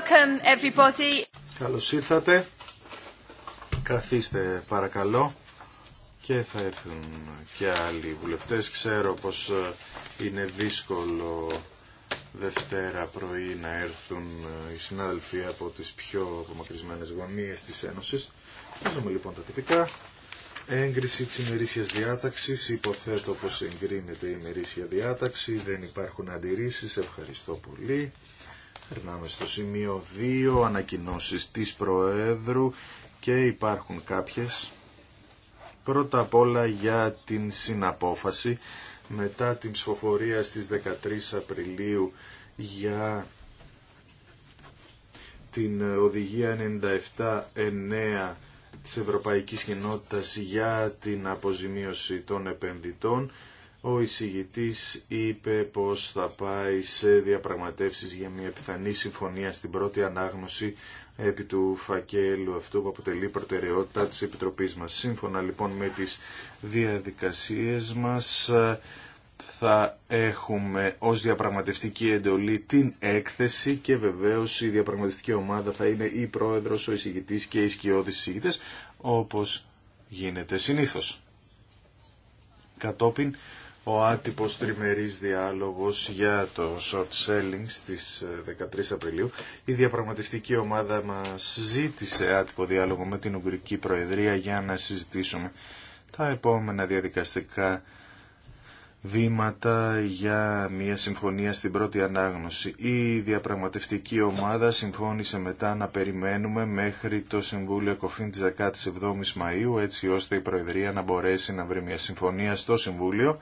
Welcome everybody. Καλώς ήρθατε. Καθίστε παρακαλώ και θα έρθουν και άλλοι βουλευτές. Ξέρω πως ε, είναι δύσκολο Δευτέρα πρωί να έρθουν ε, οι συνάδελφοι από τις πιο απομακρυσμένες γωνίες της Ένωσης. Θα δούμε λοιπόν τα τυπικά. Έγκριση της ημερήσιας διάταξης. Υποθέτω πως εγκρίνεται η ημερήσια διάταξη. Δεν υπάρχουν αντιρρήσεις. Ευχαριστώ πολύ. Περνάμε στο σημείο 2, ανακοινώσεις της Προέδρου και υπάρχουν κάποιες. Πρώτα απ' όλα για την συναπόφαση μετά την ψηφοφορία στις 13 Απριλίου για την Οδηγία 97-9 της Ευρωπαϊκής Κοινότητας για την αποζημίωση των επενδυτών ο εισηγητής είπε πως θα πάει σε διαπραγματεύσεις για μια πιθανή συμφωνία στην πρώτη ανάγνωση επί του φακέλου αυτού που αποτελεί προτεραιότητα της Επιτροπής μας. Σύμφωνα λοιπόν με τις διαδικασίες μας θα έχουμε ως διαπραγματευτική εντολή την έκθεση και βεβαίως η διαπραγματευτική ομάδα θα είναι η πρόεδρος, ο εισηγητής και οι σκιώδεις εισηγητές όπως γίνεται συνήθως. Κατόπιν ο άτυπος τριμερής διάλογος για το short selling στις 13 ε, Απριλίου. Η διαπραγματευτική ομάδα μας ζήτησε άτυπο διάλογο με την Ουγγρική Προεδρία για να συζητήσουμε τα επόμενα διαδικαστικά βήματα για μια συμφωνία στην πρώτη ανάγνωση. Η διαπραγματευτική ομάδα συμφώνησε μετά να περιμένουμε μέχρι το Συμβούλιο Κοφήν της 17ης Μαΐου έτσι ώστε η Προεδρία να μπορέσει να βρει μια συμφωνία στο Συμβούλιο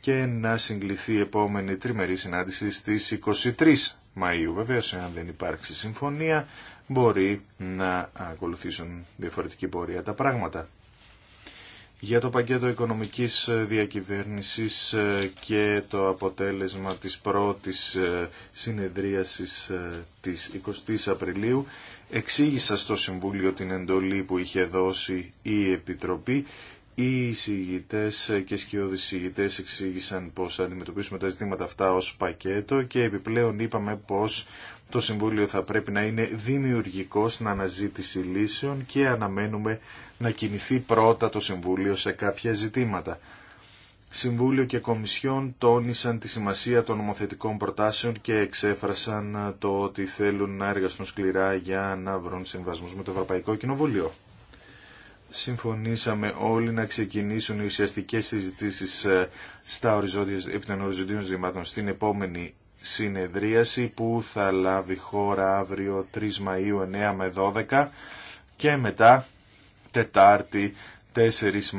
και να συγκληθεί η επόμενη τριμερή συνάντηση στις 23 Μαΐου. Βεβαίως, εάν δεν υπάρξει συμφωνία, μπορεί να ακολουθήσουν διαφορετική πορεία τα πράγματα. Για το πακέτο οικονομικής διακυβέρνησης ε, και το αποτέλεσμα της πρώτης ε, συνεδρίασης ε, της 20ης Απριλίου, εξήγησα στο Συμβούλιο την εντολή που είχε δώσει η Επιτροπή οι εισηγητέ και σκιώδη εισηγητέ εξήγησαν πώ θα αντιμετωπίσουμε τα ζητήματα αυτά ω πακέτο και επιπλέον είπαμε πω το Συμβούλιο θα πρέπει να είναι δημιουργικό στην αναζήτηση λύσεων και αναμένουμε να κινηθεί πρώτα το Συμβούλιο σε κάποια ζητήματα. Συμβούλιο και Κομισιόν τόνισαν τη σημασία των νομοθετικών προτάσεων και εξέφρασαν το ότι θέλουν να εργαστούν σκληρά για να βρουν συμβασμούς με το Ευρωπαϊκό Κοινοβούλιο συμφωνήσαμε όλοι να ξεκινήσουν οι ουσιαστικές συζητήσεις ε, στα οριζόντια, επί οριζόντιων ζητημάτων στην επόμενη συνεδρίαση που θα λάβει χώρα αύριο 3 Μαΐου 9 με 12 και μετά Τετάρτη 4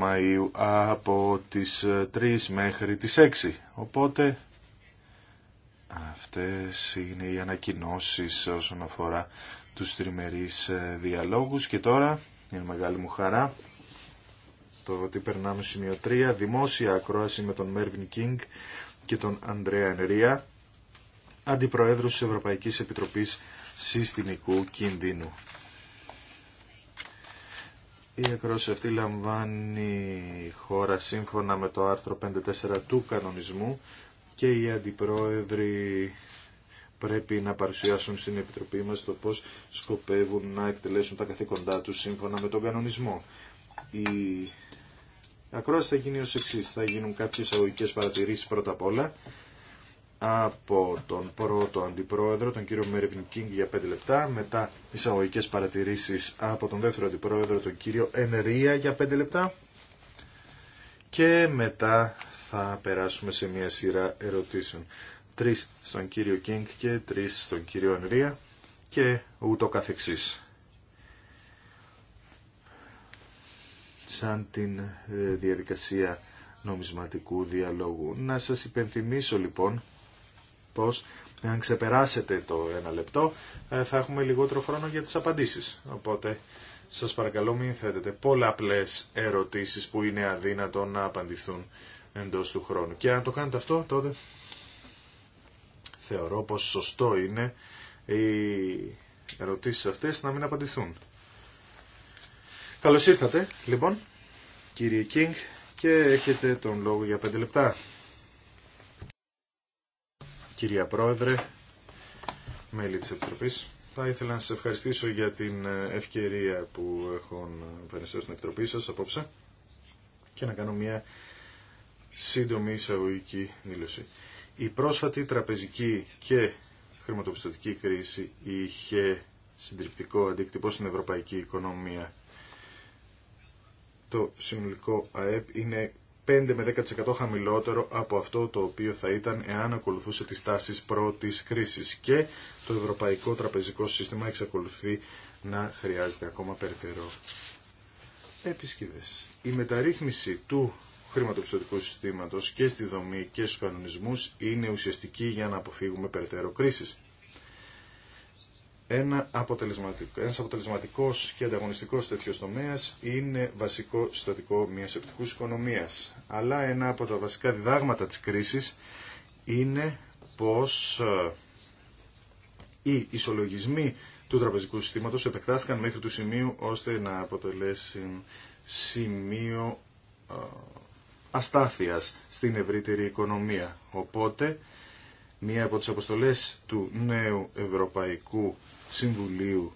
Μαΐου από τις 3 ε, μέχρι τις 6. Οπότε αυτές είναι οι ανακοινώσεις όσον αφορά τους τριμερείς ε, διαλόγους και τώρα είναι μεγάλη μου χαρά το ότι περνάμε σημείο 3, δημόσια ακρόαση με τον Μέρβιν Κίνγκ και τον Ανδρέα Ενρία, αντιπροέδρους της Ευρωπαϊκής Επιτροπής Συστημικού Κινδύνου. Η ακρόαση αυτή λαμβάνει χώρα σύμφωνα με το άρθρο 5.4 του κανονισμού και οι αντιπρόεδροι πρέπει να παρουσιάσουν στην Επιτροπή μας το πώς σκοπεύουν να εκτελέσουν τα καθήκοντά τους σύμφωνα με τον κανονισμό. Η ακρόαση θα γίνει ως εξής. Θα γίνουν κάποιες αγωγικές παρατηρήσεις πρώτα απ' όλα από τον πρώτο αντιπρόεδρο, τον κύριο Μέρβιν Κίνγκ για 5 λεπτά, μετά εισαγωγικές παρατηρήσεις από τον δεύτερο αντιπρόεδρο, τον κύριο Ενερία για 5 λεπτά και μετά θα περάσουμε σε μια σειρά ερωτήσεων τρεις στον κύριο Κίνγκ και τρεις στον κύριο Ανρία και ούτω καθεξής. Σαν την ε, διαδικασία νομισματικού διαλόγου. Να σας υπενθυμίσω λοιπόν πως αν ξεπεράσετε το ένα λεπτό ε, θα έχουμε λιγότερο χρόνο για τις απαντήσεις. Οπότε σας παρακαλώ μην θέτετε πολλαπλές ερωτήσεις που είναι αδύνατο να απαντηθούν εντός του χρόνου. Και αν το κάνετε αυτό τότε θεωρώ πως σωστό είναι οι ερωτήσεις αυτές να μην απαντηθούν. Καλώς ήρθατε, λοιπόν, κύριε Κίνγκ, και έχετε τον λόγο για 5 λεπτά. Κυρία Πρόεδρε, μέλη της Επιτροπής, θα ήθελα να σας ευχαριστήσω για την ευκαιρία που έχω να στην Επιτροπή σας απόψε και να κάνω μια σύντομη εισαγωγική δήλωση. Η πρόσφατη τραπεζική και χρηματοπιστωτική κρίση είχε συντριπτικό αντίκτυπο στην ευρωπαϊκή οικονομία. Το συνολικό ΑΕΠ είναι 5 με 10% χαμηλότερο από αυτό το οποίο θα ήταν εάν ακολουθούσε τις τάσεις πρώτης κρίσης και το ευρωπαϊκό τραπεζικό σύστημα εξακολουθεί να χρειάζεται ακόμα περαιτέρω επισκευές. Η μεταρρύθμιση του χρηματοπιστωτικού συστήματος και στη δομή και στους κανονισμούς είναι ουσιαστική για να αποφύγουμε περαιτέρω κρίσεις. Ένα αποτελεσματικό, ένας αποτελεσματικός και ανταγωνιστικός τέτοιος τομέας είναι βασικό συστατικό μιας επιτυχούς οικονομίας. Αλλά ένα από τα βασικά διδάγματα της κρίσης είναι πως ε, οι ισολογισμοί του τραπεζικού συστήματος επεκτάθηκαν μέχρι του σημείου ώστε να αποτελέσουν σημείο ε, αστάθειας στην ευρύτερη οικονομία. Οπότε, μία από τις αποστολές του νέου Ευρωπαϊκού Συμβουλίου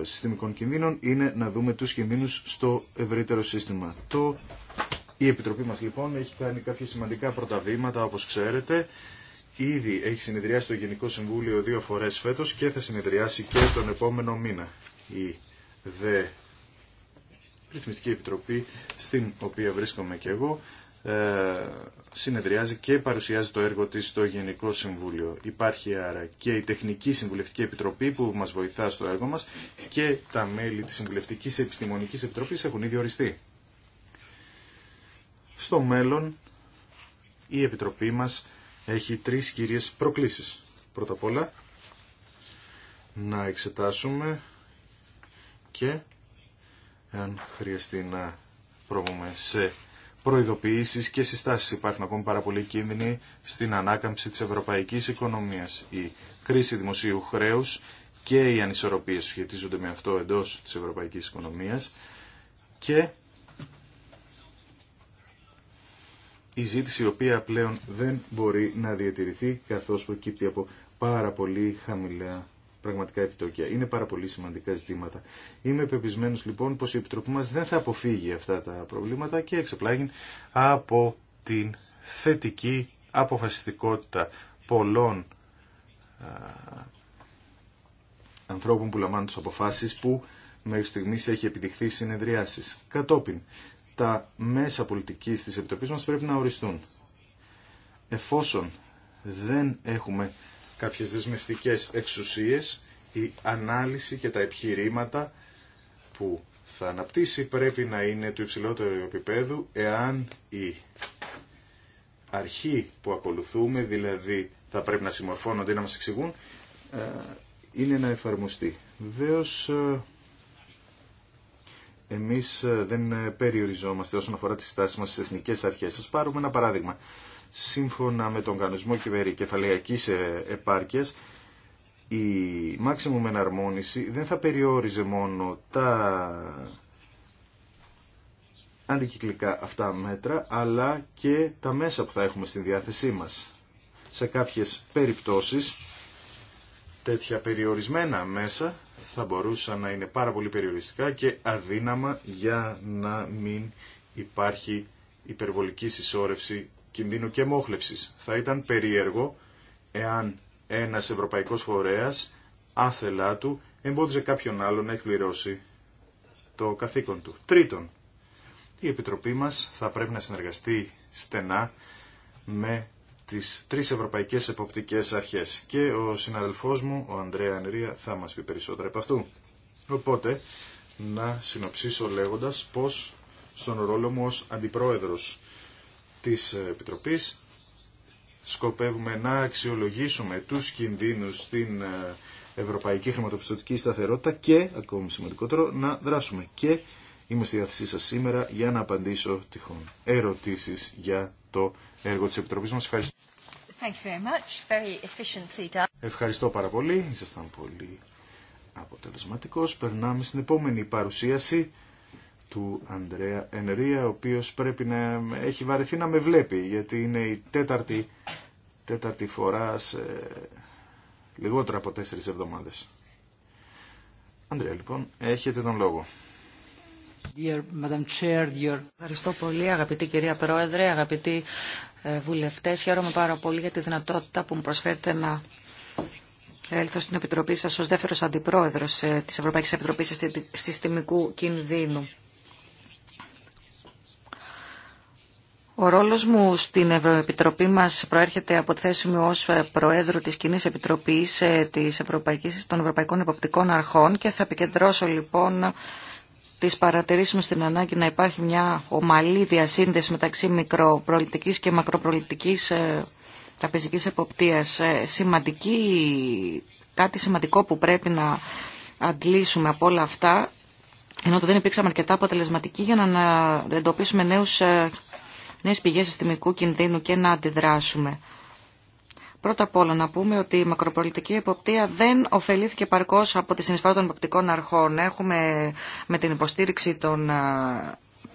ε, Συστημικών Κινδύνων είναι να δούμε τους κινδύνους στο ευρύτερο σύστημα. Το... Η Επιτροπή μας λοιπόν έχει κάνει κάποια σημαντικά πρώτα όπως ξέρετε. Ήδη έχει συνεδριάσει το Γενικό Συμβούλιο δύο φορές φέτος και θα συνεδριάσει και τον επόμενο μήνα. Η ΔΕ Ρυθμιστική Επιτροπή, στην οποία βρίσκομαι και εγώ, ε, συνεδριάζει και παρουσιάζει το έργο της στο Γενικό Συμβούλιο. Υπάρχει άρα και η Τεχνική Συμβουλευτική Επιτροπή που μας βοηθά στο έργο μας και τα μέλη της Συμβουλευτικής Επιστημονικής Επιτροπής έχουν ήδη οριστεί. Στο μέλλον η Επιτροπή μας έχει τρεις κυρίες προκλήσεις. Πρώτα απ' όλα να εξετάσουμε και αν χρειαστεί να προβούμε σε Προειδοποιήσει και συστάσεις. Υπάρχουν ακόμη πάρα πολλοί κίνδυνοι στην ανάκαμψη της ευρωπαϊκής οικονομίας. Η κρίση δημοσίου χρέου και οι ανισορροπίε σχετίζονται με αυτό εντό της ευρωπαϊκής οικονομίας και η ζήτηση η οποία πλέον δεν μπορεί να διατηρηθεί καθώς προκύπτει από πάρα πολύ χαμηλά πραγματικά επιτόκια. Είναι πάρα πολύ σημαντικά ζητήματα. Είμαι πεπισμένος λοιπόν πως η Επιτροπή μας δεν θα αποφύγει αυτά τα προβλήματα και εξεπλάγει από την θετική αποφασιστικότητα πολλών ανθρώπων που λαμβάνουν τις αποφάσεις που μέχρι στιγμής έχει επιδειχθεί συνεδριάσεις. Κατόπιν, τα μέσα πολιτικής της Επιτροπής μας πρέπει να οριστούν. Εφόσον δεν έχουμε κάποιες δεσμευτικές εξουσίες, η ανάλυση και τα επιχειρήματα που θα αναπτύσσει πρέπει να είναι του υψηλότερου επίπεδου εάν η αρχή που ακολουθούμε, δηλαδή θα πρέπει να συμμορφώνονται ή να μας εξηγούν, ε, είναι να εφαρμοστεί. Βεβαίω ε, εμείς ε, δεν περιοριζόμαστε όσον αφορά τις στάσεις μας στις εθνικές αρχές. Σας πάρουμε ένα παράδειγμα σύμφωνα με τον κανονισμό κεφαλαϊκής ε, επάρκειας, η maximum εναρμόνιση δεν θα περιόριζε μόνο τα αντικυκλικά αυτά μέτρα, αλλά και τα μέσα που θα έχουμε στη διάθεσή μας. Σε κάποιες περιπτώσεις, τέτοια περιορισμένα μέσα θα μπορούσαν να είναι πάρα πολύ περιοριστικά και αδύναμα για να μην υπάρχει υπερβολική συσσόρευση κινδύνου και μόχλευσης. Θα ήταν περίεργο εάν ένας ευρωπαϊκός φορέας άθελά του εμπόδιζε κάποιον άλλον να εκπληρώσει το καθήκον του. Τρίτον, η Επιτροπή μας θα πρέπει να συνεργαστεί στενά με τις τρεις ευρωπαϊκές εποπτικές αρχές και ο συναδελφός μου, ο Ανδρέα Ανρία, θα μας πει περισσότερα από αυτού. Οπότε, να συνοψίσω λέγοντας πως στον ρόλο μου ως αντιπρόεδρος της Επιτροπής σκοπεύουμε να αξιολογήσουμε τους κινδύνους στην ε, ευρωπαϊκή χρηματοπιστωτική σταθερότητα και, ακόμη σημαντικότερο, να δράσουμε. Και είμαι στη διάθεσή σας σήμερα για να απαντήσω τυχόν ερωτήσεις για το έργο της Επιτροπής μας. Ευχαριστώ. Thank you very Ευχαριστώ πάρα πολύ. Ήσασταν πολύ αποτελεσματικός. Περνάμε στην επόμενη παρουσίαση του Ανδρέα Ενρία, ο οποίος πρέπει να έχει βαρεθεί να με βλέπει, γιατί είναι η τέταρτη, τέταρτη φορά σε λιγότερα από τέσσερις εβδομάδες. Ανδρέα, λοιπόν, έχετε τον λόγο. Dear Madam Chair, dear... Ευχαριστώ πολύ, αγαπητή κυρία Πρόεδρε, αγαπητοί ε, βουλευτές. Χαίρομαι πάρα πολύ για τη δυνατότητα που μου προσφέρετε να Έλθω στην Επιτροπή σας ως δεύτερος αντιπρόεδρος ε, της Ευρωπαϊκής Επιτροπής Συστημικού Κινδύνου. Ο ρόλος μου στην Ευρωεπιτροπή μας προέρχεται από τη θέση μου ως ε, Προέδρου της Κοινής Επιτροπής ε, της Ευρωπαϊκής, των Ευρωπαϊκών Εποπτικών Αρχών και θα επικεντρώσω λοιπόν τις παρατηρήσεις μου στην ανάγκη να υπάρχει μια ομαλή διασύνδεση μεταξύ μικροπροληπτικής και μακροπροληπτικής ε, τραπεζικής εποπτείας. Σημαντική, κάτι σημαντικό που πρέπει να αντλήσουμε από όλα αυτά ενώ δεν υπήρξαμε αρκετά αποτελεσματικοί για να εντοπίσουμε νέους νέες πηγές συστημικού κινδύνου και να αντιδράσουμε. Πρώτα απ' όλα να πούμε ότι η μακροπολιτική εποπτεία δεν ωφελήθηκε παρκώς από τη συνεισφορά των υποπτικών αρχών. Έχουμε με την υποστήριξη των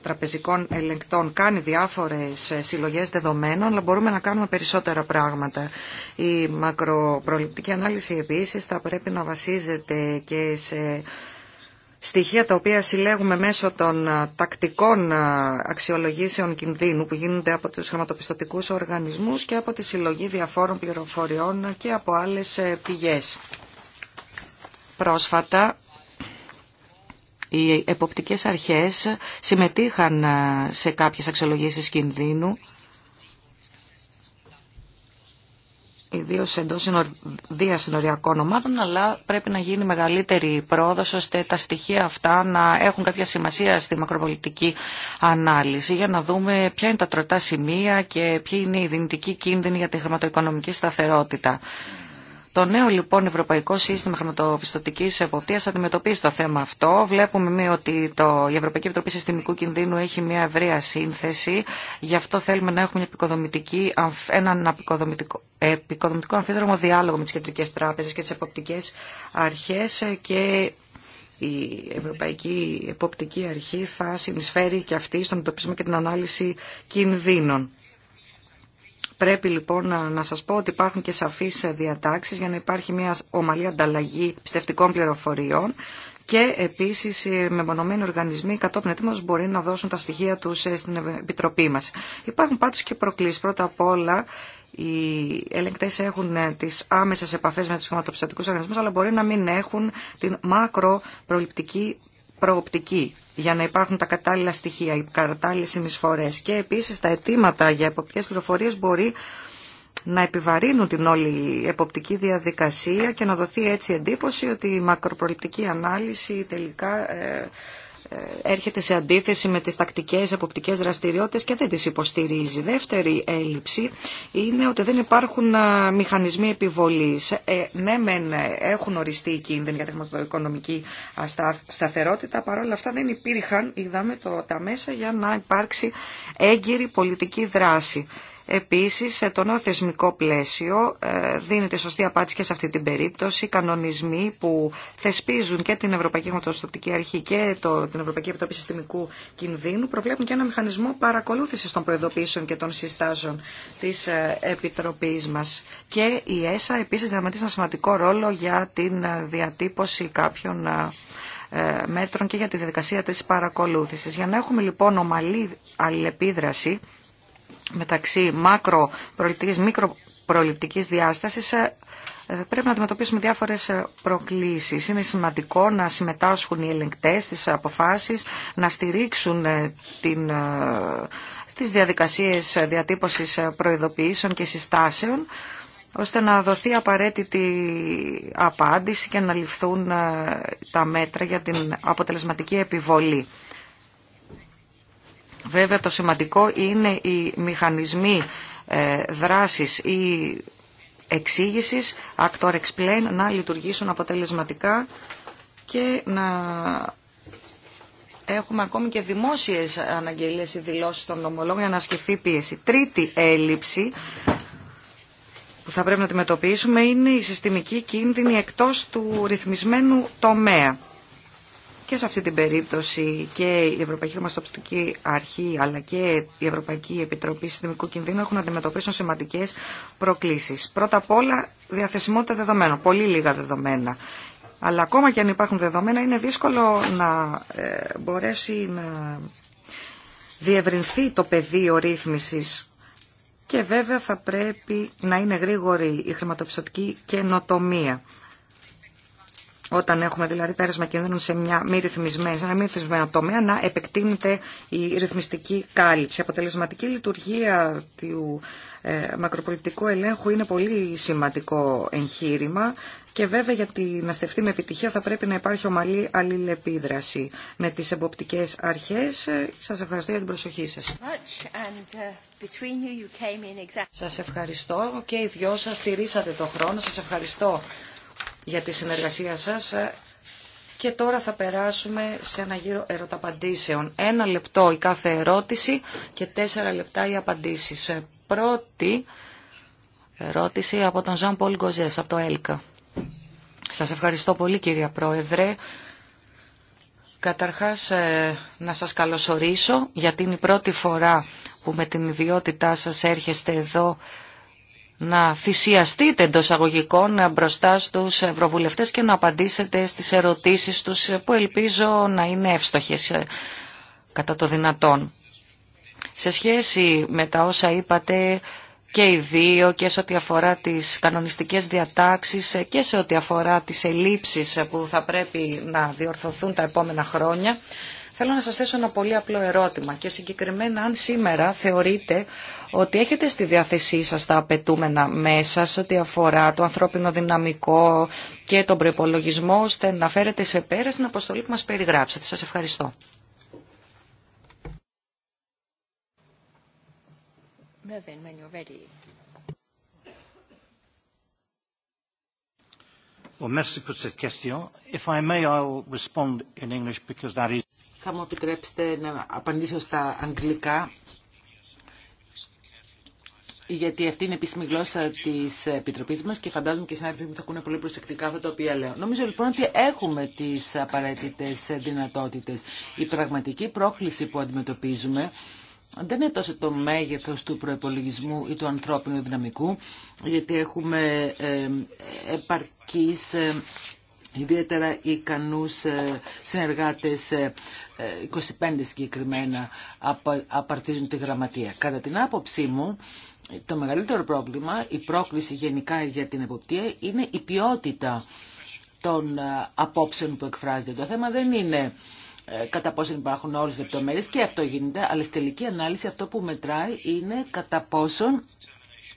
τραπεζικών ελεγκτών κάνει διάφορες ε, συλλογές δεδομένων, αλλά μπορούμε να κάνουμε περισσότερα πράγματα. Η μακροπροληπτική ανάλυση επίσης θα πρέπει να βασίζεται και σε στοιχεία τα οποία συλλέγουμε μέσω των ε, τακτικών ε, αξιολογήσεων κινδύνου που γίνονται από τους χρηματοπιστωτικούς οργανισμούς και από τη συλλογή διαφόρων πληροφοριών και από άλλες ε, πηγές. Πρόσφατα, οι εποπτικές αρχές συμμετείχαν σε κάποιες αξιολογήσεις κινδύνου ιδίω εντό διασυνοριακών ομάδων, αλλά πρέπει να γίνει μεγαλύτερη πρόοδο ώστε τα στοιχεία αυτά να έχουν κάποια σημασία στη μακροπολιτική ανάλυση για να δούμε ποια είναι τα τροτά σημεία και ποιοι είναι οι δυνητικοί κίνδυνοι για τη χρηματοοικονομική σταθερότητα. Το νέο λοιπόν Ευρωπαϊκό Σύστημα Χρηματοπιστωτική Εποπτεία αντιμετωπίζει το θέμα αυτό. Βλέπουμε ότι το, η Ευρωπαϊκή Επιτροπή Συστημικού Κινδύνου έχει μια ευρεία σύνθεση. Γι' αυτό θέλουμε να έχουμε έναν επικοδομητικό, επικοδομητικό αμφίδρομο διάλογο με τι κεντρικέ τράπεζε και τι εποπτικέ αρχέ και η Ευρωπαϊκή Εποπτική Αρχή θα συνεισφέρει και αυτή στον εντοπισμό και την ανάλυση κινδύνων. Πρέπει λοιπόν να, να σας πω ότι υπάρχουν και σαφείς διατάξεις για να υπάρχει μια ομαλή ανταλλαγή πιστευτικών πληροφοριών και επίσης οι ε, μεμονωμένοι οργανισμοί κατόπιν ετοίμως μπορεί να δώσουν τα στοιχεία τους ε, στην Επιτροπή μας. Υπάρχουν πάντως και προκλήσεις. Πρώτα απ' όλα οι ελεγκτέ έχουν ε, τι άμεσε επαφέ με του χρηματοπιστωτικού οργανισμού, αλλά μπορεί να μην έχουν την μακροπροληπτική προοπτική για να υπάρχουν τα κατάλληλα στοιχεία, οι κατάλληλε συνεισφορέ. Και επίση τα αιτήματα για εποπτικέ πληροφορίε μπορεί να επιβαρύνουν την όλη εποπτική διαδικασία και να δοθεί έτσι εντύπωση ότι η μακροπροληπτική ανάλυση τελικά ε, έρχεται σε αντίθεση με τις τακτικές εποπτικές δραστηριότητες και δεν τις υποστηρίζει. Δεύτερη έλλειψη είναι ότι δεν υπάρχουν μηχανισμοί επιβολής. Ε, ναι, ε, έχουν οριστεί οι κίνδυνοι για χρηματοοικονομική σταθερότητα, παρόλα αυτά δεν υπήρχαν, είδαμε το, τα μέσα για να υπάρξει έγκυρη πολιτική δράση. Επίσης, το νέο θεσμικό πλαίσιο ε, δίνεται σωστή απάντηση και σε αυτή την περίπτωση. Οι κανονισμοί που θεσπίζουν και την Ευρωπαϊκή Χρηματοστοπτική Αρχή και το, την Ευρωπαϊκή Επιτροπή Συστημικού Κινδύνου προβλέπουν και ένα μηχανισμό παρακολούθησης των προειδοποιήσεων και των συστάσεων της ε, Επιτροπής μας. Και η ΕΣΑ επίσης δραματίζει ένα σημαντικό ρόλο για την ε, διατύπωση κάποιων μέτρων και για τη διαδικασία της παρακολούθησης. Για να έχουμε λοιπόν ομαλή αλληλεπίδραση μεταξύ μακροπροληπτικής, μικροπροληπτικής διάστασης ε, ε, πρέπει να αντιμετωπίσουμε διάφορες ε, προκλήσεις. Είναι σημαντικό να συμμετάσχουν οι ελεγκτές στις αποφάσεις, να στηρίξουν την, τις διαδικασίες διατύπωσης προειδοποιήσεων και συστάσεων, ώστε να δοθεί απαραίτητη απάντηση και να ληφθούν τα μέτρα για την αποτελεσματική επιβολή. Βέβαια το σημαντικό είναι οι μηχανισμοί ε, δράσης ή εξήγησης, actor explain, να λειτουργήσουν αποτελεσματικά και να έχουμε ακόμη και δημόσιες αναγγελίες ή δηλώσεις των νομολόγων για να ασκηθεί πίεση. Τρίτη έλλειψη που θα πρέπει να αντιμετωπίσουμε είναι η συστημική κίνδυνη εκτός του ρυθμισμένου τομέα. Και σε αυτή την περίπτωση και η Ευρωπαϊκή Χρηματοπιστική Αρχή αλλά και η Ευρωπαϊκή Επιτροπή Συστημικού Κινδύνου έχουν αντιμετωπίσει σημαντικέ προκλήσει. Πρώτα απ' όλα, διαθεσιμότητα δεδομένων. Πολύ λίγα δεδομένα. Αλλά ακόμα και αν υπάρχουν δεδομένα, είναι δύσκολο να ε, μπορέσει να διευρυνθεί το πεδίο ρύθμισης και βέβαια θα πρέπει να είναι γρήγορη η χρηματοπιστωτική καινοτομία όταν έχουμε δηλαδή πέρασμα κινδύνων σε μια μη ρυθμισμένη, σε ένα μη ρυθμισμένο τομέα, να επεκτείνεται η ρυθμιστική κάλυψη. Η αποτελεσματική λειτουργία του ε, μακροπολιτικού ελέγχου είναι πολύ σημαντικό εγχείρημα και βέβαια για να στεφτεί με επιτυχία θα πρέπει να υπάρχει ομαλή αλληλεπίδραση με τις εμποπτικές αρχές. Σας ευχαριστώ για την προσοχή σας. Uh, σας ευχαριστώ και οι δυο σας στηρίσατε το χρόνο. Σας ευχαριστώ για τη συνεργασία σας. Και τώρα θα περάσουμε σε ένα γύρο ερωταπαντήσεων. Ένα λεπτό η κάθε ερώτηση και τέσσερα λεπτά οι απαντήσεις. Πρώτη ερώτηση από τον Ζαν Πολ Γκοζές, από το ΕΛΚΑ. Σας ευχαριστώ πολύ κυρία Πρόεδρε. Καταρχάς ε, να σας καλωσορίσω γιατί είναι η πρώτη φορά που με την ιδιότητά σας έρχεστε εδώ να θυσιαστείτε εντό αγωγικών μπροστά στους ευρωβουλευτές και να απαντήσετε στις ερωτήσεις τους που ελπίζω να είναι εύστοχες ε, κατά το δυνατόν. Σε σχέση με τα όσα είπατε και οι δύο και σε ό,τι αφορά τις κανονιστικές διατάξεις και σε ό,τι αφορά τις ελλείψεις που θα πρέπει να διορθωθούν τα επόμενα χρόνια, θέλω να σας θέσω ένα πολύ απλό ερώτημα και συγκεκριμένα αν σήμερα θεωρείτε ότι έχετε στη διάθεσή σας τα απαιτούμενα μέσα σε ό,τι αφορά το ανθρώπινο δυναμικό και τον προπολογισμό ώστε να φέρετε σε πέρα στην αποστολή που μας περιγράψατε. Σας ευχαριστώ. Θα μου επιτρέψετε να απαντήσω στα αγγλικά γιατί αυτή είναι η επίσημη γλώσσα τη επιτροπή μας και φαντάζομαι και οι συνάδελφοι μου θα ακούνε πολύ προσεκτικά αυτά τα οποία λέω. Νομίζω λοιπόν ότι έχουμε τις απαραίτητε δυνατότητε. Η πραγματική πρόκληση που αντιμετωπίζουμε δεν είναι τόσο το μέγεθος του προπολογισμού ή του ανθρώπινου δυναμικού, γιατί έχουμε ε, ε, επαρκείς ε, ιδιαίτερα ικανούς ε, συνεργάτες 25 ε, ε, συγκεκριμένα απαρτίζουν τη γραμματεία. Κατά την άποψή μου, το μεγαλύτερο πρόβλημα, η πρόκληση γενικά για την εποπτεία είναι η ποιότητα των απόψεων που εκφράζεται. Το θέμα δεν είναι κατά πόσο υπάρχουν όλες τις λεπτομέρειες και αυτό γίνεται, αλλά στη τελική ανάλυση αυτό που μετράει είναι κατά πόσον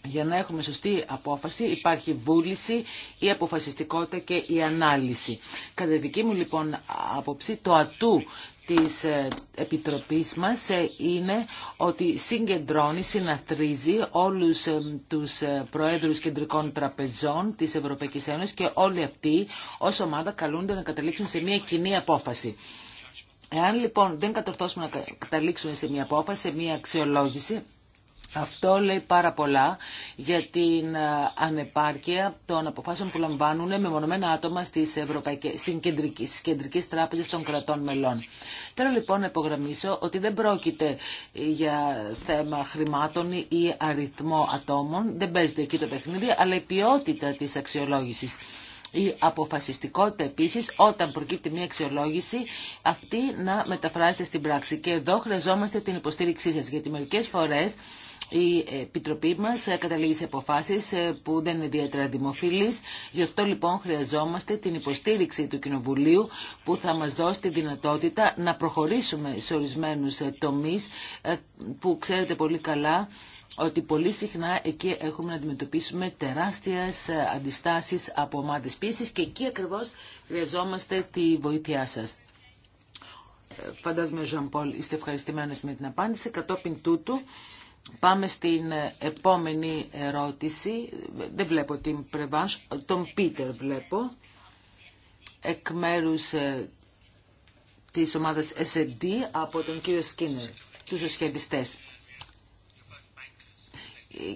για να έχουμε σωστή απόφαση υπάρχει βούληση, η αποφασιστικότητα και η ανάλυση. Κατά δική μου λοιπόν άποψη το ατού της ε, Επιτροπής μας ε, είναι ότι συγκεντρώνει, συναθρίζει όλους ε, τους προέδρους κεντρικών τραπεζών της Ευρωπαϊκής Ένωσης και όλοι αυτοί ως ομάδα καλούνται να καταλήξουν σε μια κοινή απόφαση. Εάν λοιπόν δεν κατορθώσουμε να καταλήξουμε σε μια απόφαση, σε μια αξιολόγηση, αυτό λέει πάρα πολλά για την ε, ανεπάρκεια των αποφάσεων που λαμβάνουν μεμονωμένα άτομα στις, ευρωπαϊκές, στην κεντρική, στις κεντρικές τράπεζες των κρατών μελών. Θέλω λοιπόν να υπογραμμίσω ότι δεν πρόκειται για θέμα χρημάτων ή αριθμό ατόμων, δεν παίζεται εκεί το παιχνίδι, αλλά η ποιότητα της αξιολόγησης. Η αποφασιστικότητα επίσης όταν προκύπτει μια αξιολόγηση αυτή να μεταφράζεται στην πράξη. Και εδώ χρειαζόμαστε την υποστήριξή σα, γιατί μερικέ φορές η Επιτροπή μας ε, καταλήγει σε αποφάσεις ε, που δεν είναι ιδιαίτερα δημοφιλείς. Γι' αυτό λοιπόν χρειαζόμαστε την υποστήριξη του Κοινοβουλίου που θα μας δώσει τη δυνατότητα να προχωρήσουμε σε ορισμένους ε, τομείς που ξέρετε πολύ καλά ότι πολύ συχνά εκεί έχουμε να αντιμετωπίσουμε τεράστιες αντιστάσεις από ομάδες πίεσης και εκεί ακριβώς χρειαζόμαστε τη βοήθειά σας. Φαντάζομαι, Πολ, είστε ευχαριστημένος με την απάντηση. Κατόπιν τούτου, Πάμε στην επόμενη ερώτηση. Δεν βλέπω την Πρεβάνς, τον Πίτερ βλέπω. Εκ μέρους ε, της ομάδας S&D από τον κύριο Σκίνερ, τους σοσιαλιστές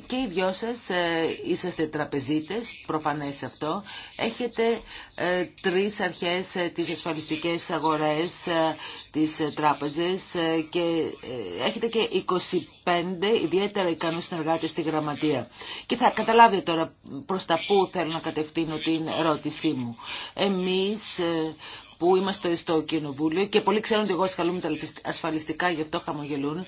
και οι δυο σας ε, είσαστε τραπεζίτες, προφανές αυτό. Έχετε ε, τρεις αρχές ε, τις ασφαλιστικές αγορές ε, ε, τράπεζες ε, και έχετε και 25 ιδιαίτερα ικανούς συνεργάτες στη γραμματεία. Και θα καταλάβετε τώρα προς τα πού θέλω να κατευθύνω την ερώτησή μου. Εμείς που είμαστε στο Κοινοβούλιο και πολλοί ξέρουν ότι εγώ ασχολούμαι τα ασφαλιστικά, γι' αυτό χαμογελούν.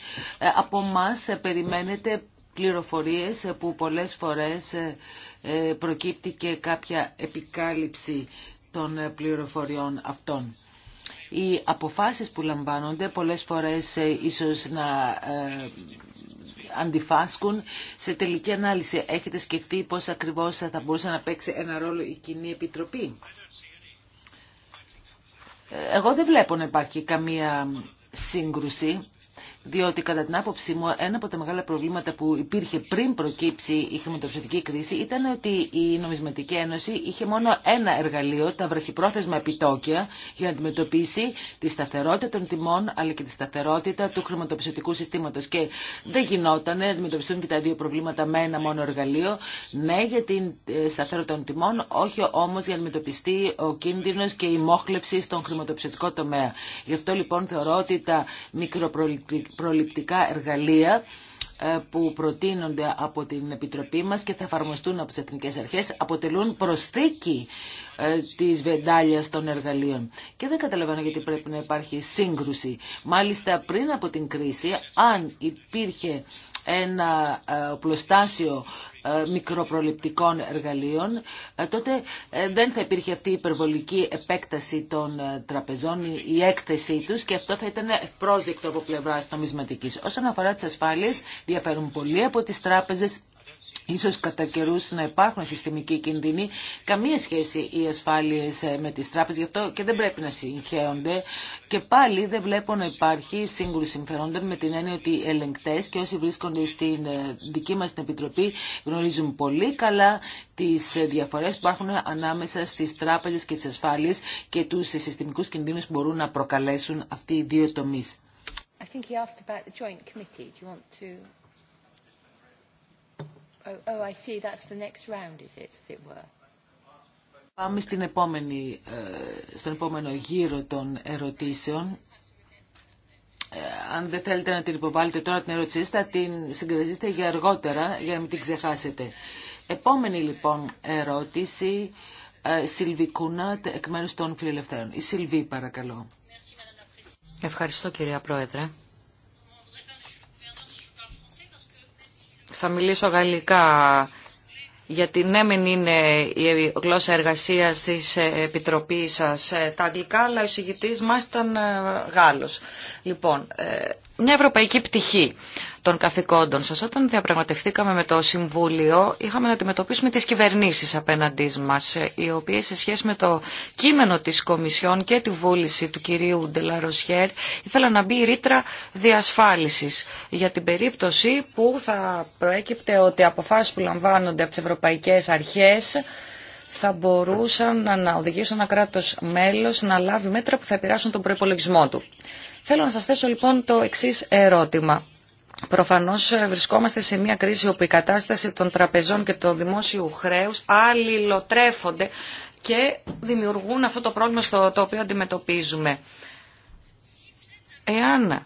Από εμά περιμένετε πληροφορίες ε, που πολλές φορές ε, ε, προκύπτει και κάποια επικάλυψη των πληροφοριών αυτών. Οι αποφάσεις που λαμβάνονται πολλές φορές ίσως να αντιφάσκουν σε τελική ανάλυση. Έχετε σκεφτεί πώς ακριβώς θα μπορούσε να παίξει ένα ρόλο η Κοινή Επιτροπή. Εγώ δεν βλέπω να υπάρχει καμία σύγκρουση. Διότι κατά την άποψή μου ένα από τα μεγάλα προβλήματα που υπήρχε πριν προκύψει η χρηματοπιστωτική κρίση ήταν ότι η νομισματική ένωση είχε μόνο ένα εργαλείο, τα βραχυπρόθεσμα επιτόκια, για να αντιμετωπίσει τη σταθερότητα των τιμών αλλά και τη σταθερότητα του χρηματοπιστωτικού συστήματο. Και δεν γινόταν να αντιμετωπιστούν και τα δύο προβλήματα με ένα μόνο εργαλείο. Ναι για την ε, σταθερότητα των τιμών, όχι όμω για να αντιμετωπιστεί ο κίνδυνο και η μόχλευση στον χρηματοπιστωτικό τομέα. Γι' αυτό λοιπόν θεωρώ ότι τα μικροπροληπτικά προληπτικά εργαλεία ε, που προτείνονται από την Επιτροπή μας και θα εφαρμοστούν από τις Εθνικές Αρχές αποτελούν προσθήκη ε, της βεντάλιας των εργαλείων. Και δεν καταλαβαίνω γιατί πρέπει να υπάρχει σύγκρουση. Μάλιστα πριν από την κρίση, αν υπήρχε ένα ε, οπλοστάσιο ε, μικροπροληπτικών εργαλείων, ε, τότε ε, δεν θα υπήρχε αυτή η υπερβολική επέκταση των τραπεζών, η έκθεσή τους και αυτό θα ήταν ευπρόσδεκτο από πλευρά νομισματική. Όσον αφορά τι ασφάλειες, διαφέρουν πολύ από τις τράπεζες, Ίσως κατά καιρού να υπάρχουν συστημικοί κινδυνοί, καμία σχέση οι ασφάλειες ε, με τις τράπεζες, γι' αυτό και δεν πρέπει να συγχαίονται. Και πάλι δεν βλέπω να υπάρχει σύγκρουση συμφερόντων με την έννοια ότι οι ελεγκτές και όσοι βρίσκονται στην ε, δική μας την Επιτροπή γνωρίζουν πολύ καλά τις ε, διαφορές που υπάρχουν ανάμεσα στις τράπεζες και τις ασφάλειες και τους συστημικούς κινδύνους που μπορούν να προκαλέσουν αυτοί οι δύο τομείς. I think Πάμε επόμενη, στον επόμενο γύρο των ερωτήσεων. Ε, αν δεν θέλετε να την υποβάλλετε τώρα την ερώτησή θα την συγκρατήσετε για αργότερα, για να μην την ξεχάσετε. Επόμενη λοιπόν ερώτηση, ε, Σιλβί Κούνατ, εκ μέρους των Φιλελευθέρων. Η Σιλβί παρακαλώ. Ευχαριστώ κυρία Πρόεδρε. θα μιλήσω γαλλικά γιατί ναι μεν είναι η γλώσσα εργασίας της Επιτροπής σας ε, τα αγγλικά, αλλά ο εισηγητής μας ήταν ε, Γάλλος. Λοιπόν, ε, μια ευρωπαϊκή πτυχή των καθηκόντων σας. Όταν διαπραγματευτήκαμε με το Συμβούλιο, είχαμε να αντιμετωπίσουμε τις κυβερνήσεις απέναντί μας, οι οποίες σε σχέση με το κείμενο της Κομισιόν και τη βούληση του κυρίου Ντελαροσιέρ, ήθελα να μπει η ρήτρα διασφάλισης για την περίπτωση που θα προέκυπτε ότι αποφάσεις που λαμβάνονται από τις ευρωπαϊκές αρχές θα μπορούσαν να οδηγήσουν ένα κράτος μέλος να λάβει μέτρα που θα επηρεάσουν τον προπολογισμό του. Θέλω να σας θέσω λοιπόν το εξής ερώτημα. Προφανώς ε, βρισκόμαστε σε μια κρίση όπου η κατάσταση των τραπεζών και των δημόσιου χρέους αλληλοτρέφονται και δημιουργούν αυτό το πρόβλημα στο το οποίο αντιμετωπίζουμε. Εάν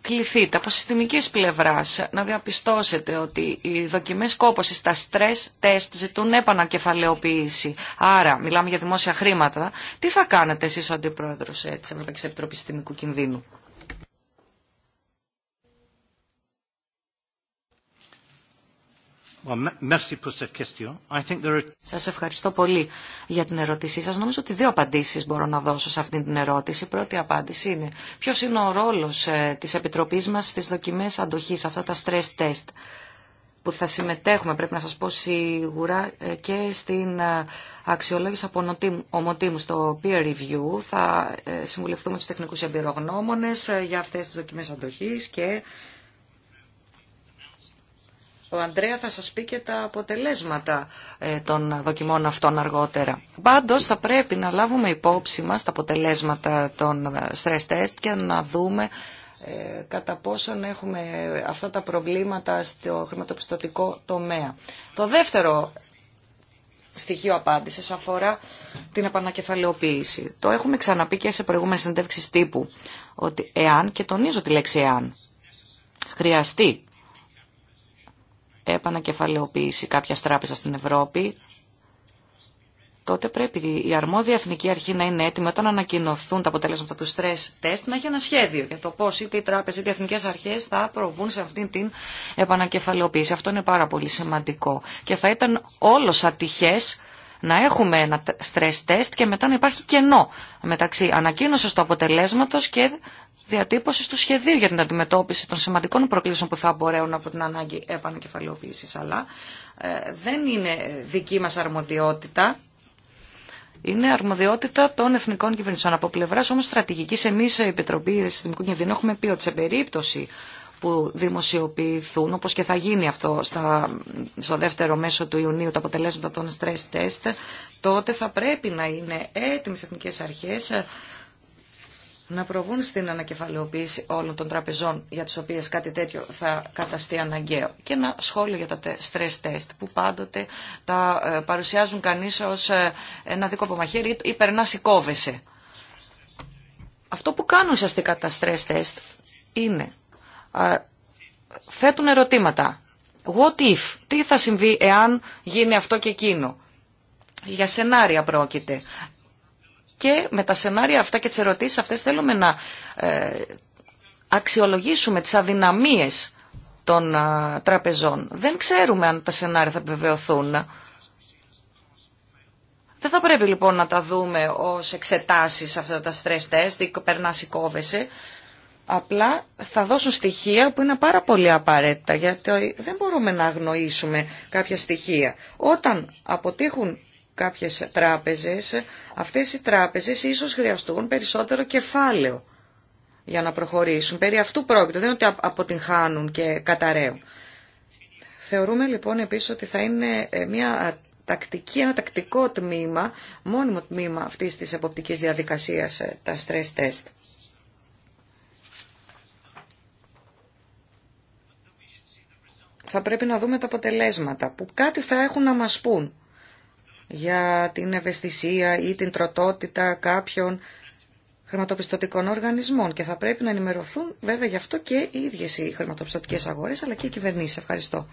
κληθείτε από συστημική πλευράς να διαπιστώσετε ότι οι δοκιμές κόπωσης, τα stress test ζητούν επανακεφαλαιοποίηση. Άρα, μιλάμε για δημόσια χρήματα. Τι θα κάνετε εσείς ο Αντιπρόεδρος ε, της Ευρωπαϊκής Επιτροπής Συστημικού Κινδύνου. Σας ευχαριστώ πολύ για την ερώτησή σας. Νομίζω ότι δύο απαντήσεις μπορώ να δώσω σε αυτή την ερώτηση. Η πρώτη απάντηση είναι ποιος είναι ο ρόλος ε, της Επιτροπής μας στις δοκιμές αντοχής, αυτά τα stress test που θα συμμετέχουμε, πρέπει να σας πω σίγουρα, ε, και στην ε, αξιολόγηση από ομοτήμου στο peer review. Θα συμβουλευτούμε τους τεχνικούς εμπειρογνώμονες για αυτές τις δοκιμές αντοχής και ο Αντρέα θα σας πει και τα αποτελέσματα ε, των δοκιμών αυτών αργότερα. Πάντως θα πρέπει να λάβουμε υπόψη μας τα αποτελέσματα των ε, stress test και να δούμε ε, κατά πόσον έχουμε αυτά τα προβλήματα στο χρηματοπιστωτικό τομέα. Το δεύτερο στοιχείο απάντησης αφορά την επανακεφαλαιοποίηση. Το έχουμε ξαναπεί και σε προηγούμενες συνέντευξεις τύπου, ότι εάν, και τονίζω τη λέξη εάν, χρειαστεί επανακεφαλαιοποίηση κάποια τράπεζα στην Ευρώπη, τότε πρέπει η αρμόδια εθνική αρχή να είναι έτοιμη όταν ανακοινωθούν τα αποτελέσματα του stress test να έχει ένα σχέδιο για το πώ είτε οι τράπεζε είτε οι εθνικέ αρχέ θα προβούν σε αυτή την επανακεφαλαιοποίηση. Αυτό είναι πάρα πολύ σημαντικό. Και θα ήταν όλο ατυχέ να έχουμε ένα stress test και μετά να υπάρχει κενό μεταξύ ανακοίνωση του αποτελέσματο και διατύπωση του σχεδίου για την αντιμετώπιση των σημαντικών προκλήσεων που θα απορρέουν από την ανάγκη επανακεφαλαιοποίηση. αλλά ε, δεν είναι δική μα αρμοδιότητα. Είναι αρμοδιότητα των εθνικών κυβερνησεών. Από πλευρά όμω στρατηγική, εμεί η Επιτροπή Συστημικού Κινδύνου έχουμε πει ότι σε περίπτωση που δημοσιοποιηθούν, όπω και θα γίνει αυτό στο δεύτερο μέσο του Ιουνίου, τα αποτελέσματα των stress test, τότε θα πρέπει να είναι έτοιμε εθνικέ αρχέ να προβούν στην ανακεφαλαιοποίηση όλων των τραπεζών για τις οποίες κάτι τέτοιο θα καταστεί αναγκαίο. Και ένα σχόλιο για τα stress test που πάντοτε τα ε, παρουσιάζουν κανείς ως ε, ένα μαχαίρι μαχαίρι ή περνά κόβεσαι. Αυτό που κάνουν ουσιαστικά τα stress test είναι θέτουν ερωτήματα. What if, τι θα συμβεί εάν γίνει αυτό και εκείνο. Για σενάρια πρόκειται και με τα σενάρια αυτά και τις ερωτήσεις αυτές θέλουμε να ε, αξιολογήσουμε τις αδυναμίες των ε, τραπεζών. Δεν ξέρουμε αν τα σενάρια θα επιβεβαιωθούν. Δεν θα πρέπει λοιπόν να τα δούμε ως εξετάσεις αυτά τα stress test, περνάς ή κόβεσαι. Απλά θα δώσουν στοιχεία που είναι πάρα πολύ απαραίτητα, γιατί δεν μπορούμε να αγνοήσουμε κάποια στοιχεία. Όταν αποτύχουν κάποιες τράπεζες, αυτές οι τράπεζες ίσως χρειαστούν περισσότερο κεφάλαιο για να προχωρήσουν. Περί αυτού πρόκειται, δεν είναι ότι αποτυγχάνουν και καταραίουν. Θεωρούμε λοιπόν επίσης ότι θα είναι ε, μια ε, τακτική, ένα τακτικό τμήμα, μόνιμο τμήμα αυτής της εποπτικής διαδικασίας, ε, τα stress test. Θα πρέπει να δούμε τα αποτελέσματα που κάτι θα έχουν να μας πούν για την ευαισθησία ή την τροτότητα κάποιων χρηματοπιστωτικών οργανισμών και θα πρέπει να ενημερωθούν βέβαια γι' αυτό και οι ίδιες οι χρηματοπιστωτικές αγορές αλλά και οι κυβερνήσεις. Ευχαριστώ.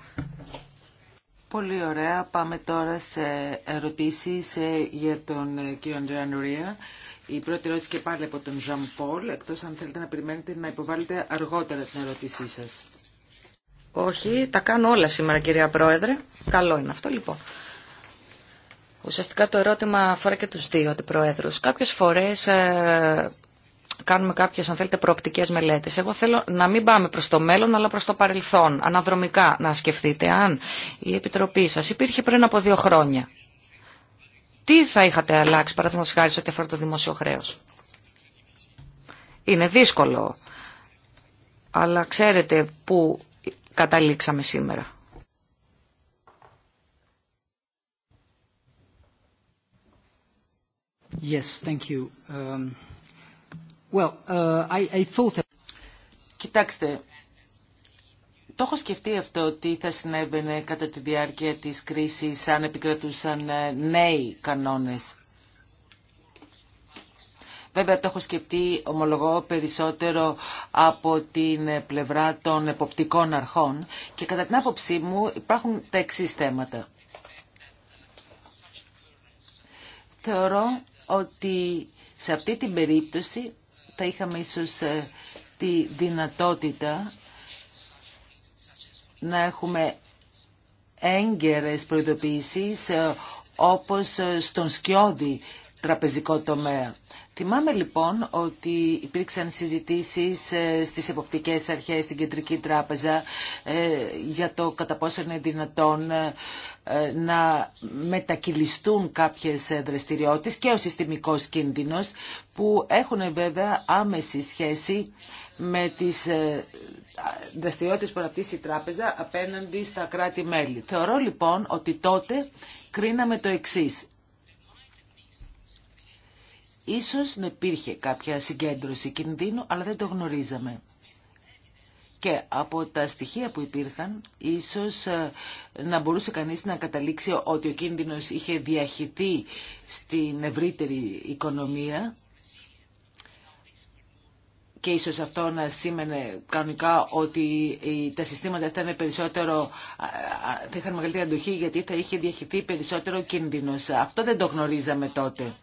Πολύ ωραία. Πάμε τώρα σε ερωτήσεις ε, για τον ε, κύριο Αντρέα Η πρώτη ερώτηση και πάλι από τον Ζαν Πολ, εκτός αν θέλετε να περιμένετε να υποβάλλετε αργότερα την ερώτησή σας. Όχι, τα κάνω όλα σήμερα κυρία Πρόεδρε. Καλό είναι αυτό λοιπόν. Ουσιαστικά το ερώτημα αφορά και τους δύο αντιπροέδρους. Κάποιες φορές ε, κάνουμε κάποιες, αν θέλετε, προοπτικές μελέτες. Εγώ θέλω να μην πάμε προς το μέλλον, αλλά προς το παρελθόν. Αναδρομικά να σκεφτείτε αν η Επιτροπή σας υπήρχε πριν από δύο χρόνια. Τι θα είχατε αλλάξει, παραδείγματος χάρη, σε ό,τι αφορά το δημόσιο χρέος. Είναι δύσκολο, αλλά ξέρετε πού καταλήξαμε σήμερα. Yes, thank you. Um, well, uh, Κοιτάξτε, το έχω σκεφτεί αυτό τι θα συνέβαινε κατά τη διάρκεια της κρίσης αν επικρατούσαν ε, νέοι κανόνες. Βέβαια το έχω σκεφτεί ομολογώ περισσότερο από την πλευρά των εποπτικών αρχών και κατά την άποψή μου υπάρχουν τα εξή θέματα. Θεωρώ ότι σε αυτή την περίπτωση θα είχαμε ίσως ε, τη δυνατότητα να έχουμε έγκαιρες προειδοποιήσεις ε, όπως ε, στον σκιώδη τραπεζικό τομέα. Θυμάμαι λοιπόν ότι υπήρξαν συζητήσεις ε, στις εποπτικές αρχές στην Κεντρική Τράπεζα ε, για το κατά πόσο είναι δυνατόν ε, να μετακυλιστούν κάποιες δραστηριότητες και ο συστημικός κίνδυνος που έχουν βέβαια άμεση σχέση με τις δραστηριότητες που αναπτύσσει η τράπεζα απέναντι στα κράτη-μέλη. Θεωρώ λοιπόν ότι τότε κρίναμε το εξής. Ίσως να υπήρχε κάποια συγκέντρωση κινδύνου, αλλά δεν το γνωρίζαμε. Και από τα στοιχεία που υπήρχαν, ίσως ε, να μπορούσε κανείς να καταλήξει ότι ο κίνδυνος είχε διαχυθεί στην ευρύτερη οικονομία και ίσως αυτό να σήμαινε κανονικά ότι τα συστήματα θα περισσότερο, θα είχαν μεγαλύτερη αντοχή γιατί θα είχε διαχυθεί περισσότερο κίνδυνος. Αυτό δεν το γνωρίζαμε τότε.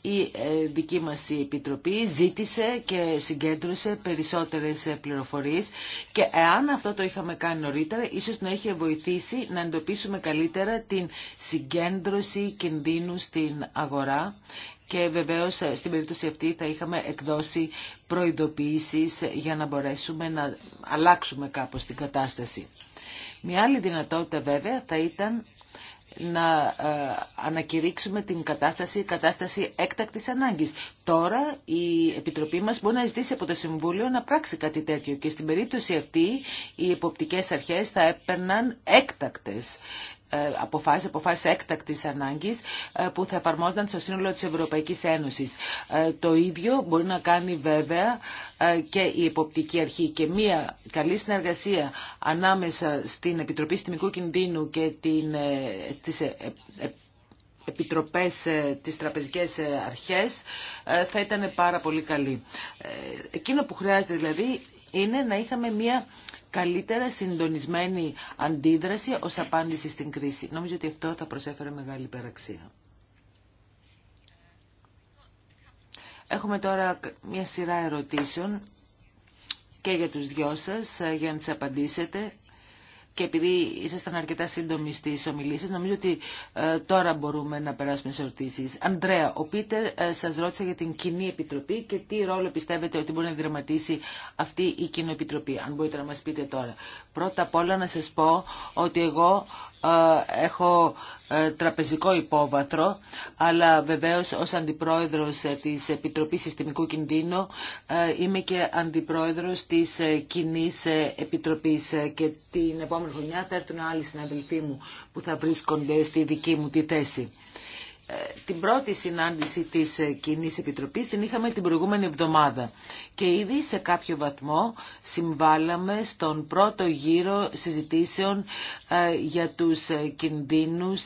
Η ε, δική μας Επιτροπή ζήτησε και συγκέντρωσε περισσότερες πληροφορίες και εάν αυτό το είχαμε κάνει νωρίτερα, ίσως να είχε βοηθήσει να εντοπίσουμε καλύτερα την συγκέντρωση κινδύνου στην αγορά και βεβαίως ε, στην περίπτωση αυτή θα είχαμε εκδώσει προειδοποιήσεις για να μπορέσουμε να αλλάξουμε κάπως την κατάσταση. Μια άλλη δυνατότητα βέβαια θα ήταν να ε, ανακηρύξουμε την κατάσταση, κατάσταση έκτακτης ανάγκης. Τώρα η Επιτροπή μας μπορεί να ζητήσει από το Συμβούλιο να πράξει κάτι τέτοιο και στην περίπτωση αυτή οι εποπτικές αρχές θα έπαιρναν έκτακτες ε, αποφάσεις, αποφάσεις έκτακτης ανάγκης ε, που θα εφαρμόζονταν στο σύνολο της Ευρωπαϊκής Ένωσης. Ε, το ίδιο μπορεί να κάνει βέβαια και η υποπτική αρχή και μία καλή συνεργασία ανάμεσα στην Επιτροπή Συντημικού Κινδύνου και την, τις επιτροπές, της τραπεζικές αρχές θα ήταν πάρα πολύ καλή. Εκείνο που χρειάζεται δηλαδή είναι να είχαμε μία καλύτερα συντονισμένη αντίδραση ως απάντηση στην κρίση. Νομίζω ότι αυτό θα προσέφερε μεγάλη υπεραξία. Έχουμε τώρα μια σειρά ερωτήσεων και για τους δυο σας ε, για να τις απαντήσετε και επειδή ήσασταν αρκετά σύντομοι στι ομιλίε νομίζω ότι ε, τώρα μπορούμε να περάσουμε σε ερωτήσει. Αντρέα, ο Πίτερ ε, σα ρώτησε για την κοινή επιτροπή και τι ρόλο πιστεύετε ότι μπορεί να δραματίσει αυτή η κοινή επιτροπή, αν μπορείτε να μα πείτε τώρα. Πρώτα απ' όλα να σα πω ότι εγώ έχω ε, τραπεζικό υπόβαθρο, αλλά βεβαίως ως αντιπρόεδρος ε, της Επιτροπής Συστημικού Κινδύνου ε, είμαι και αντιπρόεδρος της κοινή Επιτροπής και την επόμενη χρονιά θα έρθουν άλλοι συναδελφοί μου που θα βρίσκονται στη δική μου τη θέση την πρώτη συνάντηση της ε, κοινή Επιτροπής την είχαμε την προηγούμενη εβδομάδα και ήδη σε κάποιο βαθμό συμβάλαμε στον πρώτο γύρο συζητήσεων ε, για τους ε, κινδύνους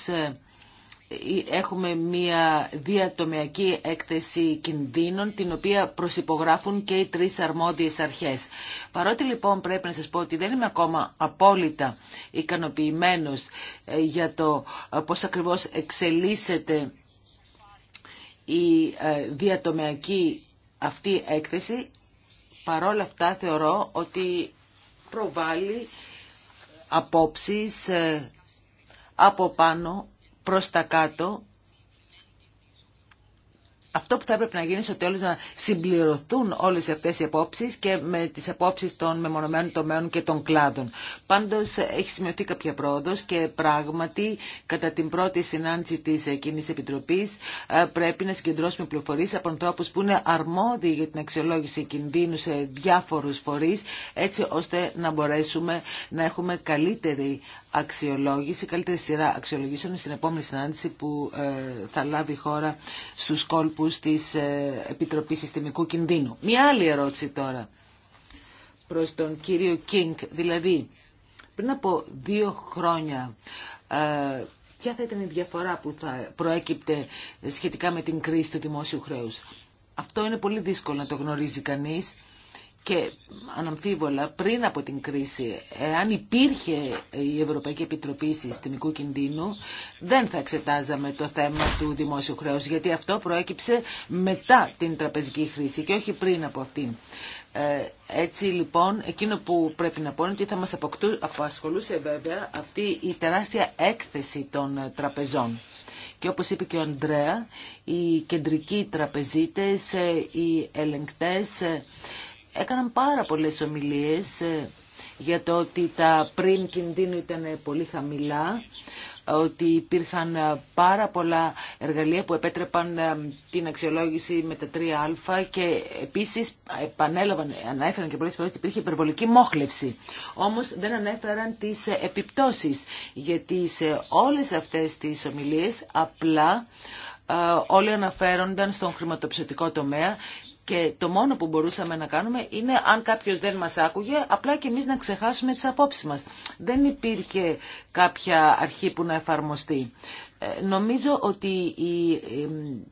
έχουμε μία διατομιακή έκθεση κινδύνων την οποία προσυπογράφουν και οι τρεις αρμόδιες αρχές. Παρότι λοιπόν πρέπει να σας πω ότι δεν είμαι ακόμα απόλυτα ικανοποιημένος ε, για το ε, πώς ακριβώς εξελίσσεται η ε, διατομιακή αυτή έκθεση, παρόλα αυτά θεωρώ ότι προβάλλει απόψεις από πάνω προς τα κάτω αυτό που θα έπρεπε να γίνει στο τέλο να συμπληρωθούν όλε αυτέ οι απόψει και με τι απόψει των μεμονωμένων τομέων και των κλάδων. Πάντως έχει σημειωθεί κάποια πρόοδο και πράγματι κατά την πρώτη συνάντηση τη κοινή επιτροπή ε, πρέπει να συγκεντρώσουμε πληροφορίες από ανθρώπου που είναι αρμόδιοι για την αξιολόγηση κινδύνου σε διάφορου φορεί, έτσι ώστε να μπορέσουμε να έχουμε καλύτερη αξιολόγηση, καλύτερη σειρά αξιολογήσεων στην επόμενη συνάντηση που ε, θα λάβει η χώρα στου κόλπου τη της ε, Επιτροπής Συστημικού Κινδύνου. Μια άλλη ερώτηση τώρα προς τον κύριο Κίνκ. Δηλαδή, πριν από δύο χρόνια, ε, ποια θα ήταν η διαφορά που θα προέκυπτε σχετικά με την κρίση του δημόσιου χρέους. Αυτό είναι πολύ δύσκολο να το γνωρίζει κανείς και αναμφίβολα πριν από την κρίση, εάν υπήρχε η Ευρωπαϊκή Επιτροπή Συστημικού Κινδύνου, δεν θα εξετάζαμε το θέμα του δημόσιου χρέους, γιατί αυτό προέκυψε μετά την τραπεζική χρήση και όχι πριν από αυτήν. Ε, έτσι λοιπόν, εκείνο που πρέπει να πω είναι ότι θα μας απασχολούσε βέβαια αυτή η τεράστια έκθεση των τραπεζών. Και όπως είπε και ο Ανδρέα, οι κεντρικοί τραπεζίτες, ε, οι ελεγκτές ε, έκαναν πάρα πολλές ομιλίες ε, για το ότι τα πριν κινδύνου ήταν πολύ χαμηλά, ότι υπήρχαν ε, πάρα πολλά εργαλεία που επέτρεπαν ε, την αξιολόγηση με τα 3α και επίσης επανέλαβαν, ανέφεραν και πολλές φορές ότι υπήρχε υπερβολική μόχλευση. Όμως δεν ανέφεραν τις επιπτώσεις, γιατί σε όλες αυτές τις ομιλίες απλά όλοι αναφέρονταν στον χρηματοπιστωτικό τομέα και το μόνο που μπορούσαμε να κάνουμε είναι αν κάποιος δεν μας άκουγε, απλά και εμείς να ξεχάσουμε τις απόψεις μας. Δεν υπήρχε κάποια αρχή που να εφαρμοστεί. Ε, νομίζω ότι η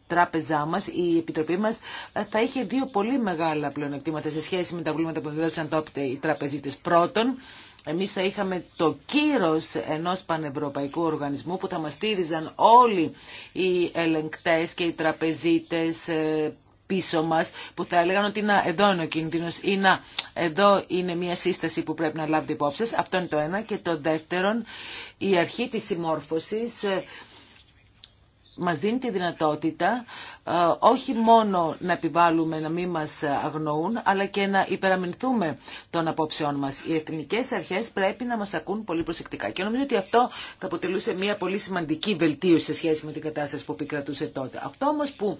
τράπεζά μας, η επιτροπή μας, ε, θα είχε δύο πολύ μεγάλα πλεονεκτήματα σε σχέση με τα βουλήματα που διδάξαν τότε οι τραπεζίτες. Πρώτον, εμείς θα είχαμε το κύρος ενός πανευρωπαϊκού οργανισμού που θα μας στήριζαν όλοι οι ελεγκτές και οι τραπεζίτες ε, πίσω μας που θα έλεγαν ότι να, εδώ είναι ο κίνδυνος ή να, εδώ είναι μια σύσταση που πρέπει να λάβετε υπόψη. Αυτό είναι το ένα. Και το δεύτερον, η αρχή της συμμόρφωσης ε, μας δίνει τη δυνατότητα ε, όχι μόνο να επιβάλλουμε να μην μας αγνοούν, αλλά και να υπεραμεινθούμε των απόψεών μας. Οι εθνικές αρχές πρέπει να μας ακούν πολύ προσεκτικά. Και νομίζω ότι αυτό θα αποτελούσε μια πολύ σημαντική βελτίωση σε σχέση με την κατάσταση που επικρατούσε τότε. Αυτό όμως που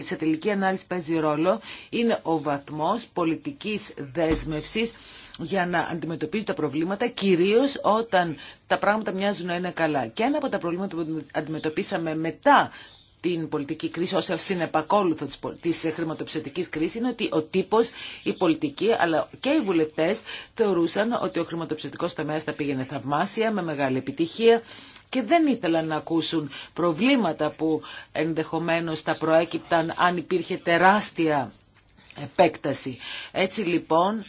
σε τελική ανάλυση παίζει ρόλο είναι ο βαθμός πολιτικής δέσμευσης για να αντιμετωπίζει τα προβλήματα, κυρίω όταν τα πράγματα μοιάζουν να είναι καλά. Και ένα από τα προβλήματα που αντιμετωπίσαμε μετά την πολιτική κρίση ως συνεπακόλουθο της χρηματοπιστωτικής κρίσης είναι ότι ο τύπος, η πολιτική αλλά και οι βουλευτές θεωρούσαν ότι ο χρηματοπιστωτικός τομέας θα πήγαινε θαυμάσια με μεγάλη επιτυχία και δεν ήθελαν να ακούσουν προβλήματα που ενδεχομένως θα προέκυπταν αν υπήρχε τεράστια επέκταση. Έτσι λοιπόν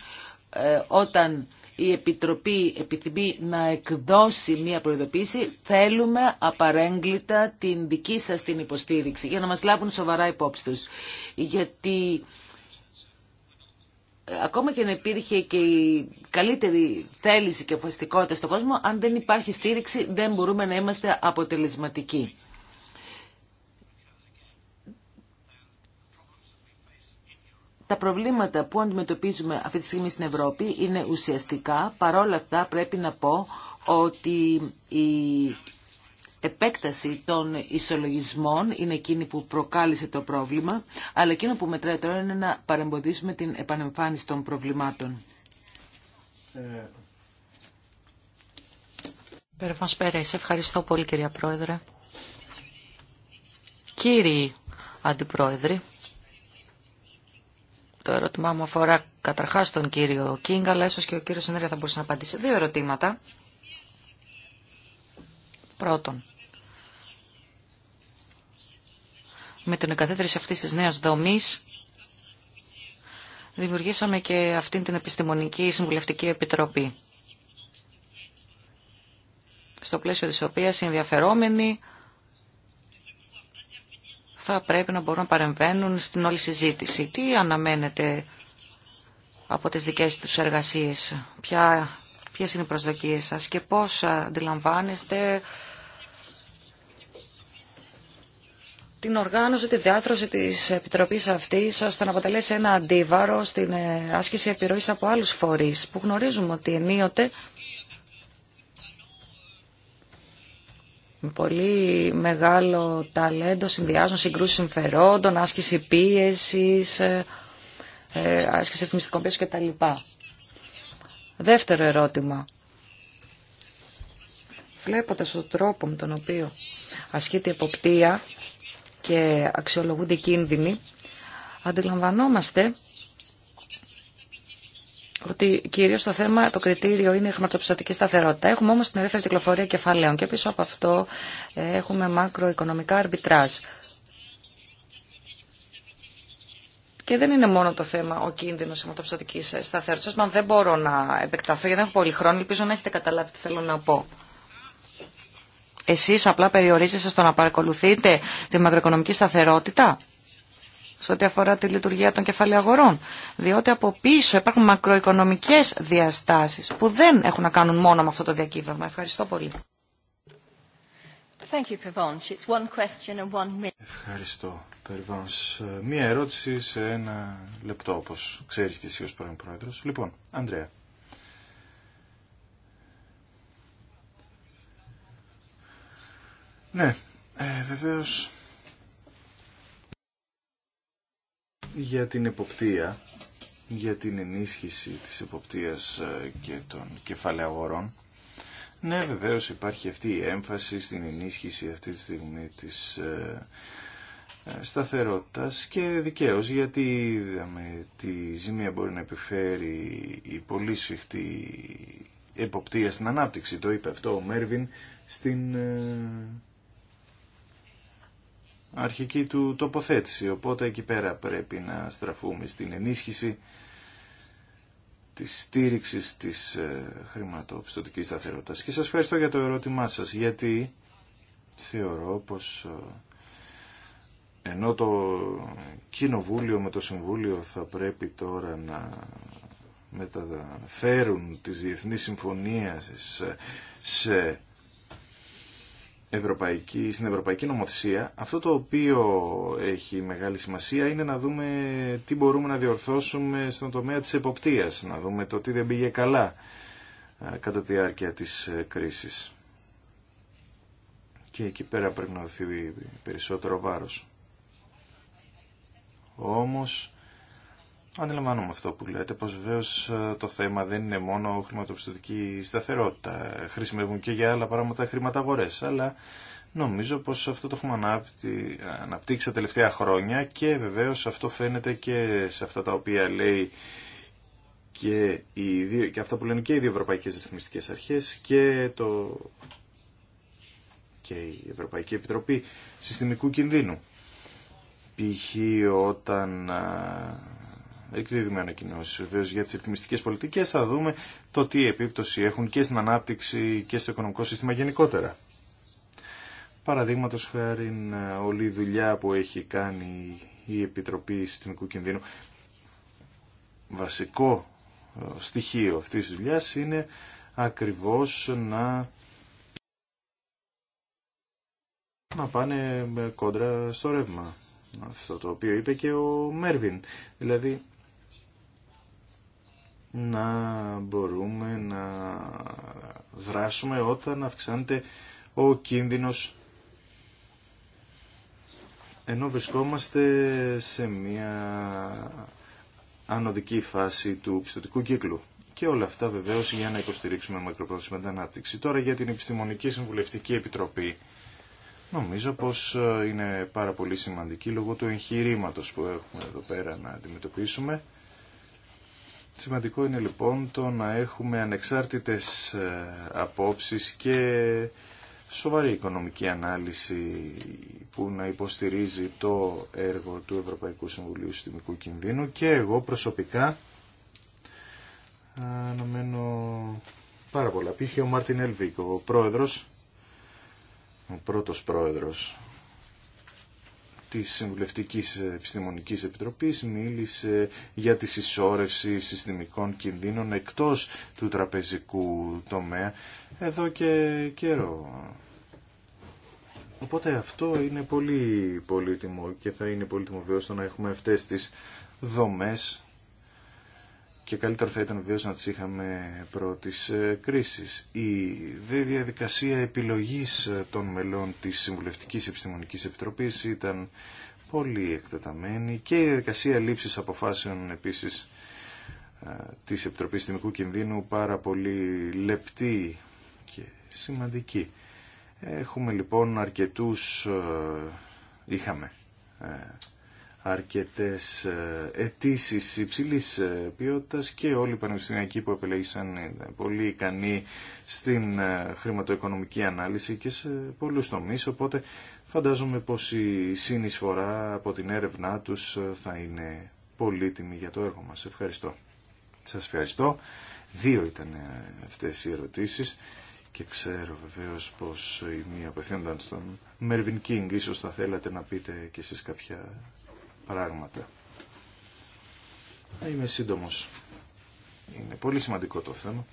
ε, όταν η Επιτροπή επιθυμεί να εκδώσει μία προειδοποίηση, θέλουμε απαρέγκλητα την δική σας την υποστήριξη για να μας λάβουν σοβαρά υπόψη τους. Γιατί ε, ακόμα και να υπήρχε και η καλύτερη θέληση και αποφασιστικότητα στον κόσμο, αν δεν υπάρχει στήριξη δεν μπορούμε να είμαστε αποτελεσματικοί. Τα προβλήματα που αντιμετωπίζουμε αυτή τη στιγμή στην Ευρώπη είναι ουσιαστικά. Παρόλα αυτά πρέπει να πω ότι η επέκταση των ισολογισμών είναι εκείνη που προκάλεσε το πρόβλημα, αλλά εκείνο που μετράει τώρα είναι να παρεμποδίσουμε την επανεμφάνιση των προβλημάτων. ευχαριστώ πολύ κυρία Πρόεδρε. Κύριοι Αντιπρόεδροι, το ερώτημά μου αφορά καταρχάς τον κύριο Κίνγκ, αλλά ίσως και ο κύριος Ενέρια θα μπορούσε να απαντήσει. Δύο ερωτήματα. Πρώτον, με την εγκαθίδρυση αυτής της νέας δομής, δημιουργήσαμε και αυτήν την Επιστημονική Συμβουλευτική Επιτροπή, στο πλαίσιο της οποίας οι ενδιαφερόμενοι θα πρέπει να μπορούν να παρεμβαίνουν στην όλη συζήτηση. Τι αναμένετε από τις δικές τους εργασίες, ποια, ποιες είναι οι προσδοκίες σας και πώς αντιλαμβάνεστε την οργάνωση, τη διάθρωση της Επιτροπής αυτής ώστε να αποτελέσει ένα αντίβαρο στην ε, άσκηση επιρροής από άλλους φορείς που γνωρίζουμε ότι ενίοτε με πολύ μεγάλο ταλέντο συνδυάζουν συγκρούσεις συμφερόντων, άσκηση πίεσης, ε, ε, άσκηση πίεσης κτλ. Δεύτερο ερώτημα. Βλέποντα τον τρόπο με τον οποίο ασκείται η εποπτεία και αξιολογούνται οι κίνδυνοι, αντιλαμβανόμαστε ότι κυρίω το θέμα, το κριτήριο είναι η χρηματοπιστωτική σταθερότητα. Έχουμε όμω την ελεύθερη κυκλοφορία κεφαλαίων και πίσω από αυτό ε, έχουμε μακροοικονομικά αρμπιτράζ. Και δεν είναι μόνο το θέμα ο κίνδυνο χρηματοπιστωτική σταθερότητα. Μα δεν μπορώ να επεκταθώ γιατί δεν έχω πολύ χρόνο. Ελπίζω να έχετε καταλάβει τι θέλω να πω. Εσεί απλά περιορίζεστε στο να παρακολουθείτε τη μακροοικονομική σταθερότητα σε ό,τι αφορά τη λειτουργία των κεφαλαίων Διότι από πίσω υπάρχουν μακροοικονομικές διαστάσεις που δεν έχουν να κάνουν μόνο με αυτό το διακύβευμα. Ευχαριστώ πολύ. Ευχαριστώ, Περβάνς. Μία ερώτηση σε ένα λεπτό, όπως ξέρεις και εσύ ως Λοιπόν, Ανδρέα. Ναι, ε, βεβαίως για την εποπτεία, για την ενίσχυση της εποπτείας ε, και των κεφαλαίων αγορών. Ναι, βεβαίως υπάρχει αυτή η έμφαση στην ενίσχυση αυτή τη στιγμή της ε, ε, σταθερότητας και δικαίως γιατί είδαμε τη ζημία μπορεί να επιφέρει η πολύ σφιχτή εποπτεία στην ανάπτυξη. Το είπε αυτό ο Μέρβιν στην αρχική του τοποθέτηση. Οπότε εκεί πέρα πρέπει να στραφούμε στην ενίσχυση της στήριξης της ε, χρηματοπιστωτικής σταθερότητας. Και σας ευχαριστώ για το ερώτημά σας, γιατί θεωρώ πως ε, ενώ το Κοινοβούλιο με το Συμβούλιο θα πρέπει τώρα να μεταφέρουν τις διεθνείς συμφωνίες σε ευρωπαϊκή, στην ευρωπαϊκή νομοθεσία, αυτό το οποίο έχει μεγάλη σημασία είναι να δούμε τι μπορούμε να διορθώσουμε στον τομέα της εποπτείας, να δούμε το τι δεν πήγε καλά κατά τη διάρκεια της ε, κρίσης. Και εκεί πέρα πρέπει να δοθεί περισσότερο βάρος. Όμως Αντιλαμβάνομαι αυτό που λέτε, πως βεβαίω ε, το θέμα δεν είναι μόνο χρηματοπιστωτική σταθερότητα. Χρησιμεύουν και για άλλα πράγματα χρηματαγορές, αλλά νομίζω πως αυτό το έχουμε αναπτύξει τα τελευταία χρόνια και βεβαίω αυτό φαίνεται και σε αυτά τα οποία λέει και, οι δύο, και αυτά που λένε και οι δύο ευρωπαϊκές ρυθμιστικές αρχές και, το, και η Ευρωπαϊκή Επιτροπή Συστημικού Κινδύνου. Π.χ. όταν εκδίδουμε ανακοινώσει βεβαίω για τι εκτιμιστικέ πολιτικέ. Θα δούμε το τι επίπτωση έχουν και στην ανάπτυξη και στο οικονομικό σύστημα γενικότερα. Παραδείγματο χάρη όλη η δουλειά που έχει κάνει η Επιτροπή Συστημικού Κινδύνου. Βασικό ε, στοιχείο αυτής της δουλειά είναι ακριβώς να να πάνε κόντρα στο ρεύμα. Αυτό το οποίο είπε και ο Μέρβιν. Δηλαδή να μπορούμε να δράσουμε όταν αυξάνεται ο κίνδυνος ενώ βρισκόμαστε σε μια ανωδική φάση του πιστοτικού κύκλου. Και όλα αυτά βεβαίως για να υποστηρίξουμε μακροπρόθεσμα την ανάπτυξη. Τώρα για την Επιστημονική Συμβουλευτική Επιτροπή. Νομίζω πως ε, είναι πάρα πολύ σημαντική λόγω του εγχειρήματο που έχουμε εδώ πέρα να αντιμετωπίσουμε. Σημαντικό είναι λοιπόν το να έχουμε ανεξάρτητες ε, απόψεις και σοβαρή οικονομική ανάλυση που να υποστηρίζει το έργο του Ευρωπαϊκού Συμβουλίου Συστημικού Κινδύνου και εγώ προσωπικά αναμένω πάρα πολλά. πήγε ο Μάρτιν Ελβίκ, ο πρόεδρος, ο πρώτος πρόεδρος της Συμβουλευτικής Επιστημονικής Επιτροπής μίλησε για τη συσσόρευση συστημικών κινδύνων εκτός του τραπεζικού τομέα εδώ και καιρό. Οπότε αυτό είναι πολύ πολύτιμο και θα είναι πολύτιμο βιώστο να έχουμε αυτές τις δομές και καλύτερο θα ήταν βεβαίω να τι είχαμε πρώτη ε, κρίση. Η διαδικασία επιλογής ε, των μελών της συμβουλευτική Επιστημονικής Επιτροπής ήταν πολύ εκτεταμένη και η διαδικασία λήψη αποφάσεων επίση ε, της επιτροπή Δημικού Κινδύνου πάρα πολύ λεπτή και σημαντική. Έχουμε λοιπόν αρκετούς, είχαμε αρκετές ε, αιτήσει υψηλή ε, ποιότητας και όλοι οι πανεπιστημιακοί που επελέγησαν πολύ ικανοί στην ε, χρηματοοικονομική ανάλυση και σε πολλούς τομείς, οπότε φαντάζομαι πως η συνεισφορά από την έρευνά τους θα είναι πολύτιμη για το έργο μας. Ευχαριστώ. Σας ευχαριστώ. Δύο ήταν αυτές οι ερωτήσεις και ξέρω βεβαίως πως η μία απευθύνονταν στον Μέρβιν Κίνγκ. Ίσως θα θέλατε να πείτε και εσείς κάποια πράγματα. Είμαι σύντομος. Είναι πολύ σημαντικό το θέμα.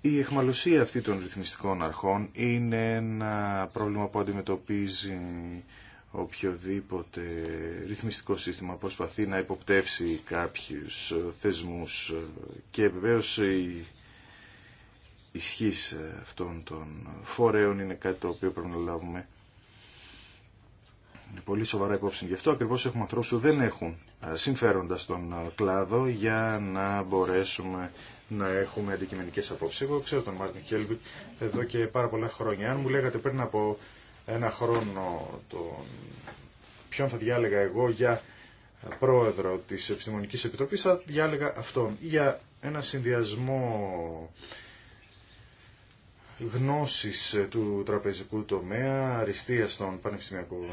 Η εχμαλωσία αυτή των ρυθμιστικών αρχών είναι ένα πρόβλημα που αντιμετωπίζει οποιοδήποτε ρυθμιστικό σύστημα προσπαθεί να υποπτεύσει κάποιους θεσμούς και βεβαίως η ισχύς αυτών των φορέων είναι κάτι το οποίο πρέπει να λάβουμε πολύ σοβαρά υπόψη. Γι' αυτό ακριβώ έχουμε ανθρώπου που δεν έχουν ε, συμφέροντα στον ε, κλάδο για να μπορέσουμε να έχουμε αντικειμενικές απόψεις. Εγώ ξέρω τον Μάρτιν Χέλβι εδώ και πάρα πολλά χρόνια. Αν μου λέγατε πριν από ένα χρόνο τον... ποιον θα διάλεγα εγώ για ε, πρόεδρο της Επιστημονικής Επιτροπής θα διάλεγα αυτόν. Για ένα συνδυασμό Γνώσεις ε, του τραπεζικού τομέα, αριστεία στον πανεπιστημιακό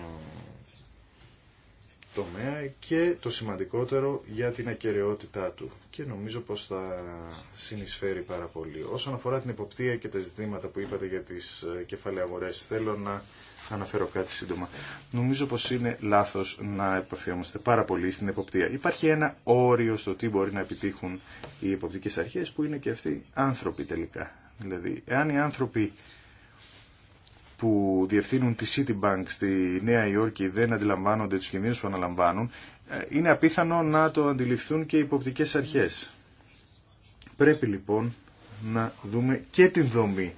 τομέα και το σημαντικότερο για την ακαιρεότητά του. Και νομίζω πως θα συνεισφέρει πάρα πολύ. Όσον αφορά την υποπτία και τα ζητήματα που είπατε για τις ε, κεφαλαίες αγορές, θέλω να αναφέρω κάτι σύντομα. Νομίζω πως είναι λάθος να επαφιόμαστε πάρα πολύ στην εποπτεία. Υπάρχει ένα όριο στο τι μπορεί να επιτύχουν οι εποπτικές αρχές που είναι και αυτοί άνθρωποι τελικά. Δηλαδή, εάν οι άνθρωποι που διευθύνουν τη Citibank στη Νέα Υόρκη δεν αντιλαμβάνονται τους κινδύνους που αναλαμβάνουν, ε, είναι απίθανο να το αντιληφθούν και οι υποπτικές αρχές. Πρέπει λοιπόν να δούμε και την δομή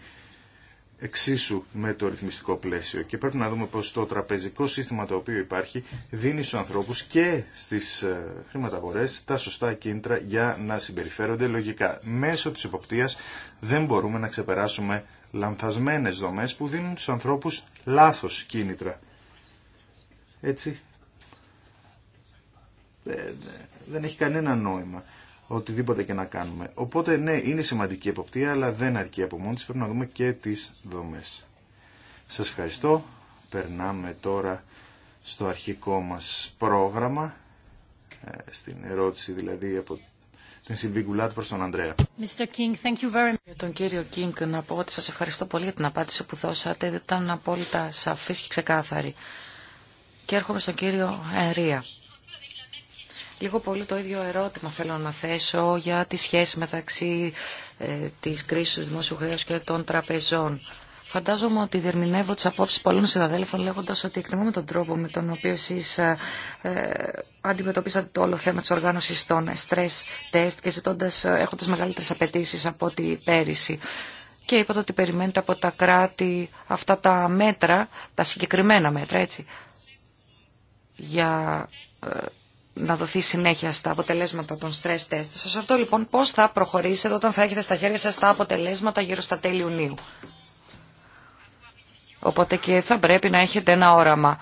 εξίσου με το ρυθμιστικό πλαίσιο και πρέπει να δούμε πως το τραπεζικό σύστημα το οποίο υπάρχει δίνει στους ανθρώπους και στις ε, χρηματαγορές τα σωστά κίνητρα για να συμπεριφέρονται λογικά. Μέσω της εποπτείας δεν μπορούμε να ξεπεράσουμε λανθασμένες δομές που δίνουν στους ανθρώπους λάθος κίνητρα. Έτσι. Ε, δεν έχει κανένα νόημα οτιδήποτε και να κάνουμε. Οπότε ναι, είναι σημαντική εποπτεία, αλλά δεν αρκεί από μόνη της. Πρέπει να δούμε και τις δομές. Σας ευχαριστώ. Περνάμε τώρα στο αρχικό μας πρόγραμμα, ε, στην ερώτηση δηλαδή από την Γκουλάτ προς τον Ανδρέα. Mr. King, thank you very much. Για τον κύριο Κίνγκ να πω ότι σας ευχαριστώ πολύ για την απάντηση που δώσατε, ήταν απόλυτα σαφής και ξεκάθαρη. Και έρχομαι στον κύριο Ερία. Λίγο πολύ το ίδιο ερώτημα θέλω να θέσω για τη σχέση μεταξύ ε, της κρίσης του δημόσιου χρέους και των τραπεζών. Φαντάζομαι ότι διερμηνεύω τις απόψεις πολλών συναδέλφων λέγοντας ότι εκτιμούμε τον τρόπο με τον οποίο εσείς ε, ε αντιμετωπίσατε το όλο θέμα τη οργάνωσης των stress test και ε, έχοντα μεγαλύτερε απαιτήσει από ό,τι πέρυσι. Και είπατε ότι περιμένετε από τα κράτη αυτά τα μέτρα, τα συγκεκριμένα μέτρα, έτσι, για να δοθεί συνέχεια στα αποτελέσματα των stress test. Σας ρωτώ λοιπόν πώς θα προχωρήσετε όταν θα έχετε στα χέρια σας τα αποτελέσματα γύρω στα τέλη Ιουνίου. Οπότε και θα πρέπει να έχετε ένα όραμα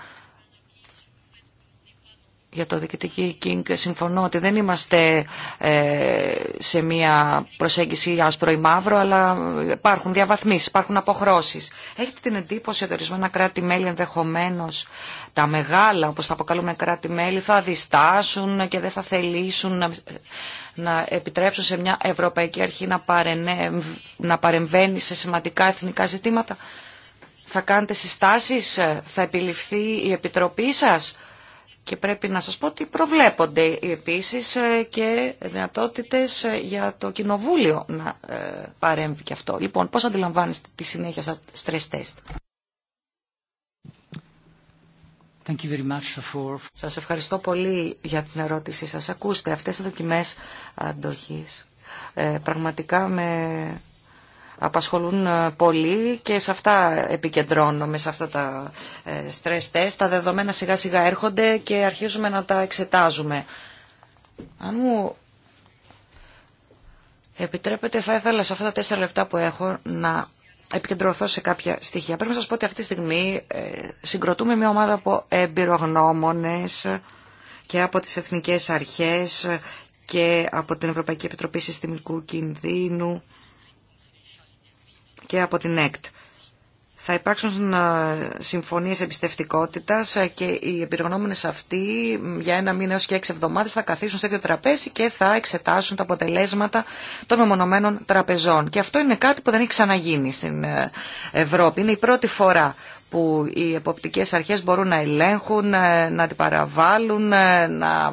για το διοικητική Κίνγκ συμφωνώ ότι δεν είμαστε ε, σε μια προσέγγιση άσπρο ή μαύρο, αλλά υπάρχουν διαβαθμίσεις, υπάρχουν αποχρώσεις. Έχετε την εντύπωση ότι ορισμένα κράτη-μέλη ενδεχομένω τα μεγάλα, όπως τα αποκαλούμε κράτη-μέλη, θα διστάσουν και δεν θα θελήσουν να, επιτρέψουν σε μια ευρωπαϊκή αρχή να, να παρεμβαίνει σε σημαντικά εθνικά ζητήματα. Θα κάνετε συστάσεις, θα επιληφθεί η Επιτροπή σας και πρέπει να σας πω ότι προβλέπονται επίσης ε, και δυνατότητες ε, για το Κοινοβούλιο να ε, παρέμβει και αυτό. Λοιπόν, πώς αντιλαμβάνεστε τη συνέχεια στα stress test. Thank you Σας ευχαριστώ πολύ για την ερώτησή σας. Ακούστε, αυτές οι δοκιμές αντοχής πραγματικά με απασχολούν ε, πολύ και σε αυτά επικεντρώνομαι, σε αυτά τα ε, stress test. Τα δεδομένα σιγά σιγά έρχονται και αρχίζουμε να τα εξετάζουμε. Αν μου επιτρέπετε θα ήθελα σε αυτά τα τέσσερα λεπτά που έχω να επικεντρωθώ σε κάποια στοιχεία. Πρέπει να σας πω ότι αυτή τη στιγμή ε, συγκροτούμε μια ομάδα από εμπειρογνώμονες και από τις εθνικές αρχές και από την Ευρωπαϊκή Επιτροπή Συστημικού Κινδύνου και από την ΕΚΤ. Θα υπάρξουν ε, συμφωνίες εμπιστευτικότητας ε, και οι επιρρογνώμενε αυτοί για ένα μήνα έως και έξι εβδομάδες θα καθίσουν στο ίδιο τραπέζι και θα εξετάσουν τα αποτελέσματα των μεμονωμένων τραπεζών. Και αυτό είναι κάτι που δεν έχει ξαναγίνει στην ε, Ευρώπη. Είναι η πρώτη φορά που οι εποπτικές αρχές μπορούν να ελέγχουν, να την παραβάλουν, να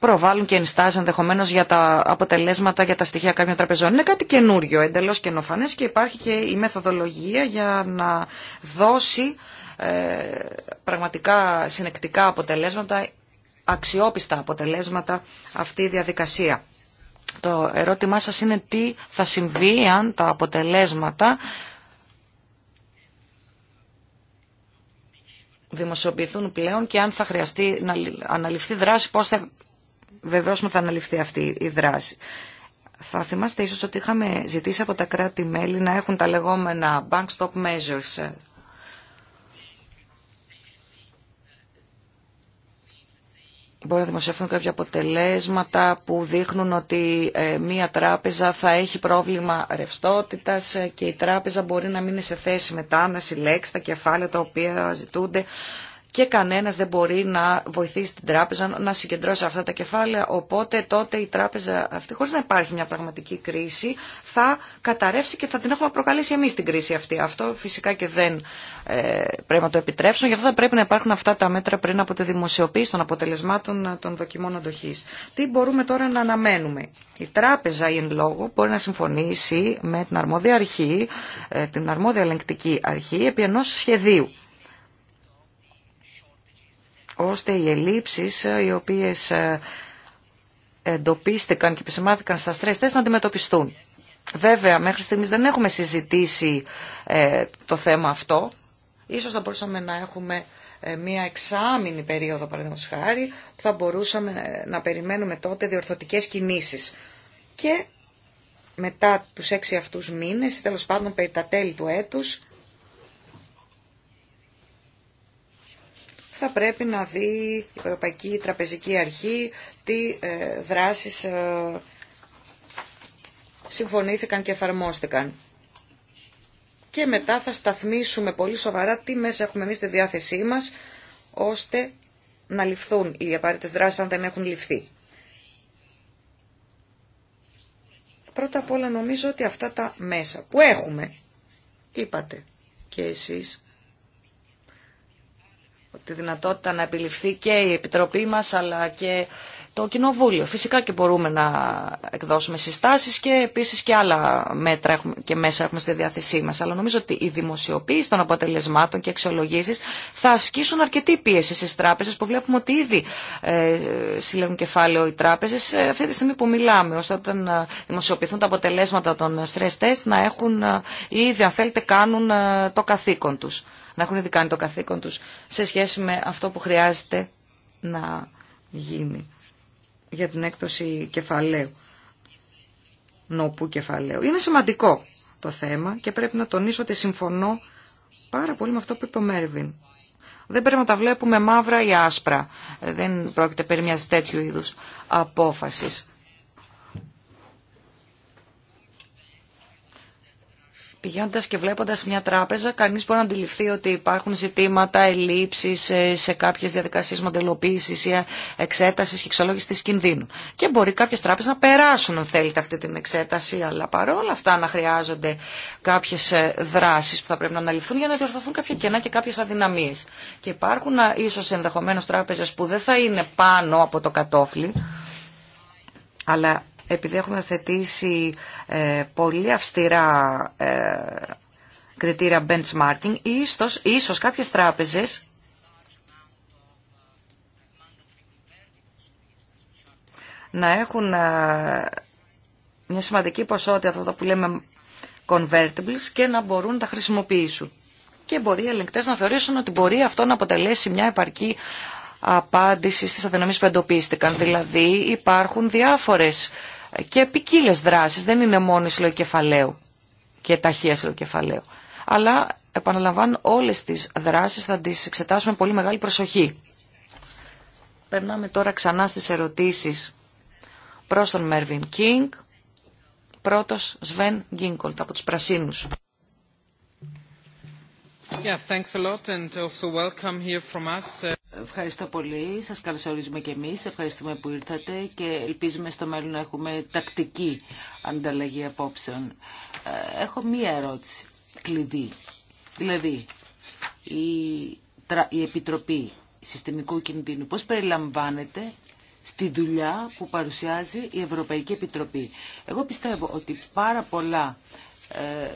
προβάλλουν και ενστάσει ενδεχομένω για τα αποτελέσματα, για τα στοιχεία κάποιων τραπεζών. Είναι κάτι καινούριο, εντελώ καινοφανέ και υπάρχει και η μεθοδολογία για να δώσει ε, πραγματικά συνεκτικά αποτελέσματα, αξιόπιστα αποτελέσματα αυτή η διαδικασία. Το ερώτημά σας είναι τι θα συμβεί αν τα αποτελέσματα δημοσιοποιηθούν πλέον και αν θα χρειαστεί να αναλυφθεί δράση, πώς θα Βεβαίω μου θα αναλυφθεί αυτή η δράση. Θα θυμάστε ίσως ότι είχαμε ζητήσει από τα κράτη-μέλη να έχουν τα λεγόμενα bank stop measures. Μπορεί να δημοσιεύουν κάποια αποτελέσματα που δείχνουν ότι ε, μία τράπεζα θα έχει πρόβλημα ρευστότητας ε, και η τράπεζα μπορεί να μην είναι σε θέση μετά να συλλέξει τα κεφάλαια τα οποία ζητούνται και κανένας δεν μπορεί να βοηθήσει την τράπεζα να συγκεντρώσει αυτά τα κεφάλαια. Οπότε τότε η τράπεζα αυτή, χωρίς να υπάρχει μια πραγματική κρίση, θα καταρρεύσει και θα την έχουμε προκαλέσει εμείς την κρίση αυτή. Αυτό φυσικά και δεν ε, πρέπει να το επιτρέψουν. Γι' αυτό θα πρέπει να υπάρχουν αυτά τα μέτρα πριν από τη δημοσιοποίηση των αποτελεσμάτων ε, των δοκιμών αντοχής. Τι μπορούμε τώρα να αναμένουμε. Η τράπεζα ή εν λόγω μπορεί να συμφωνήσει με την αρμόδια αρχή, ε, την αρμόδια ελεγκτική αρχή, επί ενός σχεδίου ώστε οι ελλείψεις ε, οι οποίες ε, εντοπίστηκαν και επισημάθηκαν στα στρες τεστ να αντιμετωπιστούν. Βέβαια, μέχρι στιγμής δεν έχουμε συζητήσει ε, το θέμα αυτό. Ίσως θα μπορούσαμε να έχουμε μία εξάμηνη περίοδο, παραδείγματος χάρη, που θα μπορούσαμε να περιμένουμε τότε διορθωτικές κινήσεις. Και μετά τους έξι αυτούς μήνες, τέλος πάντων περί τα τέλη του έτους, θα πρέπει να δει η Ευρωπαϊκή Τραπεζική Αρχή τι ε, δράσεις ε, συμφωνήθηκαν και εφαρμόστηκαν. Και μετά θα σταθμίσουμε πολύ σοβαρά τι μέσα έχουμε εμείς στη διάθεσή μας, ώστε να ληφθούν οι απαραίτητες δράσεις αν δεν έχουν ληφθεί. Πρώτα απ' όλα νομίζω ότι αυτά τα μέσα που έχουμε, είπατε και εσείς, τη δυνατότητα να επιληφθεί και η Επιτροπή μας αλλά και το Κοινοβούλιο. Φυσικά και μπορούμε να εκδώσουμε συστάσεις και επίσης και άλλα μέτρα και μέσα έχουμε στη διάθεσή μας. Αλλά νομίζω ότι η δημοσιοποίηση των αποτελεσμάτων και αξιολογήσεις θα ασκήσουν αρκετή πίεση στις τράπεζες που βλέπουμε ότι ήδη ε, συλλέγουν κεφάλαιο οι τράπεζες ε, αυτή τη στιγμή που μιλάμε, ώστε όταν ε, δημοσιοποιηθούν τα αποτελέσματα των stress test να έχουν ε, ήδη αν θέλετε κάνουν το καθήκον τους να έχουν ήδη κάνει το καθήκον τους σε σχέση με αυτό που χρειάζεται να γίνει για την έκδοση κεφαλαίου, νοπού κεφαλαίου. Είναι σημαντικό το θέμα και πρέπει να τονίσω ότι συμφωνώ πάρα πολύ με αυτό που είπε ο Μέρβιν. Δεν πρέπει να τα βλέπουμε μαύρα ή άσπρα. Ε, δεν πρόκειται περί μιας τέτοιου είδους απόφασης. Πηγαίνοντας και βλέποντας μια τράπεζα, κανείς μπορεί να αντιληφθεί ότι υπάρχουν ζητήματα ελλείψεις ε, σε κάποιες διαδικασίες μοντελοποίησης ή ε, εξέτασης και εξολόγησης της κινδύνου. Και μπορεί κάποιες τράπεζες να περάσουν, αν θέλετε, αυτή την εξέταση, αλλά παρόλα αυτά να χρειάζονται κάποιες ε, δράσεις που θα πρέπει να αναλυθούν για να διορθωθούν κάποια κενά και κάποιες αδυναμίες. Και υπάρχουν ίσως ενδεχομένως τράπεζες που δεν θα είναι πάνω από το κατόφλι, αλλά επειδή έχουμε θετήσει ε, πολύ αυστηρά ε, κριτήρια benchmarking, ίσως, ίσως κάποιες τράπεζες να έχουν ε, μια σημαντική ποσότητα αυτό που λέμε convertibles και να μπορούν να τα χρησιμοποιήσουν. Και μπορεί οι ελεγκτές να θεωρήσουν ότι μπορεί αυτό να αποτελέσει μια επαρκή απάντηση στις αδυναμίες που εντοπίστηκαν. Δηλαδή υπάρχουν διάφορες και ποικίλε δράσεις. Δεν είναι μόνο η κεφαλαίου και ταχεία κεφαλαίου. Αλλά επαναλαμβάνω όλες τις δράσεις θα τις εξετάσουμε πολύ μεγάλη προσοχή. Περνάμε τώρα ξανά στις ερωτήσεις προς τον Μέρβιν Κίνγκ. Πρώτος Σβέν Γκίνκολτ από τους Πρασίνους. Ευχαριστώ πολύ. Σας καλωσορίζουμε και εμείς. Ευχαριστούμε που ήρθατε και ελπίζουμε στο μέλλον να έχουμε τακτική ανταλλαγή απόψεων. Ε, έχω μία ερώτηση κλειδί. Δηλαδή, η, η Επιτροπή Συστημικού Κινδύνου πώς περιλαμβάνεται στη δουλειά που παρουσιάζει η Ευρωπαϊκή Επιτροπή. Εγώ πιστεύω ότι πάρα πολλά ε,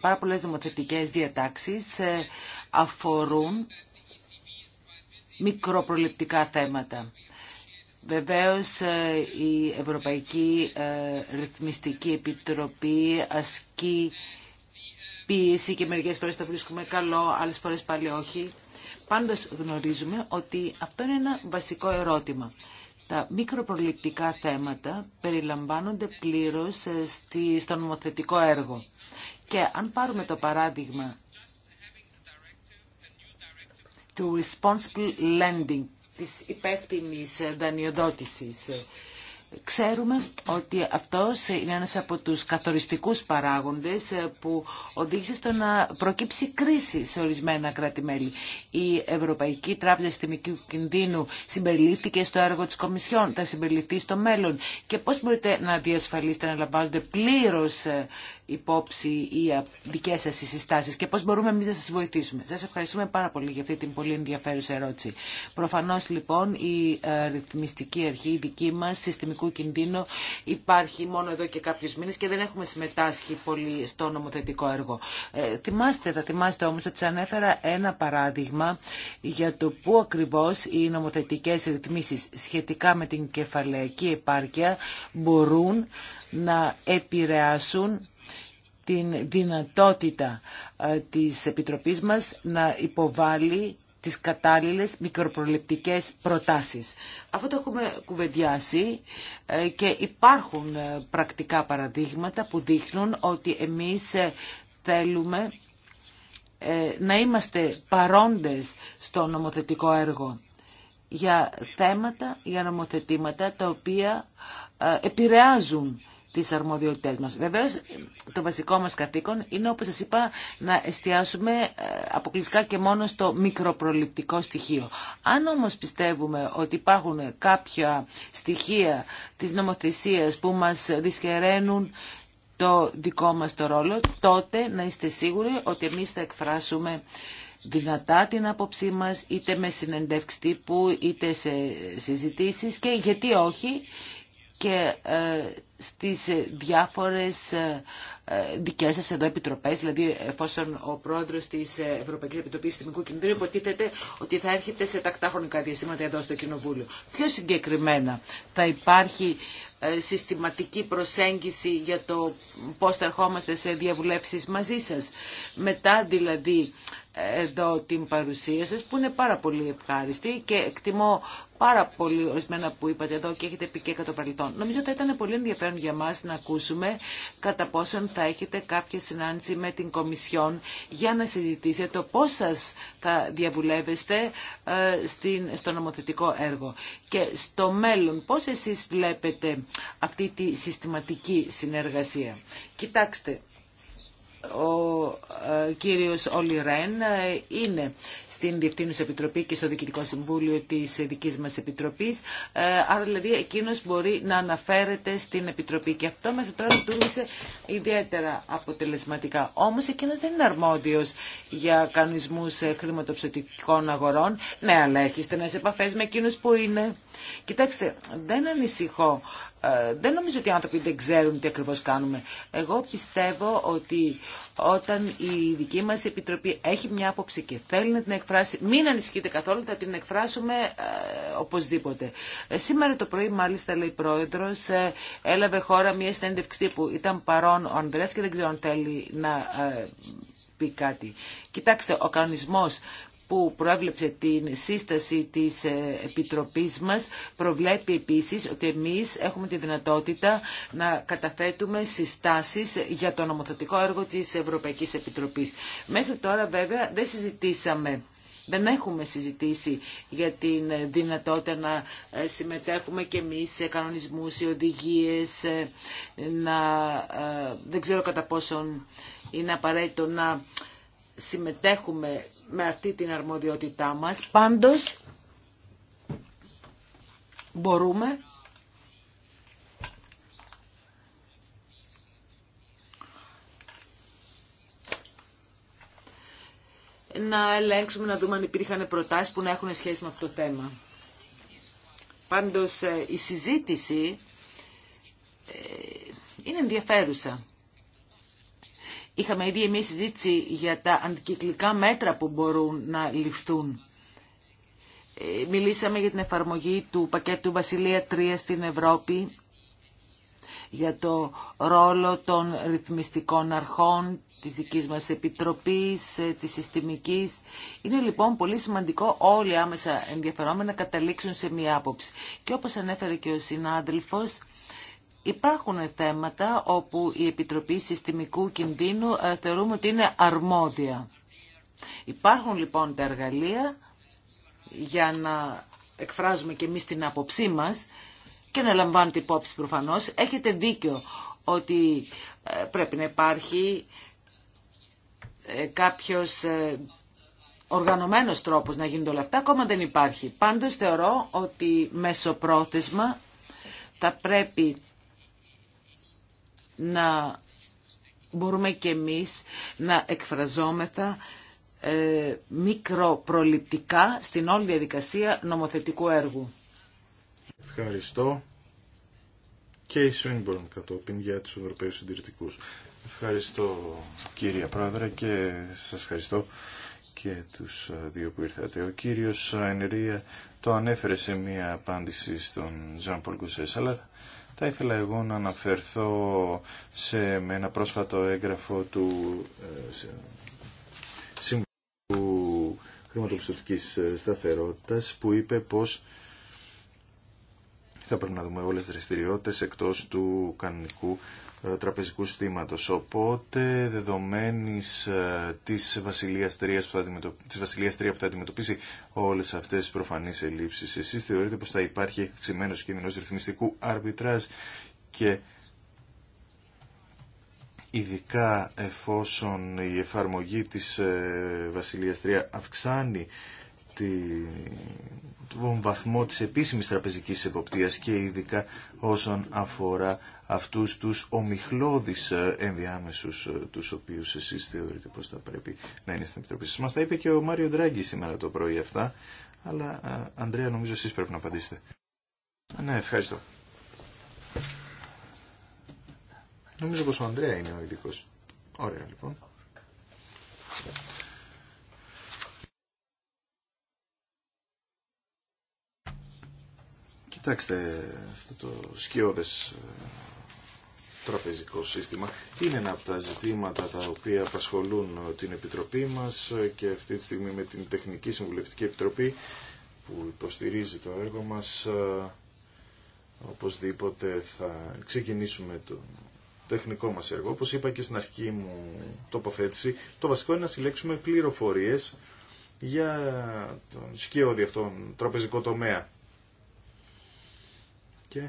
πάρα πολλές νομοθετικές διατάξεις ε, αφορούν μικροπροληπτικά θέματα. Βεβαίως ε, η Ευρωπαϊκή ε, Ρυθμιστική Επιτροπή ασκεί πίεση και μερικές φορές τα βρίσκουμε καλό, άλλες φορές πάλι όχι. Πάντως γνωρίζουμε ότι αυτό είναι ένα βασικό ερώτημα. Τα μικροπροληπτικά θέματα περιλαμβάνονται πλήρως στο νομοθετικό έργο. Και αν πάρουμε το παράδειγμα του responsible lending, της υπεύθυνης δανειοδότησης, Ξέρουμε ότι αυτός είναι ένας από τους καθοριστικούς παράγοντες ε, που οδήγησε στο να προκύψει κρίση σε ορισμένα κράτη-μέλη. Η Ευρωπαϊκή Τράπεζα Συστημικού Κινδύνου συμπεριλήφθηκε στο έργο της Κομισιόν, θα συμπεριληφθεί στο μέλλον. Και πώς μπορείτε να διασφαλίσετε να λαμβάνονται πλήρως ε, υπόψη οι δικές σας συστάσεις και πώς μπορούμε εμείς να σας βοηθήσουμε. Σας ευχαριστούμε πάρα πολύ για αυτή την πολύ ενδιαφέρουσα ερώτηση. Προφανώς λοιπόν η ε, ρυθμιστική αρχή δική μας υπάρχει μόνο εδώ και κάποιους μήνες και δεν έχουμε συμμετάσχει πολύ στο νομοθετικό έργο. Ε, θυμάστε, θα θυμάστε όμως ότι σας ανέφερα ένα παράδειγμα για το πού ακριβώς οι νομοθετικές ρυθμίσεις σχετικά με την κεφαλαϊκή επάρκεια μπορούν να επηρεάσουν την δυνατότητα ε, της Επιτροπής μας να υποβάλει τις κατάλληλες μικροπροληπτικές προτάσεις. Αυτό το έχουμε κουβεντιάσει ε, και υπάρχουν ε, πρακτικά παραδείγματα που δείχνουν ότι εμείς ε, θέλουμε να είμαστε παρόντες στο νομοθετικό έργο για θέματα, για νομοθετήματα τα οποία επηρεάζουν τις αρμοδιότητές μας. Βεβαίως, το βασικό μας καθήκον είναι, όπως σας είπα, να εστιάσουμε ε, αποκλειστικά και μόνο στο μικροπροληπτικό στοιχείο. Αν όμως πιστεύουμε ότι υπάρχουν κάποια στοιχεία της νομοθεσίας που μας δυσχεραίνουν το δικό μας το ρόλο, τότε να είστε σίγουροι ότι εμείς θα εκφράσουμε δυνατά την άποψή μας, είτε με συνεντεύξη τύπου, είτε σε συζητήσεις και γιατί όχι, και ε, στις ε, διάφορες ε, δικές σας εδώ επιτροπές, δηλαδή εφόσον ο πρόεδρος της Ευρωπαϊκής Επιτροπής Συντημικού Κινδύνου υποτίθεται ότι θα έρχεται σε τακτά χρονικά διαστήματα εδώ στο Κοινοβούλιο. Πιο συγκεκριμένα θα υπάρχει συστηματική προσέγγιση για το πώς θα ερχόμαστε σε διαβουλέψεις μαζί σας. Μετά δηλαδή εδώ την παρουσία σας που είναι πάρα πολύ ευχάριστη και εκτιμώ πάρα πολύ ορισμένα που είπατε εδώ και έχετε πει και κατά παρελθόν. Νομίζω θα ήταν πολύ ενδιαφέρον για μας να ακούσουμε κατά πόσον θα έχετε κάποια συνάντηση με την Κομισιόν για να συζητήσετε το πώς σας θα διαβουλεύεστε ε, στο νομοθετικό έργο. Και στο μέλλον πώς εσείς βλέπετε αυτή τη συστηματική συνεργασία. Κοιτάξτε, ο ε, κύριος Όλι Ρεν ε, είναι στην Διευθύνουσα Επιτροπή και στο Διοικητικό Συμβούλιο της δικής μας Επιτροπής. Ε, άρα δηλαδή εκείνος μπορεί να αναφέρεται στην Επιτροπή και αυτό μέχρι τώρα λειτουργήσε ιδιαίτερα αποτελεσματικά. Όμως εκείνος δεν είναι αρμόδιος για κανονισμούς χρηματοψηφιακών αγορών. Ναι, αλλά έχει στενές επαφές με εκείνους που είναι. Κοιτάξτε, δεν ανησυχώ ε, δεν νομίζω ότι οι άνθρωποι δεν ξέρουν τι ακριβώς κάνουμε. Εγώ πιστεύω ότι όταν η δική μας Επιτροπή έχει μια άποψη και θέλει να την εκφράσει, μην ανησυχείτε καθόλου, θα την εκφράσουμε ε, οπωσδήποτε. Ε, σήμερα το πρωί, μάλιστα, λέει η Πρόεδρος, ε, έλαβε χώρα μια συνέντευξη που ήταν παρόν ο Ανδρέας και δεν ξέρω αν θέλει να πει κάτι. Κοιτάξτε, ο κανονισμός που προέβλεψε την σύσταση της ε, Επιτροπής μας προβλέπει επίσης ότι εμείς έχουμε τη δυνατότητα να καταθέτουμε συστάσεις για το νομοθετικό έργο της Ευρωπαϊκής Επιτροπής. Μέχρι τώρα βέβαια δεν συζητήσαμε δεν έχουμε συζητήσει για την δυνατότητα να ε, συμμετέχουμε και εμείς σε κανονισμούς ή οδηγίες, ε, να, δεν ξέρω κατά πόσον είναι απαραίτητο να συμμετέχουμε με αυτή την αρμοδιότητά μας. Πάντως, μπορούμε να ελέγξουμε, να δούμε αν υπήρχαν προτάσεις που να έχουν σχέση με αυτό το θέμα. Πάντως, ε, η συζήτηση ε, είναι ενδιαφέρουσα. Είχαμε ήδη εμείς συζήτηση για τα αντικυκλικά μέτρα που μπορούν να ληφθούν. Ε, μιλήσαμε για την εφαρμογή του πακέτου Βασιλεία 3 στην Ευρώπη, για το ρόλο των ρυθμιστικών αρχών, της δικής μας επιτροπής, ε, της συστημικής. Είναι λοιπόν πολύ σημαντικό όλοι άμεσα ενδιαφερόμενα να καταλήξουν σε μία άποψη. Και όπως ανέφερε και ο συνάδελφος, Υπάρχουν θέματα όπου η Επιτροπή Συστημικού Κινδύνου ε, θεωρούμε ότι είναι αρμόδια. Υπάρχουν λοιπόν τα εργαλεία για να εκφράζουμε και εμείς την άποψή μας και να λαμβάνετε υπόψη προφανώς. Έχετε δίκιο ότι ε, πρέπει να υπάρχει ε, κάποιος οργανωμένος τρόπος να γίνονται όλα αυτά. Ακόμα δεν υπάρχει. Πάντως θεωρώ ότι πρόθεσμα θα πρέπει να μπορούμε και εμείς να εκφραζόμεθα ε, μικροπροληπτικά στην όλη διαδικασία νομοθετικού έργου. Ευχαριστώ και η Σουίνμπορν κατόπιν για τους Ευρωπαίους Συντηρητικούς. Ευχαριστώ κύριε Πρόεδρε και σας ευχαριστώ και τους ε, δύο που ήρθατε. Ο κύριος Ενρία το ανέφερε σε μία απάντηση στον Ζαν θα ήθελα εγώ να αναφερθώ σε με ένα πρόσφατο έγγραφο του ε, Συμβουλίου Χρηματοπιστωτικής ε, Σταθερότητας που είπε πως θα πρέπει να δούμε όλες τις δραστηριότητες εκτός του κανονικού ε, τραπεζικού συστήματος. Οπότε, δεδομένης ε, της Βασιλείας 3 που θα, αντιμετωπίσει, 3 που θα αντιμετωπίσει όλες αυτές τις προφανείς ελλείψεις, εσείς θεωρείτε πως θα υπάρχει ξημένος κίνδυνος ρυθμιστικού αρμπιτράζ και ειδικά εφόσον η εφαρμογή της ε, Βασιλείας 3 αυξάνει τον βαθμό της επίσημης τραπεζικής εποπτείας και ειδικά όσον αφορά αυτούς τους ομιχλώδεις ε, ενδιάμεσους ε, τους οποίους εσείς θεωρείτε πως θα πρέπει να είναι στην Επιτροπή σας. Μας τα είπε και ο Μάριο Ντράγκη σήμερα το πρωί αυτά, αλλά ε, Ανδρέα, νομίζω εσείς πρέπει να απαντήσετε. Ναι, ευχαριστώ. Νομίζω πως ο Ανδρέα είναι ο ειδικός. Ωραία λοιπόν. Κοιτάξτε αυτό το σκιώδες τραπεζικό σύστημα. Είναι ένα από τα ζητήματα τα οποία απασχολούν την Επιτροπή μας και αυτή τη στιγμή με την Τεχνική Συμβουλευτική Επιτροπή που υποστηρίζει το έργο μας ε, οπωσδήποτε θα ξεκινήσουμε το τεχνικό μας έργο. Όπως είπα και στην αρχική μου τοποθέτηση, το βασικό είναι να συλλέξουμε πληροφορίες για τον σκιώδη αυτόν τραπεζικό τομέα. Και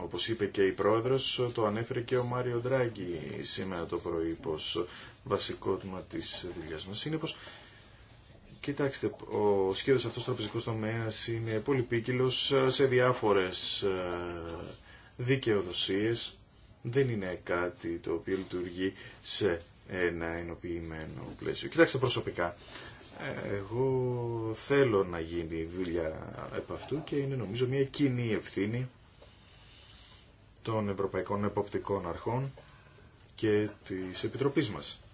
όπως είπε και η πρόεδρος, το ανέφερε και ο Μάριο Ντράγκη σήμερα το πρωί πως βασικό τμήμα της δουλειάς μας είναι πως Κοιτάξτε, ο σχέδιος αυτός τραπεζικού τομέας είναι πολύ πίκυλος σε διάφορες ε, δικαιοδοσίες. Δεν είναι κάτι το οποίο λειτουργεί σε ένα ενοποιημένο πλαίσιο. Κοιτάξτε προσωπικά, ε, εγώ θέλω να γίνει δουλειά επ' αυτού και είναι νομίζω μια κοινή ευθύνη των Ευρωπαϊκών Εποπτικών Αρχών και της Επιτροπής μας.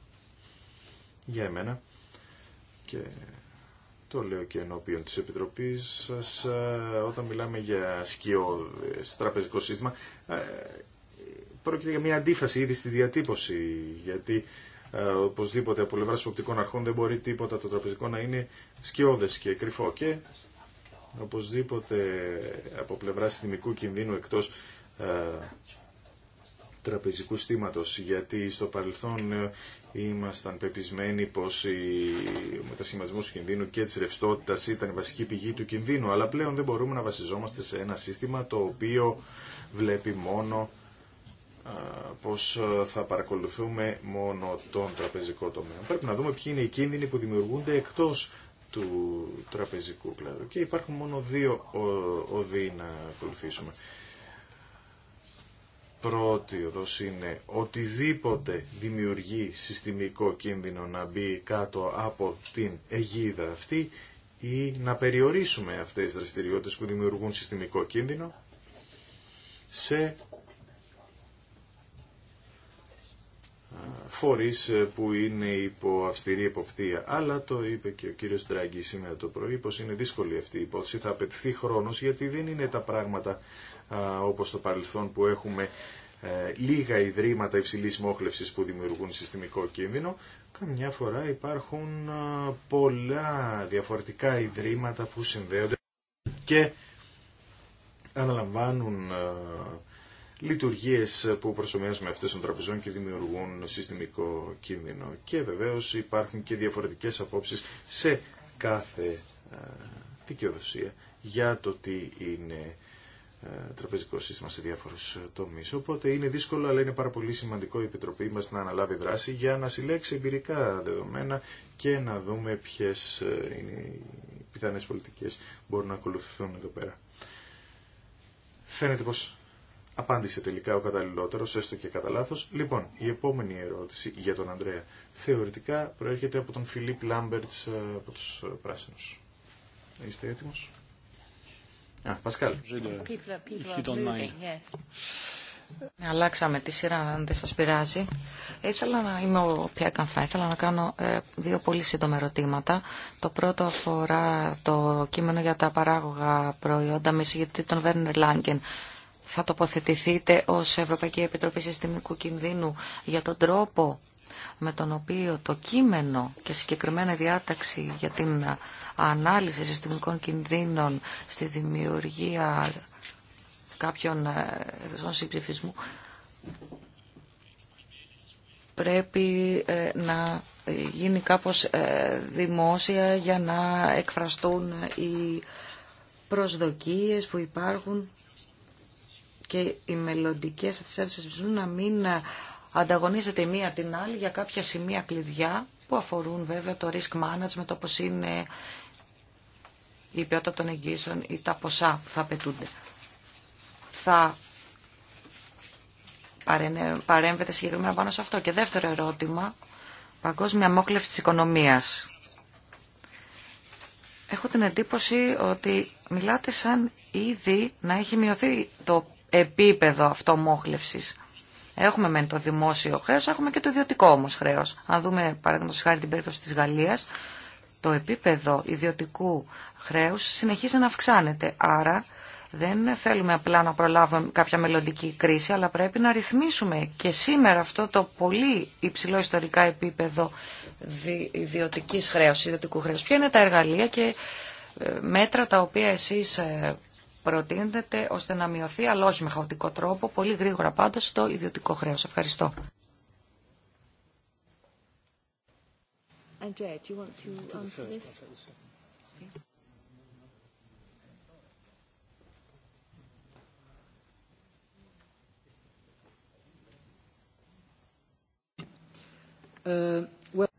Για εμένα και το λέω και ενώπιον της Επιτροπής σας, ε, όταν μιλάμε για σκιώδες τραπεζικό σύστημα, ε, πρόκειται για μια αντίφαση ήδη στη διατύπωση, γιατί ε, οπωσδήποτε από πλευρά υποπτικών αρχών δεν μπορεί τίποτα το τραπεζικό να είναι σκιώδες και κρυφό και οπωσδήποτε από πλευρά κινδύνου εκτός ε, τραπεζικού στήματος, γιατί στο παρελθόν ε, ήμασταν πεπισμένοι πως ο μετασχηματισμός του κινδύνου και της ρευστότητα ήταν η βασική πηγή του κινδύνου, αλλά πλέον δεν μπορούμε να βασιζόμαστε σε ένα σύστημα το οποίο βλέπει μόνο ε, πως θα παρακολουθούμε μόνο τον τραπεζικό τομέα. Πρέπει να δούμε ποιοι είναι οι κίνδυνοι που δημιουργούνται εκτός του τραπεζικού κλάδου. Και υπάρχουν μόνο δύο οδοί να ακολουθήσουμε πρώτη είναι οτιδήποτε δημιουργεί συστημικό κίνδυνο να μπει κάτω από την αιγίδα αυτή ή να περιορίσουμε αυτές τις δραστηριότητες που δημιουργούν συστημικό κίνδυνο σε φορείς ε, που είναι υπό αυστηρή εποπτεία. Αλλά το είπε και ο κύριος Ντράγκη σήμερα το πρωί πως είναι δύσκολη αυτή η υπόθεση, θα απαιτηθεί χρόνος γιατί δεν είναι τα πράγματα όπως το παρελθόν που έχουμε ε, λίγα ιδρύματα υψηλής μόχλευσης που δημιουργούν συστημικό κίνδυνο. Καμιά φορά υπάρχουν πολλά διαφορετικά ιδρύματα που συνδέονται και αναλαμβάνουν λειτουργίες που προσωμιάζουν με αυτές των τραπεζών και δημιουργούν συστημικό κίνδυνο. Και βεβαίως υπάρχουν και διαφορετικές απόψεις σε κάθε δικαιοδοσία για το τι είναι ε, τραπεζικό σύστημα σε διάφορου ε, τομεί. Οπότε είναι δύσκολο, αλλά είναι πάρα πολύ σημαντικό η Επιτροπή μας να αναλάβει δράση για να συλλέξει εμπειρικά δεδομένα και να δούμε ποιε ε, είναι οι πιθανές πολιτικές μπορούν να ακολουθηθούν εδώ πέρα. Φαίνεται πως απάντησε τελικά ο καταλληλότερο, έστω και κατά λάθο. Λοιπόν, η επόμενη ερώτηση για τον Ανδρέα θεωρητικά προέρχεται από τον Φιλίπ Λάμπερτ από του πράσινου. Είστε έτοιμος. Α, Πασκάλ. Ναι, αλλάξαμε τη σειρά, αν δεν σας πειράζει. Ήθελα να είμαι ο Ήθελα να κάνω ε, δύο πολύ σύντομα ερωτήματα. Το πρώτο αφορά το κείμενο για τα παράγωγα προϊόντα με συγκεκριτή τον Βέρνερ Λάγκεν. Θα τοποθετηθείτε ως Ευρωπαϊκή Επιτροπή Συστημικού Κινδύνου για τον τρόπο με τον οποίο το κείμενο και συγκεκριμένα διάταξη για την ανάλυση συστημικών κινδύνων στη δημιουργία κάποιων του ε, συμψηφισμού πρέπει ε, να γίνει κάπως ε, δημόσια για να εκφραστούν οι προσδοκίες που υπάρχουν και οι μελλοντικέ αυτές τις να μην ανταγωνίζεται η μία την άλλη για κάποια σημεία κλειδιά που αφορούν βέβαια το risk management όπως είναι η ποιότητα των εγγύσεων ή τα ποσά που θα απαιτούνται. Θα παρέμβετε συγκεκριμένα πάνω σε αυτό. Και δεύτερο ερώτημα, παγκόσμια μόχλευση της οικονομίας. Έχω την εντύπωση ότι μιλάτε σαν ήδη να έχει μειωθεί το επίπεδο μόχλευσης. Έχουμε μεν το δημόσιο χρέο, έχουμε και το ιδιωτικό όμω χρέο. Αν δούμε παραδείγματο χάρη την περίπτωση τη Γαλλίας, το επίπεδο ιδιωτικού χρέους συνεχίζει να αυξάνεται. Άρα δεν θέλουμε απλά να προλάβουμε κάποια μελλοντική κρίση, αλλά πρέπει να ρυθμίσουμε και σήμερα αυτό το πολύ υψηλό ιστορικά επίπεδο ιδιωτικής χρέωση ιδιωτικού χρέου. Ποια είναι τα εργαλεία και ε, μέτρα τα οποία εσεί. Ε, προτείνεται ώστε να μειωθεί, αλλά όχι με χαοτικό τρόπο, πολύ γρήγορα πάντως το ιδιωτικό χρέος. Ευχαριστώ. you want to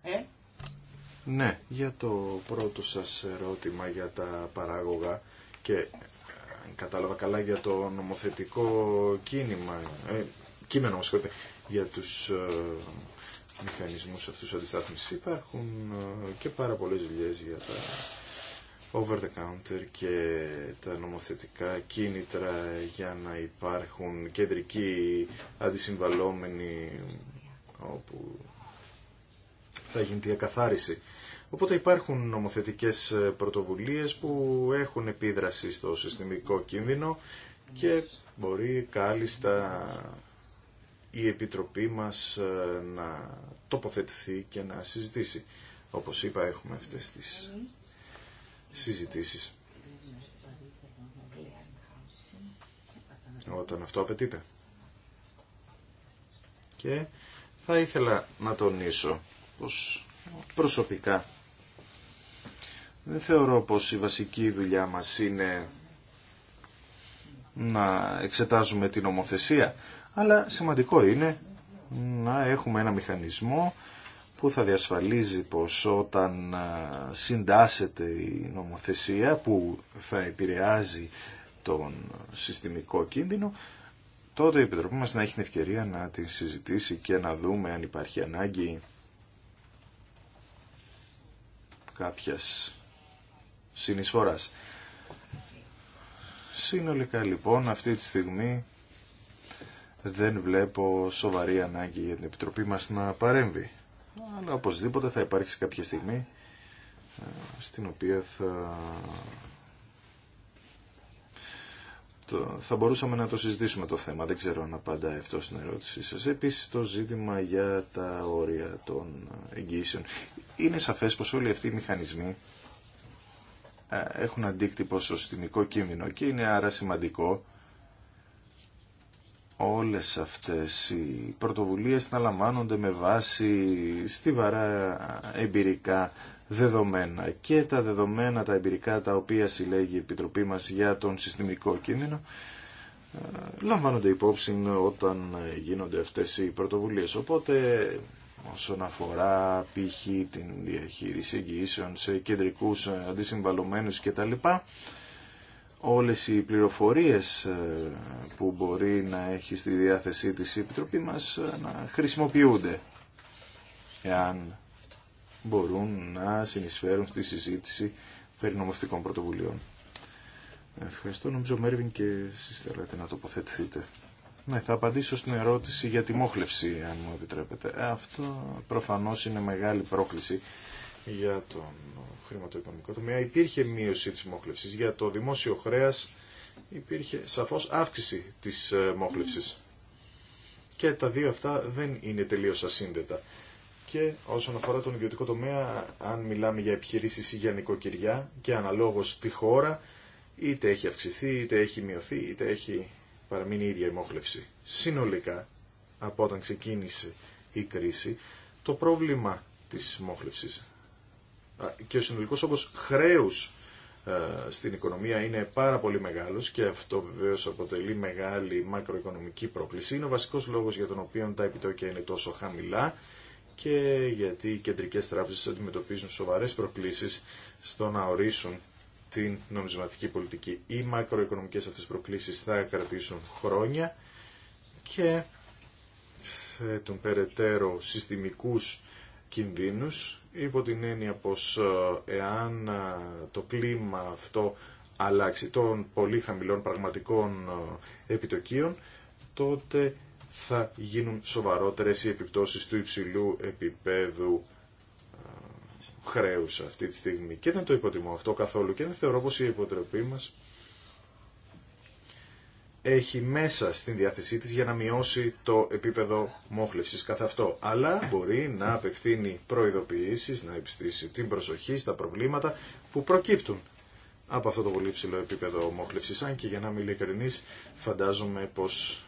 ε? Ναι, για το πρώτο σας ερώτημα για τα παράγωγα και κατάλαβα καλά για το νομοθετικό κίνημα, ε, κείμενο μας για τους ε, μηχανισμούς αυτούς αντιστάθμισης. Υπάρχουν ε, και πάρα πολλές δουλειές για τα over the counter και τα νομοθετικά κίνητρα για να υπάρχουν κεντρικοί αντισυμβαλόμενοι όπου θα γίνει η ακαθάριση Οπότε υπάρχουν νομοθετικές ε, πρωτοβουλίες που έχουν επίδραση στο συστημικό κίνδυνο και μπορεί κάλλιστα η Επιτροπή μας ε, να τοποθετηθεί και να συζητήσει. Όπως είπα έχουμε αυτές τις συζητήσεις. Όταν αυτό απαιτείται. Και θα ήθελα να τονίσω πως προσωπικά δεν θεωρώ πως η βασική δουλειά μας είναι να εξετάζουμε την ομοθεσία, αλλά σημαντικό είναι να έχουμε ένα μηχανισμό που θα διασφαλίζει πως όταν ε, συντάσσεται η νομοθεσία που θα επηρεάζει τον συστημικό κίνδυνο, τότε η Επιτροπή μας να έχει την ευκαιρία να την συζητήσει και να δούμε αν υπάρχει ανάγκη κάποιας συνεισφοράς. Συνολικά λοιπόν αυτή τη στιγμή δεν βλέπω σοβαρή ανάγκη για την Επιτροπή μας να παρέμβει. Αλλά οπωσδήποτε θα υπάρξει κάποια στιγμή ε, στην οποία θα, θα μπορούσαμε να το συζητήσουμε το θέμα. Δεν ξέρω αν απαντάει αυτό στην ερώτησή σας. Επίσης το ζήτημα για τα όρια των εγγύσεων. Είναι σαφές πως όλοι αυτοί οι μηχανισμοί έχουν αντίκτυπο στο συστημικό κίνδυνο και είναι άρα σημαντικό όλες αυτές οι πρωτοβουλίες να λαμβάνονται με βάση στιβαρά εμπειρικά δεδομένα και τα δεδομένα τα εμπειρικά τα οποία συλλέγει η Επιτροπή μας για τον συστημικό κίνδυνο λαμβάνονται υπόψη όταν γίνονται αυτές οι πρωτοβουλίες. Οπότε όσον αφορά π.χ. την διαχείριση εγγυήσεων σε κεντρικούς ε, αντισυμβαλωμένους κτλ. Όλες οι πληροφορίες ε, που μπορεί να έχει στη διάθεσή της η Επιτροπή μας ε, να χρησιμοποιούνται εάν μπορούν να συνεισφέρουν στη συζήτηση περί νομοθετικών πρωτοβουλειών. Ευχαριστώ. Νομίζω Μέρβιν και εσείς θέλετε να τοποθετηθείτε. Ναι, θα απαντήσω στην ερώτηση για τη μόχλευση, αν μου επιτρέπετε. Ε, αυτό προφανώς είναι μεγάλη πρόκληση για τον χρηματοοικονομικό τομέα. Υπήρχε μείωση της μόχλευσης. Για το δημόσιο χρέας υπήρχε σαφώς αύξηση της ε, μόχλευσης. Και τα δύο αυτά δεν είναι τελείως ασύνδετα. Και όσον αφορά τον ιδιωτικό τομέα, αν μιλάμε για επιχειρήσεις ή για νοικοκυριά και αναλόγως τη χώρα, είτε έχει αυξηθεί, είτε έχει μειωθεί, είτε έχει παραμείνει η ίδια η μόχλευση. Συνολικά, από όταν ξεκίνησε η κρίση, το πρόβλημα της μόχλευσης και ο συνολικός όγκος χρέους στην οικονομία είναι πάρα πολύ μεγάλος και αυτό βεβαίω αποτελεί μεγάλη μακροοικονομική πρόκληση. Είναι ο βασικός λόγος για τον οποίο τα επιτόκια είναι τόσο χαμηλά και γιατί οι κεντρικές τράπεζες αντιμετωπίζουν σοβαρές προκλήσεις στο να ορίσουν την νομισματική πολιτική. Οι μακροοικονομικές αυτές προκλήσεις θα κρατήσουν χρόνια και θέτουν περαιτέρω συστημικούς κινδύνους υπό την έννοια πως ε, εάν ε, το κλίμα αυτό αλλάξει των πολύ χαμηλών πραγματικών ε, επιτοκίων τότε θα γίνουν σοβαρότερες οι επιπτώσεις του υψηλού επίπεδου Χρέου αυτή τη στιγμή και δεν το υποτιμώ αυτό καθόλου και δεν θεωρώ πως η υποτροπή μας έχει μέσα στην διάθεσή της για να μειώσει το επίπεδο μόχλευσης καθ' αυτό. Αλλά μπορεί να απευθύνει προειδοποιήσεις, να επιστήσει την προσοχή στα προβλήματα που προκύπτουν από αυτό το πολύ ψηλό επίπεδο μόχλευσης. Αν και για να είμαι ειλικρινής φαντάζομαι πως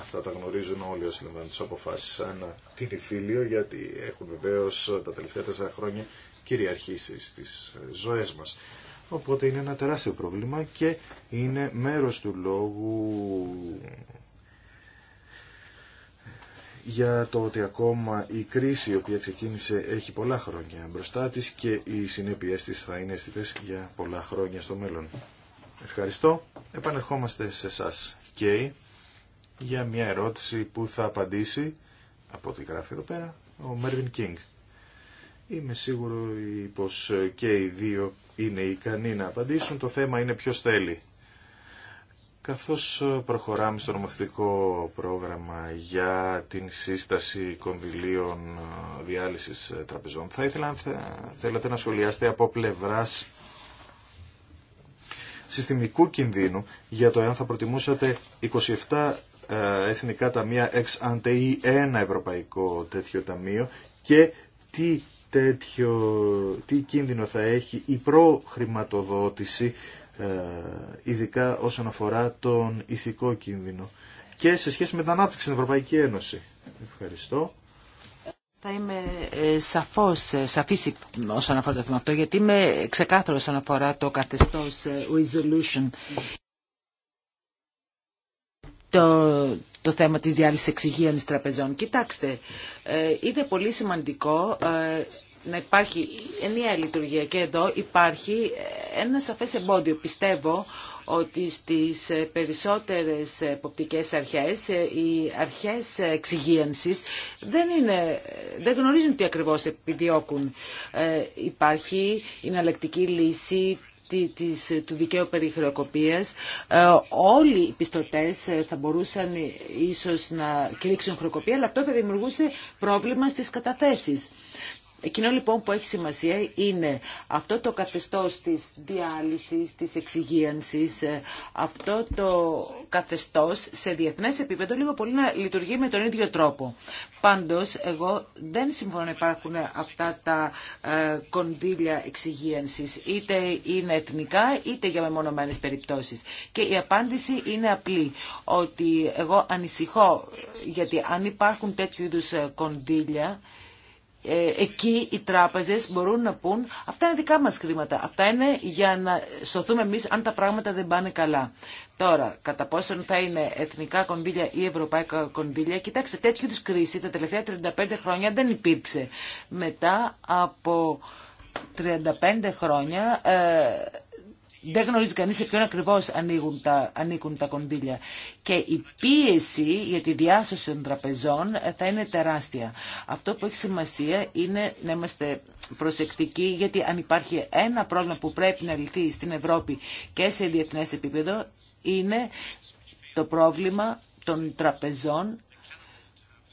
αυτά τα γνωρίζουν όλοι όσοι λαμβάνουν τι αποφάσει σαν την Ιφίλιο, γιατί έχουν βεβαίω τα τελευταία τέσσερα χρόνια κυριαρχήσει στι ε, ζωέ μα, Οπότε είναι ένα τεράστιο πρόβλημα και είναι μέρος του λόγου για το ότι ακόμα η κρίση η οποία ξεκίνησε έχει πολλά χρόνια μπροστά της και οι συνέπειές της θα είναι αισθητέ για πολλά χρόνια στο μέλλον. Ευχαριστώ. Επανερχόμαστε σε εσά. Κέι για μια ερώτηση που θα απαντήσει, από ό,τι γράφει εδώ πέρα, ο Μέρβιν Κίνγκ. Είμαι σίγουρο πως και οι δύο είναι ικανοί να απαντήσουν. Το θέμα είναι ποιος θέλει. Καθώς προχωράμε στο νομοθετικό πρόγραμμα για την σύσταση κονδυλίων διάλυσης τραπεζών, θα ήθελα αν θέλετε να σχολιάσετε από πλευράς συστημικού κινδύνου για το εάν θα προτιμούσατε 27 ε, εθνικά ταμεία εξ αντε ή ένα ευρωπαϊκό τέτοιο ταμείο και τι, τέτοιο, τι κίνδυνο θα έχει η προχρηματοδότηση ε, ειδικά όσον αφορά τον ηθικό κίνδυνο και σε σχέση με την ανάπτυξη στην Ευρωπαϊκή Ένωση. Ευχαριστώ. Θα είμαι ε, σαφώς, σαφής όσον αφορά το θέμα αυτό, γιατί είμαι ξεκάθαρο όσον αφορά το καθεστώς resolution το, το θέμα της διάλυσης εξυγείανης τραπεζών. Κοιτάξτε, ε, είναι πολύ σημαντικό ε, να υπάρχει ενιαία λειτουργία και εδώ υπάρχει ε, ένα σαφές εμπόδιο. Πιστεύω ότι στις περισσότερες εποπτικές αρχές οι αρχές εξυγίανσης δεν, είναι, δεν γνωρίζουν τι ακριβώς επιδιώκουν. Ε, υπάρχει η εναλλακτική λύση του δικαίου χρεοκοπίας ε, όλοι οι πιστωτές ε, θα μπορούσαν ίσως να κηρύξουν χρεοκοπία αλλά αυτό θα δημιουργούσε πρόβλημα στις καταθέσεις. Εκείνο λοιπόν που έχει σημασία είναι αυτό το καθεστώς της διάλυσης, της εξυγίανσης, ε, αυτό το καθεστώς σε διεθνές επίπεδο λίγο πολύ να λειτουργεί με τον ίδιο τρόπο. Πάντως, εγώ δεν συμφωνώ να υπάρχουν αυτά τα ε, κονδύλια εξυγίανσης, είτε είναι εθνικά, είτε για μεμονωμένες περιπτώσεις. Και η απάντηση είναι απλή, ότι εγώ ανησυχώ, ε, γιατί αν υπάρχουν τέτοιου είδους κονδύλια, ε, εκεί οι τράπεζες μπορούν να πούν αυτά είναι δικά μας χρήματα, αυτά είναι για να σωθούμε εμείς αν τα πράγματα δεν πάνε καλά. Τώρα, κατά πόσον θα είναι εθνικά κονδύλια ή ευρωπαϊκά κονδύλια, κοιτάξτε, τέτοιου είδου κρίση τα τελευταία 35 χρόνια δεν υπήρξε. Μετά από 35 χρόνια ε, δεν γνωρίζει κανείς σε ποιον ακριβώς ανοίγουν τα, ανήκουν τα κονδύλια. Και η πίεση για τη διάσωση των τραπεζών θα είναι τεράστια. Αυτό που έχει σημασία είναι να είμαστε προσεκτικοί, γιατί αν υπάρχει ένα πρόβλημα που πρέπει να λυθεί στην Ευρώπη και σε διεθνές επίπεδο, είναι το πρόβλημα των τραπεζών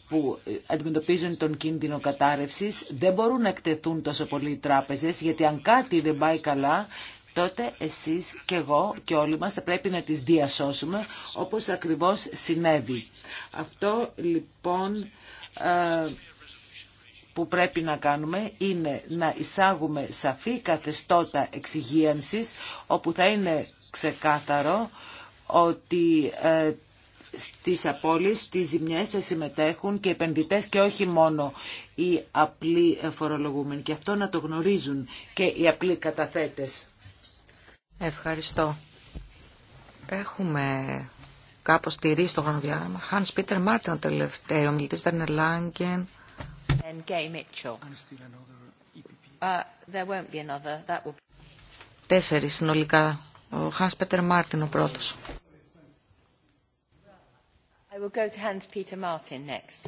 που αντιμετωπίζουν τον κίνδυνο κατάρρευσης δεν μπορούν να εκτεθούν τόσο πολύ οι τράπεζες γιατί αν κάτι δεν πάει καλά τότε εσείς και εγώ και όλοι μας θα πρέπει να τις διασώσουμε όπως ακριβώς συνέβη. Αυτό λοιπόν ε, που πρέπει να κάνουμε είναι να εισάγουμε σαφή καθεστώτα εξυγίανσης όπου θα είναι ξεκάθαρο ότι ε, στις απώλειες, στις ζημιές θα συμμετέχουν και επενδυτές και όχι μόνο οι απλοί φορολογούμενοι. Και αυτό να το γνωρίζουν και οι απλοί καταθέτες. Ευχαριστώ. Έχουμε κάπως τηρή στο χρονοδιάγραμμα. Hans Peter Martin ο τελευταίος, ο μιλητής Werner Langen. And Gay Mitchell. Uh, there won't be another. That will... Τέσσερις συνολικά. Ο Hans Peter Martin ο πρώτος. I will go to Hans Peter Martin next.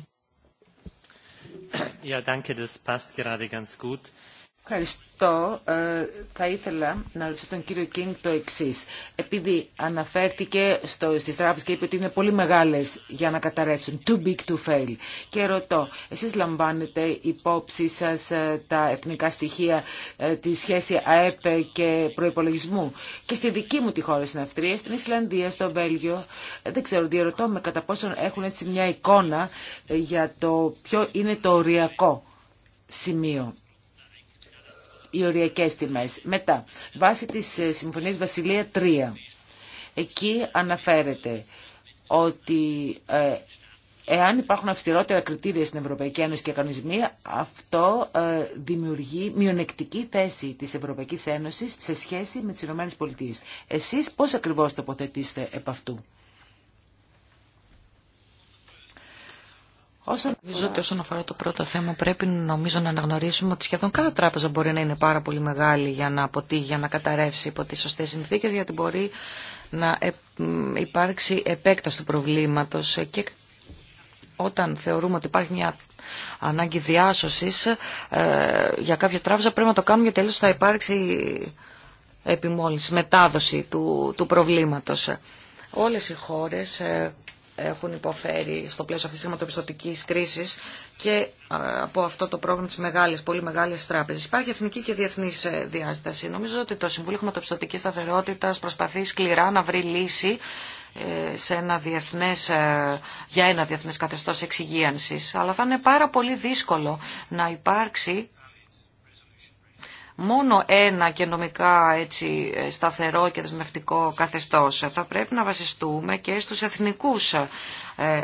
Ja, danke, das passt gerade ganz gut. Uh, Ευχαριστώ. Ε, θα ήθελα να ρωτήσω τον κύριο Κίνγκ το εξή. Επειδή αναφέρθηκε στο, στις τράπεζες και είπε ότι είναι πολύ μεγάλες για να καταρρεύσουν. Too big to fail. Και ρωτώ, εσείς λαμβάνετε υπόψη σας ε, τα εθνικά στοιχεία, ε, τη σχέση ΑΕΠ και προϋπολογισμού. Και στη δική μου τη χώρα στην Αυστρία, στην Ισλανδία, στο Βέλγιο, δεν ξέρω, διερωτώ με κατά πόσον έχουν έτσι μια εικόνα για το ποιο είναι το οριακό σημείο οι οριακές τιμές. Μετά, βάσει της ε, Συμφωνίας Βασιλεία 3, εκεί αναφέρεται ότι ε, εάν υπάρχουν αυστηρότερα κριτήρια στην Ευρωπαϊκή Ένωση και κανονισμοί, αυτό ε, δημιουργεί μειονεκτική θέση της Ευρωπαϊκής Ένωσης σε σχέση με τις ΗΠΑ. Εσείς πώς ακριβώς τοποθετήσετε επ' αυτού. Όσον... Νομίζω ότι όσον αφορά το πρώτο θέμα πρέπει νομίζω να αναγνωρίσουμε ότι σχεδόν κάθε τράπεζα μπορεί να είναι πάρα πολύ μεγάλη για να αποτύχει, για να καταρρεύσει υπό τις σωστές συνθήκες γιατί μπορεί να ε, υπάρξει επέκταση του προβλήματος και όταν θεωρούμε ότι υπάρχει μια ανάγκη διάσωσης ε, για κάποια τράπεζα πρέπει να το κάνουμε γιατί τέλος θα υπάρξει επιμόλυνση, μετάδοση του, του προβλήματος. Όλες οι χώρες ε, έχουν υποφέρει στο πλαίσιο αυτής της χρηματοπιστωτικής κρίσης και από αυτό το πρόγραμμα της μεγάλης, πολύ μεγάλης τράπεζας. Υπάρχει εθνική και διεθνής ε, διάσταση. Νομίζω ότι το Συμβούλιο Χρηματοπιστωτικής Σταθερότητας προσπαθεί σκληρά να βρει λύση ε, σε ένα διεθνές, ε, για ένα διεθνές καθεστώς εξυγίανσης. Αλλά θα είναι πάρα πολύ δύσκολο να υπάρξει μόνο ένα και νομικά έτσι, σταθερό και δεσμευτικό καθεστώς. Θα πρέπει να βασιστούμε και στους εθνικούς ε,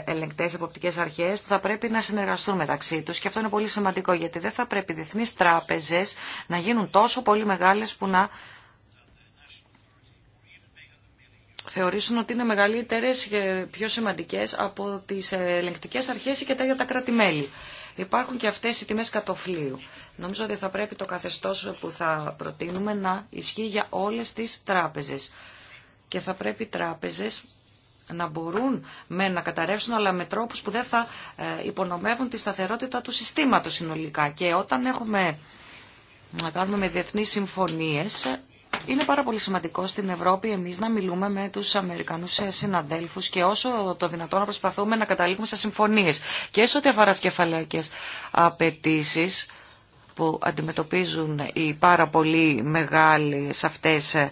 ελεγκτές εποπτικές αρχές που θα πρέπει να συνεργαστούν μεταξύ τους και αυτό είναι πολύ σημαντικό γιατί δεν θα πρέπει οι διεθνείς τράπεζες να γίνουν τόσο πολύ μεγάλες που να θεωρήσουν ότι είναι μεγαλύτερες και πιο σημαντικές από τις ελεγκτικές αρχές και τα ίδια τα κράτη-μέλη. Υπάρχουν και αυτές οι τιμές κατοφλίου. Νομίζω ότι θα πρέπει το καθεστώς που θα προτείνουμε να ισχύει για όλες τις τράπεζες. Και θα πρέπει οι τράπεζες να μπορούν με να καταρρεύσουν αλλά με τρόπους που δεν θα ε, υπονομεύουν τη σταθερότητα του συστήματος συνολικά. Και όταν έχουμε να κάνουμε με διεθνείς συμφωνίες, είναι πάρα πολύ σημαντικό στην Ευρώπη εμεί να μιλούμε με του Αμερικανού συναδέλφου και όσο το δυνατόν να προσπαθούμε να καταλήγουμε σε συμφωνίε. Και σε ό,τι αφορά τι κεφαλαϊκέ απαιτήσει, που αντιμετωπίζουν οι πάρα πολύ μεγάλες αυτές ε,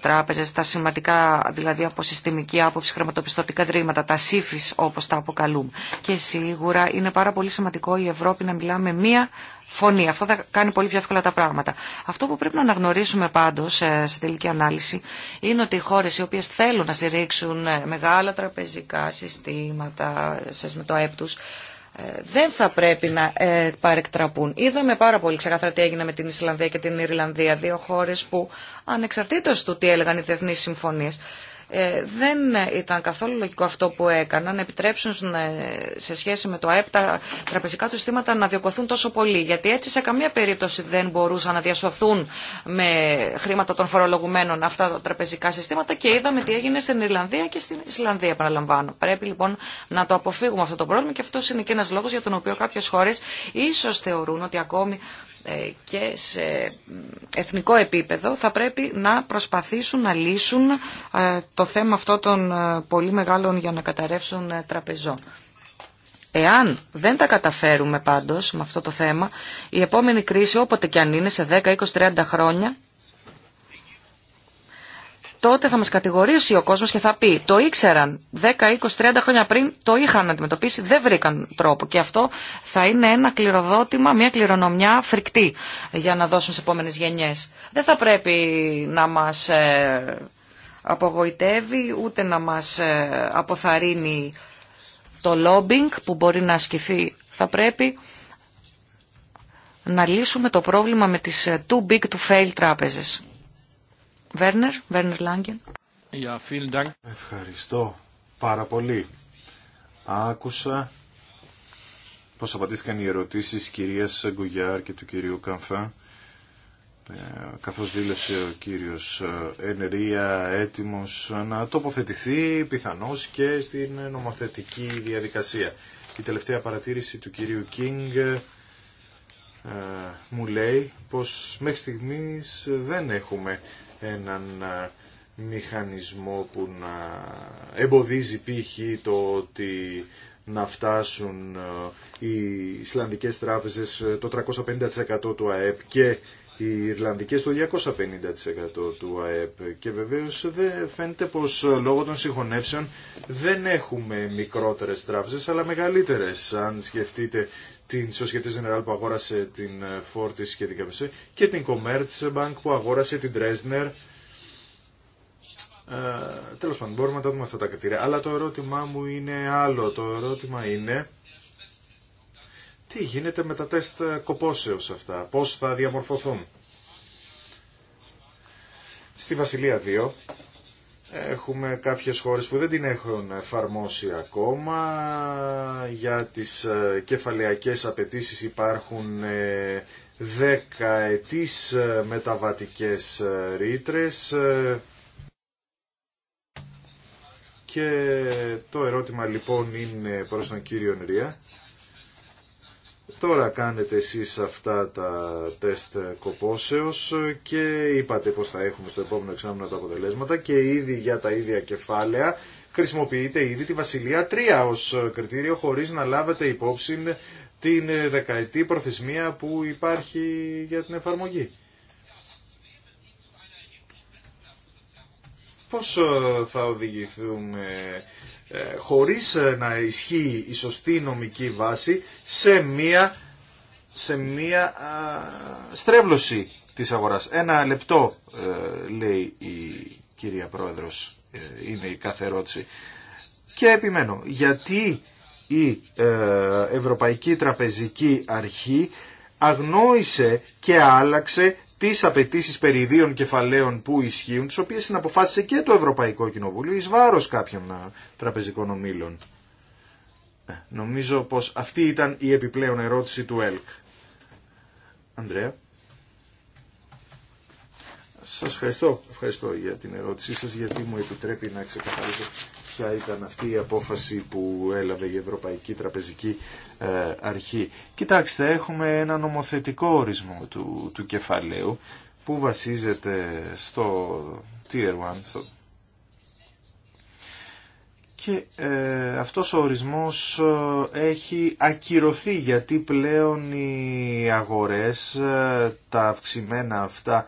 τράπεζες, τα σημαντικά δηλαδή από συστημική άποψη χρηματοπιστωτικά δρήματα, τα σύφης όπως τα αποκαλούν. Και σίγουρα είναι πάρα πολύ σημαντικό η Ευρώπη να μιλάμε μία φωνή. Αυτό θα κάνει πολύ πιο εύκολα τα πράγματα. Αυτό που πρέπει να αναγνωρίσουμε πάντως ε, σε τελική ανάλυση είναι ότι οι χώρες οι οποίες θέλουν να στηρίξουν ε, μεγάλα τραπεζικά συστήματα σε με το ε, δεν θα πρέπει να ε, παρεκτραπούν. Είδαμε πάρα πολύ ξεκάθαρα τι έγινε με την Ισλανδία και την Ιρλανδία, δύο χώρες που ανεξαρτήτως του τι έλεγαν οι διεθνείς συμφωνίες, ε, δεν ήταν καθόλου λογικό αυτό που έκαναν, να επιτρέψουν ε, σε σχέση με το ΑΕΠ τα τραπεζικά του συστήματα να διοκωθούν τόσο πολύ. Γιατί έτσι σε καμία περίπτωση δεν μπορούσαν να διασωθούν με χρήματα των φορολογουμένων αυτά τα τραπεζικά συστήματα και είδαμε τι έγινε στην Ιρλανδία και στην Ισλανδία, επαναλαμβάνω. Πρέπει λοιπόν να το αποφύγουμε αυτό το πρόβλημα και αυτό είναι και ένα λόγο για τον οποίο κάποιε χώρε ίσω θεωρούν ότι ακόμη ε, και σε εθνικό επίπεδο θα πρέπει να προσπαθήσουν να λύσουν ε, το θέμα αυτό των ε, πολύ μεγάλων για να καταρρεύσουν τραπεζών. Εάν δεν τα καταφέρουμε πάντως με αυτό το θέμα, η επόμενη κρίση όποτε και αν είναι σε 10, 20, 30 χρόνια τότε θα μας κατηγορήσει ο κόσμος και θα πει το ήξεραν 10, 20, 30 χρόνια πριν, το είχαν αντιμετωπίσει, δεν βρήκαν τρόπο και αυτό θα είναι ένα κληροδότημα, μια κληρονομιά φρικτή για να δώσουν σε επόμενες γενιές. Δεν θα πρέπει να μας ε, απογοητεύει ούτε να μας ε, αποθαρρύνει το λόμπινγκ που μπορεί να ασκηθεί. Θα πρέπει να λύσουμε το πρόβλημα με τις ε, too big to fail τράπεζες. Βέρνερ, Βέρνερ Λάγκεν. Ευχαριστώ πάρα πολύ. Άκουσα πώς απαντήθηκαν οι ερωτήσεις της κυρίας Γκουγιάρ και του κυρίου Καμφά ε, καθώς δήλωσε ο κύριος ε, Ενερία έτοιμος να τοποθετηθεί πιθανώς και στην νομοθετική διαδικασία. Η τελευταία παρατήρηση του κυρίου Κίνγκ ε, μου λέει πως μέχρι στιγμής δεν έχουμε έναν μηχανισμό που να εμποδίζει π.χ. το ότι να φτάσουν οι Ισλανδικές τράπεζες το 350% του ΑΕΠ και οι Ιρλανδικές το 250% του ΑΕΠ και βεβαίως δεν φαίνεται πως λόγω των συγχωνεύσεων δεν έχουμε μικρότερες τράπεζες αλλά μεγαλύτερες. Αν σκεφτείτε την Societe Generale που αγόρασε την Fortis και την KPC και την Commerzbank που αγόρασε την Dresdner. Ε, τέλος πάντων, μπορούμε να τα δούμε αυτά τα κριτήρια. Αλλά το ερώτημά μου είναι άλλο. Το ερώτημα είναι τι γίνεται με τα τεστ κοπόσεως αυτά, πώς θα διαμορφωθούν. Στη Βασιλεία 2 Έχουμε κάποιες χώρες που δεν την έχουν εφαρμόσει ακόμα. Για τις ε, κεφαλαιακές απαιτήσει υπάρχουν ε, δεκαετής ε, μεταβατικές ρήτρες. Και το ερώτημα λοιπόν είναι προς τον κύριο Νρία. Τώρα κάνετε εσείς αυτά τα τεστ κοπόσεως και είπατε πως θα έχουμε στο επόμενο εξάμεινο τα αποτελέσματα και ήδη για τα ίδια κεφάλαια χρησιμοποιείτε ήδη τη Βασιλεία 3 ως κριτήριο χωρίς να λάβετε υπόψη την δεκαετή προθεσμία που υπάρχει για την εφαρμογή. Πώς θα οδηγηθούμε ε, χωρίς ε, να ισχύει η σωστή νομική βάση σε μία, σε μία στρέβλωση της αγοράς. Ένα λεπτό ε, λέει η κυρία Πρόεδρος είναι η κάθε ερώτηση. Και επιμένω γιατί η Ευρωπαϊκή Τραπεζική Αρχή αγνόησε και άλλαξε τις απαιτήσει περί ιδίων κεφαλαίων που ισχύουν, τις οποίες συναποφάσισε και το Ευρωπαϊκό Κοινοβούλιο εις βάρος κάποιων τραπεζικών ομίλων. Ε, νομίζω πως αυτή ήταν η επιπλέον ερώτηση του ΕΛΚ. Ανδρέα. Σας ευχαριστώ, ευχαριστώ για την ερώτησή σας, γιατί μου επιτρέπει να ξεκαθαρίσω ποια ήταν αυτή η απόφαση που έλαβε η Ευρωπαϊκή Τραπεζική ε, αρχή. Κοιτάξτε, έχουμε ένα νομοθετικό ορισμό του, του κεφαλαίου που βασίζεται στο Tier 1 και ε, αυτός ο ορισμός ε, έχει ακυρωθεί γιατί πλέον οι αγορές, ε, τα αυξημένα αυτά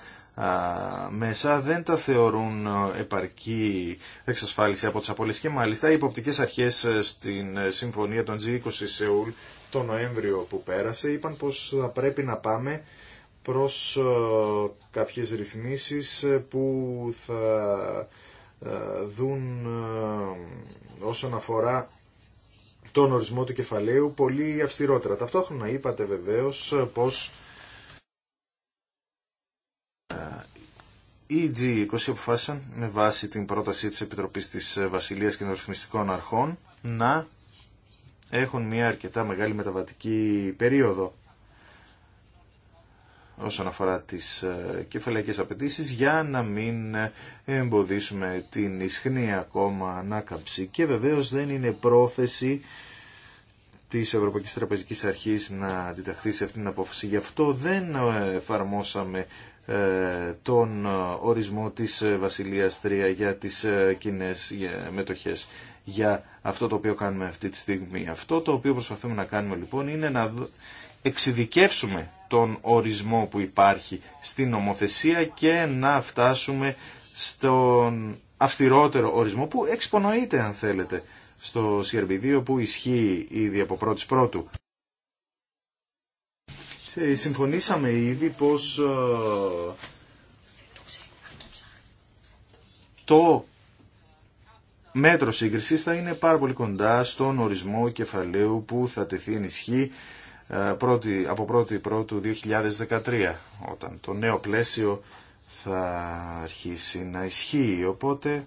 μέσα δεν τα θεωρούν επαρκή εξασφάλιση από τις απολύσεις και μάλιστα οι υποπτικές αρχές ε, στην ε, συμφωνία των G20 Σεούλ το Νοέμβριο που πέρασε είπαν πως θα πρέπει να πάμε προς ε, κάποιες ρυθμίσεις που θα δουν όσον αφορά τον ορισμό του κεφαλαίου πολύ αυστηρότερα. Ταυτόχρονα είπατε βεβαίως πως οι G20 αποφάσισαν με βάση την πρόταση της Επιτροπής της Βασιλείας και των Ρυθμιστικών Αρχών να έχουν μια αρκετά μεγάλη μεταβατική περίοδο όσον αφορά τις ε, κεφαλαϊκές απαιτήσεις για να μην εμποδίσουμε την ισχνή ακόμα ανάκαμψη και βεβαίως δεν είναι πρόθεση της Ευρωπαϊκής Τραπεζικής Αρχής να αντιταχθεί σε αυτήν την απόφαση. Γι' αυτό δεν ε, εφαρμόσαμε ε, τον ε, ορισμό της ε, Βασιλείας 3 για τις κοινέ μετοχές για αυτό το οποίο κάνουμε αυτή τη στιγμή. Αυτό το οποίο προσπαθούμε να κάνουμε λοιπόν είναι να εξειδικεύσουμε τον ορισμό που υπάρχει στην νομοθεσία και να φτάσουμε στον αυστηρότερο ορισμό που εξπονοείται αν θέλετε στο crb που ισχύει ήδη από πρώτης πρώτου. Ε, συμφωνήσαμε ήδη πως ε, το μέτρο σύγκριση θα είναι πάρα πολύ κοντά στον ορισμό κεφαλαίου που θα τεθεί εν ισχύ ε, από 1η Πρώτου 2013 όταν το νέο πλαίσιο θα αρχίσει να ισχύει οπότε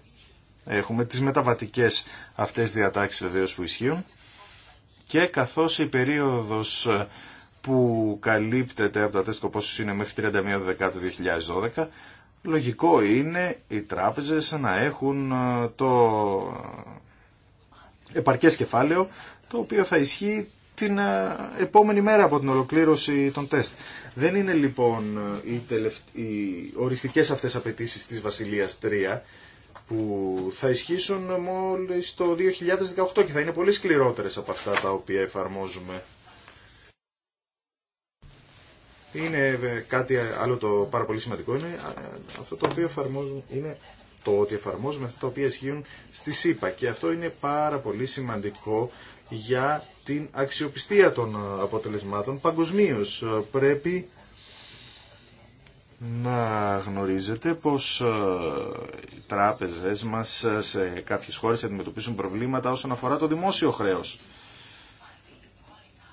έχουμε τις μεταβατικές αυτές διατάξεις βεβαίως που ισχύουν και καθώς η περίοδος που καλύπτεται από τα τεστ όπως είναι μέχρι 31 Δεκάτου 2012, λογικό είναι οι τράπεζες να έχουν ε, το επαρκές κεφάλαιο, το οποίο θα ισχύει την ε, επόμενη μέρα από την ολοκλήρωση των τεστ. Δεν είναι λοιπόν ε, οι, τελευ... οι οριστικές αυτές απαιτήσει της Βασιλείας 3, που θα ισχύσουν μόλις το 2018 και θα είναι πολύ σκληρότερες από αυτά τα οποία εφαρμόζουμε είναι ε, κάτι άλλο το πάρα πολύ σημαντικό. Είναι ε, αυτό το οποίο είναι το ότι εφαρμόζουμε αυτά τα οποία ισχύουν στη ΣΥΠΑ. Και αυτό είναι πάρα πολύ σημαντικό για την αξιοπιστία των ε, αποτελεσμάτων παγκοσμίω. Πρέπει να γνωρίζετε πως οι τράπεζες μας σε κάποιες χώρες αντιμετωπίσουν προβλήματα όσον αφορά το δημόσιο χρέος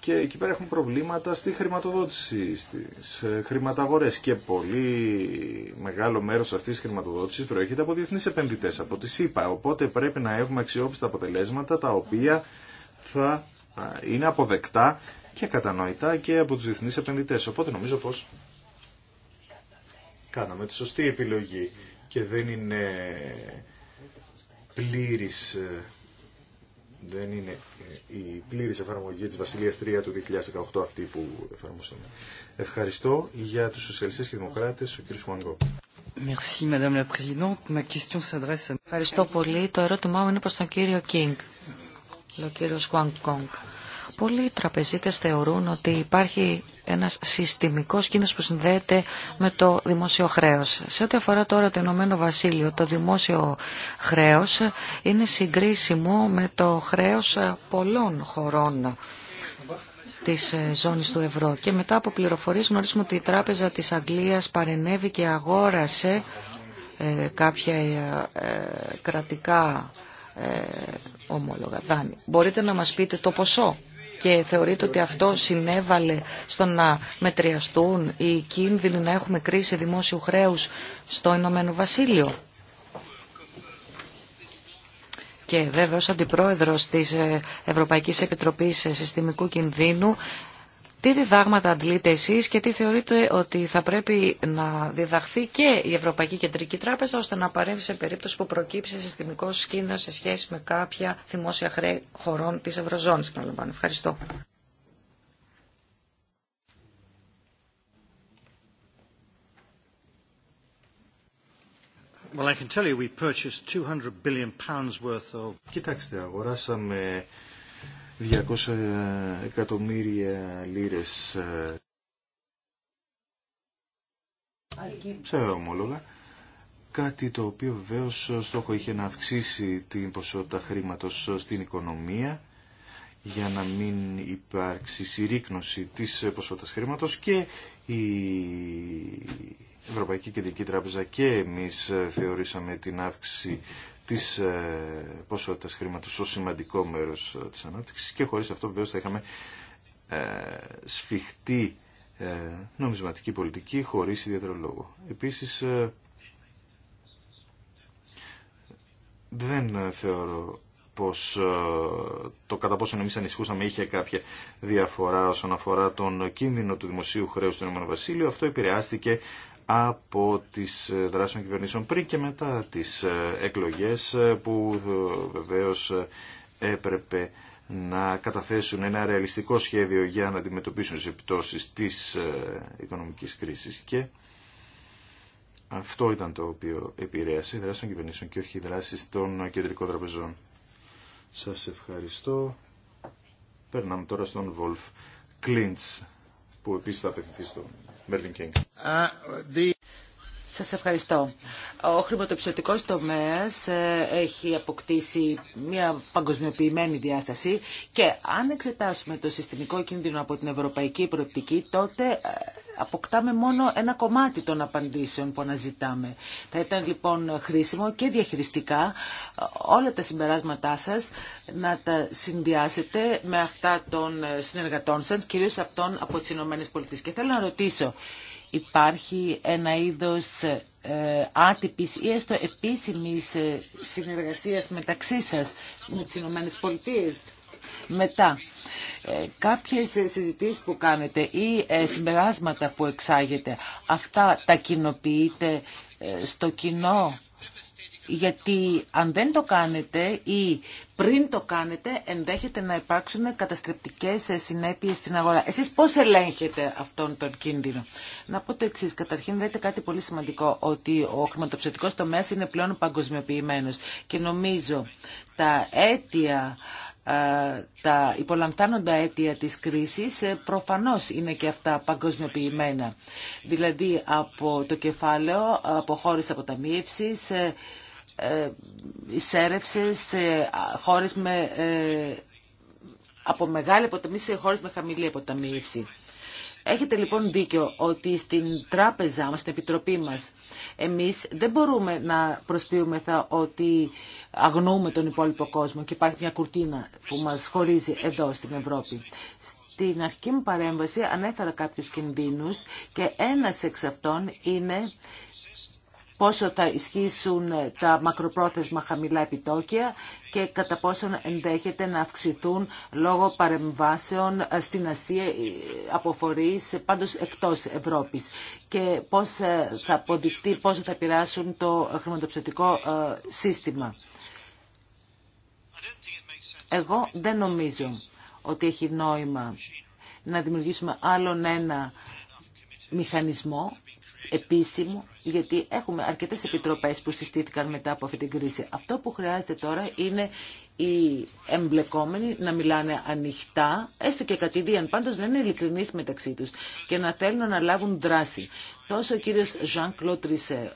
και εκεί πέρα έχουν προβλήματα στη χρηματοδότηση, στις ε, χρηματαγορές και πολύ μεγάλο μέρος αυτής της χρηματοδότησης προέρχεται από διεθνείς επενδυτές, από τη ΣΥΠΑ, οπότε πρέπει να έχουμε αξιόπιστα αποτελέσματα τα οποία θα είναι αποδεκτά και κατανοητά και από τους διεθνείς επενδυτές. Οπότε νομίζω πως κάναμε τη σωστή επιλογή και δεν είναι πλήρης ε, δεν είναι ε, η πλήρης εφαρμογή της Βασιλείας 3 του 2018 αυτή που εφαρμοστούμε. Ευχαριστώ για τους σοσιαλιστές και δημοκράτες, ο κ. Χουανγκό. Ευχαριστώ πολύ. Το ερώτημά μου είναι προς τον κύριο Κίνγκ, ο κύριος Κόνγκ. Πολλοί τραπεζίτες θεωρούν ότι υπάρχει ένα συστημικός κίνδυνος που συνδέεται με το δημόσιο χρέος. Σε ό,τι αφορά τώρα το Ηνωμένο Βασίλειο, το δημόσιο χρέος είναι συγκρίσιμο με το χρέος πολλών χωρών της ζώνης του ευρώ. Και μετά από πληροφορίες γνωρίζουμε ότι η Τράπεζα της Αγγλίας παρενέβη και αγόρασε ε, κάποια ε, κρατικά ε, ομόλογα Μπορείτε να μας πείτε το ποσό και θεωρείτε ότι αυτό συνέβαλε στο να μετριαστούν οι κίνδυνοι να έχουμε κρίση δημόσιου χρέους στο Ηνωμένο Βασίλειο. Και βέβαια ως αντιπρόεδρος της ε, Ευρωπαϊκής Επιτροπής Συστημικού Κινδύνου τι διδάγματα αντλείτε εσεί και τι θεωρείτε ότι θα πρέπει να διδαχθεί και η Ευρωπαϊκή Κεντρική Τράπεζα ώστε να παρέμβει σε περίπτωση που προκύψει συστημικό κίνδυνο σε σχέση με κάποια δημόσια χρέη χωρών της Ευρωζώνης. Παραλαμβάνω. Ευχαριστώ. Κοιτάξτε, αγοράσαμε 200 εκατομμύρια λίρες ε, σε ομόλογα. Κάτι το οποίο βεβαίω στόχο είχε να αυξήσει την ποσότητα χρήματος στην οικονομία για να μην υπάρξει συρρήκνωση της ποσότητας χρήματος και η Ευρωπαϊκή Κεντρική Τράπεζα και εμείς θεωρήσαμε την αύξηση της ε, ποσότητας χρήματο ω σημαντικό μέρος ε, της ανάπτυξη και χωρί αυτό βεβαίω θα είχαμε ε, σφιχτή νομισματική πολιτική χωρίς ιδιαίτερο λόγο. Επίσης δεν θεωρώ πως το κατά πόσο εμείς ανησυχούσαμε είχε κάποια διαφορά όσον αφορά τον κίνδυνο του δημοσίου χρέους του Ηνωμένου Βασίλειου. Αυτό επηρεάστηκε από τις δράσεις των κυβερνήσεων πριν και μετά τις εκλογές που ε, βεβαίως έπρεπε να καταθέσουν ένα ρεαλιστικό σχέδιο για να αντιμετωπίσουν τις επιπτώσεις της ε, οικονομικής κρίσης και αυτό ήταν το οποίο επηρέασε οι δράσεις των κυβερνήσεων και όχι οι δράσεις των κεντρικών τραπεζών. Σας ευχαριστώ. Περνάμε τώρα στον Βολφ Κλίντς που επίσης θα απευθυνθεί στον Μπέρλιν Κίνγκ. Σας ευχαριστώ. Ο χρηματοπιστωτικός τομέας ε, έχει αποκτήσει μια παγκοσμιοποιημένη διάσταση και αν εξετάσουμε το συστημικό κίνδυνο από την ευρωπαϊκή προοπτική, τότε ε, αποκτάμε μόνο ένα κομμάτι των απαντήσεων που αναζητάμε. Θα ήταν λοιπόν χρήσιμο και διαχειριστικά ε, όλα τα συμπεράσματά σας να τα συνδυάσετε με αυτά των συνεργατών σας, κυρίως αυτών από τις ΗΠΑ. Και θέλω να ρωτήσω, υπάρχει ένα είδος ε, άτυπης ή έστω επίσημης ε, συνεργασίας μεταξύ σας με τις Ηνωμένες Πολιτείες. Μετά, ε, κάποιες συζητήσεις που κάνετε ή συμπεράσματα που εξάγετε, αυτά τα κοινοποιείτε στο κοινό γιατί αν δεν το κάνετε ή πριν το κάνετε ενδέχεται να υπάρξουν καταστρεπτικές συνέπειες στην αγορά. Εσείς πώς ελέγχετε αυτόν τον κίνδυνο. Να πω το εξής. Καταρχήν δείτε κάτι πολύ σημαντικό ότι ο χρηματοψηφιακός τομέας είναι πλέον παγκοσμιοποιημένος και νομίζω τα αίτια τα υπολαμβάνοντα αίτια της κρίσης ε, προφανώς είναι και αυτά παγκοσμιοποιημένα. Δηλαδή από το κεφάλαιο, από χώρες αποταμίευσης, ε, εισέρευσε σε χώρες με, ε, από μεγάλη αποταμίευση σε χώρες με χαμηλή αποταμίευση. Έχετε λοιπόν δίκιο ότι στην τράπεζά μας, στην επιτροπή μας, εμείς δεν μπορούμε να προσφύγουμε ότι αγνοούμε τον υπόλοιπο κόσμο και υπάρχει μια κουρτίνα που μας χωρίζει εδώ στην Ευρώπη. Στην αρχική μου παρέμβαση ανέφερα κάποιους κινδύνους και ένας εξ αυτών είναι πόσο θα ισχύσουν τα μακροπρόθεσμα χαμηλά επιτόκια και κατά πόσο ενδέχεται να αυξηθούν λόγω παρεμβάσεων στην Ασία ε, από πάντως εκτός Ευρώπης και πώς ε, θα αποδειχτεί, πόσο θα πειράσουν το χρηματοψηφιακό ε, σύστημα. Εγώ δεν νομίζω ότι έχει νόημα να δημιουργήσουμε άλλον ένα μηχανισμό επίσημο, γιατί έχουμε αρκετές επιτροπές που συστήθηκαν μετά από αυτή την κρίση. Αυτό που χρειάζεται τώρα είναι οι εμπλεκόμενοι να μιλάνε ανοιχτά, έστω και κατηδίαν, πάντως να είναι ειλικρινείς μεταξύ τους και να θέλουν να λάβουν δράση. Τόσο ο κύριος Ζαν Κλώτρισε,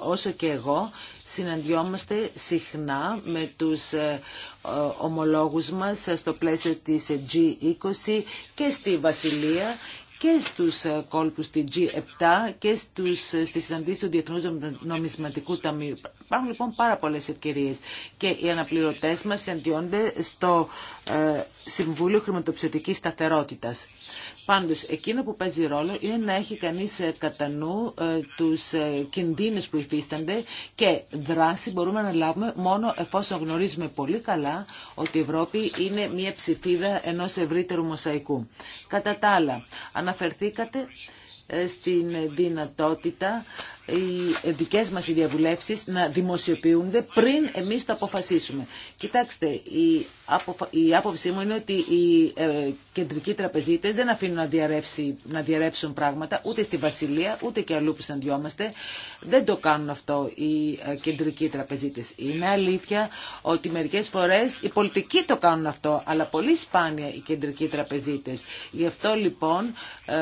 όσο και εγώ, συναντιόμαστε συχνά με τους ε, ε, ομολόγους μας ε, στο πλαίσιο της G20 και στη Βασιλεία και στους ε, κόλπους στη G7 και στους, ε, στις του Διεθνούς Νομισματικού Ταμείου. Υπάρχουν λοιπόν πάρα πολλές ευκαιρίες και οι αναπληρωτές μας συναντιόνται στο ε, Συμβούλιο Χρηματοψηφικής Σταθερότητας. Πάντως, εκείνο που παίζει ρόλο είναι να έχει κανείς ε, κατά νου ε, τους κινδύνους που υφίστανται και δράση μπορούμε να λάβουμε μόνο εφόσον γνωρίζουμε πολύ καλά ότι η Ευρώπη είναι μια ψηφίδα ενός ευρύτερου μοσαϊκού. Κατά τα άλλα, αναφερθήκατε στην δυνατότητα οι δικές μας οι διαβουλεύσεις να δημοσιοποιούνται πριν εμείς το αποφασίσουμε. Κοιτάξτε, η, η άποψή μου είναι ότι οι ε, κεντρικοί τραπεζίτες δεν αφήνουν να, διαρρεύσει, να διαρρεύσουν πράγματα ούτε στη Βασιλεία ούτε και αλλού που συναντιόμαστε. Δεν το κάνουν αυτό οι ε, κεντρικοί τραπεζίτες. Είναι αλήθεια ότι μερικές φορές οι πολιτικοί το κάνουν αυτό, αλλά πολύ σπάνια οι κεντρικοί τραπεζίτες. Γι' αυτό λοιπόν ε,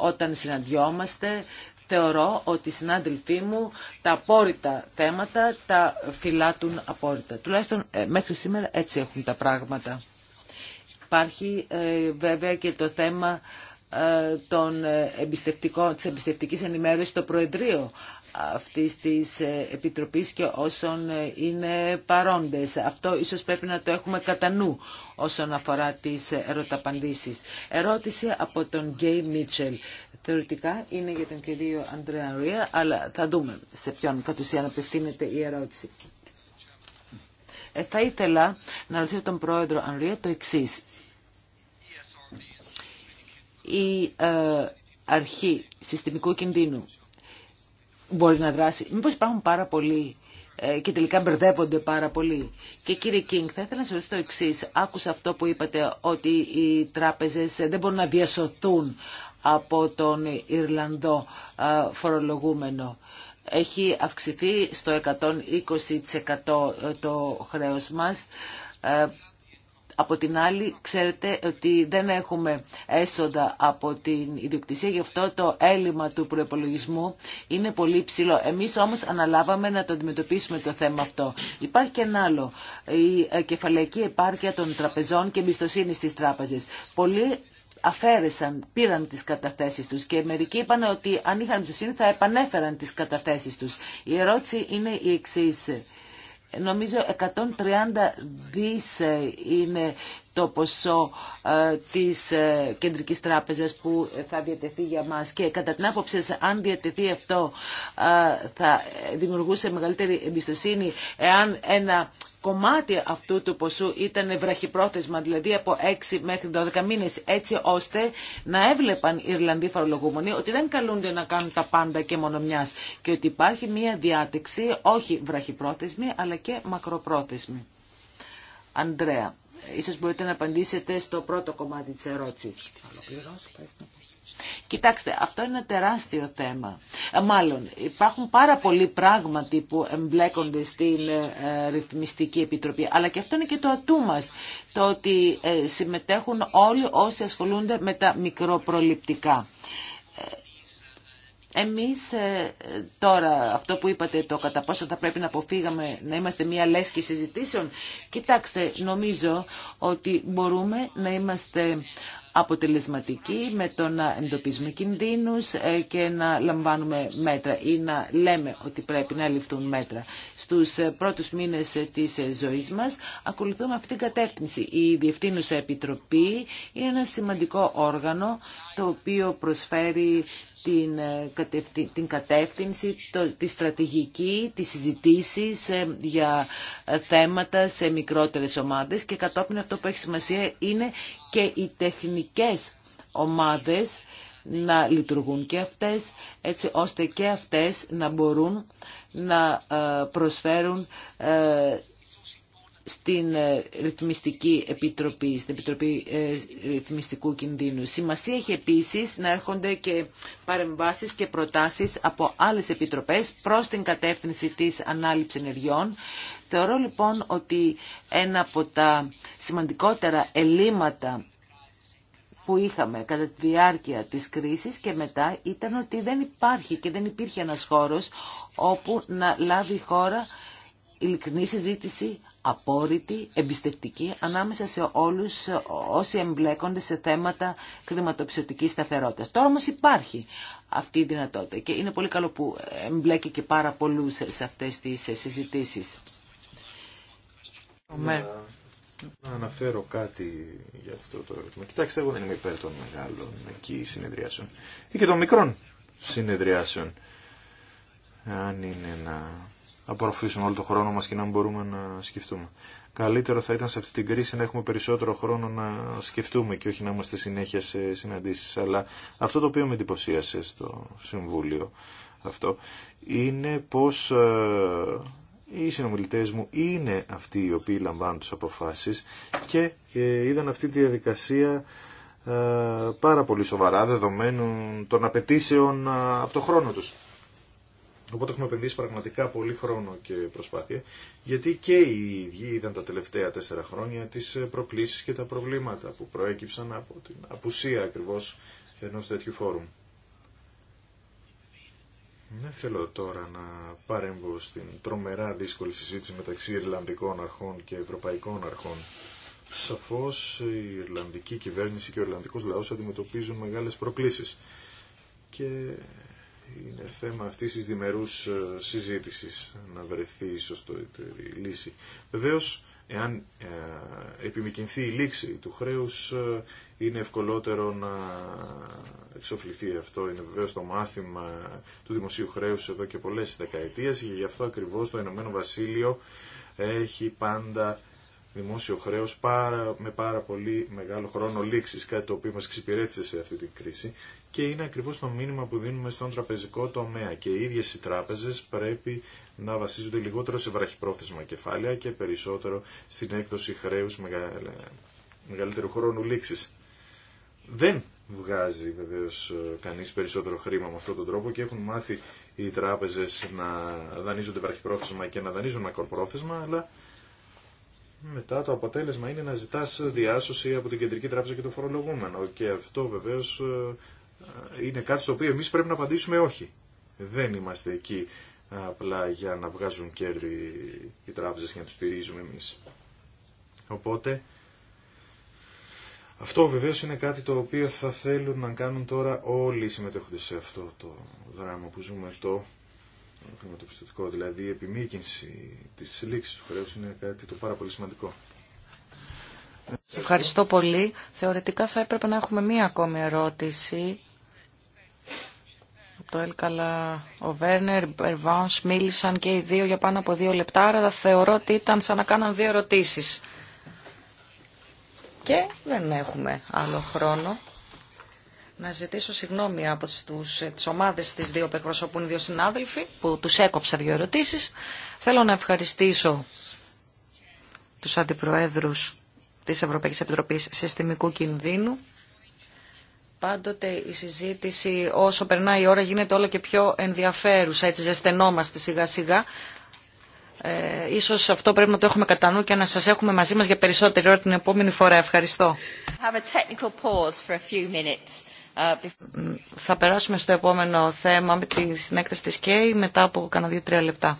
όταν συναντιόμαστε θεωρώ ότι οι συνάδελφοί μου τα απόρριτα θέματα τα φυλάτουν απόρριτα. Τουλάχιστον ε, μέχρι σήμερα έτσι έχουν τα πράγματα. Υπάρχει ε, βέβαια και το θέμα ε, των εμπιστευτικών, της εμπιστευτικής ενημέρωσης στο Προεδρείο αυτής της ε, Επιτροπής και όσων ε, είναι παρόντες. Αυτό ίσως πρέπει να το έχουμε κατά νου όσον αφορά τις ε, ερωταπαντήσεις. Ερώτηση από τον Γκέι Μίτσελ. Θεωρητικά είναι για τον κύριο Αντρέα Ρία, αλλά θα δούμε σε ποιον κατ' ουσίαν απευθύνεται η ερώτηση. θα ήθελα να ρωτήσω τον πρόεδρο Ανρία το εξής. Η αρχή συστημικού κινδύνου μπορεί να δράσει. Μήπως υπάρχουν πάρα πολλοί ε, και τελικά μπερδεύονται πάρα πολύ. Και κύριε Κίνγκ, θα ήθελα να σα ρωτήσω το εξή. Άκουσα αυτό που είπατε ότι οι τράπεζε δεν μπορούν να διασωθούν από τον Ιρλανδό ε, φορολογούμενο. Έχει αυξηθεί στο 120% ε, το χρέος μας από την άλλη, ξέρετε ότι δεν έχουμε έσοδα από την ιδιοκτησία, γι' αυτό το έλλειμμα του προπολογισμού είναι πολύ ψηλό. Εμείς όμως αναλάβαμε να το αντιμετωπίσουμε το θέμα αυτό. Υπάρχει και ένα άλλο, η ε, κεφαλαϊκή επάρκεια των τραπεζών και εμπιστοσύνη στις τράπεζες. Πολλοί αφαίρεσαν, πήραν τις καταθέσεις τους και μερικοί είπαν ότι αν είχαν εμπιστοσύνη θα επανέφεραν τις καταθέσεις τους. Η ερώτηση είναι η εξής. Νομίζω 130 δις ε, είναι το ποσό ε, της ε, Κεντρικής Τράπεζας που θα διατεθεί για μας και κατά την άποψη αν διατεθεί αυτό ε, θα δημιουργούσε μεγαλύτερη εμπιστοσύνη εάν ένα κομμάτι αυτού του ποσού ήταν βραχυπρόθεσμα, δηλαδή από 6 μέχρι 12 μήνες, έτσι ώστε να έβλεπαν οι Ιρλανδοί φορολογούμενοι ότι δεν καλούνται να κάνουν τα πάντα και μόνο μιας και ότι υπάρχει μια διάτεξη όχι βραχυπρόθεσμη αλλά και μακροπρόθεσμη. Ανδρέα. Ίσως μπορείτε να απαντήσετε στο πρώτο κομμάτι της ερώτησης. Κοιτάξτε, αυτό είναι ένα τεράστιο θέμα. Ε, μάλλον, υπάρχουν πάρα πολλοί πράγματι που εμπλέκονται στην ε, Ρυθμιστική Επιτροπή, αλλά και αυτό είναι και το ατού μας, το ότι ε, συμμετέχουν όλοι όσοι ασχολούνται με τα μικροπροληπτικά. Εμείς ε, τώρα αυτό που είπατε το κατά πόσο θα πρέπει να αποφύγαμε να είμαστε μια λέσκη συζητήσεων. Κοιτάξτε, νομίζω ότι μπορούμε να είμαστε αποτελεσματικοί με το να εντοπίζουμε κινδύνους ε, και να λαμβάνουμε μέτρα ή να λέμε ότι πρέπει να ληφθούν μέτρα. Στους ε, πρώτους μήνες της ζωής μας ακολουθούμε αυτή την κατεύθυνση. Η Διευθύνουσα Επιτροπή είναι ένα σημαντικό όργανο το οποίο προσφέρει την, ε, την κατεύθυνση, το, τη στρατηγική, τις συζητήσεις ε, για ε, θέματα σε μικρότερες ομάδες και κατόπιν αυτό που έχει σημασία είναι και οι τεχνικές ομάδες να λειτουργούν και αυτές έτσι ώστε και αυτές να μπορούν να προσφέρουν στην ε, Ρυθμιστική Επιτροπή, στην Επιτροπή ε, Ρυθμιστικού Κινδύνου. Σημασία έχει επίσης να έρχονται και παρεμβάσεις και προτάσεις από άλλες επιτροπές προς την κατεύθυνση της ανάληψης ενεργειών. Θεωρώ λοιπόν ότι ένα από τα σημαντικότερα ελλείμματα που είχαμε κατά τη διάρκεια της κρίσης και μετά ήταν ότι δεν υπάρχει και δεν υπήρχε ένας χώρος όπου να λάβει η χώρα ειλικρινή συζήτηση, απόρριτη, εμπιστευτική, ανάμεσα σε όλους όσοι εμπλέκονται σε θέματα κρηματοψηφιακής σταθερότητας. Τώρα όμως υπάρχει αυτή η δυνατότητα και είναι πολύ καλό που εμπλέκει και πάρα πολλούς σε αυτές τις συζητήσεις. Να, να αναφέρω κάτι για αυτό το ερώτημα. Κοιτάξτε, εγώ δεν είμαι υπέρ των μεγάλων εκεί συνεδριάσεων ή και των μικρών συνεδριάσεων. Αν είναι να απορροφήσουν όλο το χρόνο μας και να μπορούμε να σκεφτούμε. Καλύτερο θα ήταν σε αυτή την κρίση να έχουμε περισσότερο χρόνο να σκεφτούμε και όχι να είμαστε συνέχεια σε συναντήσεις. Αλλά αυτό το οποίο με εντυπωσίασε στο Συμβούλιο αυτό είναι πως ε, οι συνομιλητές μου είναι αυτοί οι οποίοι λαμβάνουν τις αποφάσεις και ε, είδαν αυτή τη διαδικασία ε, πάρα πολύ σοβαρά δεδομένου των απαιτήσεων από το χρόνο τους. Οπότε έχουμε επενδύσει πραγματικά πολύ χρόνο και προσπάθεια, γιατί και οι ίδιοι είδαν τα τελευταία τέσσερα χρόνια τις ε, προκλήσεις και τα προβλήματα που προέκυψαν από την απουσία ακριβώς ενός τέτοιου φόρουμ. Δεν θέλω τώρα να παρέμβω στην τρομερά δύσκολη συζήτηση μεταξύ Ιρλανδικών αρχών και Ευρωπαϊκών αρχών. Σαφώς η Ιρλανδική κυβέρνηση και ο Ιρλανδικός λαός αντιμετωπίζουν μεγάλες προκλήσεις. Και είναι θέμα αυτή της διμερούς ε, συζήτησης να βρεθεί η το, λύση. Βεβαίω, εάν ε, επιμηκυνθεί η λήξη του χρέου ε, είναι ευκολότερο να εξοφληθεί αυτό. Είναι βεβαίω το μάθημα του δημοσίου χρέους εδώ και πολλές δεκαετίες και γι' αυτό ακριβώς το Ηνωμένο Βασίλειο έχει πάντα δημόσιο χρέο, με πάρα πολύ μεγάλο χρόνο λήξη, κάτι το οποίο μα εξυπηρέτησε σε αυτή την κρίση και είναι ακριβώς το μήνυμα που δίνουμε στον τραπεζικό τομέα και οι ίδιες οι τράπεζες πρέπει να βασίζονται λιγότερο σε βραχυπρόθεσμα κεφάλαια και περισσότερο στην έκδοση χρέους μεγαλύτερου χρόνου λήξης. Δεν βγάζει βεβαίως ε, κανείς περισσότερο χρήμα με αυτόν τον τρόπο και έχουν μάθει οι τράπεζες να δανείζονται βραχυπρόθεσμα και να δανείζουν μακροπρόθεσμα, αλλά μετά το αποτέλεσμα είναι να ζητάς διάσωση από την Κεντρική Τράπεζα και το φορολογούμενο και αυτό βεβαίως ε, είναι κάτι στο οποίο εμείς πρέπει να απαντήσουμε όχι. Δεν είμαστε εκεί απλά για να βγάζουν κέρδη οι τράπεζες και να τους στηρίζουμε εμείς. Οπότε, αυτό βεβαίως είναι κάτι το οποίο θα θέλουν να κάνουν τώρα όλοι οι συμμετέχοντες σε αυτό το δράμα που ζούμε το χρηματοπιστωτικό. Δηλαδή η επιμήκυνση της λήξης του χρέους είναι κάτι το πάρα πολύ σημαντικό. Σε ευχαριστώ πολύ. Θεωρητικά θα έπρεπε να έχουμε μία ακόμη ερώτηση το Έλκαλα ο Βέρνερ, Μπερβάνς, μίλησαν και οι δύο για πάνω από δύο λεπτά, άρα θεωρώ ότι ήταν σαν να κάναν δύο ερωτήσεις. Και δεν έχουμε άλλο χρόνο. Να ζητήσω συγγνώμη από τους, τις ομάδες της δύο που εκπροσωπούν δύο συνάδελφοι, που τους έκοψα δύο ερωτήσεις. Θέλω να ευχαριστήσω τους αντιπροέδρους της Ευρωπαϊκής Επιτροπής Συστημικού Κινδύνου, Πάντοτε η συζήτηση όσο περνάει η ώρα γίνεται όλο και πιο ενδιαφέρουσα, έτσι ζεσθενόμαστε σιγά σιγά. Ε, ίσως αυτό πρέπει να το έχουμε κατά νου και να σας έχουμε μαζί μας για περισσότερη ώρα την επόμενη φορά. Ευχαριστώ. Uh, Θα περάσουμε στο επόμενο θέμα με τη συνέκταση της ΚΕΙ μετά από κανένα δύο-τρία λεπτά.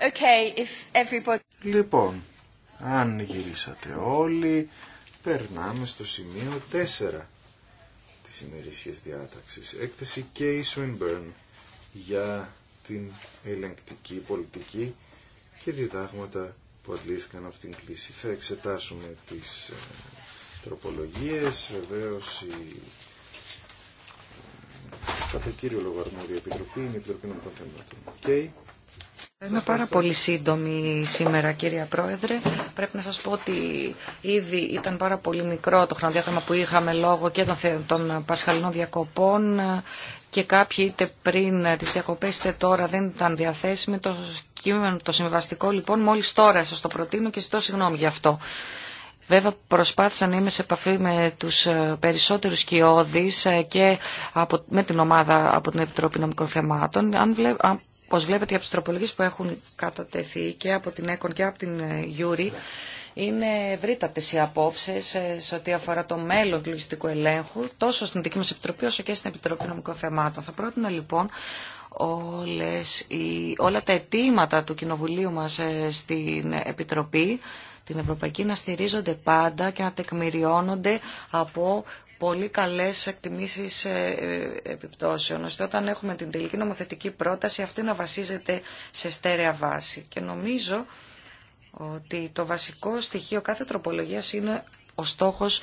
Okay, if everybody... Λοιπόν, αν γυρίσατε όλοι, περνάμε στο σημείο 4 της ημερήσιας διάταξης. Έκθεση K. Swinburne για την ελεγκτική πολιτική και διδάγματα που αντλήθηκαν από την κλίση. Θα εξετάσουμε τις ε, τροπολογίες, βεβαίως η ε, κατά κύριο λόγο αρμόδια επιτροπή είναι η Επιτροπή των Okay. Είμαι πάρα πολύ σύντομη σήμερα κύριε Πρόεδρε. Πρέπει να σας πω ότι ήδη ήταν πάρα πολύ μικρό το χρονοδιάγραμμα που είχαμε λόγω και των πασχαλινών διακοπών και κάποιοι είτε πριν τις διακοπές είτε τώρα δεν ήταν διαθέσιμοι. Το κείμενο το συμβαστικό λοιπόν μόλις τώρα σας το προτείνω και ζητώ συγγνώμη γι' αυτό. Βέβαια προσπάθησα να είμαι σε επαφή με τους ε, περισσότερους κοιόδης ε, και με την ομάδα από την Επιτροπή Νομικών Θεμάτων. Αν, βλέπ, Όπω βλέπετε από τι που έχουν κατατεθεί και από την ΕΚΟΝ και από την ε, Γιούρη, είναι ευρύτατε οι απόψει ε, σε ό,τι αφορά το μέλλον του λογιστικού ελέγχου, τόσο στην δική μα επιτροπή όσο και στην Επιτροπή Νομικών Θεμάτων. Θα πρότεινα λοιπόν όλες οι, όλα τα αιτήματα του Κοινοβουλίου μας ε, στην Επιτροπή την Ευρωπαϊκή να στηρίζονται πάντα και να τεκμηριώνονται από πολύ καλές εκτιμήσεις ε, ε, επιπτώσεων, ώστε όταν έχουμε την τελική νομοθετική πρόταση αυτή να βασίζεται σε στέρεα βάση. Και νομίζω ότι το βασικό στοιχείο κάθε τροπολογίας είναι ο στόχος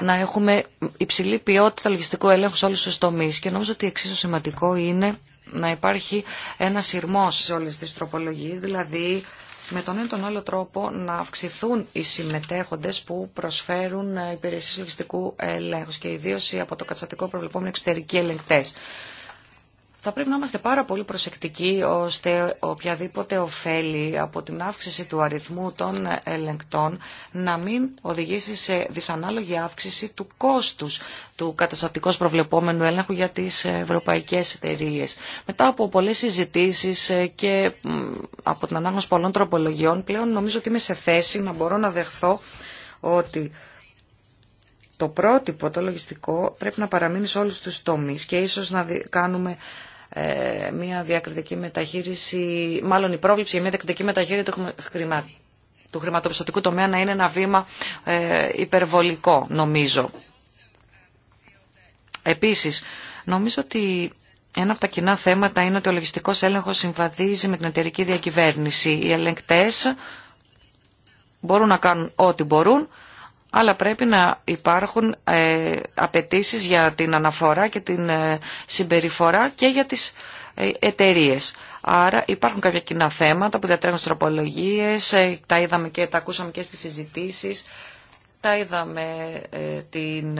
να έχουμε υψηλή ποιότητα λογιστικού ελέγχου σε όλους τους τομείς. Και νομίζω ότι εξίσου σημαντικό είναι να υπάρχει ένα σειρμός σε όλες τις τροπολογίες, δηλαδή με τον ένα τον άλλο τρόπο να αυξηθούν οι συμμετέχοντες που προσφέρουν ε, υπηρεσίες λογιστικού ελέγχου και ιδίως από το κατσατικό προβλεπόμενο εξωτερικοί ελεγκτές θα πρέπει να είμαστε πάρα πολύ προσεκτικοί ώστε οποιαδήποτε ωφέλη από την αύξηση του αριθμού των ελεγκτών να μην οδηγήσει σε δυσανάλογη αύξηση του κόστους του καταστατικώς προβλεπόμενου έλεγχου για τις ευρωπαϊκές εταιρείε. Μετά από πολλές συζητήσεις και από την ανάγνωση πολλών τροπολογιών πλέον νομίζω ότι είμαι σε θέση να μπορώ να δεχθώ ότι το πρότυπο, το λογιστικό, πρέπει να παραμείνει σε όλους τους τομείς και ίσως να κάνουμε ε, μια διακριτική μεταχείριση, μάλλον η πρόβληψη για μια διακριτική μεταχείριση του, χρημα, του χρηματοπιστωτικού τομέα να είναι ένα βήμα ε, υπερβολικό, νομίζω. Επίσης, νομίζω ότι ένα από τα κοινά θέματα είναι ότι ο λογιστικός έλεγχος συμβαδίζει με την εταιρική διακυβέρνηση. Οι ελεγκτές μπορούν να κάνουν ό,τι μπορούν, αλλά πρέπει να υπάρχουν ε, για την αναφορά και την ε, συμπεριφορά και για τις ε, εταιρείε. Άρα υπάρχουν κάποια κοινά θέματα που διατρέχουν στις ε, τα είδαμε και τα ακούσαμε και στις συζητήσεις, τα είδαμε ε, την,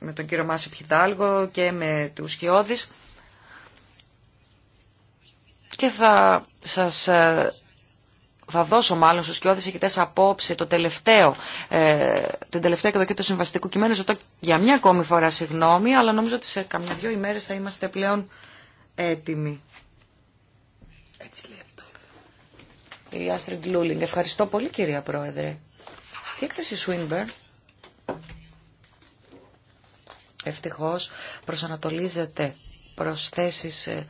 με τον κύριο Μάση Πιθάλγο και με τους Σκιώδης και θα σας θα δώσω μάλλον στους κοιόδες ηγητές απόψε το τελευταίο, ε, την τελευταία εκδοχή του συμβαστικού κειμένου. Ζητώ για μια ακόμη φορά συγγνώμη, αλλά νομίζω ότι σε καμιά δύο ημέρες θα είμαστε πλέον έτοιμοι. Έτσι λέει Η Άστρη Λούλινγκ. Ευχαριστώ πολύ κυρία Πρόεδρε. Η έκθεση Σουίνμπερ ευτυχώς προσανατολίζεται προς θέσεις ε,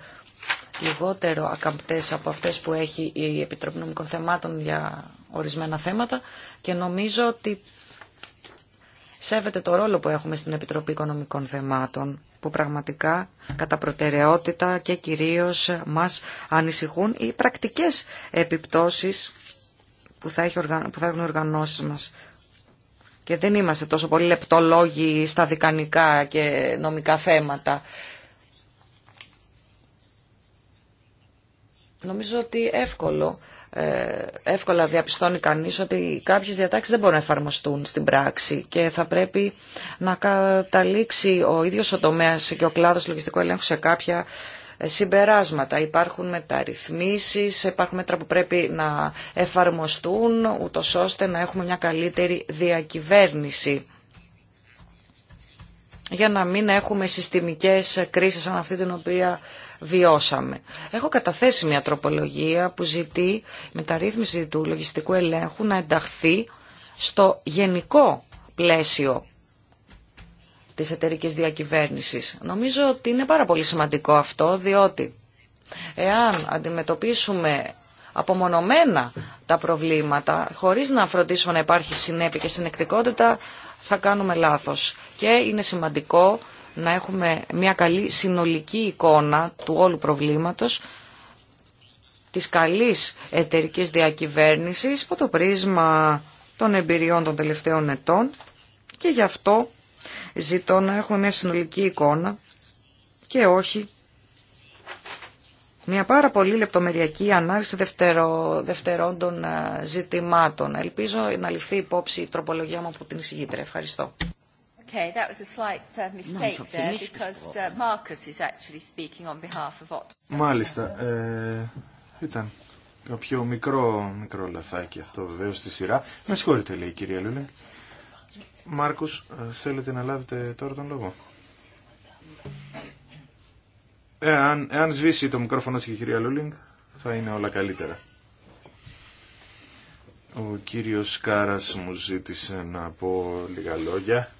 λιγότερο ακαμπτές από αυτές που έχει η Επιτροπή Νομικών Θεμάτων για ορισμένα θέματα και νομίζω ότι σέβεται το ρόλο που έχουμε στην Επιτροπή Οικονομικών Θεμάτων που πραγματικά κατά προτεραιότητα και κυρίως μας ανησυχούν οι πρακτικές επιπτώσεις που θα, έχει, που οργανώσει μας. Και δεν είμαστε τόσο πολύ λεπτολόγοι στα δικανικά και νομικά θέματα. Νομίζω ότι εύκολο, ε, εύκολα διαπιστώνει κανείς ότι κάποιες διατάξεις δεν μπορούν να εφαρμοστούν στην πράξη και θα πρέπει να καταλήξει ο ίδιος ο τομέας και ο κλάδος λογιστικού ελέγχου σε κάποια ε, συμπεράσματα. Υπάρχουν μεταρρυθμίσεις, υπάρχουν μέτρα που πρέπει να εφαρμοστούν ούτως ώστε να έχουμε μια καλύτερη διακυβέρνηση για να μην έχουμε συστημικές κρίσεις σαν αυτή την οποία βιώσαμε. Έχω καταθέσει μια τροπολογία που ζητεί μεταρρύθμιση του λογιστικού ελέγχου να ενταχθεί στο γενικό πλαίσιο της εταιρική διακυβέρνησης. Νομίζω ότι είναι πάρα πολύ σημαντικό αυτό, διότι εάν αντιμετωπίσουμε απομονωμένα τα προβλήματα, χωρίς να φροντίσουμε να υπάρχει συνέπεια και συνεκτικότητα, θα κάνουμε λάθος. Και είναι σημαντικό να έχουμε μια καλή συνολική εικόνα του όλου προβλήματος, της καλής εταιρικής διακυβέρνησης υπό το πρίσμα των εμπειριών των τελευταίων ετών και γι' αυτό ζητώ να έχουμε μια συνολική εικόνα και όχι μια πάρα πολύ λεπτομεριακή ανάλυση δευτερο, δευτερόντων ε, ζητημάτων. Ελπίζω να ληφθεί υπόψη η τροπολογία μου από την εισηγήτρια. Ευχαριστώ. Okay, that was a slight uh, mistake there because uh, Marcus is actually speaking on behalf of Otto. Μάλιστα, ε, ήταν κάποιο μικρό, μικρό λαθάκι αυτό βεβαίως στη σειρά. Με συγχωρείτε λέει η κυρία Λούλε. Μάρκους, ε, θέλετε να λάβετε τώρα τον λόγο. Εάν, εάν σβήσει το μικρόφωνο και η κυρία Λούλινγκ, θα είναι όλα καλύτερα. Ο κύριος Κάρας μου ζήτησε να πω λίγα λόγια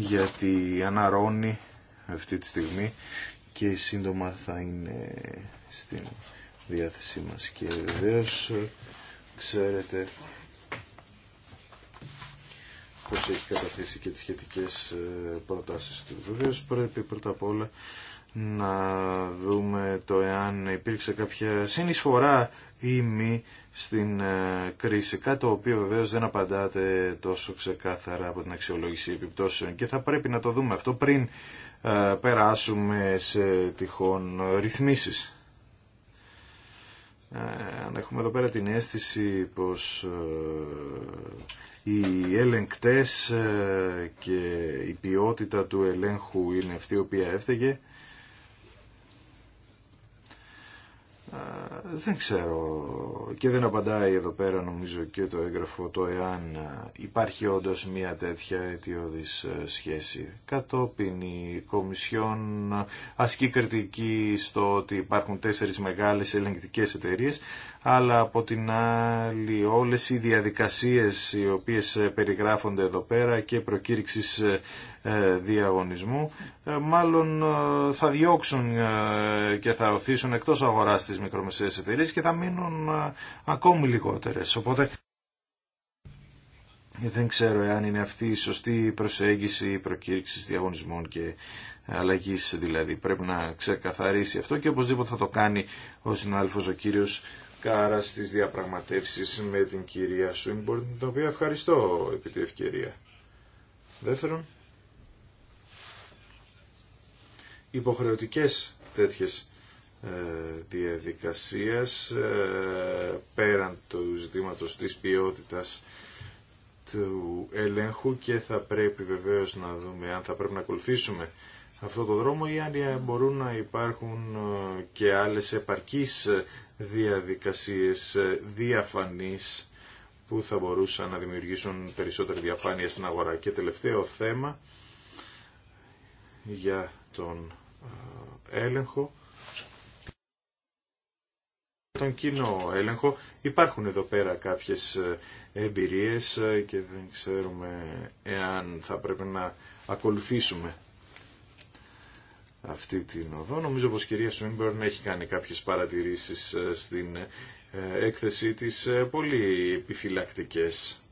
γιατί αναρώνει αυτή τη στιγμή και σύντομα θα είναι στην διάθεσή μας και βεβαίω ξέρετε πως έχει καταθέσει και τις σχετικές ε, προτάσεις του. Βεβαίω πρέπει πρώτα απ' όλα να δούμε το εάν υπήρξε κάποια συνεισφορά ή μη στην ε, κρίση. Κάτι το οποίο βεβαίω δεν απαντάτε τόσο ξεκάθαρα από την αξιολόγηση επιπτώσεων και θα πρέπει να το δούμε αυτό πριν ε, περάσουμε σε τυχόν ρυθμίσεις. Ε, αν έχουμε εδώ πέρα την αίσθηση πως οι ελεγκτές και η ποιότητα του ελέγχου είναι αυτή η οποία έφταιγε, δεν ξέρω και δεν απαντάει εδώ πέρα νομίζω και το έγγραφο το εάν υπάρχει όντως μια τέτοια αιτιώδης σχέση. Κατόπιν η Κομισιόν ασκεί κριτική στο ότι υπάρχουν τέσσερις μεγάλες ελεγκτικές εταιρείες αλλά από την άλλη όλες οι διαδικασίες οι οποίες περιγράφονται εδώ πέρα και προκήρυξης ε, διαγωνισμού ε, μάλλον ε, θα διώξουν και θα οθήσουν εκτός αγοράς τις μικρομεσαίες εταιρείες και θα μείνουν ακόμη λιγότερες. Οπότε δεν ξέρω εάν είναι αυτή η σωστή προσέγγιση προκήρυξης διαγωνισμών και αλλαγή δηλαδή. Πρέπει να ξεκαθαρίσει αυτό και οπωσδήποτε θα το κάνει ο συνάδελφος ο κύριος Κάρα στις διαπραγματεύσεις με την κυρία Σουίνμπορν, την οποία ευχαριστώ επί τη ευκαιρία. Δεύτερον, υποχρεωτικές τέτοιες ε, ε, πέραν του ζητήματος της ποιότητας του ελέγχου και θα πρέπει βεβαίως να δούμε αν θα πρέπει να ακολουθήσουμε αυτό το δρόμο ή αν μπορούν να υπάρχουν ε, και άλλες επαρκείς ε, διαδικασίες ε, διαφανείς που θα μπορούσαν να δημιουργήσουν περισσότερη διαφάνεια στην αγορά. Και τελευταίο θέμα για τον έλεγχο. Τον κοινό έλεγχο. Υπάρχουν εδώ πέρα κάποιες εμπειρίες και δεν ξέρουμε εάν θα πρέπει να ακολουθήσουμε αυτή την οδό. Νομίζω πως η κυρία Σουίνμπερν έχει κάνει κάποιες παρατηρήσεις ε, στην ε, έκθεσή της ε, πολύ επιφυλακτικές.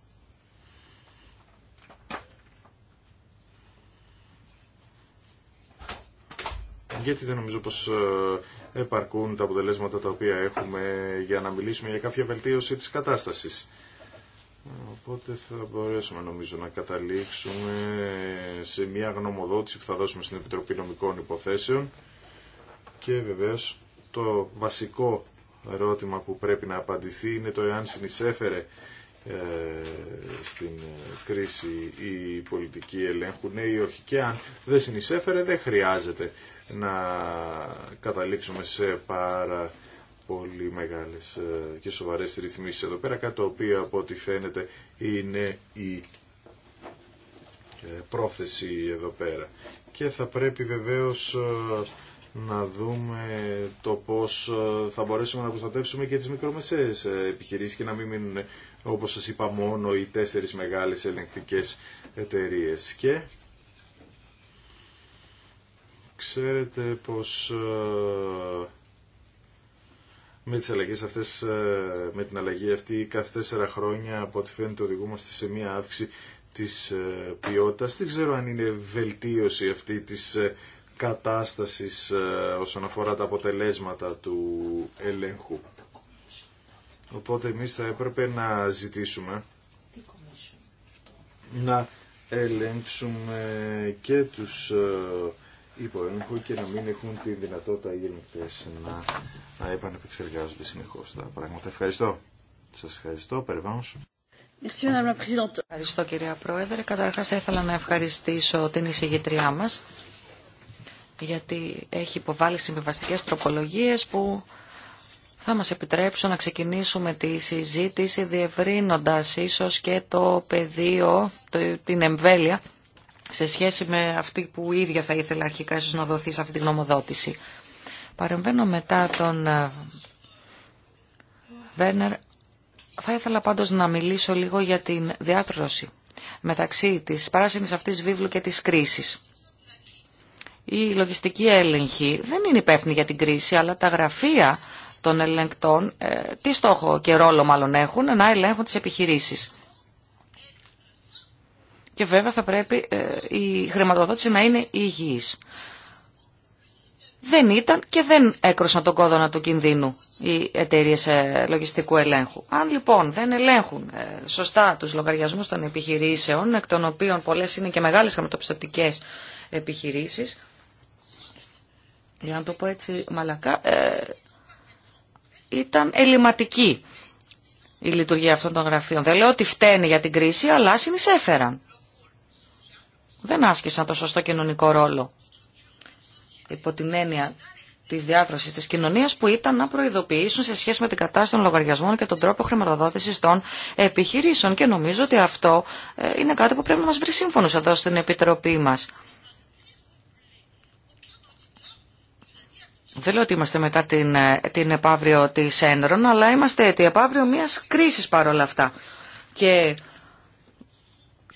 γιατί δεν νομίζω πως επαρκούν τα αποτελέσματα τα οποία έχουμε για να μιλήσουμε για κάποια βελτίωση της κατάστασης. Οπότε θα μπορέσουμε νομίζω να καταλήξουμε σε μια γνωμοδότηση που θα δώσουμε στην Επιτροπή Νομικών Υποθέσεων και βεβαίως το βασικό ερώτημα που πρέπει να απαντηθεί είναι το εάν συνεισέφερε ε, στην κρίση η πολιτική ελέγχου ναι ή όχι και αν δεν συνεισέφερε δεν χρειάζεται να καταλήξουμε σε πάρα πολύ μεγάλες ε, και σοβαρές ρυθμίσεις εδώ πέρα, κάτι το οποίο από ό,τι φαίνεται είναι η ε, πρόθεση εδώ πέρα. Και θα πρέπει βεβαίως ε, να δούμε το πώς θα μπορέσουμε να προστατεύσουμε και τις μικρομεσαίες επιχειρήσεις και να μην μείνουν, όπως σας είπα, μόνο οι τέσσερις μεγάλες ελεγκτικές εταιρείες. Και ξέρετε πως με, τις αλλαγές αυτές, ε, με την αλλαγή αυτή κάθε τέσσερα χρόνια από ό,τι φαίνεται οδηγούμαστε σε μία αύξηση της ε, ποιότητας. Δεν ξέρω αν είναι βελτίωση αυτή της ε, κατάστασης όσον αφορά τα αποτελέσματα του ελέγχου. Οπότε εμείς θα έπρεπε να ζητήσουμε να ελέγξουμε και τους υπό έλεγχο και να μην έχουν τη δυνατότητα οι ελεγκτές να, να επανεπεξεργάζονται συνεχώς τα πράγματα. Ευχαριστώ. Σας ευχαριστώ. σου. Ευχαριστώ κυρία Πρόεδρε. Καταρχάς ήθελα να ευχαριστήσω την εισηγητριά μας γιατί έχει υποβάλει συμβιβαστικές τροπολογίες που θα μας επιτρέψουν να ξεκινήσουμε τη συζήτηση διευρύνοντας ίσως και το πεδίο, την εμβέλεια σε σχέση με αυτή που ίδια θα ήθελα αρχικά ίσως να δοθεί σε αυτή τη γνωμοδότηση. Παρεμβαίνω μετά τον ε, Βέρνερ. Θα ήθελα πάντως να μιλήσω λίγο για την διάτρωση μεταξύ της πράσινης αυτής βίβλου και της κρίσης. Η λογιστική έλεγχη δεν είναι υπεύθυνη για την κρίση, αλλά τα γραφεία των ελεγκτών, ε, τι στόχο και ρόλο μάλλον έχουν, να ελέγχουν τις επιχειρήσεις και βέβαια θα πρέπει ε, η χρηματοδότηση να είναι υγιής. Δεν ήταν και δεν έκρουσαν τον κόδωνα του κινδύνου οι εταιρείε ε, λογιστικού ελέγχου. Αν λοιπόν δεν ελέγχουν ε, σωστά τους λογαριασμούς των επιχειρήσεων, εκ των οποίων πολλές είναι και μεγάλες χρηματοπιστωτικές επιχειρήσεις, για να το πω έτσι μαλακά, ήταν ελληματική η λειτουργία αυτών των γραφείων. Δεν λέω ότι φταίνει για την κρίση, αλλά συνεισέφεραν δεν άσκησαν το σωστό κοινωνικό ρόλο υπό την έννοια της διάθρωσης της κοινωνίας που ήταν να προειδοποιήσουν σε σχέση με την κατάσταση των λογαριασμών και τον τρόπο χρηματοδότησης των επιχειρήσεων και νομίζω ότι αυτό ε, είναι κάτι που πρέπει να μας βρει σύμφωνος εδώ στην Επιτροπή μας. Δεν λέω ότι είμαστε μετά την, ε, την επαύριο της Ένρων, αλλά είμαστε την επαύριο μιας κρίσης παρόλα αυτά. Και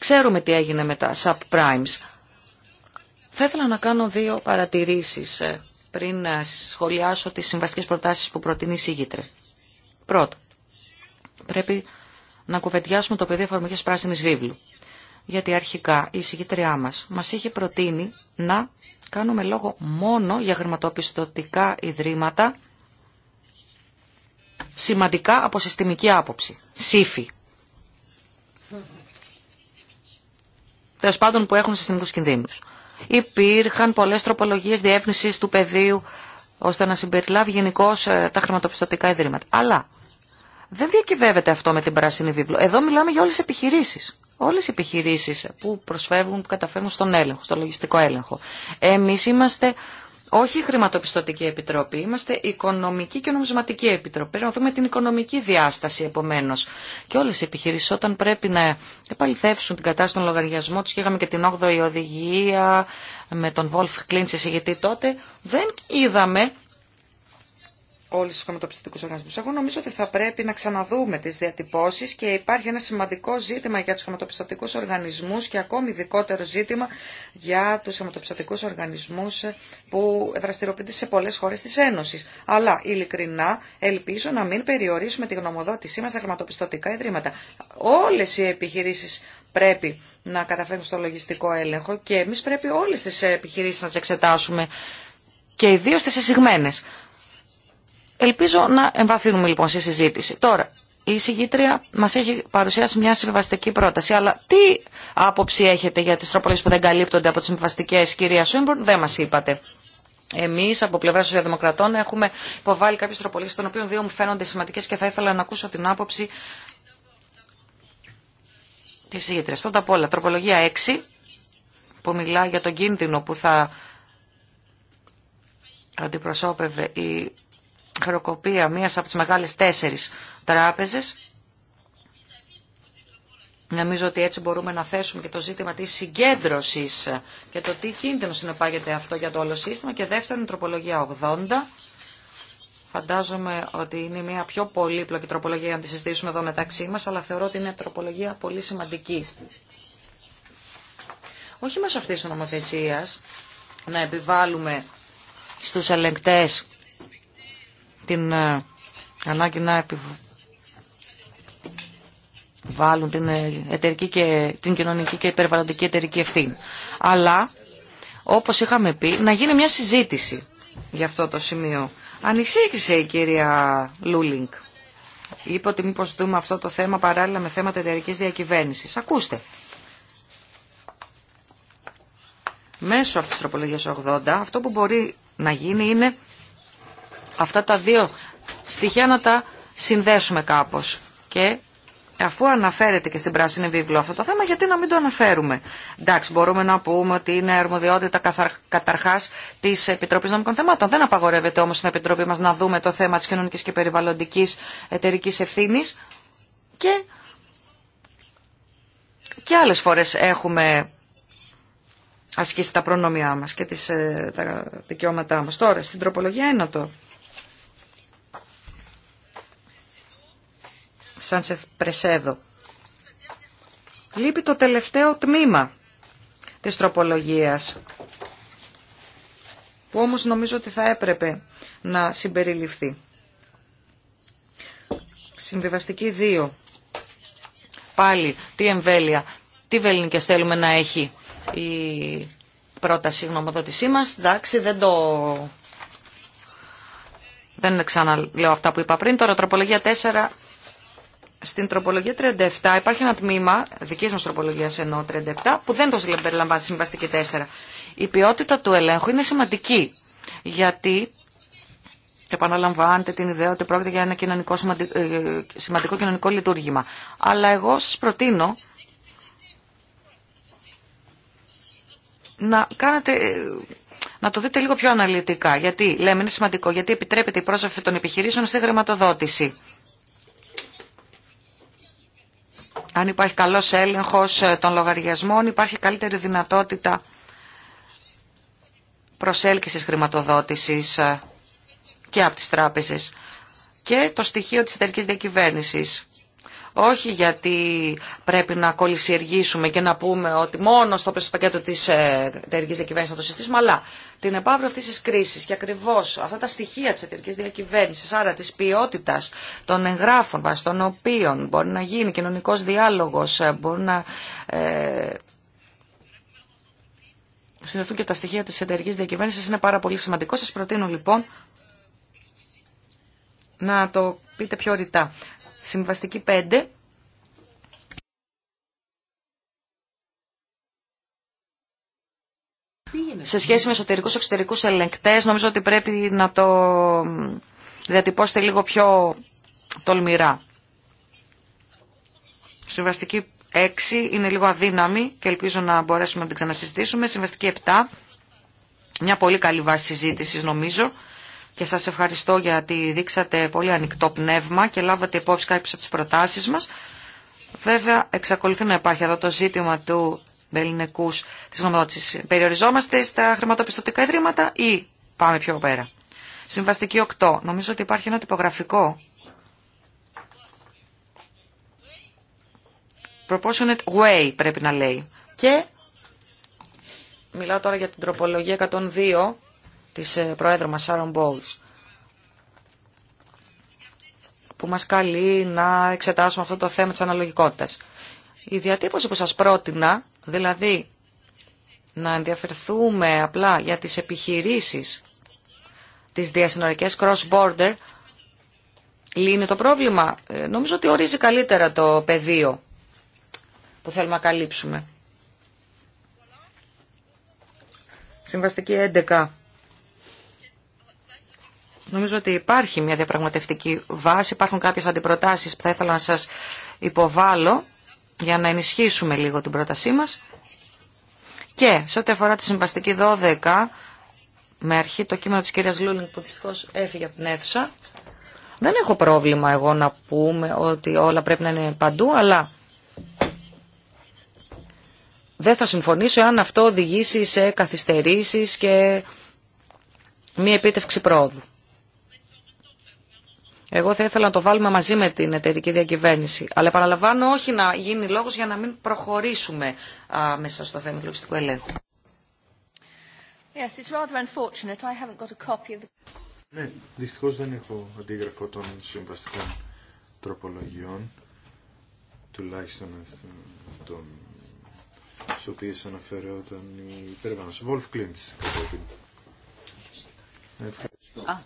Ξέρουμε τι έγινε με τα subprimes. Θα ήθελα να κάνω δύο παρατηρήσεις ε, πριν να ε, σχολιάσω τις συμβαστικές προτάσεις που προτείνει η Σίγητρε. Πρώτο, πρέπει να κουβεντιάσουμε το πεδίο εφαρμογή πράσινη βίβλου. Γιατί αρχικά η εισηγήτριά μα μας είχε προτείνει να κάνουμε λόγο μόνο για χρηματοπιστωτικά ιδρύματα σημαντικά από συστημική άποψη. Σύφη. τέλο πάντων που έχουν συστημικού κινδύνου. Υπήρχαν πολλέ τροπολογίε διεύνηση του πεδίου ώστε να συμπεριλάβει γενικώ ε, τα χρηματοπιστωτικά ιδρύματα. Αλλά δεν διακυβεύεται αυτό με την πράσινη βίβλο. Εδώ μιλάμε για όλε τι επιχειρήσει. Όλε οι επιχειρήσει που προσφεύγουν, που καταφεύγουν στον έλεγχο, στο λογιστικό έλεγχο. Εμεί είμαστε όχι Χρηματοπιστωτική Επιτροπή, είμαστε Οικονομική και Νομισματική Επιτροπή. Πρέπει να δούμε την οικονομική διάσταση επομένω. Και όλε οι επιχειρήσει όταν πρέπει να επαληθεύσουν την κατάσταση των λογαριασμών του, και είχαμε και την 8η οδηγία με τον Wolf Klintz γιατί τότε, δεν είδαμε όλου του χρηματοπιστωτικού οργανισμού. Εγώ νομίζω ότι θα πρέπει να ξαναδούμε τις διατυπώσεις και υπάρχει ένα σημαντικό ζήτημα για τους χρηματοπιστωτικούς οργανισμούς και ακόμη ειδικότερο ζήτημα για τους χρηματοπιστωτικούς οργανισμούς που δραστηριοποιούνται σε πολλές χώρες της Ένωσης. Αλλά ειλικρινά ελπίζω να μην περιορίσουμε τη γνωμοδότησή μα στα χρηματοπιστωτικά ιδρύματα. Όλες οι επιχειρήσεις πρέπει να καταφέρουν στο λογιστικό έλεγχο και εμείς πρέπει όλες τις επιχειρήσεις να τι εξετάσουμε και ιδίω τις εισηγμένες. Ελπίζω να εμβαθύνουμε λοιπόν στη συζήτηση. Τώρα, η συγγήτρια μα έχει παρουσιάσει μια συμβαστική πρόταση. Αλλά τι άποψη έχετε για τι τροπολογίε που δεν καλύπτονται από τι συμβαστικέ, κυρία Σούμπορν, δεν μα είπατε. Εμεί από πλευρά των Δημοκρατών έχουμε υποβάλει κάποιε τροπολογίε, των οποίων δύο μου φαίνονται σημαντικέ και θα ήθελα να ακούσω την άποψη τη συγγήτρια. Πρώτα απ' όλα, τροπολογία 6, που μιλά για τον κίνδυνο που θα αντιπροσώπευε η χρεοκοπία μίας από τις μεγάλες τέσσερις τράπεζες. Νομίζω ότι έτσι μπορούμε να θέσουμε και το ζήτημα της συγκέντρωσης και το τι κίνδυνο συνεπάγεται αυτό για το όλο σύστημα. Και δεύτερον, η τροπολογία 80. Φαντάζομαι ότι είναι μια πιο πολύπλοκη τροπολογία να τη συζητήσουμε εδώ μεταξύ μας, αλλά θεωρώ ότι είναι τροπολογία πολύ σημαντική. Όχι μέσω αυτής της νομοθεσίας να επιβάλλουμε στους ελεγκτές την ε, ανάγκη να επιβάλλουν την, ε, εταιρική και, την κοινωνική και περιβαλλοντική εταιρική ευθύνη. Αλλά, όπως είχαμε πει, να γίνει μια συζήτηση για αυτό το σημείο. Ανησύχησε η κυρία Λούλινγκ. Είπε ότι μήπως δούμε αυτό το θέμα παράλληλα με θέματα εταιρικής διακυβέρνησης. Ακούστε. Μέσω από της τροπολογίας 80 αυτό που μπορεί να γίνει είναι αυτά τα δύο στοιχεία να τα συνδέσουμε κάπως. Και αφού αναφέρεται και στην πράσινη βίβλο αυτό το θέμα, γιατί να μην το αναφέρουμε. Εντάξει, μπορούμε να πούμε ότι είναι αρμοδιότητα καταρχά τη Επιτροπή Νομικών Θεμάτων. Δεν απαγορεύεται όμω στην Επιτροπή μα να δούμε το θέμα τη κοινωνική και περιβαλλοντική εταιρική ευθύνη. Και, και άλλε φορέ έχουμε ασκήσει τα προνομιά μας και τις, ε, τα δικαιώματά μας. Τώρα, στην τροπολογία είναι το σαν σε πρεσέδο. Λείπει το τελευταίο τμήμα της τροπολογίας, που όμως νομίζω ότι θα έπρεπε να συμπεριληφθεί. Συμβιβαστική 2. Πάλι, τι εμβέλεια, τι βελνικές θέλουμε να έχει η πρόταση γνωμοδότησή μας. Εντάξει, δεν το... Δεν ξαναλέω αυτά που είπα πριν. Τώρα τροπολογία 4 στην τροπολογία 37 υπάρχει ένα τμήμα δική μα τροπολογία εννοώ 37 που δεν το συμπεριλαμβάνει συμβαστική 4. Η ποιότητα του ελέγχου είναι σημαντική γιατί επαναλαμβάνετε την ιδέα ότι πρόκειται για ένα κοινωνικό, ε, σημαντικό κοινωνικό λειτουργήμα. Αλλά εγώ σας προτείνω να κάνετε να το δείτε λίγο πιο αναλυτικά. Γιατί λέμε είναι σημαντικό, γιατί επιτρέπεται η πρόσβαση των επιχειρήσεων στη χρηματοδότηση. αν υπάρχει καλός έλεγχος ε, των λογαριασμών, υπάρχει καλύτερη δυνατότητα προσέλκυσης χρηματοδότησης ε, και από τις τράπεζες. Και το στοιχείο της εταιρικής διακυβέρνησης όχι γιατί πρέπει να κολλησιεργήσουμε και να πούμε ότι μόνο στο πλαίσιο του τη ε, εταιρική διακυβέρνηση θα το συστήσουμε, αλλά την επαύριο αυτή τη κρίση και ακριβώ αυτά τα στοιχεία τη εταιρική διακυβέρνηση, άρα τη ποιότητα των εγγράφων βάσει των οποίων μπορεί να γίνει κοινωνικό διάλογο, ε, μπορεί να. Ε, συνδεθούν και τα στοιχεία της εταιρική διακυβέρνησης είναι πάρα πολύ σημαντικό. Σας προτείνω λοιπόν να το πείτε πιο ρητά. Συμβαστική 5. Σε σχέση με εσωτερικούς εξωτερικούς ελεγκτές, νομίζω ότι πρέπει να το διατυπώσετε λίγο πιο τολμηρά. Συμβαστική 6 είναι λίγο αδύναμη και ελπίζω να μπορέσουμε να την ξανασυζητήσουμε. Συμβαστική 7, μια πολύ καλή βάση συζήτηση νομίζω και σας ευχαριστώ γιατί δείξατε πολύ ανοιχτό πνεύμα και λάβατε υπόψη κάποιες από τις προτάσεις μας. Βέβαια, εξακολουθεί να υπάρχει εδώ το ζήτημα του ελληνικού της νομοδότησης. Περιοριζόμαστε στα χρηματοπιστωτικά ιδρύματα ή πάμε πιο πέρα. Συμβαστική 8. Νομίζω ότι υπάρχει ένα τυπογραφικό. Proportionate way πρέπει να λέει. Και μιλάω τώρα για την τροπολογία 102 της ε, Προέδρου μας, Σάρον που μας καλεί να εξετάσουμε αυτό το θέμα της αναλογικότητας. Η διατύπωση που σας πρότεινα, δηλαδή να ενδιαφερθούμε απλά για τις επιχειρήσεις της διασυνορικές cross-border, λύνει το πρόβλημα. Ε, νομίζω ότι ορίζει καλύτερα το πεδίο που θέλουμε να καλύψουμε. Συμβαστική 11. Νομίζω ότι υπάρχει μια διαπραγματευτική βάση, υπάρχουν κάποιες αντιπροτάσεις που θα ήθελα να σας υποβάλω για να ενισχύσουμε λίγο την πρότασή μας. Και σε ό,τι αφορά τη συμβαστική 12, με αρχή το κείμενο της κυρίας Λούλινγκ που δυστυχώς έφυγε από την αίθουσα, δεν έχω πρόβλημα εγώ να πούμε ότι όλα πρέπει να είναι παντού, αλλά δεν θα συμφωνήσω αν αυτό οδηγήσει σε καθυστερήσεις και μία επίτευξη πρόοδου. Εγώ θα ήθελα να το βάλουμε μαζί με την εταιρική διακυβέρνηση. Αλλά επαναλαμβάνω όχι να γίνει λόγο για να μην προχωρήσουμε μέσα στο θέμα του λογιστικού ελέγχου. Ναι, δυστυχώ δεν έχω αντίγραφο των συμβαστικών τροπολογιών, τουλάχιστον αυτών στι οποίε αναφερόταν η υπέρβανος. Βολφ Κλίντς. Ευχαριστώ.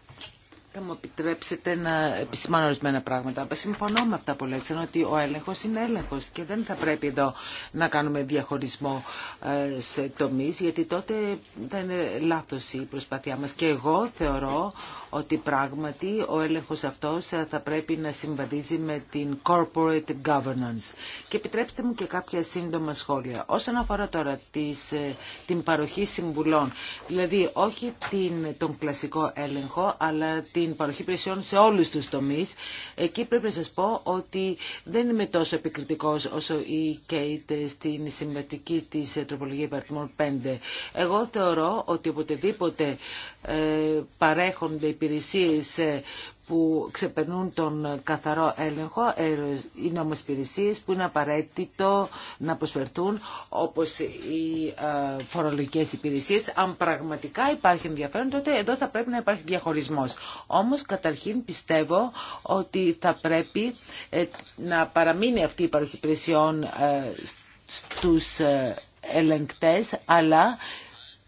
Θα μου επιτρέψετε να επισημάνω ορισμένα πράγματα. συμφωνώ με αυτά που λέξαν ότι ο έλεγχο είναι έλεγχο και δεν θα πρέπει εδώ να κάνουμε διαχωρισμό ε, σε τομεί, γιατί τότε θα είναι λάθο η προσπάθειά μα. Και εγώ θεωρώ ότι πράγματι ο έλεγχος αυτός θα πρέπει να συμβαδίζει με την corporate governance. Και επιτρέψτε μου και κάποια σύντομα σχόλια. Όσον αφορά τώρα τις, ε, την παροχή συμβουλών, δηλαδή όχι την, τον κλασικό έλεγχο, αλλά την παροχή πλησίων σε όλους τους τομείς, εκεί πρέπει να σας πω ότι δεν είμαι τόσο επικριτικός όσο η Κέιτ στην συμβατική της τροπολογία υπαρτιμών 5. Εγώ θεωρώ ότι οποτεδήποτε ε, παρέχονται υπηρεσίες ε, που ξεπερνούν τον καθαρό έλεγχο, είναι όμως υπηρεσίες που είναι απαραίτητο να προσφερθούν όπως οι ε, φορολογικές υπηρεσίες. Αν πραγματικά υπάρχει ενδιαφέρον, τότε εδώ θα πρέπει να υπάρχει διαχωρισμός. Όμως καταρχήν πιστεύω ότι θα πρέπει ε, να παραμείνει αυτή η παροχή υπηρεσιών στους ελεγκτές, αλλά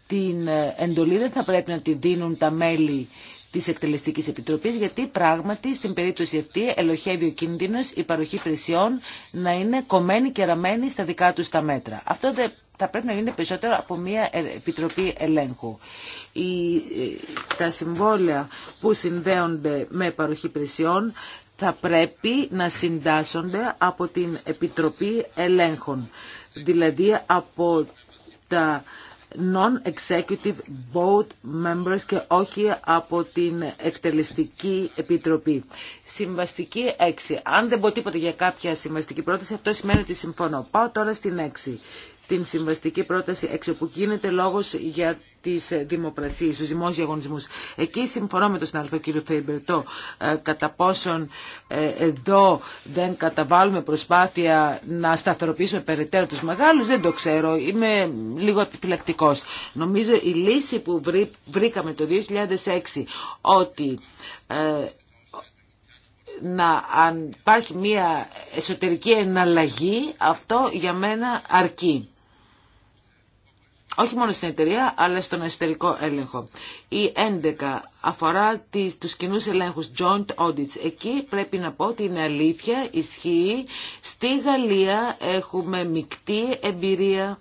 την ε, εντολή δεν θα πρέπει να τη δίνουν τα μέλη της Εκτελεστικής Επιτροπής, γιατί πράγματι στην περίπτωση αυτή ελοχεύει ο κίνδυνο, η παροχή υπηρεσιών να είναι κομμένη και ραμμένη στα δικά τους τα μέτρα. Αυτό θα πρέπει να γίνεται περισσότερο από μια ε, επιτροπή ελέγχου. Η, ε, τα συμβόλαια που συνδέονται με παροχή υπηρεσιών θα πρέπει να συντάσσονται από την Επιτροπή Ελέγχων, δηλαδή από τα non-executive board members και όχι από την εκτελεστική επιτροπή. Συμβαστική 6. Αν δεν πω τίποτα για κάποια συμβαστική πρόταση, αυτό σημαίνει ότι συμφωνώ. Πάω τώρα στην 6 την συμβαστική πρόταση 6, όπου γίνεται λόγος για της δημοπρασίας, τους δημόσιους διαγωνισμούς. Εκεί συμφωνώ με τον συνάδελφο κύριο Φέιμπερτο ε, κατά πόσον ε, εδώ δεν καταβάλουμε προσπάθεια να σταθεροποιήσουμε περαιτέρω τους μεγάλους, δεν το ξέρω, είμαι λίγο επιφυλακτικό. Νομίζω η λύση που βρήκαμε το 2006 ότι... Ε, να αν υπάρχει μια εσωτερική εναλλαγή, αυτό για μένα αρκεί όχι μόνο στην εταιρεία, αλλά στον εσωτερικό έλεγχο. Η 11 αφορά τις, τους κοινούς ελέγχους joint audits. Εκεί πρέπει να πω ότι είναι αλήθεια, ισχύει. Στη Γαλλία έχουμε μεικτή εμπειρία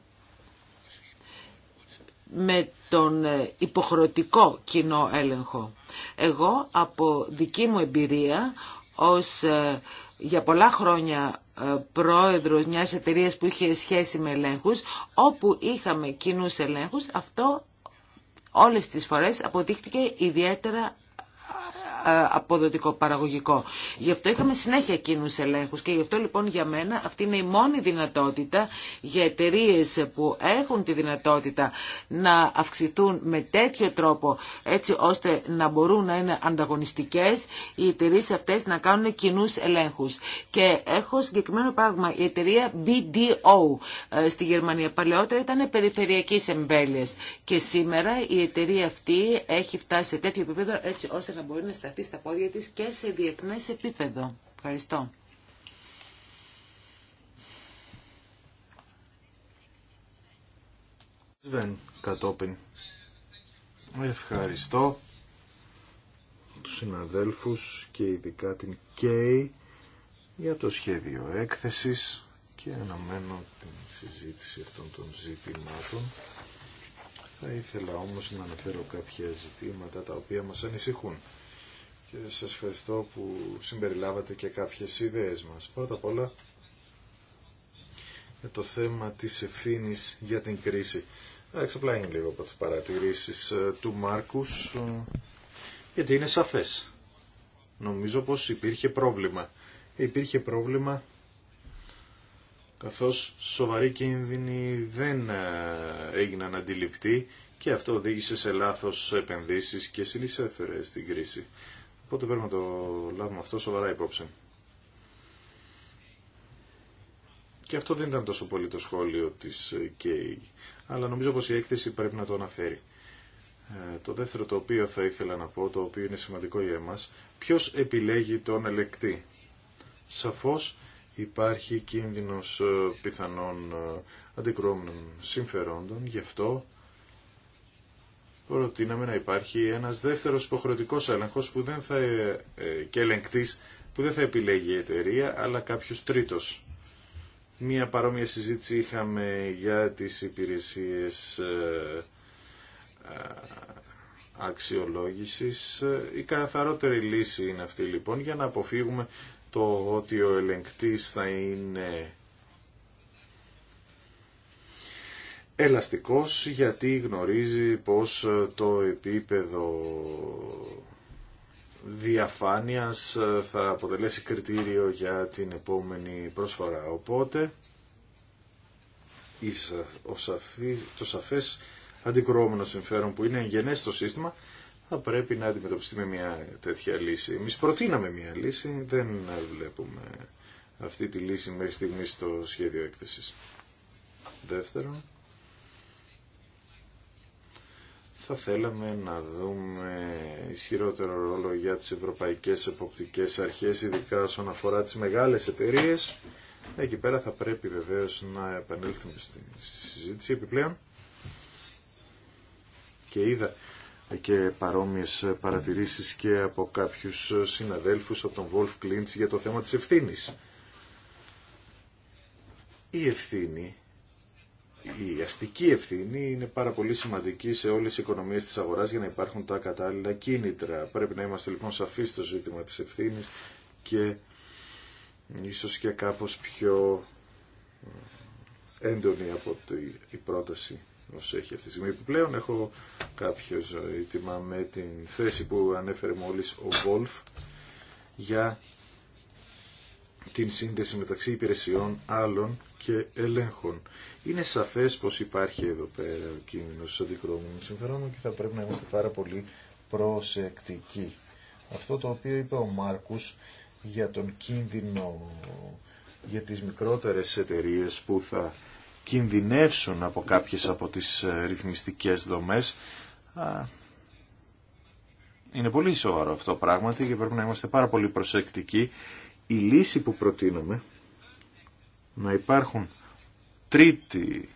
με τον ε, υποχρεωτικό κοινό έλεγχο. Εγώ από δική μου εμπειρία ως ε, για πολλά χρόνια ε, πρόεδρος μιας εταιρείας που είχε σχέση με ελέγχους, όπου είχαμε κοινούς ελέγχους, αυτό όλες τις φορές αποδείχτηκε ιδιαίτερα ε, αποδοτικό, παραγωγικό. Γι' αυτό είχαμε συνέχεια κοινού ελέγχου και γι' αυτό λοιπόν για μένα αυτή είναι η μόνη δυνατότητα για εταιρείε που έχουν τη δυνατότητα να αυξηθούν με τέτοιο τρόπο έτσι ώστε να μπορούν να είναι ανταγωνιστικέ οι εταιρείε αυτέ να κάνουν κοινού ελέγχου. Και έχω συγκεκριμένο παράδειγμα η εταιρεία BDO ε, στη Γερμανία. Παλαιότερα ήταν περιφερειακή εμβέλεια και σήμερα η εταιρεία αυτή έχει φτάσει σε τέτοιο επίπεδο έτσι ώστε να μπορεί να σταθεί αυτή στα της και σε διεθνές επίπεδο. Ευχαριστώ. Σβέν, κατόπιν. Ευχαριστώ τους συναδέλφους και ειδικά την ΚΕΙ για το σχέδιο έκθεσης και αναμένω την συζήτηση αυτών των ζητημάτων. Θα ήθελα όμως να αναφέρω κάποια ζητήματα τα οποία μας ανησυχούν και σας ευχαριστώ που συμπεριλάβατε και κάποιες ιδέες μας. Πρώτα απ' όλα, το θέμα της ευθύνη για την κρίση. Εξαπλάγει λίγο από τις παρατηρήσεις ε, του Μάρκους, ε, γιατί είναι σαφές. Νομίζω πως υπήρχε πρόβλημα. Υπήρχε πρόβλημα καθώς σοβαροί κίνδυνοι δεν ε, έγιναν αντιληπτοί και αυτό οδήγησε σε λάθος επενδύσεις και συνεισέφερε στην κρίση. Οπότε πρέπει να το λάβουμε αυτό σοβαρά υπόψη. Και αυτό δεν ήταν τόσο πολύ το σχόλιο της ε, ΚΕΙ, αλλά νομίζω πως η έκθεση πρέπει να το αναφέρει. Ε, το δεύτερο το οποίο θα ήθελα να πω, το οποίο είναι σημαντικό για εμάς, ποιος επιλέγει τον ελεκτή. Σαφώς υπάρχει κίνδυνος ε, πιθανών αντικρώμενων συμφερόντων, γι' αυτό προτείναμε να υπάρχει ένας δεύτερος υποχρεωτικό έλεγχος που δεν θα, ε, ε, και ελεγκτής που δεν θα επιλέγει η εταιρεία αλλά κάποιος τρίτος. Μία παρόμοια συζήτηση είχαμε για τις υπηρεσίες ε, αξιολόγησης. Η καθαρότερη λύση είναι αυτή λοιπόν για να αποφύγουμε το ότι ο ελεγκτής θα είναι ελαστικός γιατί γνωρίζει πως ε, το επίπεδο διαφάνειας ε, θα αποτελέσει κριτήριο για την επόμενη πρόσφορα. Οπότε το σαφές αντικρουόμενο συμφέρον που είναι εγγενές στο σύστημα θα πρέπει να αντιμετωπιστεί με μια τέτοια λύση. Εμεί προτείναμε μια λύση, δεν βλέπουμε αυτή τη λύση μέχρι στιγμή στο σχέδιο έκθεσης. Δεύτερον, θα θέλαμε να δούμε ισχυρότερο ρόλο για τις ευρωπαϊκές εποπτικές αρχές, ειδικά όσον αφορά τις μεγάλες εταιρείες. Εκεί πέρα θα πρέπει βεβαίως να επανέλθουμε στη συζήτηση επιπλέον. Και είδα και παρόμοιες παρατηρήσεις και από κάποιους συναδέλφους από τον Wolf Κλίντς για το θέμα της ευθύνης. Η ευθύνη η αστική ευθύνη είναι πάρα πολύ σημαντική σε όλες τις οικονομίες της αγοράς για να υπάρχουν τα κατάλληλα κίνητρα. Πρέπει να είμαστε λοιπόν σαφείς στο ζήτημα της ευθύνη και ίσως και κάπως πιο ε, έντονη από η πρόταση όσο έχει αυτή τη στιγμή. Επιπλέον έχω κάποιο ζήτημα με την θέση που ανέφερε μόλις ο Βόλφ για την σύνδεση μεταξύ υπηρεσιών άλλων και ελέγχων. Είναι σαφές πως υπάρχει εδώ πέρα ο κίνδυνος της συμφερόντων και θα πρέπει να είμαστε πάρα πολύ προσεκτικοί. Αυτό το οποίο είπε ο Μάρκους για τον κίνδυνο για τις μικρότερες εταιρείες που θα κινδυνεύσουν από κάποιες από τις ε, ρυθμιστικές δομές είναι πολύ σοβαρό αυτό πράγματι και πρέπει να είμαστε πάρα πολύ προσεκτικοί η λύση που προτείνουμε να υπάρχουν τρίτη,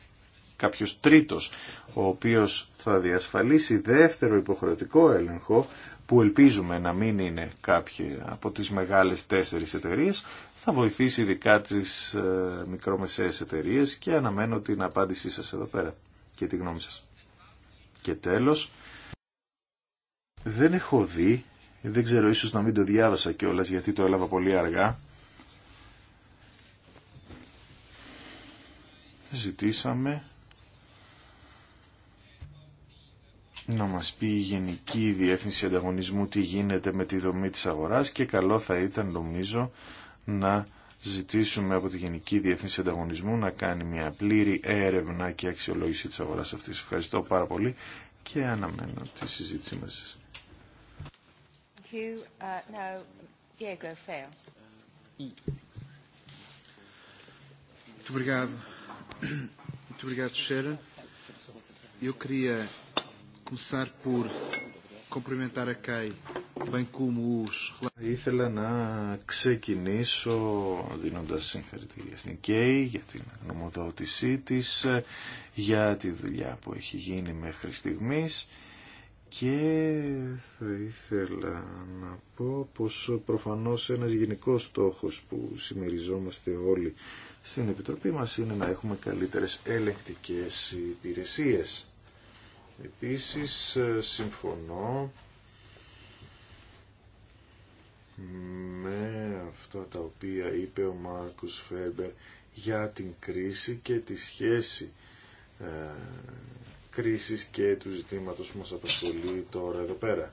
κάποιος τρίτος ο οποίος θα διασφαλίσει δεύτερο υποχρεωτικό έλεγχο που ελπίζουμε να μην είναι κάποιοι από τις μεγάλες τέσσερις εταιρείες θα βοηθήσει ειδικά τις ε, μικρομεσαίες και αναμένω την απάντησή σας εδώ πέρα και τη γνώμη σας. Και τέλος, δεν έχω δει δεν ξέρω, ίσως να μην το διάβασα κιόλας γιατί το έλαβα πολύ αργά. Ζητήσαμε να μας πει η Γενική Διεύθυνση Ανταγωνισμού τι γίνεται με τη δομή της αγοράς και καλό θα ήταν νομίζω να ζητήσουμε από τη Γενική Διεύθυνση Ανταγωνισμού να κάνει μια πλήρη έρευνα και αξιολόγηση της αγοράς αυτής. Ευχαριστώ πάρα πολύ και αναμένω τη συζήτησή μας you. Uh, Now, Diego Feio. Muito obrigado. Muito obrigado, Sharon. Eu queria começar por cumprimentar a Kay, bem como os... Ήθελα να ξεκινήσω δίνοντας συγχαρητήρια στην ΚΕΙ για την γνωμοδότησή της, για τη δουλειά που έχει γίνει μέχρι στιγμής και θα ήθελα να πω πως προφανώς ένας γενικός στόχος που συμμεριζόμαστε όλοι στην Επιτροπή μας είναι να έχουμε καλύτερες έλεκτικες υπηρεσίες. Επίσης συμφωνώ με αυτά τα οποία είπε ο Μάρκους Φέμπερ για την κρίση και τη σχέση ε, κρίσης και του ζητήματος που μας απασχολεί τώρα εδώ πέρα.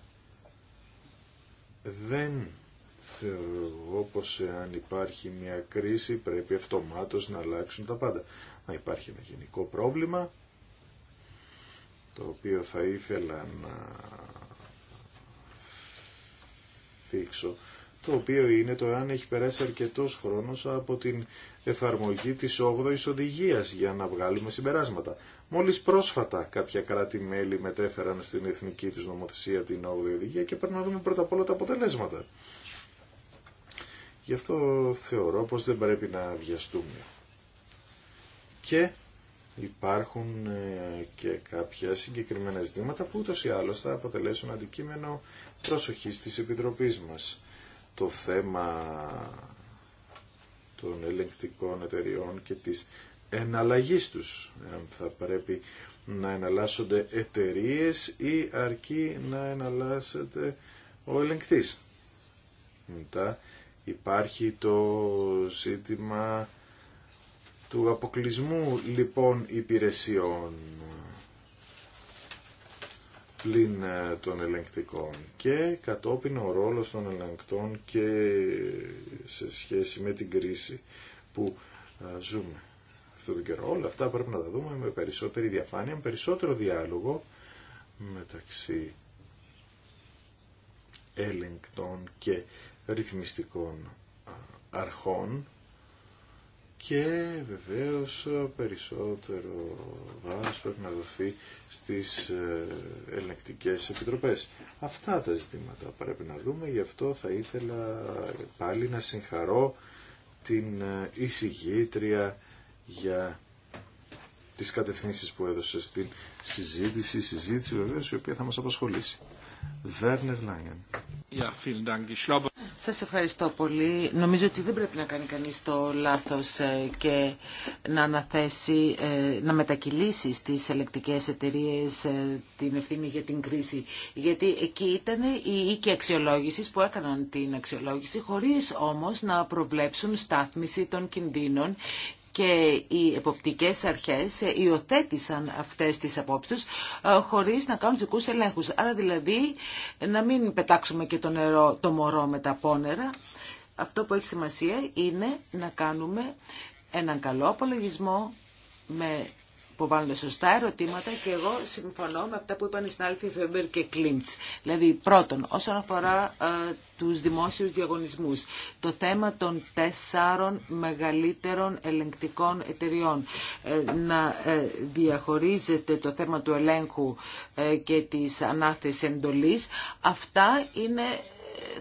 Δεν θεωρώ πως αν υπάρχει μια κρίση πρέπει αυτομάτως να αλλάξουν τα πάντα. Να υπάρχει ένα γενικό πρόβλημα το οποίο θα ήθελα να φίξω. το οποίο είναι το αν έχει περάσει αρκετός χρόνος από την εφαρμογή της 8ης οδηγίας για να βγάλουμε συμπεράσματα. Μόλις πρόσφατα κάποια κράτη-μέλη μετέφεραν στην εθνική τους νομοθεσία την 8 οδηγία και πρέπει να δούμε πρώτα απ' όλα τα αποτελέσματα. Γι' αυτό θεωρώ πως δεν πρέπει να βιαστούμε. Και υπάρχουν ε, και κάποια συγκεκριμένα ζητήματα που ούτως ή άλλως θα αποτελέσουν αντικείμενο προσοχής της Επιτροπής μας. Το θέμα των ελεγκτικών εταιριών και της εναλλαγής τους, αν θα πρέπει να εναλλάσσονται εταιρείε ή αρκεί να εναλλάσσεται ο ελεγκτής. Μετά υπάρχει το ζήτημα του αποκλεισμού λοιπόν υπηρεσιών πλην ε, των ελεγκτικών και κατόπιν ο ρόλος των ελεγκτών και σε σχέση με την κρίση που ε, ζούμε το Όλα αυτά πρέπει να τα δούμε με περισσότερη διαφάνεια, με περισσότερο διάλογο μεταξύ έλεγκτων και ρυθμιστικών αρχών και βεβαίως περισσότερο βάρος πρέπει να δοθεί στις ε, ελεγκτικές επιτροπές. Αυτά τα ζητήματα πρέπει να δούμε, γι' αυτό θα ήθελα πάλι να συγχαρώ την ε, εισηγήτρια για τις κατευθύνσεις που έδωσε στην συζήτηση, συζήτηση βεβαίω η οποία θα μας απασχολήσει. Βέρνερ Λάγκεν. Σας ευχαριστώ πολύ. Νομίζω ότι δεν πρέπει να κάνει κανείς το λάθος ε, και να αναθέσει, ε, να μετακυλήσει στις ελεκτικές εταιρείες ε, την ευθύνη για την κρίση. Γιατί εκεί ήταν οι οίκοι αξιολόγηση που έκαναν την αξιολόγηση χωρίς όμως να προβλέψουν στάθμιση των κινδύνων και οι εποπτικές αρχές υιοθέτησαν αυτές τις απόψεις ε, χωρίς να κάνουν δικούς ελέγχους. Άρα δηλαδή να μην πετάξουμε και το νερό το μωρό με τα πόνερα. Αυτό που έχει σημασία είναι να κάνουμε έναν καλό απολογισμό με που βάλουν σωστά ερωτήματα και εγώ συμφωνώ με αυτά που είπαν οι συνάδελφοι Φέμπερ και Κλίντς. Δηλαδή πρώτον, όσον αφορά ε, τους δημόσιους διαγωνισμούς, το θέμα των τεσσάρων μεγαλύτερων ελεγκτικών εταιριών, ε, να ε, διαχωρίζεται το θέμα του ελέγχου ε, και της ανάθεσης εντολής, αυτά είναι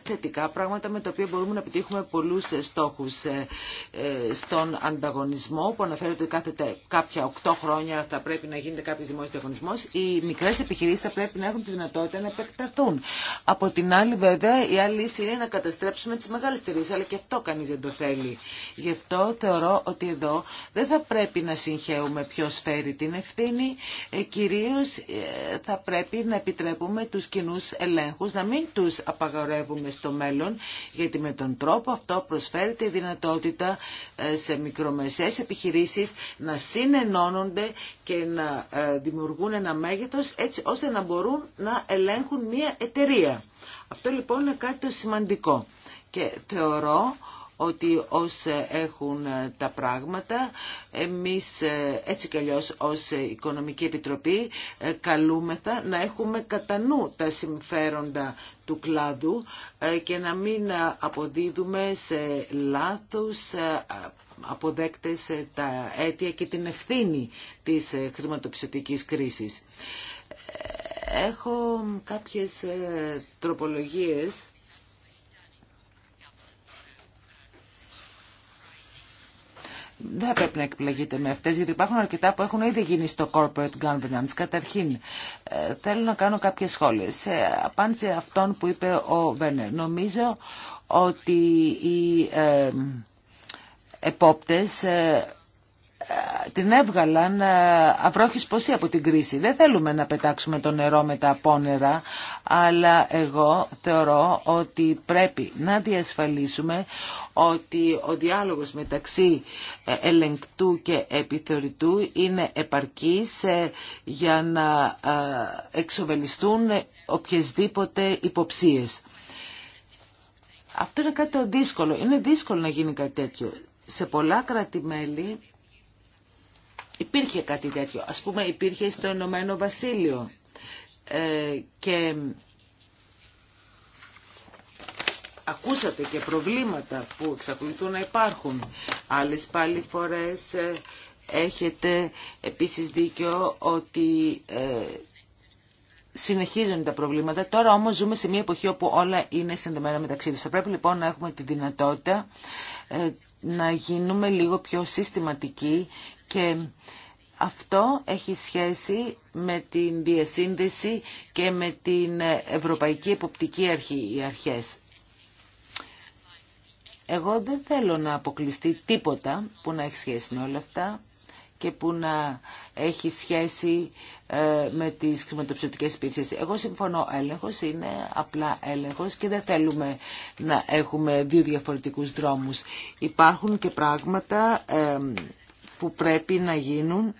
θετικά πράγματα με τα οποία μπορούμε να επιτύχουμε πολλούς ε, στόχους ε, ε, στον ανταγωνισμό που αναφέρεται ότι κάθε κάποια οκτώ χρόνια θα πρέπει να γίνεται κάποιος δημόσιος ανταγωνισμός. Οι μικρές επιχειρήσεις θα πρέπει να έχουν τη δυνατότητα να επεκταθούν. Από την άλλη βέβαια η άλλη λύση είναι να καταστρέψουμε τις μεγάλες εταιρείες αλλά και αυτό κανείς δεν το θέλει. Γι' αυτό θεωρώ ότι εδώ δεν θα πρέπει να συγχαίουμε ποιο φέρει την ευθύνη. Κυρίως θα πρέπει να επιτρέπουμε τους κοινού ελέγχους, να μην τους απαγορεύουμε δουλεύουμε στο μέλλον, γιατί με τον τρόπο αυτό προσφέρεται η δυνατότητα ε, σε μικρομεσαίες επιχειρήσεις να συνενώνονται και να ε, δημιουργούν ένα μέγεθος έτσι ώστε να μπορούν να ελέγχουν μια εταιρεία. Αυτό λοιπόν είναι κάτι το σημαντικό και θεωρώ ότι ως έχουν τα πράγματα, εμείς ε, έτσι κι αλλιώς ως Οικονομική Επιτροπή ε, καλούμεθα να έχουμε κατά νου τα συμφέροντα του κλάδου ε, και να μην αποδίδουμε σε λάθους αποδέκτες τα αίτια και την ευθύνη της χρηματοπιστωτικής κρίσης. Έχω κάποιες τροπολογίες δεν θα πρέπει να εκπλαγείτε με αυτές, γιατί υπάρχουν αρκετά που έχουν ήδη γίνει στο corporate governance. Καταρχήν, ε, θέλω να κάνω κάποιες σχόλια. Σε απάντηση αυτών που είπε ο Βέρνερ, νομίζω ότι οι ε, επόπτες ε, την έβγαλαν ε, αυρόχης ποσή από την κρίση. Δεν θέλουμε να πετάξουμε το νερό με τα πόνερα, αλλά εγώ θεωρώ ότι πρέπει να διασφαλίσουμε ότι ο διάλογος μεταξύ ε, ελεγκτού και επιθεωρητού είναι επαρκής ε, για να εξοβελιστούν οποιασδήποτε υποψίες. Αυτό είναι κάτι δύσκολο. Είναι δύσκολο να γίνει κάτι τέτοιο. Σε πολλά κράτη-μέλη Υπήρχε κάτι τέτοιο. Ας πούμε υπήρχε στο Ηνωμένο Βασίλειο. Ε, και ακούσατε και προβλήματα που εξακολουθούν να υπάρχουν. Άλλες πάλι φορές ε, έχετε επίσης δίκιο ότι ε, συνεχίζουν τα προβλήματα. Τώρα όμως ζούμε σε μια εποχή όπου όλα είναι συνδεμένα μεταξύ τους. Θα πρέπει λοιπόν να έχουμε τη δυνατότητα ε, να γίνουμε λίγο πιο συστηματικοί και αυτό έχει σχέση με την διασύνδεση και με την Ευρωπαϊκή Εποπτική Αρχή, οι αρχές. Εγώ δεν θέλω να αποκλειστεί τίποτα που να έχει σχέση με όλα αυτά και που να έχει σχέση ε, με τις χρηματοψηφιωτικές υπηρεσίες. Εγώ συμφωνώ, έλεγχος είναι απλά έλεγχος και δεν θέλουμε να έχουμε δύο διαφορετικούς δρόμους. Υπάρχουν και πράγματα ε, που πρέπει να γίνουν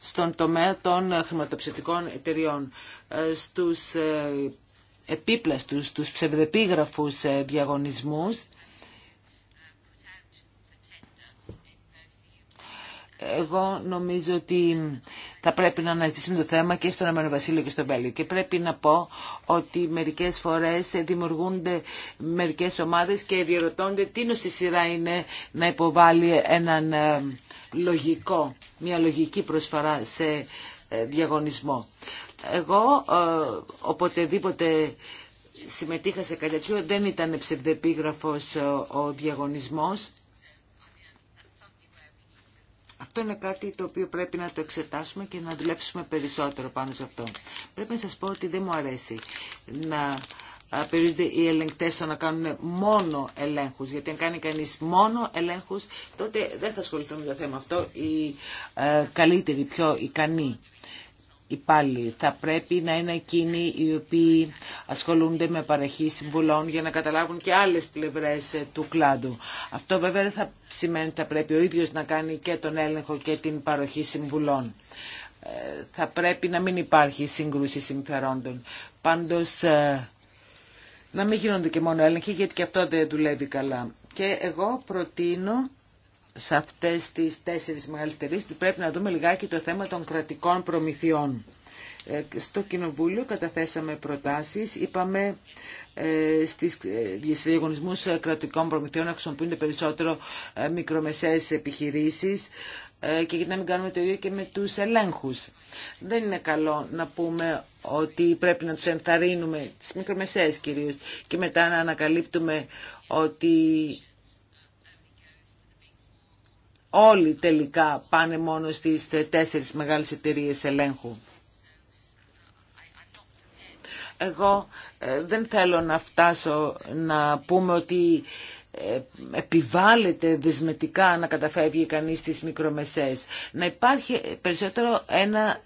στον τομέα των χρηματοψηφιστικών εταιριών, ε, στους ε, επίπλαστους, στους ψευδεπίγραφους ε, διαγωνισμούς. Εγώ νομίζω ότι θα πρέπει να αναζητήσουμε το θέμα και στον Αμένο Βασίλειο και στον Βέλιο. Και πρέπει να πω ότι μερικές φορές δημιουργούνται μερικές ομάδες και διαρωτώνται τι νοσή είναι να υποβάλει έναν λογικό, μια λογική προσφορά σε ε, διαγωνισμό. Εγώ ε, οποτεδήποτε συμμετείχα σε κάτι δεν ήταν ψευδεπίγραφος ο διαγωνισμός. Αυτό είναι κάτι το οποίο πρέπει να το εξετάσουμε και να δουλέψουμε περισσότερο πάνω σε αυτό. Πρέπει να σας πω ότι δεν μου αρέσει να περιορίζονται οι ελεγκτές να κάνουν μόνο ελέγχους. Γιατί αν κάνει κανείς μόνο ελέγχους, τότε δεν θα ασχοληθούν με το θέμα αυτό οι ε, καλύτεροι, πιο ικανοί υπάλληλοι. Θα πρέπει να είναι εκείνοι οι οποίοι ασχολούνται με παροχή συμβουλών για να καταλάβουν και άλλες πλευρές ε, του κλάδου. Αυτό βέβαια δεν θα σημαίνει ότι θα πρέπει ο ίδιος να κάνει και τον έλεγχο και την παροχή συμβουλών. Ε, θα πρέπει να μην υπάρχει σύγκρουση συμφερόντων. Πάντως ε, να μην γίνονται και μόνο έλεγχοι γιατί και αυτό δεν δουλεύει καλά. Και εγώ προτείνω σε αυτές τις τέσσερις μεγάλες εταιρείες ότι πρέπει να δούμε λιγάκι το θέμα των κρατικών προμηθειών. Ε, στο Κοινοβούλιο καταθέσαμε προτάσεις, είπαμε ε, στις ε, διαγωνισμούς κρατικών προμηθειών να χρησιμοποιούνται περισσότερο μικρομεσαίες επιχειρήσεις. Ε, και γιατί να μην κάνουμε το ίδιο και με τους ελέγχους. Δεν είναι καλό να πούμε ότι πρέπει να τους ενθαρρύνουμε, τις μικρομεσαίες κυρίως, και μετά να ανακαλύπτουμε ότι όλοι τελικά πάνε μόνο στις τέσσερις μεγάλες εταιρείες ελέγχου. Εγώ ε, δεν θέλω να φτάσω να πούμε ότι ε, επιβάλλεται δεσμετικά να καταφεύγει κανείς στις μικρομεσές. Να υπάρχει περισσότερο ένα,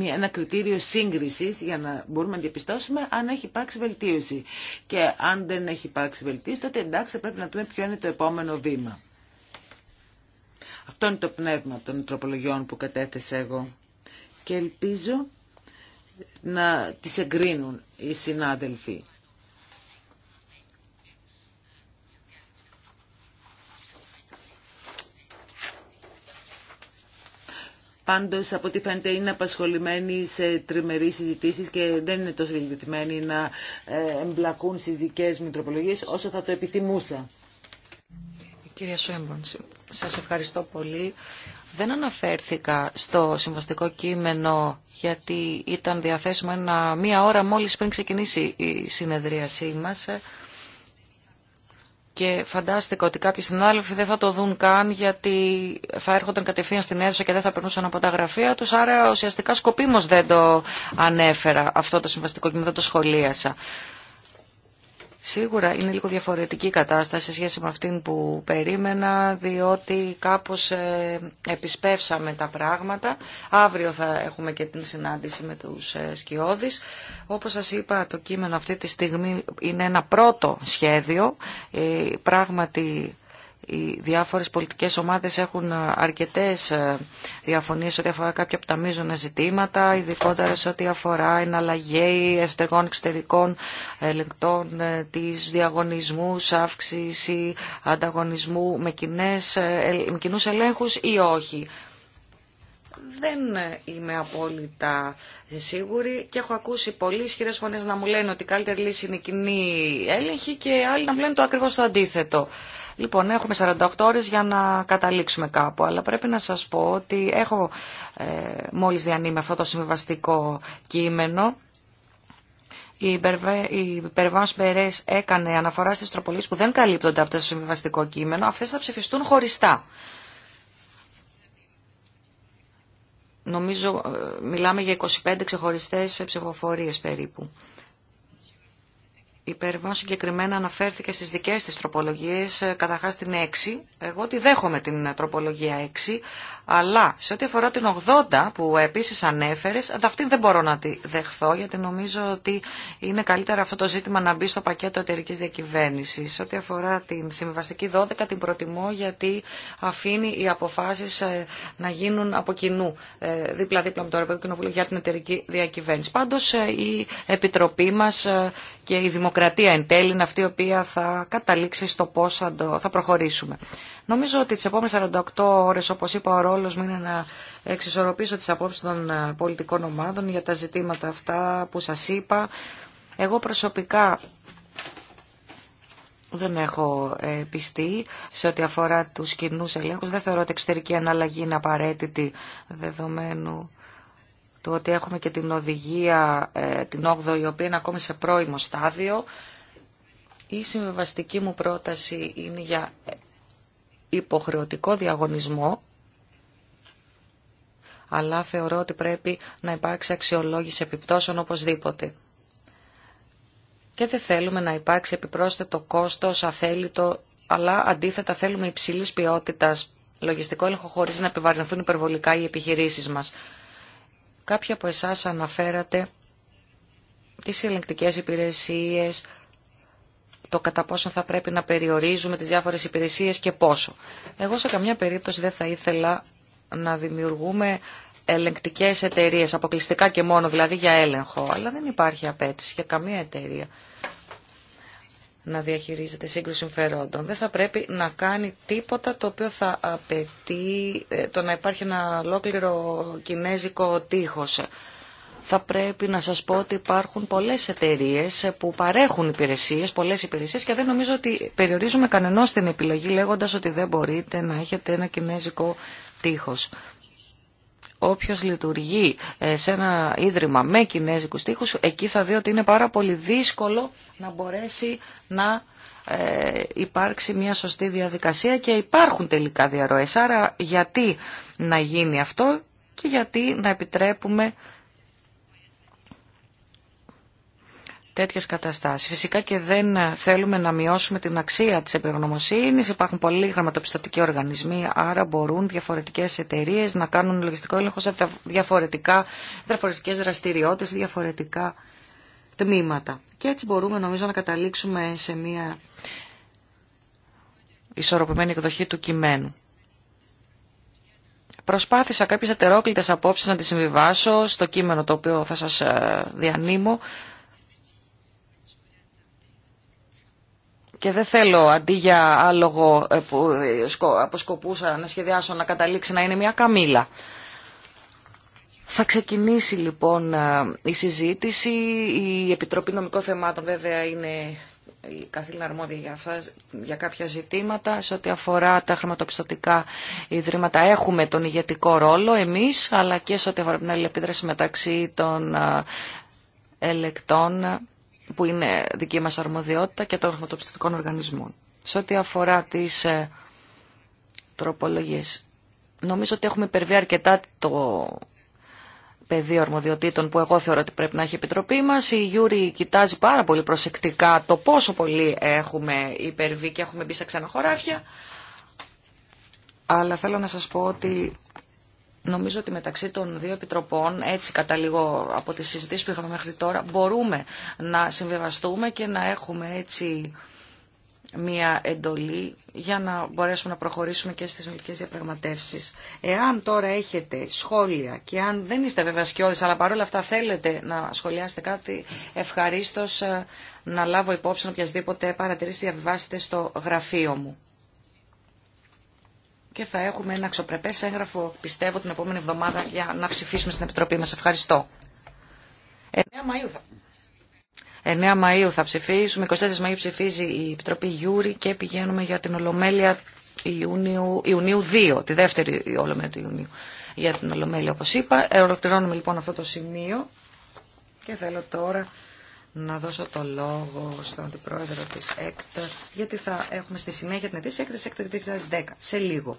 ε, ένα κριτήριο σύγκρισης για να μπορούμε να διαπιστώσουμε αν έχει υπάρξει βελτίωση. Και αν δεν έχει υπάρξει βελτίωση, τότε εντάξει πρέπει να δούμε ποιο είναι το επόμενο βήμα. Αυτό είναι το πνεύμα των τροπολογιών που κατέθεσα εγώ. Και ελπίζω να τις εγκρίνουν οι συνάδελφοι. Πάντως, από ό,τι φαίνεται, είναι απασχολημένοι σε τριμερείς συζητήσεις και δεν είναι τόσο να ε, εμπλακούν στις δικές μου όσο θα το επιθυμούσα. Κυρία Σόιμπον, σας ευχαριστώ πολύ. Δεν αναφέρθηκα στο συμβαστικό κείμενο γιατί ήταν διαθέσιμο ένα, μία ώρα μόλις πριν ξεκινήσει η συνεδρίασή μας και φαντάστηκα ότι κάποιοι συνάδελφοι δεν θα το δουν καν γιατί θα έρχονταν κατευθείαν στην αίθουσα και δεν θα περνούσαν από τα γραφεία τους, άρα ουσιαστικά σκοπίμως δεν το ανέφερα αυτό το συμβαστικό κείμενο, δεν το σχολίασα. Σίγουρα είναι λίγο διαφορετική η κατάσταση σε σχέση με αυτήν που περίμενα, διότι κάπως ε, επισπεύσαμε τα πράγματα. Αύριο θα έχουμε και την συνάντηση με τους ε, Σκιόδης Όπως σας είπα, το κείμενο αυτή τη στιγμή είναι ένα πρώτο σχέδιο. Ε, πράγματι οι διάφορες πολιτικές ομάδες έχουν ε, αρκετές ε, διαφωνίες ό,τι αφορά κάποια από τα μείζωνα ζητήματα, ειδικότερα σε ό,τι αφορά εναλλαγή εσωτερικών εξωτερικών ελεγκτών, ε, τις διαγωνισμούς, αύξηση ανταγωνισμού με, κοινές, με κοινούς ελέγχους ή όχι. Δεν είμαι απόλυτα σίγουρη και έχω ακούσει πολλοί ισχυρές φωνές να μου λένε ότι η καλύτερη λύση είναι η κοινή έλεγχη και άλλοι να μου λένε το ακριβώς το αντίθετο. Λοιπόν, έχουμε 48 ώρες για να καταλήξουμε κάπου, αλλά πρέπει να σας πω ότι έχω ε, μόλις διανύμει αυτό το συμβιβαστικό κείμενο. Η Περβάνς Μπερές έκανε αναφορά στις τροπολίες που δεν καλύπτονται από το συμβιβαστικό κείμενο. Αυτές θα ψηφιστούν χωριστά. Νομίζω ε, μιλάμε για 25 ξεχωριστές ψηφοφορίες περίπου. Η συγκεκριμένα αναφέρθηκε στις δικές της τροπολογίες, ε, καταρχάς την 6. Εγώ τη δέχομαι την ε, τροπολογία 6, αλλά σε ό,τι αφορά την 80 που επίσης ανέφερες, ε, αυτήν δεν μπορώ να τη δεχθώ, γιατί νομίζω ότι είναι καλύτερα αυτό το ζήτημα να μπει στο πακέτο εταιρική διακυβέρνηση. Σε ό,τι αφορά την συμβιβαστική 12 την προτιμώ, γιατί αφήνει οι αποφάσεις να γίνουν από κοινού, δίπλα-δίπλα με το Ευρωπαϊκό Κοινοβούλιο για την εταιρική διακυβέρνηση. Πάντως η Επιτροπή μας και η δημοκρατία εν τέλει είναι αυτή η οποία θα καταλήξει στο πώ θα, θα προχωρήσουμε. Νομίζω ότι τις επόμενε 48 ώρες, όπως είπα, ο ρόλος μου είναι να εξισορροπήσω τις απόψεις των ε, πολιτικών ομάδων για τα ζητήματα αυτά που σας είπα. Εγώ προσωπικά δεν έχω ε, πιστεί σε ό,τι αφορά τους κοινού ελέγχους. Δεν θεωρώ ότι εξωτερική αναλλαγή είναι απαραίτητη δεδομένου το ότι έχουμε και την οδηγία ε, την 8η, η οποία είναι ακόμη σε πρώιμο στάδιο. Η συμβιβαστική μου πρόταση είναι για υποχρεωτικό διαγωνισμό, αλλά θεωρώ ότι πρέπει να υπάρξει αξιολόγηση επιπτώσεων οπωσδήποτε. Και δεν θέλουμε να υπάρξει επιπρόσθετο κόστος αθέλητο, αλλά αντίθετα θέλουμε υψηλής ποιότητας λογιστικό έλεγχο χωρίς να επιβαρυνθούν υπερβολικά οι επιχειρήσεις μας. Κάποιοι από εσάς αναφέρατε τις ελεγκτικές υπηρεσίες, το κατά πόσο θα πρέπει να περιορίζουμε τις διάφορες υπηρεσίες και πόσο. Εγώ σε καμιά περίπτωση δεν θα ήθελα να δημιουργούμε ελεγκτικές εταιρείε, αποκλειστικά και μόνο δηλαδή για έλεγχο, αλλά δεν υπάρχει απέτηση για καμία εταιρεία να διαχειρίζεται σύγκρουση συμφερόντων. Δεν θα πρέπει να κάνει τίποτα το οποίο θα απαιτεί ε, το να υπάρχει ένα ολόκληρο κινέζικο τείχος. Θα πρέπει να σας πω ότι υπάρχουν πολλές εταιρείες που παρέχουν υπηρεσίες, πολλές υπηρεσίες και δεν νομίζω ότι περιορίζουμε κανενός την επιλογή λέγοντας ότι δεν μπορείτε να έχετε ένα κινέζικο τείχος όποιος λειτουργεί ε, σε ένα ίδρυμα με κινέζικους τείχους, εκεί θα δει ότι είναι πάρα πολύ δύσκολο να μπορέσει να ε, υπάρξει μια σωστή διαδικασία και υπάρχουν τελικά διαρροές. Άρα γιατί να γίνει αυτό και γιατί να επιτρέπουμε τέτοιες καταστάσεις. Φυσικά και δεν θέλουμε να μειώσουμε την αξία της εμπειρογνωμοσύνης. Υπάρχουν πολλοί γραμματοπιστωτικοί οργανισμοί, άρα μπορούν διαφορετικές εταιρείε να κάνουν λογιστικό έλεγχο σε διαφορετικά, διαφορετικές δραστηριότητες, διαφορετικά τμήματα. Και έτσι μπορούμε νομίζω να καταλήξουμε σε μια ισορροπημένη εκδοχή του κειμένου. Προσπάθησα κάποιες ατερόκλητες απόψεις να τις συμβιβάσω στο κείμενο το οποίο θα σας ε, διανύμω. Και δεν θέλω αντί για άλογο ε, που ε, αποσκοπούσα να σχεδιάσω να καταλήξει να είναι μια καμήλα. Θα ξεκινήσει λοιπόν ε, η συζήτηση. Η Επιτροπή Νομικών Θεμάτων βέβαια είναι η καθήλυνα αρμόδια για, για κάποια ζητήματα. Σε ό,τι αφορά τα χρηματοπιστωτικά ιδρύματα έχουμε τον ηγετικό ρόλο εμείς, αλλά και σε ό,τι αφορά την αλληλεπίδραση μεταξύ των ελεκτών που είναι δική μας αρμοδιότητα και των χρηματοπιστωτικών οργανισμών. Σε ό,τι αφορά τις ε, τροπολογίες, νομίζω ότι έχουμε υπερβεί αρκετά το πεδίο αρμοδιοτήτων που εγώ θεωρώ ότι πρέπει να έχει η Επιτροπή μας. Η Γιούρη κοιτάζει πάρα πολύ προσεκτικά το πόσο πολύ έχουμε υπερβεί και έχουμε μπει σε ξαναχωράφια. Αλλά θέλω να σας πω ότι Νομίζω ότι μεταξύ των δύο επιτροπών, έτσι λίγο από τις συζητήσεις που είχαμε μέχρι τώρα, μπορούμε να συμβιβαστούμε και να έχουμε έτσι μια εντολή για να μπορέσουμε να προχωρήσουμε και στις μελικές διαπραγματεύσεις. Εάν τώρα έχετε σχόλια και αν δεν είστε βέβαια αλλά παρόλα αυτά θέλετε να σχολιάσετε κάτι, ευχαρίστως ε, να λάβω υπόψη οποιασδήποτε παρατηρήσει διαβιβάσετε στο γραφείο μου και θα έχουμε ένα αξιοπρεπές έγγραφο, πιστεύω, την επόμενη εβδομάδα για να ψηφίσουμε στην Επιτροπή μας. Ευχαριστώ. 9 Μαΐου θα... 9 Μαΐου θα ψηφίσουμε, 24 Μαΐου ψηφίζει η Επιτροπή Γιούρη και πηγαίνουμε για την Ολομέλεια Ιουνίου, Ιουνίου 2, τη δεύτερη Ολομέλεια του Ιουνίου για την Ολομέλεια όπως είπα. Ολοκληρώνουμε λοιπόν αυτό το σημείο και θέλω τώρα να δώσω το λόγο στον αντιπρόεδρο της ΕΚΤ γιατί θα έχουμε στη συνέχεια την ετήσια έκθεση ΕΚΤ 2010 σε λίγο.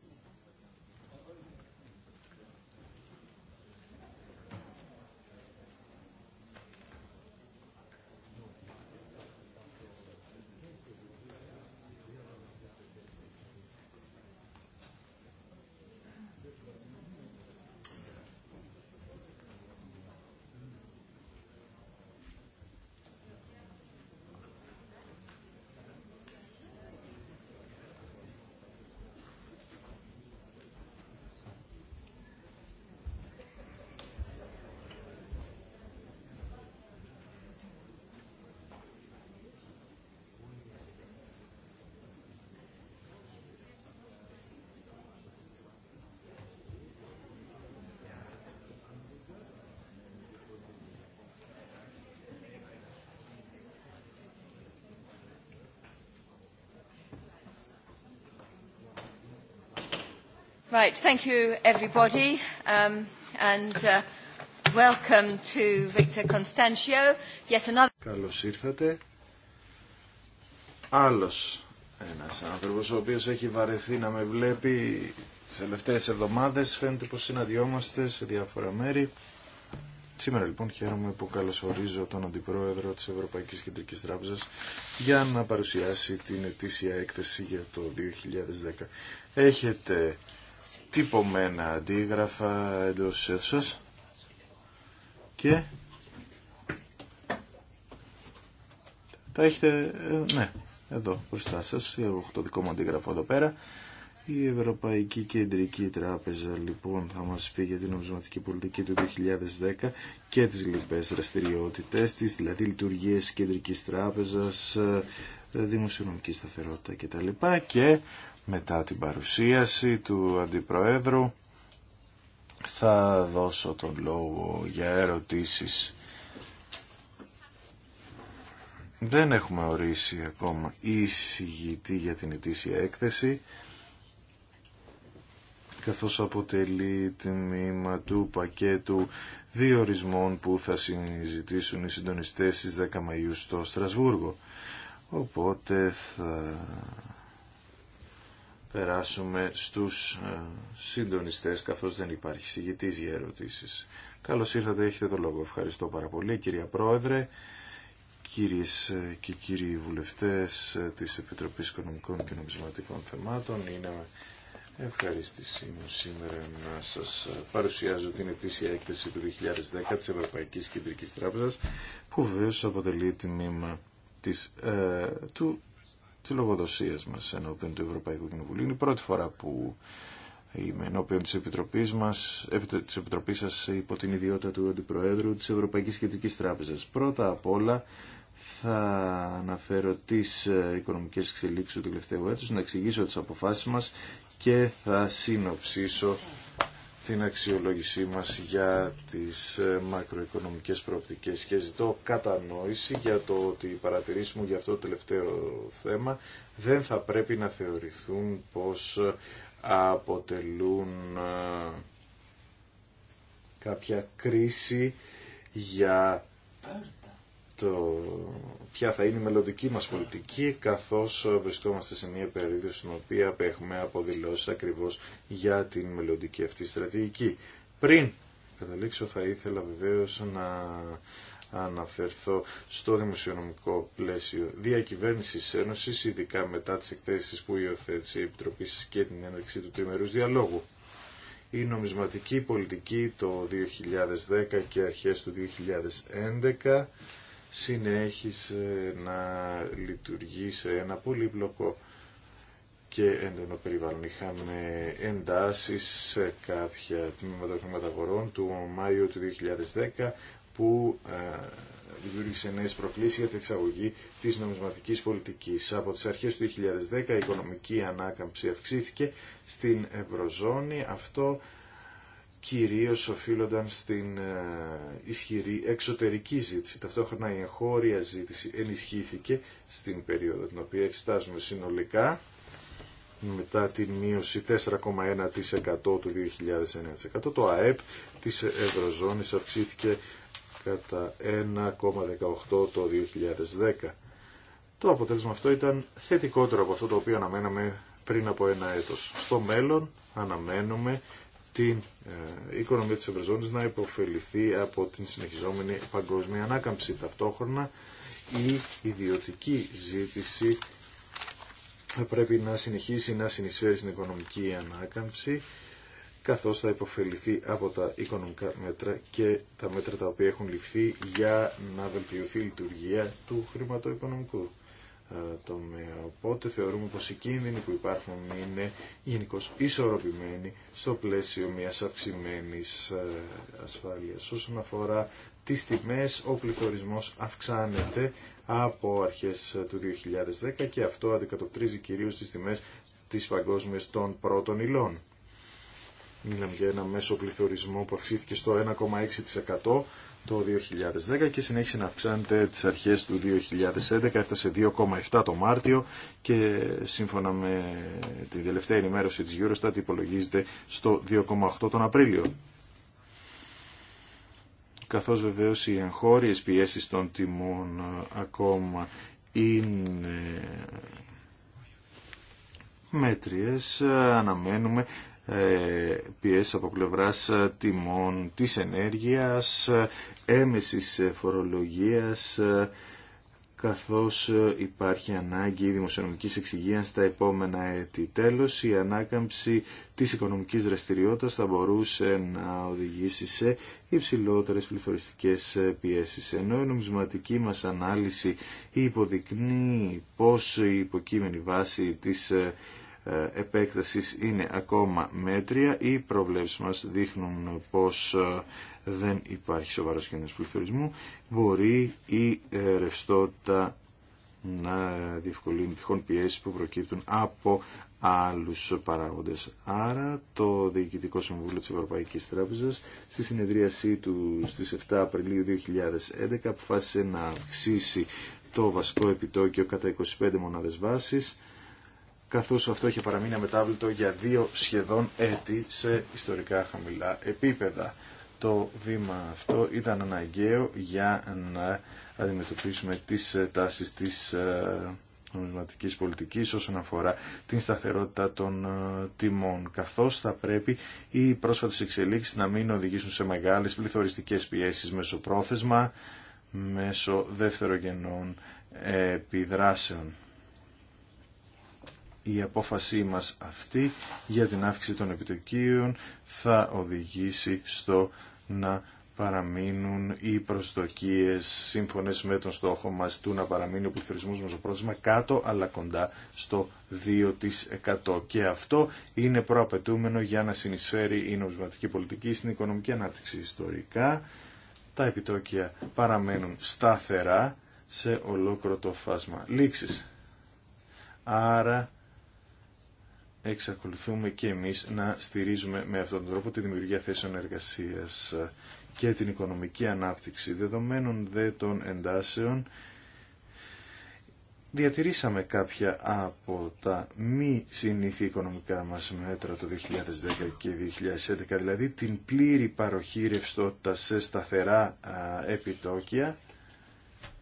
Right, thank you everybody um, and uh, welcome to Victor Constantio. Yet another... Καλώς ήρθατε. Άλλος ένας άνθρωπος ο οποίος έχει βαρεθεί να με βλέπει τις τελευταίες εβδομάδες. Φαίνεται πως συναντιόμαστε σε διάφορα μέρη. Σήμερα λοιπόν χαίρομαι που καλωσορίζω τον Αντιπρόεδρο της Ευρωπαϊκής Κεντρικής Τράπεζας για να παρουσιάσει την ετήσια έκθεση για το 2010. Έχετε τυπωμένα αντίγραφα εντός αίθουσας και τα έχετε, ε, ναι, εδώ μπροστά σας, έχω το δικό μου αντίγραφο εδώ πέρα. Η Ευρωπαϊκή Κεντρική Τράπεζα λοιπόν θα μας πει για την νομισματική πολιτική του 2010 και τις λοιπές δραστηριότητες της, δηλαδή λειτουργίες Κεντρικής Τράπεζας, ε, δημοσιονομική σταθερότητα κτλ. Και μετά την παρουσίαση του Αντιπροέδρου θα δώσω τον λόγο για ερωτήσεις. Δεν έχουμε ορίσει ακόμα εισηγητή για την ετήσια έκθεση καθώς αποτελεί τμήμα του πακέτου διορισμών που θα συζητήσουν οι συντονιστές στις 10 Μαΐου στο Στρασβούργο. Οπότε θα περάσουμε στους ε, συντονιστές, καθώς δεν υπάρχει συγητής για ερωτήσεις. Καλώς ήρθατε, έχετε το λόγο. Ευχαριστώ πάρα πολύ, κυρία Πρόεδρε, κυρίες ε, και κύριοι βουλευτές ε, της Επιτροπής Οικονομικών και Νομισματικών Θεμάτων. Είναι ευχαριστησή σήμερα να σας παρουσιάζω την ετήσια έκθεση του 2010 της Ευρωπαϊκής Κεντρικής Τράπεζας, που βεβαίω αποτελεί τμήμα της, ε, του τη λογοδοσία μας ενώπιον του Ευρωπαϊκού Κοινοβουλίου. Είναι η πρώτη φορά που είμαι ενώπιον τη Επιτροπή μας, Επιτροπής σας υπό την ιδιότητα του Αντιπροέδρου της Ευρωπαϊκής Κεντρικής Τράπεζας. Πρώτα απ' όλα θα αναφέρω τις ε, οικονομικές εξελίξεις του τελευταίου έτους, να εξηγήσω τις αποφάσεις μας και θα συνοψίσω την αξιολόγησή μας για τις ε, μακροοικονομικές προοπτικές και ζητώ κατανόηση για το ότι οι παρατηρήσεις μου για αυτό το τελευταίο θέμα δεν θα πρέπει να θεωρηθούν πως ε, αποτελούν ε, κάποια κρίση για το ποια θα είναι η μελλοντική μας πολιτική, καθώς βρισκόμαστε σε μια περίοδο στην οποία έχουμε αποδηλώσει ακριβώς για την μελλοντική αυτή στρατηγική. Πριν καταλήξω θα ήθελα βεβαίως να αναφερθώ στο δημοσιονομικό πλαίσιο Διακυβέρνηση Ένωση, ειδικά μετά τις εκθέσεις που υιοθέτησε η Επιτροπή και την έναρξη του τριμερού διαλόγου. Η νομισματική πολιτική το 2010 και αρχές του 2011 συνέχισε να λειτουργεί σε ένα πολύπλοκο και έντονο περιβάλλον. Είχαμε εντάσεις σε κάποια τμήματα χρηματαγορών του Μάιο του 2010 που ε, δημιούργησε νέε προκλήσει για την εξαγωγή τη νομισματική πολιτική. Από τι αρχέ του 2010 η οικονομική ανάκαμψη αυξήθηκε στην Ευρωζώνη. Αυτό κυρίως οφείλονταν στην ε, ισχυρή εξωτερική ζήτηση. Ταυτόχρονα η εγχώρια ζήτηση ενισχύθηκε στην περίοδο την οποία εξετάζουμε συνολικά μετά την μείωση 4,1% του 2009%. Το ΑΕΠ της Ευρωζώνης αυξήθηκε κατά 1,18% το 2010. Το αποτέλεσμα αυτό ήταν θετικότερο από αυτό το οποίο αναμέναμε πριν από ένα έτος. Στο μέλλον αναμένουμε την ε, οικονομία της Ευρωζώνης να υποφεληθεί από την συνεχιζόμενη παγκόσμια ανάκαμψη. Ταυτόχρονα η ιδιωτική ζήτηση πρέπει να συνεχίσει να συνεισφέρει στην οικονομική ανάκαμψη καθώς θα υποφεληθεί από τα οικονομικά μέτρα και τα μέτρα τα οποία έχουν ληφθεί για να βελτιωθεί η λειτουργία του χρηματοοικονομικού ε, τομέα. Οπότε θεωρούμε πως οι κίνδυνοι που υπάρχουν είναι γενικώ ισορροπημένοι στο πλαίσιο μιας αυξημένης ε, ασφάλειας. Όσον αφορά τις τιμές, ο πληθωρισμός αυξάνεται από αρχές ε, του 2010 και αυτό αντικατοπτρίζει κυρίως τις τιμές της παγκόσμιας των πρώτων υλών. Μιλάμε για ένα μέσο πληθωρισμό που αυξήθηκε στο 1,6% το 2010 και συνέχισε να αυξάνεται τις αρχές του 2011, έφτασε 2,7 το Μάρτιο και σύμφωνα με την τελευταία ενημέρωση της Eurostat υπολογίζεται στο 2,8 τον Απρίλιο. Καθώς βεβαίως οι εγχώριες πιέσεις των τιμών ε, ακόμα είναι μέτριες, ε, αναμένουμε Πιέσει από πλευράς ε, τιμών της ενέργειας, ε, έμεσης φορολογίας, ε, καθώς υπάρχει ανάγκη δημοσιονομικής εξυγείας στα επόμενα έτη. Τέλος, η ανάκαμψη της οικονομικής δραστηριότητας θα μπορούσε να οδηγήσει σε υψηλότερες πληθωριστικές πιέσεις. Ενώ η νομισματική μας ανάλυση υποδεικνύει πώς η υποκείμενη βάση της ε, επέκτασης είναι ακόμα μέτρια. Οι προβλέψεις μας δείχνουν πως ε, δεν υπάρχει σοβαρός κίνδυνος πληθωρισμού. Μπορεί η ε, ρευστότητα να διευκολύνει τυχόν πιέσεις που προκύπτουν από άλλους παράγοντες. Άρα το Διοικητικό Συμβούλιο της Ευρωπαϊκής Τράπεζας στη συνεδρίασή του στις 7 Απριλίου 2011 αποφάσισε να αυξήσει το βασικό επιτόκιο κατά 25 μονάδες βάσης καθώς αυτό είχε παραμείνει αμετάβλητο για δύο σχεδόν έτη σε ιστορικά χαμηλά επίπεδα. Το βήμα αυτό ήταν αναγκαίο για να αντιμετωπίσουμε τις ε, τάσεις της ε, νομισματικής πολιτικής όσον αφορά την σταθερότητα των ε, τιμών, καθώς θα πρέπει οι πρόσφατες εξελίξεις να μην οδηγήσουν σε μεγάλες πληθωριστικές πιέσεις μέσω πρόθεσμα, μέσω δεύτερογενών επιδράσεων η απόφασή μας αυτή για την αύξηση των επιτοκίων θα οδηγήσει στο να παραμείνουν οι προσδοκίες σύμφωνες με τον στόχο μας του να παραμείνει ο πληθωρισμός μεσοπρόθεσμα κάτω αλλά κοντά στο 2% και αυτό είναι προαπαιτούμενο για να συνεισφέρει η νομισματική πολιτική στην οικονομική ανάπτυξη ιστορικά. Τα επιτόκια παραμένουν σταθερά σε ολόκληρο το φάσμα λήξης. Άρα εξακολουθούμε και εμείς να στηρίζουμε με αυτόν τον τρόπο τη δημιουργία θέσεων εργασίας και την οικονομική ανάπτυξη. Δεδομένων δε των εντάσεων, διατηρήσαμε κάποια από τα μη συνήθεια οικονομικά μας μέτρα το 2010 και 2011, δηλαδή την πλήρη παροχή ρευστότητα σε σταθερά επιτόκια,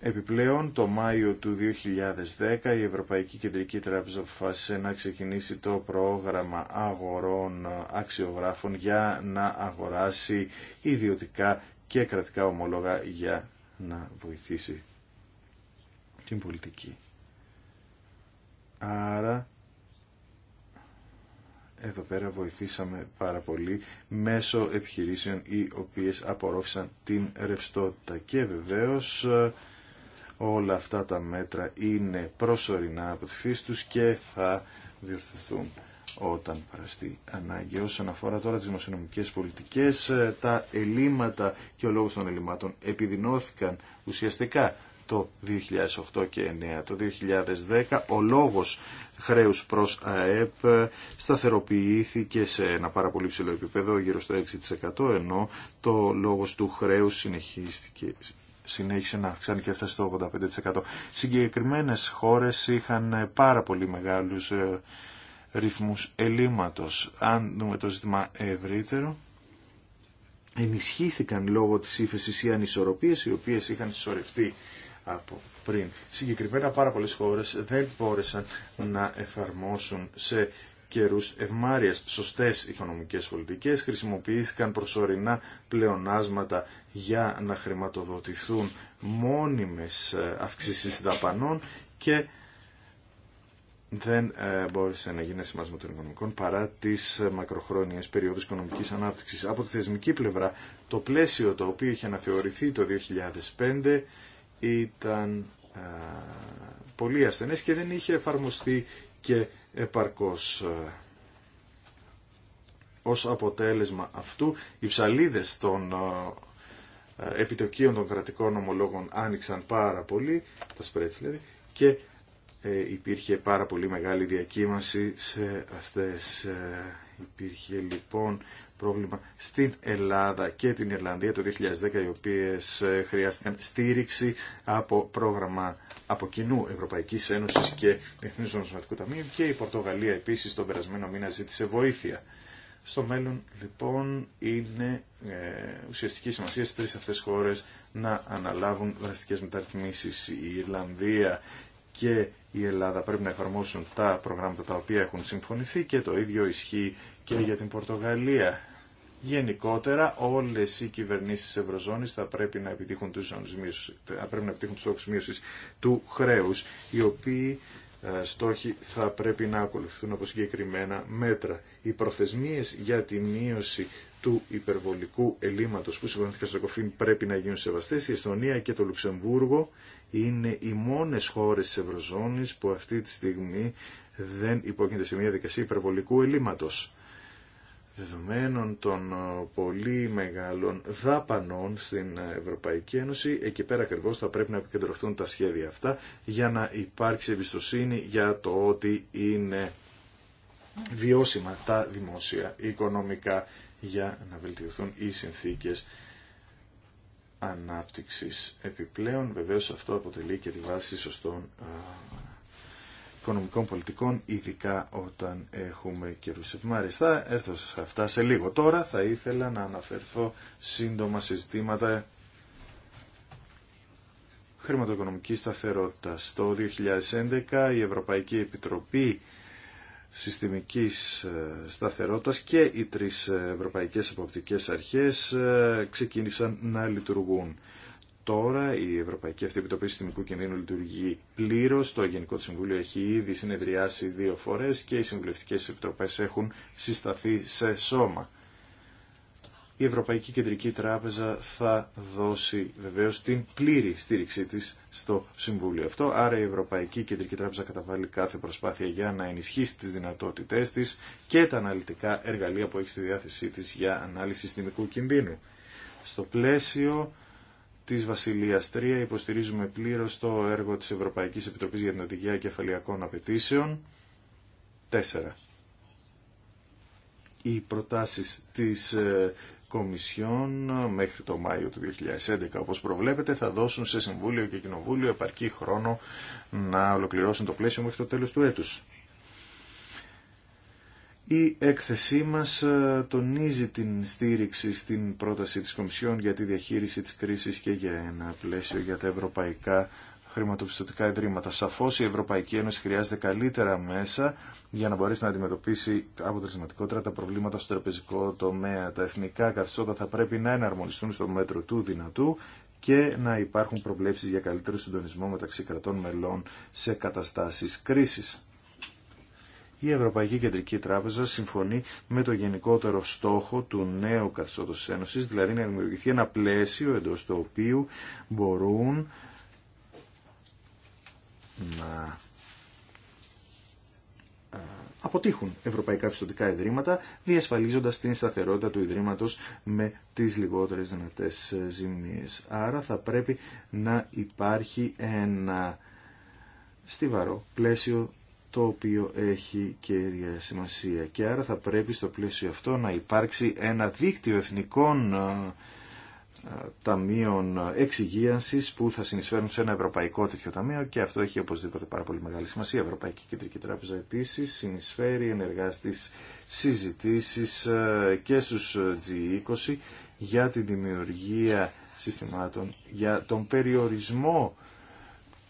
Επιπλέον, το Μάιο του 2010 η Ευρωπαϊκή Κεντρική Τράπεζα αποφάσισε να ξεκινήσει το πρόγραμμα αγορών αξιογράφων για να αγοράσει ιδιωτικά και κρατικά ομόλογα για να βοηθήσει την πολιτική. Άρα εδώ πέρα βοηθήσαμε πάρα πολύ μέσω επιχειρήσεων οι οποίες απορρόφησαν την ρευστότητα. Και βεβαίως όλα αυτά τα μέτρα είναι προσωρινά από τη φύση τους και θα διορθωθούν όταν παραστεί ανάγκη. Όσον αφορά τώρα τις δημοσιονομικές πολιτικές, τα ελλείμματα και ο λόγος των ελλείμματων επιδεινώθηκαν ουσιαστικά το 2008 και 2009. Το 2010 ο λόγος χρέους προς ΑΕΠ σταθεροποιήθηκε σε ένα πάρα πολύ ψηλό επίπεδο γύρω στο 6% ενώ το λόγος του χρέους συνεχίστηκε συνέχισε να αυξάνει και έφτασε στο 85%. Συγκεκριμένες χώρες είχαν πάρα πολύ μεγάλους ε, ρυθμούς ελλείμματος. Αν δούμε το ζήτημα ευρύτερο, ενισχύθηκαν λόγω της ύφεσης οι ανισορροπίες οι οποίες είχαν συσσωρευτεί από πριν. Συγκεκριμένα πάρα πολλές χώρες δεν μπόρεσαν να εφαρμόσουν σε καιρούς ευμάρειας σωστές οικονομικές πολιτικές, χρησιμοποιήθηκαν προσωρινά πλεονάσματα για να χρηματοδοτηθούν μόνιμες ε, αυξήσεις δαπανών και δεν ε, μπόρεσε να γίνει σημασμό των οικονομικών παρά τις ε, μακροχρόνιες περιόδους οικονομικής ανάπτυξης. Από τη θεσμική πλευρά, το πλαίσιο το οποίο είχε αναθεωρηθεί το 2005 ήταν πολύ ασθενές και δεν είχε εφαρμοστεί και επαρκώς. Ως αποτέλεσμα αυτού, οι ψαλίδες των επιτοκίων των κρατικών ομολόγων άνοιξαν πάρα πολύ, τα σπρέτς δηλαδή, και ε, υπήρχε πάρα πολύ μεγάλη διακύμαση σε αυτές. Ε, υπήρχε λοιπόν πρόβλημα στην Ελλάδα και την Ιρλανδία το 2010, οι οποίες ε, χρειάστηκαν στήριξη από πρόγραμμα από κοινού Ευρωπαϊκής Ένωσης και Διεθνούς Νομισματικού Ταμείου και η Πορτογαλία επίσης τον περασμένο μήνα ζήτησε βοήθεια. Στο μέλλον, λοιπόν, είναι ε, ουσιαστική σημασία στις τρεις αυτές χώρες να αναλάβουν δραστικές μεταρρυθμίσεις. Η Ιρλανδία και η Ελλάδα πρέπει να εφαρμόσουν τα προγράμματα τα οποία έχουν συμφωνηθεί και το ίδιο ισχύει και για την Πορτογαλία. Γενικότερα όλε οι κυβερνήσει τη Ευρωζώνη θα πρέπει να επιτύχουν του στόχου μείωση του χρέου, οι οποίοι ε, στόχοι θα πρέπει να ακολουθούν από συγκεκριμένα μέτρα. Οι προθεσμίε για τη μείωση του υπερβολικού ελλείμματος που συμφωνήθηκαν στο κοφίν πρέπει να γίνουν σεβαστές. Η Εστονία και το Λουξεμβούργο είναι οι μόνες χώρες της Ευρωζώνης που αυτή τη στιγμή δεν υπόκεινται σε μια δικασία υπερβολικού ελλείμματος δεδομένων των ε, πολύ μεγάλων δάπανων στην Ευρωπαϊκή Ένωση, εκεί πέρα ακριβώ θα πρέπει να επικεντρωθούν τα σχέδια αυτά για να υπάρξει εμπιστοσύνη για το ότι είναι βιώσιμα τα δημόσια οικονομικά για να βελτιωθούν οι συνθήκες ανάπτυξης. Επιπλέον βεβαίως αυτό αποτελεί και τη βάση σωστών ε, οικονομικών πολιτικών, ειδικά όταν έχουμε καιρού ευμάρες. Θα έρθω σε αυτά σε λίγο. Τώρα θα ήθελα να αναφερθώ σύντομα σε ζητήματα χρηματοοικονομικής σταθερότητας. Το 2011 η Ευρωπαϊκή Επιτροπή συστημικής ε, σταθερότητας και οι τρεις ε, ευρωπαϊκές εποπτικές αρχές ε, ξεκίνησαν να λειτουργούν τώρα. Η Ευρωπαϊκή Αυτή του Συστημικού Κινδύνου λειτουργεί πλήρω. Το Γενικό Συμβούλιο έχει ήδη συνεδριάσει δύο φορέ και οι συμβουλευτικέ επιτροπέ έχουν συσταθεί σε σώμα. Η Ευρωπαϊκή Κεντρική Τράπεζα θα δώσει βεβαίω την πλήρη στήριξή τη στο Συμβούλιο αυτό. Άρα η Ευρωπαϊκή Κεντρική Τράπεζα καταβάλει κάθε προσπάθεια για να ενισχύσει τι δυνατότητε τη και τα αναλυτικά εργαλεία που έχει στη διάθεσή τη για ανάλυση συστημικού κινδύνου. Στο πλαίσιο της Βασιλείας 3 υποστηρίζουμε πλήρως το έργο της Ευρωπαϊκής Επιτροπής για την Οδηγία Κεφαλιακών Απαιτήσεων 4. Οι προτάσεις της ε, Κομισιόν μέχρι το Μάιο του 2011 όπως προβλέπετε θα δώσουν σε Συμβούλιο και Κοινοβούλιο επαρκή χρόνο να ολοκληρώσουν το πλαίσιο μέχρι το τέλος του έτους. Η έκθεσή μας ε, τονίζει την στήριξη στην πρόταση της Κομισιόν για τη διαχείριση της κρίσης και για ένα πλαίσιο για τα ευρωπαϊκά χρηματοπιστωτικά ιδρύματα. Σαφώς η Ευρωπαϊκή Ένωση χρειάζεται καλύτερα μέσα για να μπορέσει να αντιμετωπίσει αποτελεσματικότερα τα προβλήματα στο τραπεζικό τομέα. Τα εθνικά καθιστώτα θα πρέπει να εναρμονιστούν στο μέτρο του δυνατού και να υπάρχουν προβλέψεις για καλύτερο συντονισμό μεταξύ κρατών μελών σε καταστάσεις κρίσης η Ευρωπαϊκή Κεντρική Τράπεζα συμφωνεί με το γενικότερο στόχο του νέου καθεστώτος τη Ένωσης, δηλαδή να δημιουργηθεί ένα πλαίσιο εντό του οποίου μπορούν να ε, αποτύχουν ευρωπαϊκά πιστοτικά ιδρύματα, διασφαλίζοντας την σταθερότητα του ιδρύματος με τις λιγότερες δυνατές ε, ζημίες. Άρα θα πρέπει να υπάρχει ένα στιβαρό πλαίσιο το οποίο έχει κέρια σημασία. Και άρα θα πρέπει στο πλαίσιο αυτό να υπάρξει ένα δίκτυο εθνικών ε, ε, ταμείων εξυγίανσης που θα συνεισφέρουν σε ένα ευρωπαϊκό τέτοιο ταμείο και αυτό έχει οπωσδήποτε πάρα πολύ μεγάλη σημασία. Η Ευρωπαϊκή Κεντρική Τράπεζα επίσης συνεισφέρει ενεργά στις συζητήσεις ε, και στους G20 για την δημιουργία συστημάτων, για τον περιορισμό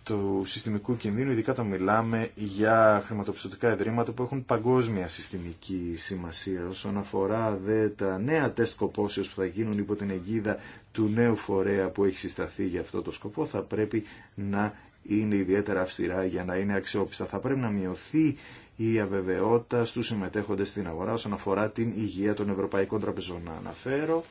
του συστημικού κινδύνου, ειδικά το μιλάμε για χρηματοπιστωτικά ιδρύματα που έχουν παγκόσμια συστημική σημασία όσον αφορά δε τα νέα τεστ κοπόσεως που θα γίνουν υπό την αιγίδα του νέου φορέα που έχει συσταθεί για αυτό το σκοπό θα πρέπει να είναι ιδιαίτερα αυστηρά για να είναι αξιόπιστα. Θα πρέπει να μειωθεί η αβεβαιότητα στους συμμετέχοντες στην αγορά όσον αφορά την υγεία των ευρωπαϊκών τραπεζών. Να αναφέρω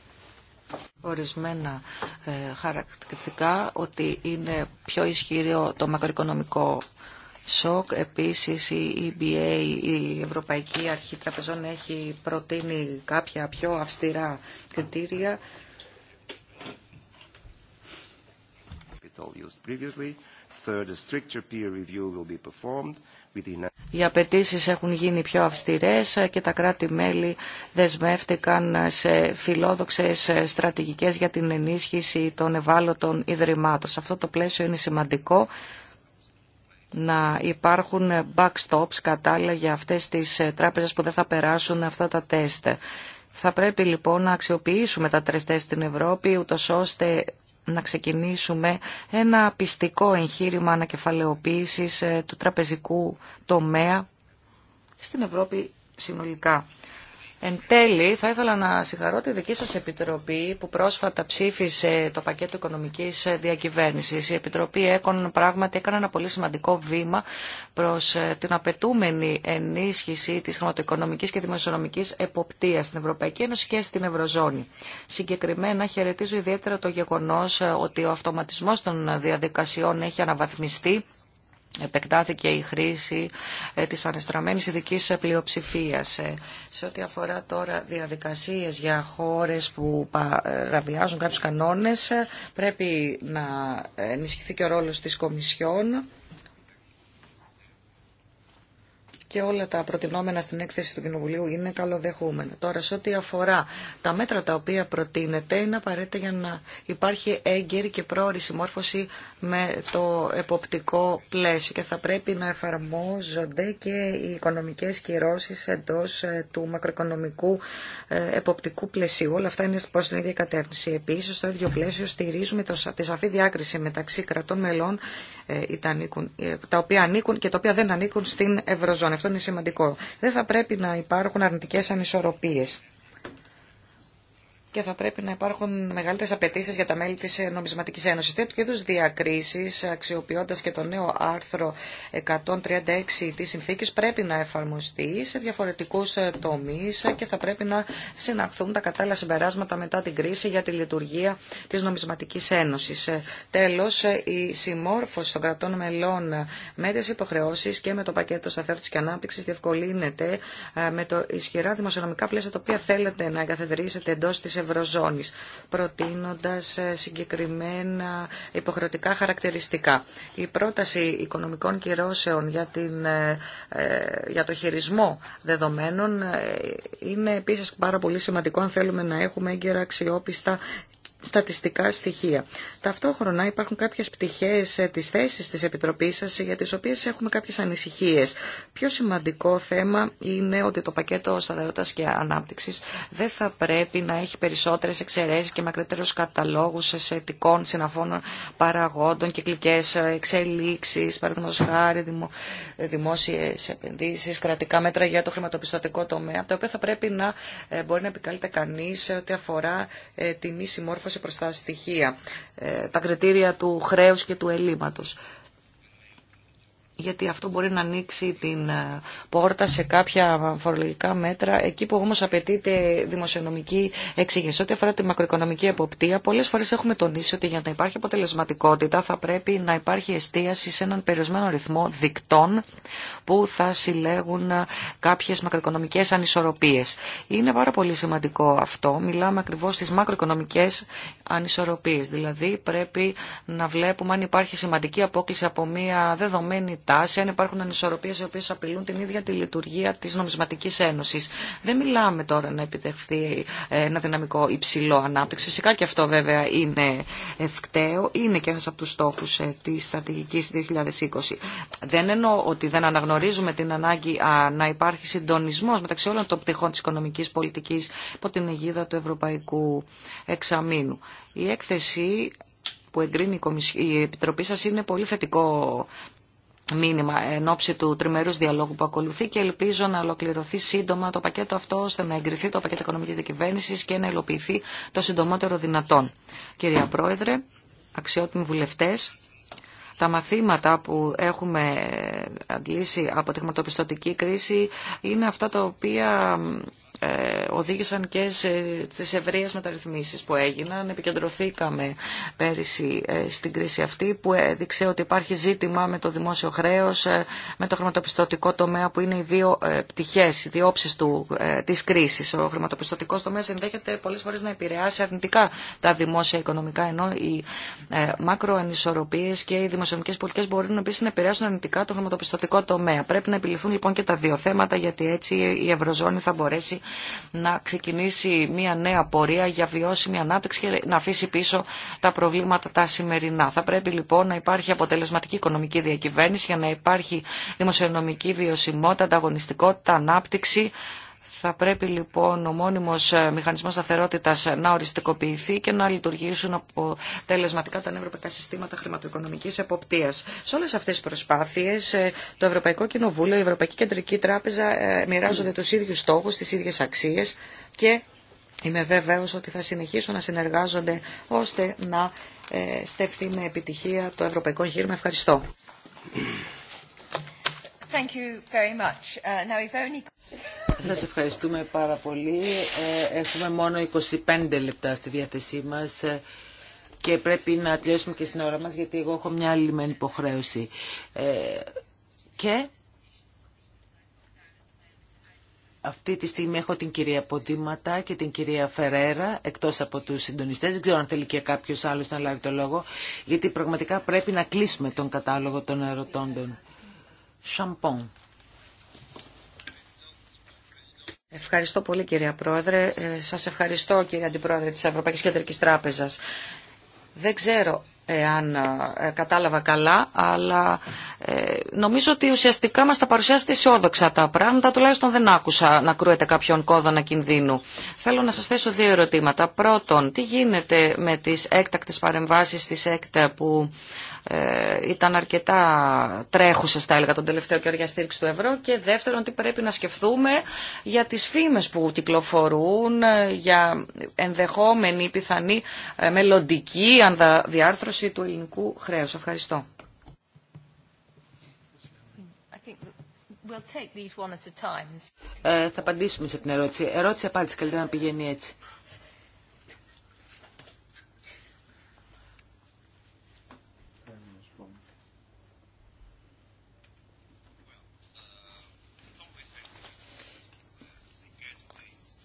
ορισμένα ε, χαρακτηριστικά ότι είναι πιο ισχυρό το μακροοικονομικό σοκ. Επίσης η EBA, η Ευρωπαϊκή Αρχή Τραπεζών, έχει προτείνει κάποια πιο αυστηρά κριτήρια. Οι απαιτήσει έχουν γίνει πιο αυστηρέ και τα κράτη-μέλη δεσμεύτηκαν σε φιλόδοξες στρατηγικές για την ενίσχυση των ευάλωτων ιδρυμάτων. Σε αυτό το πλαίσιο είναι σημαντικό να υπάρχουν backstops κατάλληλα για αυτές τις τράπεζες που δεν θα περάσουν αυτά τα τεστ. Θα πρέπει λοιπόν να αξιοποιήσουμε τα τρεστέ στην Ευρώπη, ούτω ώστε να ξεκινήσουμε ένα πιστικό εγχείρημα ανακεφαλαιοποίησης ε, του τραπεζικού τομέα στην Ευρώπη συνολικά. Εν τέλει, θα ήθελα να συγχαρώ τη δική σας Επιτροπή που πρόσφατα ψήφισε το πακέτο οικονομικής διακυβέρνησης. Η Επιτροπή έκανε πράγματι έκανε ένα πολύ σημαντικό βήμα προς ε, την απαιτούμενη ενίσχυση της χρηματοοικονομικής και δημοσιονομικής εποπτείας στην Ευρωπαϊκή Ένωση και στην Ευρωζώνη. Συγκεκριμένα χαιρετίζω ιδιαίτερα το γεγονός ε, ότι ο αυτοματισμός των διαδικασιών έχει αναβαθμιστεί επεκτάθηκε η χρήση ε, της ανεστραμμένης ειδική πλειοψηφία. Ε, σε ό,τι αφορά τώρα διαδικασίες για χώρες που παραβιάζουν κάποιους κανόνες, ε, πρέπει να ενισχυθεί και ο ρόλος της Κομισιόν και όλα τα προτινόμενα στην έκθεση του Κοινοβουλίου είναι καλοδεχούμενα. Τώρα, σε ό,τι αφορά τα μέτρα τα οποία προτείνεται, είναι απαραίτητα για να υπάρχει έγκαιρη και πρόορη συμμόρφωση με το εποπτικό πλαίσιο και θα πρέπει να εφαρμόζονται και οι οικονομικέ κυρώσει εντό ε, του μακροοικονομικού ε, εποπτικού πλαισίου. Όλα αυτά είναι προ την ίδια κατεύθυνση. Επίση, στο ίδιο πλαίσιο στηρίζουμε τη σαφή διάκριση μεταξύ κρατών μελών ε, τα οποία ανήκουν και τα οποία δεν ανήκουν στην Ευρωζώνη. Αυτό είναι σημαντικό. Δεν θα πρέπει να υπάρχουν αρνητικές ανισορροπίες και θα πρέπει να υπάρχουν μεγαλύτερε απαιτήσει για τα μέλη τη Νομισματική Ένωση. Τέτοιου είδου διακρίσει, αξιοποιώντα και το νέο άρθρο 136 τη συνθήκη, πρέπει να εφαρμοστεί σε διαφορετικού ε, τομεί και θα πρέπει να συναχθούν τα κατάλληλα συμπεράσματα μετά την κρίση για τη λειτουργία τη Νομισματική Ένωση. Ε, Τέλο, ε, η συμμόρφωση των κρατών μελών με τι υποχρεώσει και με το πακέτο σταθερότητα και ανάπτυξη διευκολύνεται με το ισχυρά δημοσιονομικά πλαίσια τα οποία θέλετε να εγκαθιδρύσετε εντό τη Ευρωζώνης, προτείνοντας ε, συγκεκριμένα υποχρεωτικά χαρακτηριστικά. Η πρόταση οικονομικών κυρώσεων για, την, ε, ε, για το χειρισμό δεδομένων είναι επίσης πάρα πολύ σημαντικό αν θέλουμε να έχουμε έγκαιρα αξιόπιστα στατιστικά στοιχεία. Ταυτόχρονα υπάρχουν κάποιες πτυχές ε, της θέσης της Επιτροπής σας για τις οποίες έχουμε κάποιες ανησυχίες. Πιο σημαντικό θέμα είναι ότι το πακέτο σταδερότητας και ανάπτυξης δεν θα πρέπει να έχει περισσότερες εξαιρέσεις και μακρύτερους καταλόγους σε αιτικών συναφών παραγόντων, κυκλικές εξελίξεις, παραδείγματο χάρη, δημο, ε, δημόσιες επενδύσεις, κρατικά μέτρα για το χρηματοπιστωτικό τομέα, τα οποία θα πρέπει να ε, μπορεί να επικαλείται κανείς ό,τι αφορά τη μη σε προς τα στοιχεία, ε, τα κριτήρια του χρέους και του ελλείμματος γιατί αυτό μπορεί να ανοίξει την ε, πόρτα σε κάποια φορολογικά μέτρα, εκεί που όμω απαιτείται δημοσιονομική εξήγηση. Ό,τι αφορά τη μακροοικονομική εποπτεία, πολλέ φορέ έχουμε τονίσει ότι για να υπάρχει αποτελεσματικότητα θα πρέπει να υπάρχει εστίαση σε έναν περιορισμένο ρυθμό δικτών που θα συλλέγουν ε, κάποιε μακροοικονομικέ ανισορροπίε. Είναι πάρα πολύ σημαντικό αυτό. Μιλάμε ακριβώ στι μακροοικονομικές ανισορροπίε. Δηλαδή πρέπει να βλέπουμε αν υπάρχει σημαντική απόκληση από μια δεδομένη τάση, αν υπάρχουν ανισορροπίε οι οποίε απειλούν την ίδια τη λειτουργία τη Νομισματική Ένωση. Δεν μιλάμε τώρα να επιτευχθεί ένα δυναμικό υψηλό ανάπτυξη. Φυσικά και αυτό βέβαια είναι ευκταίο, είναι και ένα από του στόχου ε, τη στρατηγική 2020. Δεν εννοώ ότι δεν αναγνωρίζουμε την ανάγκη να υπάρχει συντονισμό μεταξύ όλων των πτυχών τη οικονομική πολιτική υπό την αιγίδα του Ευρωπαϊκού Εξαμήνου. Η έκθεση που εγκρίνει η Επιτροπή σας είναι πολύ θετικό μήνυμα εν ώψη του τριμερούς διαλόγου που ακολουθεί και ελπίζω να ολοκληρωθεί σύντομα το πακέτο αυτό ώστε να εγκριθεί το πακέτο οικονομικής δικυβέρνησης και να υλοποιηθεί το συντομότερο δυνατόν. Κυρία Πρόεδρε, αξιότιμοι βουλευτές, τα μαθήματα που έχουμε αντλήσει από τη χρηματοπιστωτική κρίση είναι αυτά τα οποία ε, οδήγησαν και στις ευρείες μεταρρυθμίσεις που έγιναν. Επικεντρωθήκαμε πέρυσι ε, στην κρίση αυτή που έδειξε ότι υπάρχει ζήτημα με το δημόσιο χρέος, ε, με το χρηματοπιστωτικό τομέα που είναι οι δύο πτυχές, οι δύο όψεις του, της κρίσης. Ο χρηματοπιστωτικός τομέας ενδέχεται πολλές φορές να επηρεάσει αρνητικά τα δημόσια οικονομικά ενώ οι μακροανισορροπίες και οι δημοσιονομικές πολιτικές μπορούν επίσης να επηρεάσουν αρνητικά το χρηματοπιστωτικό τομέα. Πρέπει να επιληθούν λοιπόν και τα δύο θέματα γιατί έτσι η Ευρωζώνη θα μπορέσει να ξεκινήσει μια νέα πορεία για βιώσιμη ανάπτυξη και να αφήσει πίσω τα προβλήματα τα σημερινά. Θα πρέπει λοιπόν να υπάρχει αποτελεσματική οικονομική διακυβέρνηση για να υπάρχει δημοσιονομική βιωσιμότητα, ανταγωνιστικότητα, ανάπτυξη θα πρέπει λοιπόν ο μόνιμος ε, μηχανισμός σταθερότητας να οριστικοποιηθεί και να λειτουργήσουν αποτελεσματικά τα ευρωπαϊκά συστήματα χρηματοοικονομικής εποπτείας. Σε όλες αυτές τις προσπάθειες ε, το Ευρωπαϊκό Κοινοβούλιο, η Ευρωπαϊκή Κεντρική Τράπεζα ε, μοιράζονται τους ίδιους στόχους, τις ίδιες αξίες και είμαι βέβαιος ότι θα συνεχίσουν να συνεργάζονται ώστε να στεφθεί με επιτυχία το ευρωπαϊκό εγχείρημα. Ευχαριστώ. Thank uh, Σας ευχαριστούμε πάρα πολύ. Ε, έχουμε μόνο 25 λεπτά στη διάθεσή μας ε, και πρέπει να τελειώσουμε και στην ώρα μας γιατί εγώ έχω μια άλλη μεν υποχρέωση. Ε, και αυτή τη στιγμή έχω την κυρία Ποντήματα και την κυρία Φερέρα εκτός από τους συντονιστές. Δεν ξέρω αν θέλει και κάποιος άλλος να λάβει το λόγο γιατί πραγματικά πρέπει να κλείσουμε τον κατάλογο των ερωτώντων. Ευχαριστώ πολύ κυρία Πρόεδρε. Ε, σας ευχαριστώ κύριε Αντιπρόεδρε της Ευρωπαϊκής Κεντρικής Τράπεζας. Δεν ξέρω αν ε, κατάλαβα καλά, αλλά ε, νομίζω ότι ουσιαστικά μας τα παρουσιάσετε αισιόδοξα τα πράγματα, τουλάχιστον δεν άκουσα να κρούεται κάποιον κόδωνα κινδύνου. Θέλω να σας θέσω δύο ερωτήματα. Πρώτον, τι γίνεται με τις έκτακτες παρεμβάσεις της ΕΚΤΑ που ε, ήταν αρκετά τρέχουσε, θα έλεγα, τον τελευταίο καιρό για στήριξη του ευρώ. Και δεύτερον, ότι πρέπει να σκεφτούμε για τις φήμες που κυκλοφορούν, ε, για ενδεχόμενη πιθανή ε, μελλοντική διάρθρωση του ελληνικού χρέους. Ευχαριστώ. θα απαντήσουμε σε την ερώτηση. Ερώτηση απάντηση καλύτερα να πηγαίνει έτσι.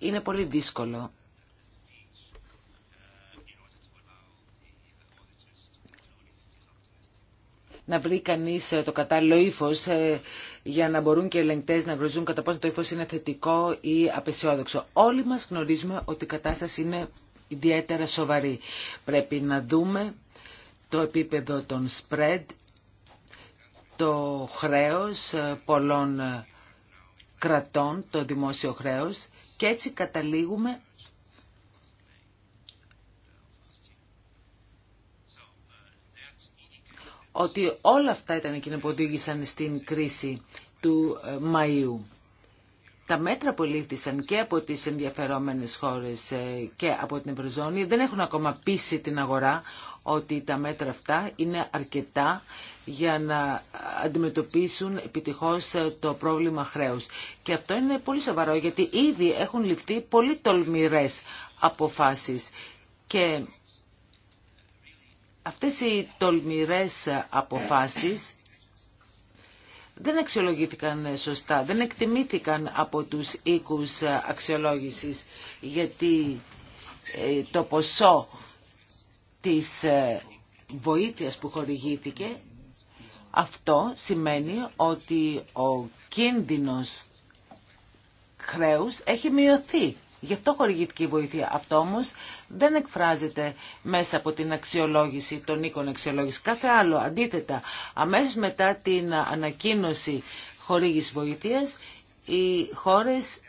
είναι πολύ δύσκολο. να βρει κανεί ε, το κατάλληλο ύφο ε, για να μπορούν και οι ελεγκτέ να γνωρίζουν κατά πόσο το ύφο είναι θετικό ή απεσιόδοξο. Όλοι μας γνωρίζουμε ότι η κατάσταση είναι ιδιαίτερα σοβαρή. Πρέπει να δούμε το επίπεδο των spread, το χρέος ε, πολλών κρατών, το δημόσιο χρέος και έτσι καταλήγουμε ότι όλα αυτά ήταν εκείνα που οδήγησαν στην κρίση του ε, Μαΐου. Τα μέτρα που λήφθησαν και από τις ενδιαφερόμενες χώρες ε, και από την Ευρωζώνη δεν έχουν ακόμα πείσει την αγορά ότι τα μέτρα αυτά είναι αρκετά για να αντιμετωπίσουν επιτυχώς ε, το πρόβλημα χρέους. Και αυτό είναι πολύ σοβαρό γιατί ήδη έχουν ληφθεί πολύ τολμηρές αποφάσεις και αυτές οι τολμηρές αποφάσεις δεν αξιολογήθηκαν ε, σωστά, δεν εκτιμήθηκαν από τους οίκους ε, αξιολόγησης γιατί το ποσό της ε, βοήθειας που χορηγήθηκε, αυτό σημαίνει ότι ο κίνδυνος χρέους έχει μειωθεί. Γι' αυτό χορηγήθηκε η βοήθεια. Αυτό όμω δεν εκφράζεται μέσα από την αξιολόγηση των οίκων αξιολόγηση. Κάθε άλλο, αντίθετα, αμέσως μετά την ανακοίνωση χορήγηση βοήθεια, οι χώρες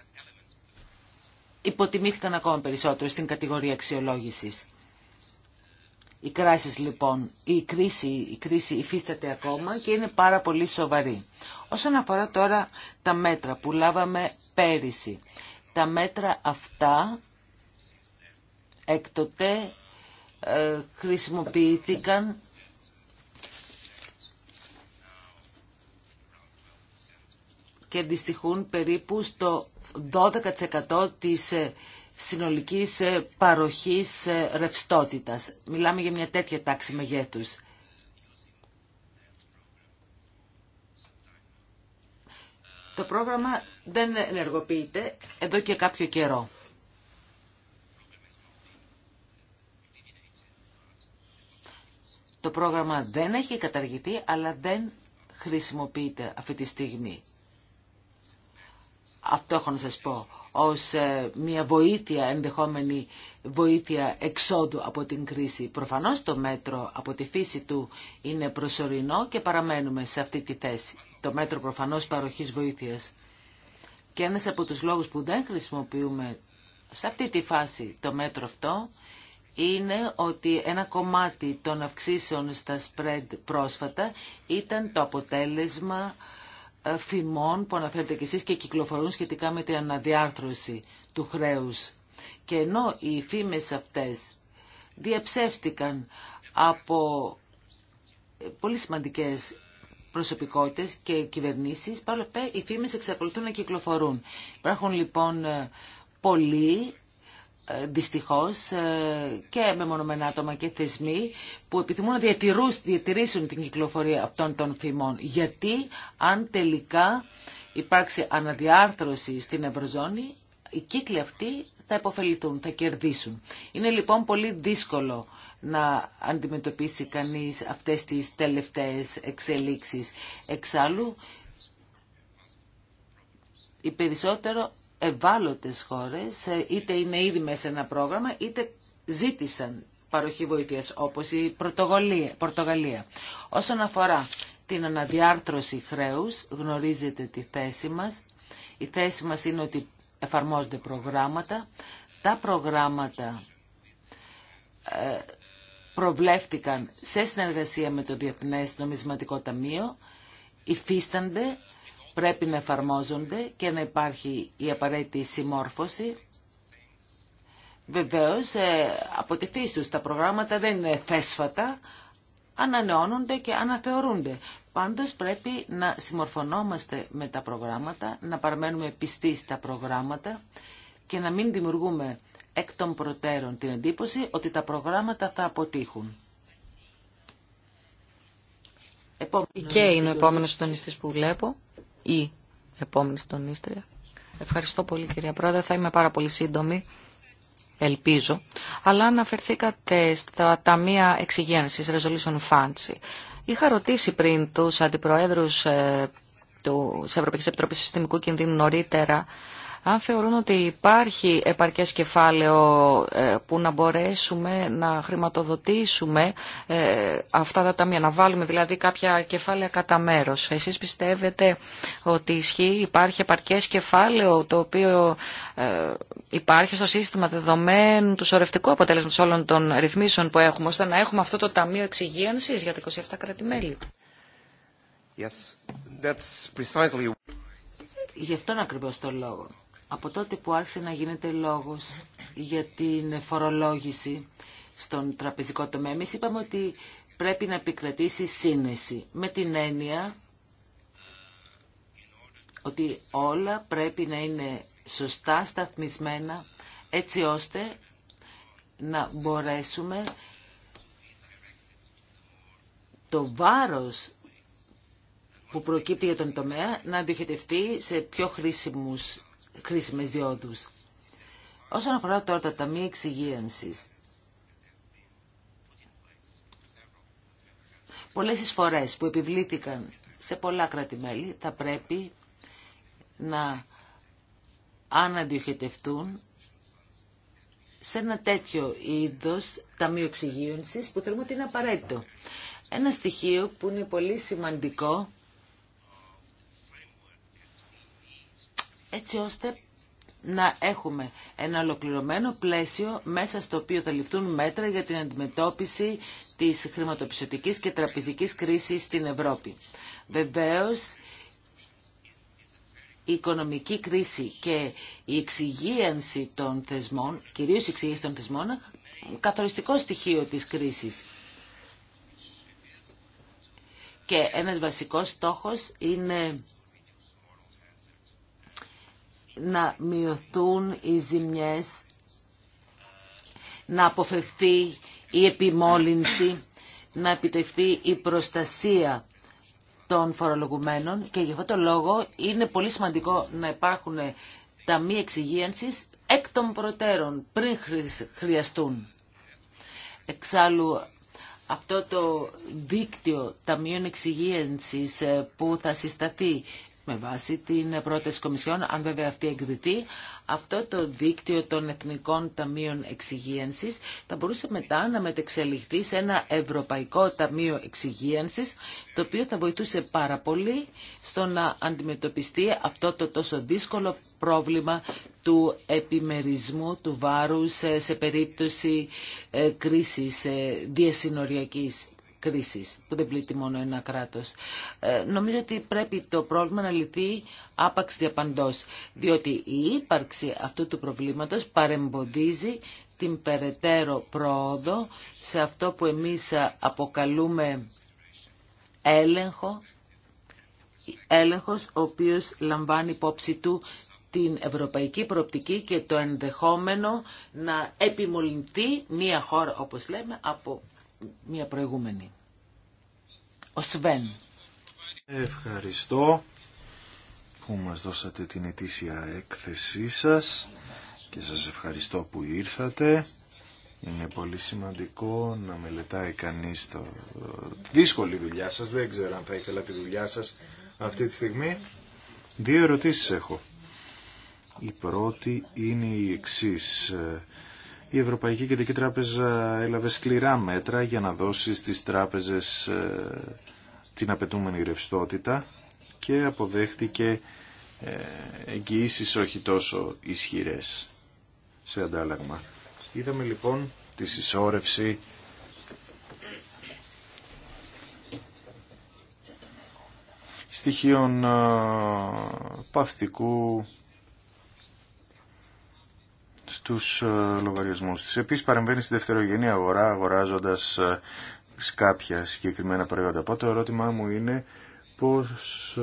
υποτιμήθηκαν ακόμα περισσότερο στην κατηγορία αξιολόγησης. Οι κράσεις λοιπόν, η κρίση, η κρίση υφίσταται ακόμα και είναι πάρα πολύ σοβαρή. Όσον αφορά τώρα τα μέτρα που λάβαμε πέρυσι, τα μέτρα αυτά εκτοτε ε, χρησιμοποιήθηκαν και αντιστοιχούν περίπου στο 12% της ε, συνολικής ε, παροχής ε, ρευστότητας. Μιλάμε για μια τέτοια τάξη μεγέθους. Το πρόγραμμα δεν ενεργοποιείται εδώ και κάποιο καιρό. Το πρόγραμμα δεν έχει καταργηθεί, αλλά δεν χρησιμοποιείται αυτή τη στιγμή. Αυτό έχω να σας πω ως ε, μια βοήθεια, ενδεχόμενη βοήθεια εξόδου από την κρίση. Προφανώς το μέτρο από τη φύση του είναι προσωρινό και παραμένουμε σε αυτή τη θέση. Το μέτρο προφανώς παροχής βοήθειας. Και ένας από τους λόγους που δεν χρησιμοποιούμε σε αυτή τη φάση το μέτρο αυτό είναι ότι ένα κομμάτι των αυξήσεων στα spread πρόσφατα ήταν το αποτέλεσμα που αναφέρετε κι εσείς και κυκλοφορούν σχετικά με την αναδιάρθρωση του χρέους. Και ενώ οι φήμες αυτές διαψεύστηκαν από πολύ σημαντικές προσωπικότητες και κυβερνήσεις, παρόλο αυτά οι φήμες εξακολουθούν να κυκλοφορούν. Υπάρχουν λοιπόν πολλοί ε, δυστυχώς ε, και μεμονωμένα άτομα και θεσμοί που επιθυμούν να διατηρήσουν την κυκλοφορία αυτών των φημών. Γιατί αν τελικά υπάρξει αναδιάρθρωση στην Ευρωζώνη, οι κύκλοι αυτοί θα υποφεληθούν, θα κερδίσουν. Είναι λοιπόν πολύ δύσκολο να αντιμετωπίσει κανείς αυτές τις τελευταίες εξελίξεις. Εξάλλου, οι περισσότερο ευάλωτες χώρες, ε, είτε είναι ήδη μέσα σε ένα πρόγραμμα, είτε ζήτησαν παροχή βοήθειας, όπως η Πορτογαλία. Όσον αφορά την αναδιάρθρωση χρέους, γνωρίζετε τη θέση μας. Η θέση μας είναι ότι εφαρμόζονται προγράμματα. Τα προγράμματα ε, προβλέφτηκαν σε συνεργασία με το Διεθνές Νομισματικό Ταμείο, υφίστανται πρέπει να εφαρμόζονται και να υπάρχει η απαραίτητη συμμόρφωση. Βεβαίως, ε, από τη φύση τους τα προγράμματα δεν είναι θέσφατα, ανανεώνονται και αναθεωρούνται. Πάντως πρέπει να συμμορφωνόμαστε με τα προγράμματα, να παραμένουμε πιστοί στα προγράμματα και να μην δημιουργούμε εκ των προτέρων την εντύπωση ότι τα προγράμματα θα αποτύχουν. Η Κέι είναι ο επόμενος συντονιστής που βλέπω η επόμενη Ίστρια. Ευχαριστώ πολύ κυρία Πρόεδρε, θα είμαι πάρα πολύ σύντομη. Ελπίζω. Αλλά αναφερθήκατε στα ταμεία εξυγένσης, resolution funds. Είχα ρωτήσει πριν τους αντιπροέδρους ε, του, της Ευρωπαϊκής Επιτροπής Συστημικού Κινδύνου νωρίτερα αν θεωρούν ότι υπάρχει επαρκές κεφάλαιο ε, που να μπορέσουμε να χρηματοδοτήσουμε ε, αυτά τα ταμεία, να βάλουμε δηλαδή κάποια κεφάλαια κατά μέρος. Εσείς πιστεύετε ότι ισχύει, υπάρχει επαρκές κεφάλαιο το οποίο ε, υπάρχει στο σύστημα δεδομένου του σωρευτικού αποτέλεσματος όλων των ρυθμίσεων που έχουμε, ώστε να έχουμε αυτό το Ταμείο Εξυγίανσης για τα 27 κράτη-μέλη. Yes, that's precisely... Γι' αυτόν ακριβώς τον λόγο. Από τότε που άρχισε να γίνεται λόγος για την φορολόγηση στον τραπεζικό τομέα, εμείς είπαμε ότι πρέπει να επικρατήσει σύνεση με την έννοια ότι όλα πρέπει να είναι σωστά σταθμισμένα έτσι ώστε να μπορέσουμε το βάρος που προκύπτει για τον τομέα να διοχετευτεί σε πιο χρήσιμους Χρήσιμε διόδους. Όσον αφορά τώρα τα ταμεία εξυγίανσης, πολλές φορές που επιβλήθηκαν σε πολλά κράτη-μέλη θα πρέπει να αναδιοχετευτούν σε ένα τέτοιο είδος ταμείο εξυγίανσης που θεωρούμε ότι είναι απαραίτητο. Ένα στοιχείο που είναι πολύ σημαντικό έτσι ώστε να έχουμε ένα ολοκληρωμένο πλαίσιο μέσα στο οποίο θα ληφθούν μέτρα για την αντιμετώπιση της χρηματοπιστωτικής και τραπεζικής κρίσης στην Ευρώπη. Βεβαίως, η οικονομική κρίση και η εξυγίανση των θεσμών, κυρίως η εξυγίανση των θεσμών, είναι καθοριστικό στοιχείο της κρίσης. Και ένας βασικός στόχος είναι να μειωθούν οι ζημιές, να αποφευθεί η επιμόλυνση, να επιτευχθεί η προστασία των φορολογουμένων και γι' αυτό το λόγο είναι πολύ σημαντικό να υπάρχουν τα μη εξυγίανσης εκ των προτέρων πριν χρειαστούν. Εξάλλου αυτό το δίκτυο ταμείων εξυγίανσης ε, που θα συσταθεί με βάση την πρόταση Κομισιόν, αν βέβαια αυτή εγκριθεί, αυτό το δίκτυο των Εθνικών Ταμείων Εξυγίανσης θα μπορούσε μετά να μετεξελιχθεί σε ένα Ευρωπαϊκό Ταμείο Εξυγίανσης, το οποίο θα βοηθούσε πάρα πολύ στο να αντιμετωπιστεί αυτό το τόσο δύσκολο πρόβλημα του επιμερισμού του βάρους ε, σε περίπτωση ε, κρίσης ε, διασυνοριακής κρίσης που δεν πλήττει μόνο ένα κράτος. Ε, νομίζω ότι πρέπει το πρόβλημα να λυθεί άπαξ διαπαντός, διότι η ύπαρξη αυτού του προβλήματος παρεμποδίζει την περαιτέρω πρόοδο σε αυτό που εμείς αποκαλούμε έλεγχο, έλεγχος ο οποίος λαμβάνει υπόψη του την ευρωπαϊκή προοπτική και το ενδεχόμενο να επιμολυνθεί μια χώρα, όπως λέμε, από μια προηγούμενη. Ο Σβέν. Ευχαριστώ που μας δώσατε την ετήσια έκθεσή σας και σας ευχαριστώ που ήρθατε. Είναι πολύ σημαντικό να μελετάει κανείς το δύσκολη δουλειά σας. Δεν ξέρω αν θα ήθελα τη δουλειά σας αυτή τη στιγμή. Δύο ερωτήσεις έχω. Η πρώτη είναι η εξής η Ευρωπαϊκή Κεντρική Τράπεζα έλαβε σκληρά μέτρα για να δώσει στις τράπεζες ε, την απαιτούμενη ρευστότητα και αποδέχτηκε ε, εγγυήσεις όχι τόσο ισχυρές σε αντάλλαγμα. Είδαμε λοιπόν τη συσσόρευση στοιχείων ε, παυτικού Στου ε, λογαριασμού τη. Επίσης παρεμβαίνει στη δευτερογενή αγορά αγοράζοντας ε, κάποια συγκεκριμένα προϊόντα. Οπότε το ερώτημά μου είναι πώς, ε,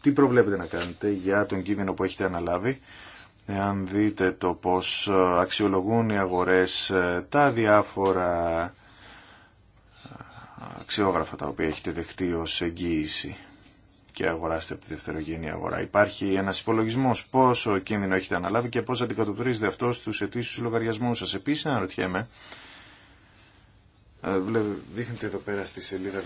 τι προβλέπετε να κάνετε για τον κίνδυνο που έχετε αναλάβει εάν δείτε το πώς αξιολογούν οι αγορές τα διάφορα αξιόγραφα τα οποία έχετε δεχτεί ως εγγύηση και αγοράστε από τη δευτερογενή αγορά. Υπάρχει ένας υπολογισμός πόσο κίνδυνο έχετε αναλάβει και πώ αντικατοπτρίζετε αυτό στους ετήσιου λογαριασμού σας. Επίσης αναρωτιέμαι, ε, δείχνετε εδώ πέρα στη σελίδα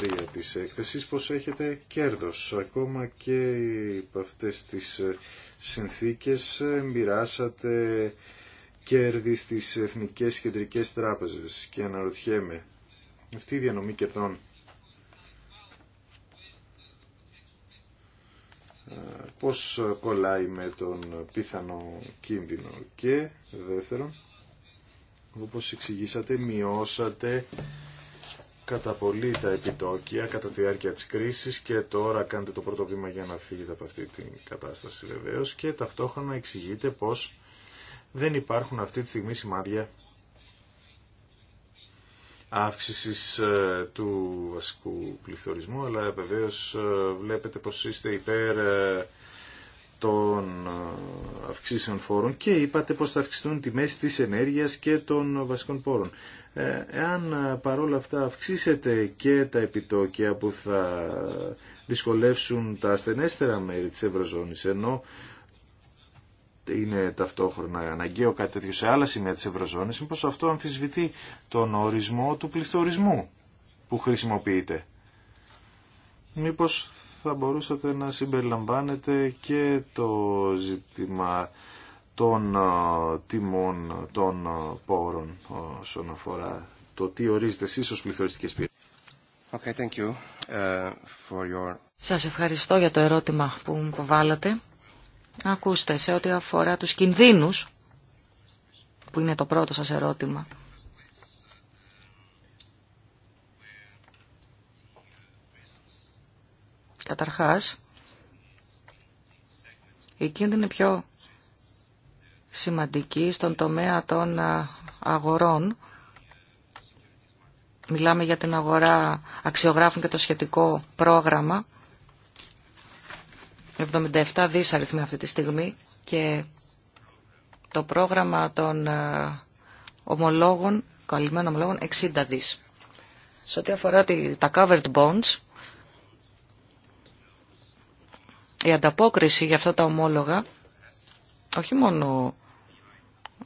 233 της έκθεσης πως έχετε κέρδος. Ακόμα και από αυτές τις ε, συνθήκες ε, μοιράσατε κέρδη στις εθνικές κεντρικές τράπεζες και αναρωτιέμαι αυτή η διανομή κερδών πώς κολλάει με τον πιθανό κίνδυνο. Και δεύτερον, όπως εξηγήσατε, μειώσατε κατά πολύ τα επιτόκια κατά τη διάρκεια της κρίσης και τώρα κάνετε το πρώτο βήμα για να φύγετε από αυτή την κατάσταση βεβαίως και ταυτόχρονα εξηγείτε πως δεν υπάρχουν αυτή τη στιγμή σημάδια Αύξηση ε, του βασικού πληθωρισμού, αλλά βεβαίω ε, βλέπετε πως είστε υπέρ ε, των αυξήσεων φόρων και είπατε πως θα αυξηθούν τιμές της ενέργειας και των βασικών πόρων. Εάν παρόλα αυτά αυξήσετε και τα επιτόκια που θα δυσκολεύσουν τα ασθενέστερα μέρη της Ευρωζώνης, ενώ είναι ταυτόχρονα αναγκαίο κάτι τέτοιο σε άλλα σημεία της Ευρωζώνης, μήπως αυτό αμφισβητεί τον ορισμό του πληθωρισμού που χρησιμοποιείται. Μήπως θα μπορούσατε να συμπεριλαμβάνετε και το ζήτημα των ε, τιμών των ε, πόρων ε, όσον αφορά το τι ορίζετε εσείς ως πληθωριστικές πύρες. Okay, thank you uh, for your... Σας ευχαριστώ για το ερώτημα που μου βάλατε. Ακούστε, σε ό,τι αφορά τους κινδύνους, που είναι το πρώτο σας ερώτημα, Καταρχάς, η κίνδυνη πιο σημαντική στον τομέα των αγορών. Μιλάμε για την αγορά αξιογράφων και το σχετικό πρόγραμμα. 77 δις αριθμοί αυτή τη στιγμή και το πρόγραμμα των ε, ομολόγων, καλυμμένων ομολόγων, 60 δις. Σε ό,τι αφορά τα covered bonds, η ανταπόκριση για αυτά τα ομόλογα, όχι μόνο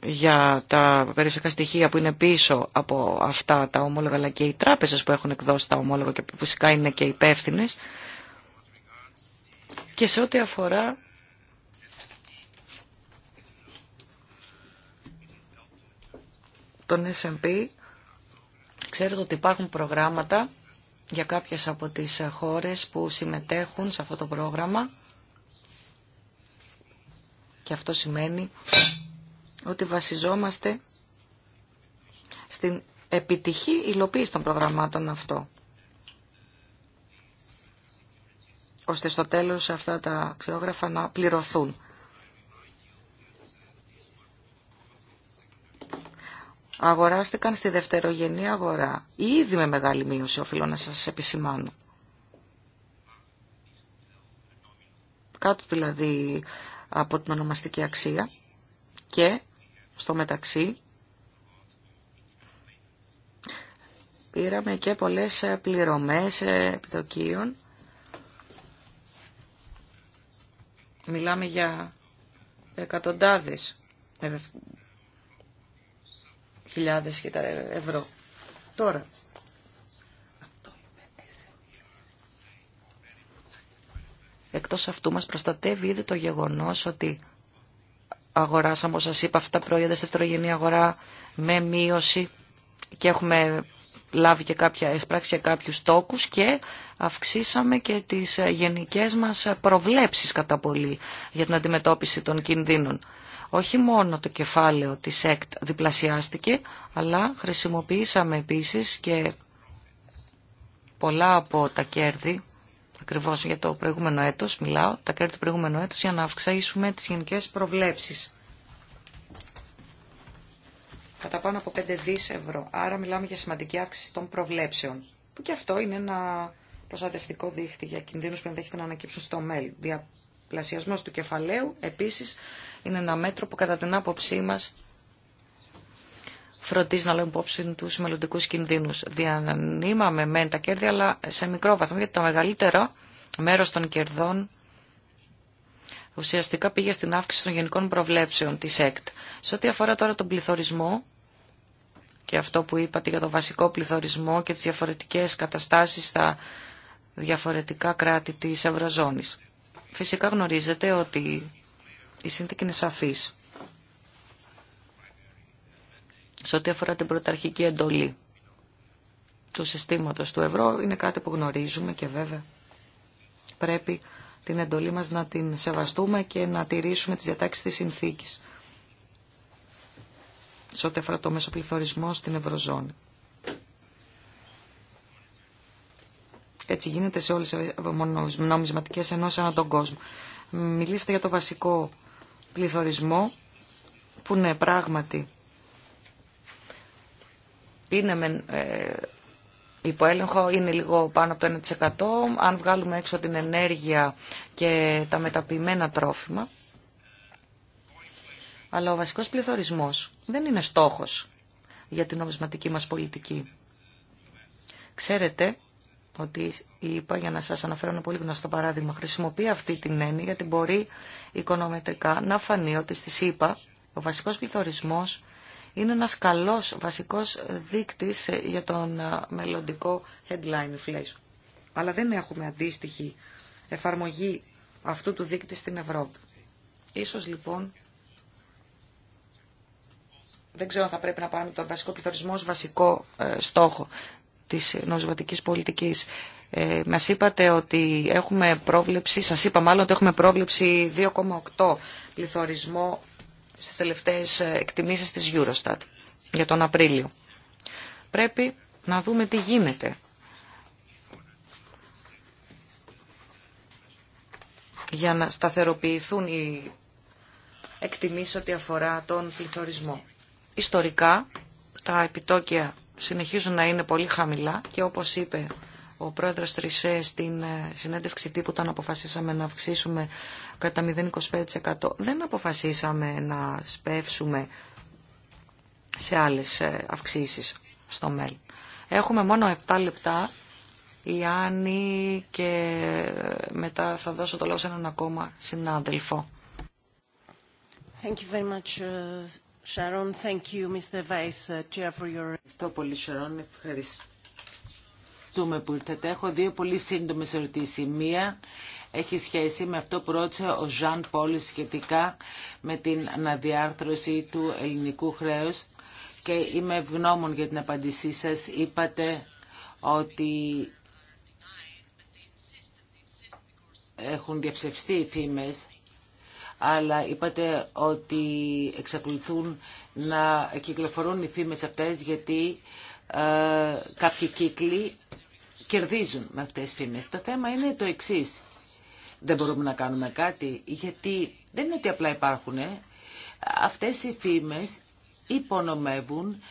για τα περιουσιακά στοιχεία που είναι πίσω από αυτά τα ομόλογα, αλλά και οι τράπεζες που έχουν εκδώσει τα ομόλογα και που φυσικά είναι και υπεύθυνε, και σε ό,τι αφορά τον S&P, ξέρετε ότι υπάρχουν προγράμματα για κάποιες από τις χώρες που συμμετέχουν σε αυτό το πρόγραμμα και αυτό σημαίνει ότι βασιζόμαστε στην επιτυχή υλοποίηση των προγραμμάτων αυτό. ώστε στο τέλος αυτά τα αξιόγραφα να πληρωθούν. Αγοράστηκαν στη δευτερογενή αγορά, ήδη με μεγάλη μείωση, οφείλω να σας επισημάνω. Κάτω δηλαδή από την ονομαστική αξία και στο μεταξύ πήραμε και πολλές πληρωμές ε, επιτοκίων Μιλάμε για εκατοντάδες ε, χιλιάδες ευρώ. Τώρα, εκτός αυτού μας προστατεύει ήδη το γεγονός ότι αγοράσαμε, όπως σας είπα, αυτά τα προϊόντα στη δευτερογενή αγορά με μείωση και έχουμε λάβει και κάποια, εσπράξει κάποιους στόκους και αυξήσαμε και τις ε, γενικές μας προβλέψεις κατά πολύ για την αντιμετώπιση των κινδύνων. Όχι μόνο το κεφάλαιο της ΕΚΤ διπλασιάστηκε, αλλά χρησιμοποιήσαμε επίσης και πολλά από τα κέρδη, ακριβώς για το προηγούμενο έτος μιλάω, τα κέρδη του προηγούμενου έτος για να αυξήσουμε τις γενικές προβλέψεις κατά πάνω από 5 δις ευρώ. Άρα μιλάμε για σημαντική αύξηση των προβλέψεων, που και αυτό είναι ένα προστατευτικό δίχτυ για κινδύνους που ενδέχεται να ανακύψουν στο μέλλον. Διαπλασιασμός του κεφαλαίου επίσης είναι ένα μέτρο που κατά την άποψή μας φροντίζει να λέμε υπόψη του μελλοντικού κινδύνου. Διανύμαμε μεν τα κέρδη, αλλά σε μικρό βαθμό, γιατί το μεγαλύτερο μέρο των κερδών ουσιαστικά πήγε στην αύξηση των γενικών προβλέψεων τη ΕΚΤ. Σε ό,τι αφορά τώρα τον πληθωρισμό, και αυτό που είπατε για το βασικό πληθωρισμό και τις διαφορετικές καταστάσεις στα διαφορετικά κράτη της Ευρωζώνης. Φυσικά γνωρίζετε ότι η συνθήκη είναι σαφής σε ό,τι αφορά την πρωταρχική εντολή του συστήματος του ευρώ είναι κάτι που γνωρίζουμε και βέβαια πρέπει την εντολή μας να την σεβαστούμε και να τηρήσουμε τις διατάξεις της συνθήκης σε ό,τι αφορά το μέσο πληθωρισμό στην Ευρωζώνη. Έτσι γίνεται σε όλες τις νομισματικές ενώσεις ανά τον κόσμο. Μιλήστε για το βασικό πληθωρισμό που είναι πράγματι είναι με, ε, υποέλεγχο, είναι λίγο πάνω από το 1%. Αν βγάλουμε έξω την ενέργεια και τα μεταποιημένα τρόφιμα, αλλά ο βασικός πληθωρισμός δεν είναι στόχος για την νομισματική μας πολιτική. Ξέρετε ότι είπα, για να σας αναφέρω ένα πολύ γνωστό παράδειγμα, χρησιμοποιεί αυτή την έννοια γιατί μπορεί οικονομετρικά να φανεί ότι στη ΣΥΠΑ ο βασικός πληθωρισμός είναι ένας καλός βασικός δείκτης για τον μελλοντικό headline inflation. Αλλά δεν έχουμε αντίστοιχη εφαρμογή αυτού του δείκτη στην Ευρώπη. Ίσως λοιπόν δεν ξέρω αν θα πρέπει να πάρουμε τον βασικό πληθωρισμό ως βασικό ε, στόχο της νοσηματικής πολιτικής. Ε, μας είπατε ότι έχουμε πρόβλεψη, σας είπα μάλλον ότι έχουμε πρόβλεψη 2,8 πληθωρισμό στις τελευταίες ε, εκτιμήσεις της Eurostat για τον Απρίλιο. Πρέπει να δούμε τι γίνεται. για να σταθεροποιηθούν οι εκτιμήσεις ό,τι αφορά τον πληθωρισμό. Ιστορικά τα επιτόκια συνεχίζουν να είναι πολύ χαμηλά και όπως είπε ο πρόεδρος Τρισέ στην ε, συνέντευξη τύπου όταν αποφασίσαμε να αυξήσουμε κατά 0,25% δεν αποφασίσαμε να σπεύσουμε σε άλλες ε, αυξήσεις στο μέλλον. Έχουμε μόνο 7 λεπτά η και ε, μετά θα δώσω το λόγο σε έναν ακόμα συνάδελφο. Thank Sharon, you, uh, Ευχαριστώ πολύ, Sharon. Ευχαριστούμε που ήρθατε. Έχω δύο πολύ σύντομε ερωτήσει. Μία έχει σχέση με αυτό που ρώτησε ο Ζαν Πόλη σχετικά με την αναδιάρθρωση του ελληνικού χρέους και είμαι ευγνώμων για την απάντησή σας. Είπατε ότι έχουν διαψευστεί οι φήμες αλλά είπατε ότι εξακολουθούν να κυκλοφορούν οι φήμες αυτές γιατί ε, κάποιοι κύκλοι κερδίζουν με αυτές τις φήμες. Το θέμα είναι το εξής. Δεν μπορούμε να κάνουμε κάτι γιατί δεν είναι ότι απλά υπάρχουν. Αυτές οι φήμες υπονομεύουν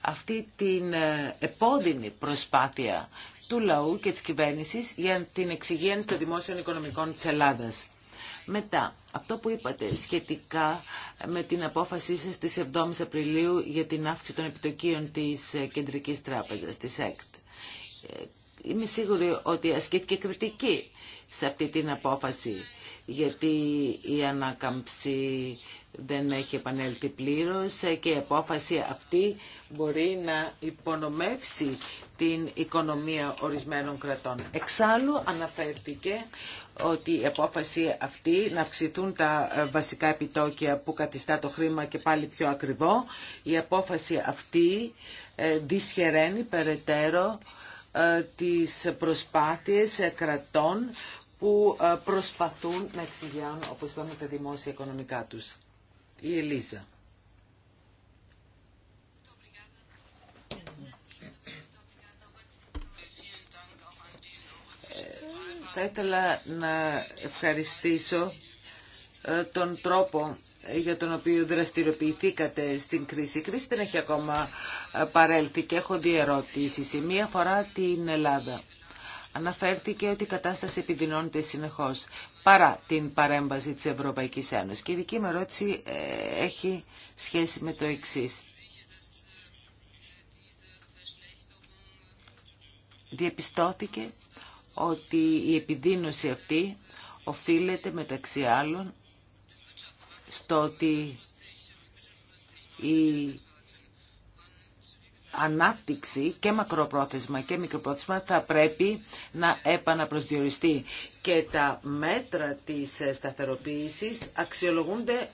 αυτή την ε, επώδυνη προσπάθεια του λαού και της κυβέρνησης για την εξυγίανση των δημόσιων οικονομικών της Ελλάδας. Μετά, αυτό που είπατε σχετικά με την απόφασή σας της 7 Απριλίου για την αύξηση των επιτοκίων της ε, Κεντρικής Τράπεζας, της ΕΚΤ. Ε, είμαι σίγουρη ότι ασκήθηκε κριτική σε αυτή την απόφαση, γιατί η ανάκαμψη δεν έχει επανέλθει πλήρως ε, και η απόφαση αυτή μπορεί να υπονομεύσει την οικονομία ορισμένων κρατών. Εξάλλου αναφέρθηκε ότι η απόφαση αυτή να αυξηθούν τα ε, βασικά επιτόκια που καθιστά το χρήμα και πάλι πιο ακριβό, η απόφαση αυτή ε, δυσχεραίνει περαιτέρω ε, τις προσπάθειες κρατών που προσπαθούν να εξηγειάνουν όπως είπαμε, τα δημόσια οικονομικά τους. Η Ελίζα. Θα ήθελα να ευχαριστήσω ε, τον τρόπο ε, για τον οποίο δραστηριοποιηθήκατε στην κρίση. Η κρίση δεν έχει ακόμα ε, παρέλθει και έχω δύο ερώτησεις. μία φορά την Ελλάδα. Αναφέρθηκε ότι η κατάσταση επιδεινώνεται συνεχώς παρά την παρέμβαση της Ευρωπαϊκής Ένωσης. Και η δική μου ερώτηση έχει σχέση με το εξής. διαπιστώθηκε ότι η επιδείνωση αυτή οφείλεται μεταξύ άλλων στο ότι η ανάπτυξη και μακροπρόθεσμα και μικροπρόθεσμα θα πρέπει να επαναπροσδιοριστεί και τα μέτρα της σταθεροποίησης αξιολογούνται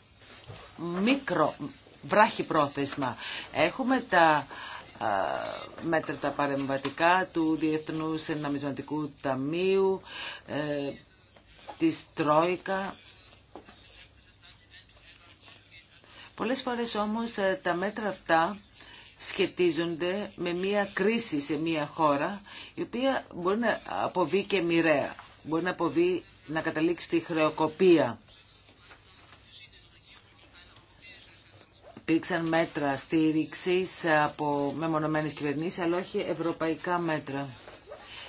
μικρο, βράχι πρόθεσμα. Έχουμε τα μέτρα τα παρεμβατικά του Διεθνούς Εναμισματικού Ταμείου, ε, της Τρόικα. Πολλές φορές όμως ε, τα μέτρα αυτά σχετίζονται με μία κρίση σε μία χώρα η οποία μπορεί να αποβεί και μοιραία, μπορεί να, αποβεί, να καταλήξει τη χρεοκοπία. υπήρξαν μέτρα στήριξη από μεμονωμένες κυβερνήσει, αλλά όχι ευρωπαϊκά μέτρα.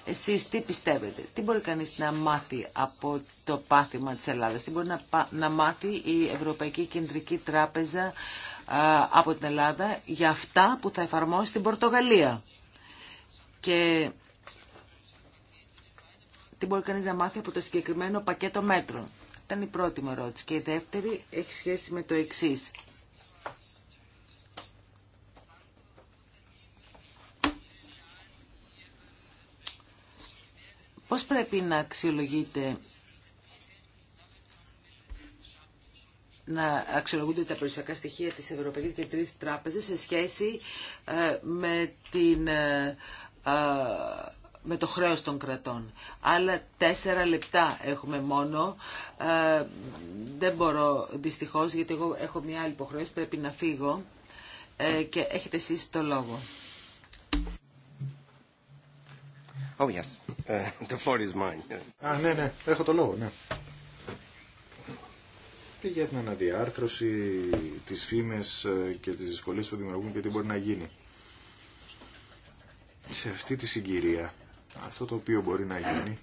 Εσείς τι πιστεύετε, τι μπορεί κανείς να μάθει από το πάθημα της Ελλάδας, τι μπορεί να, μάθει η Ευρωπαϊκή Κεντρική Τράπεζα από την Ελλάδα για αυτά που θα εφαρμόσει στην Πορτογαλία. Και τι μπορεί κανείς να μάθει από το συγκεκριμένο πακέτο μέτρων. Ήταν η πρώτη μου ερώτηση. Και η δεύτερη έχει σχέση με το εξής. Πώς πρέπει να αξιολογείτε να αξιολογούνται τα περιουσιακά στοιχεία της Ευρωπαϊκής Κεντρικής Τράπεζας σε σχέση ε, με, ε, ε, με το χρέος των κρατών. Άλλα τέσσερα λεπτά έχουμε μόνο. δεν μπορώ δυστυχώς, γιατί εγώ έχω μια άλλη υποχρέωση, πρέπει να φύγω και έχετε εσείς το λόγο. Oh, yes. Ε, the floor is mine. Α, ναι, ναι. Έχω το λόγο, ναι. Και για την αναδιάρθρωση, τις φήμες ε, και τις δυσκολίε που δημιουργούν και τι μπορεί να γίνει. Σε αυτή τη συγκυρία, αυτό το οποίο μπορεί να γίνει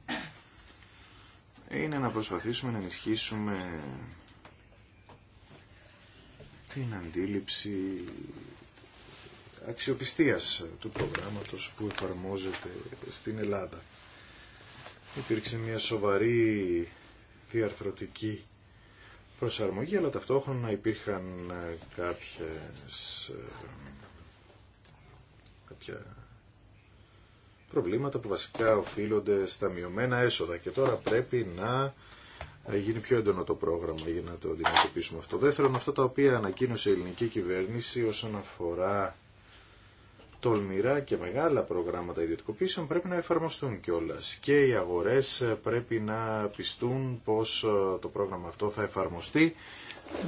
είναι να προσπαθήσουμε να ενισχύσουμε την αντίληψη αξιοπιστίας του προγράμματος που εφαρμόζεται στην Ελλάδα. Υπήρξε μια σοβαρή διαρθρωτική προσαρμογή, αλλά ταυτόχρονα υπήρχαν ε, κάποιες, ε, κάποια προβλήματα που βασικά οφείλονται στα μειωμένα έσοδα και τώρα πρέπει να ε, γίνει πιο έντονο το πρόγραμμα για να το αντιμετωπίσουμε αυτό. Δεύτερον, αυτά τα οποία ανακοίνωσε η ελληνική κυβέρνηση όσον αφορά τολμηρά και μεγάλα προγράμματα ιδιωτικοποίησεων πρέπει να εφαρμοστούν κιόλα. Και οι αγορές πρέπει να πιστούν πως ε, το πρόγραμμα αυτό θα εφαρμοστεί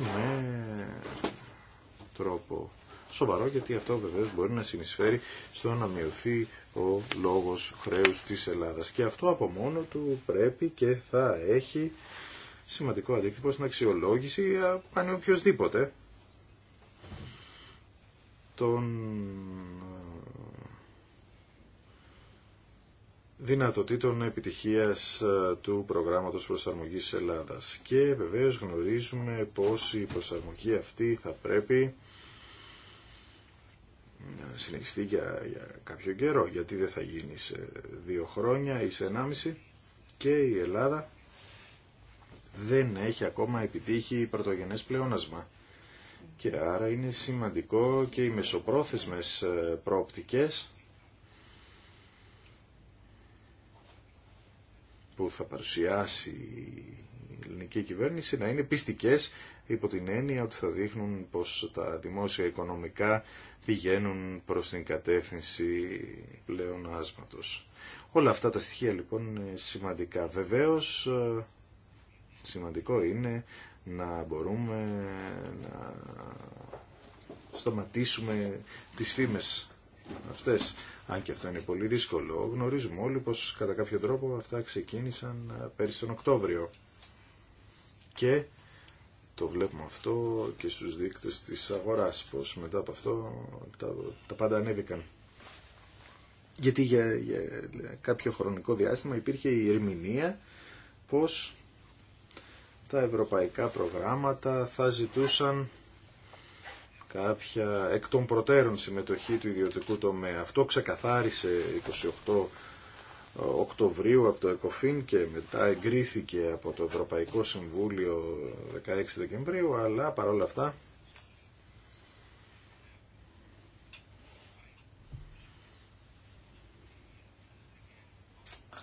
με τρόπο σοβαρό γιατί αυτό βεβαίω μπορεί να συνεισφέρει στο να μειωθεί ο λόγος χρέους τη Ελλάδας. Και αυτό από μόνο του πρέπει και θα έχει σημαντικό αντίκτυπο στην αξιολόγηση κάνει οποιοδήποτε των δυνατοτήτων επιτυχίας ε, του προγράμματος προσαρμογής Ελλάδας. Και βεβαίως γνωρίζουμε πως η προσαρμογή αυτή θα πρέπει να συνεχιστεί για, κάποιο καιρό, γιατί δεν θα γίνει σε δύο χρόνια ή σε ενάμιση και η Ελλάδα δεν έχει ακόμα επιτύχει πρωτογενές πλεόνασμα. Και άρα είναι σημαντικό και οι μεσοπρόθεσμες ε, προοπτικές που θα παρουσιάσει η ελληνική κυβέρνηση να είναι πιστικές υπό την έννοια ότι θα δείχνουν πως τα δημόσια οικονομικά πηγαίνουν προς την κατεύθυνση πλέον άσματος. Όλα αυτά τα στοιχεία λοιπόν είναι σημαντικά. Βεβαίως σημαντικό είναι να μπορούμε να σταματήσουμε τις φήμες αυτές. Αν και αυτό είναι πολύ δύσκολο, γνωρίζουμε όλοι πω κατά κάποιο τρόπο αυτά ξεκίνησαν ε, πέρυσι τον Οκτώβριο. Και το βλέπουμε αυτό και στους δείκτες της αγοράς, πως μετά από αυτό τα, πάντα ανέβηκαν. Γιατί για, για κάποιο χρονικό διάστημα υπήρχε η ερμηνεία πως τα ευρωπαϊκά προγράμματα θα ζητούσαν κάποια εκ των προτέρων συμμετοχή του ιδιωτικού τομέα. Αυτό ξεκαθάρισε 28 ε, Οκτωβρίου από το ΕΚΟΦΗΝ και μετά εγκρίθηκε από το Ευρωπαϊκό Συμβούλιο 16 Δεκεμβρίου, αλλά παρόλα αυτά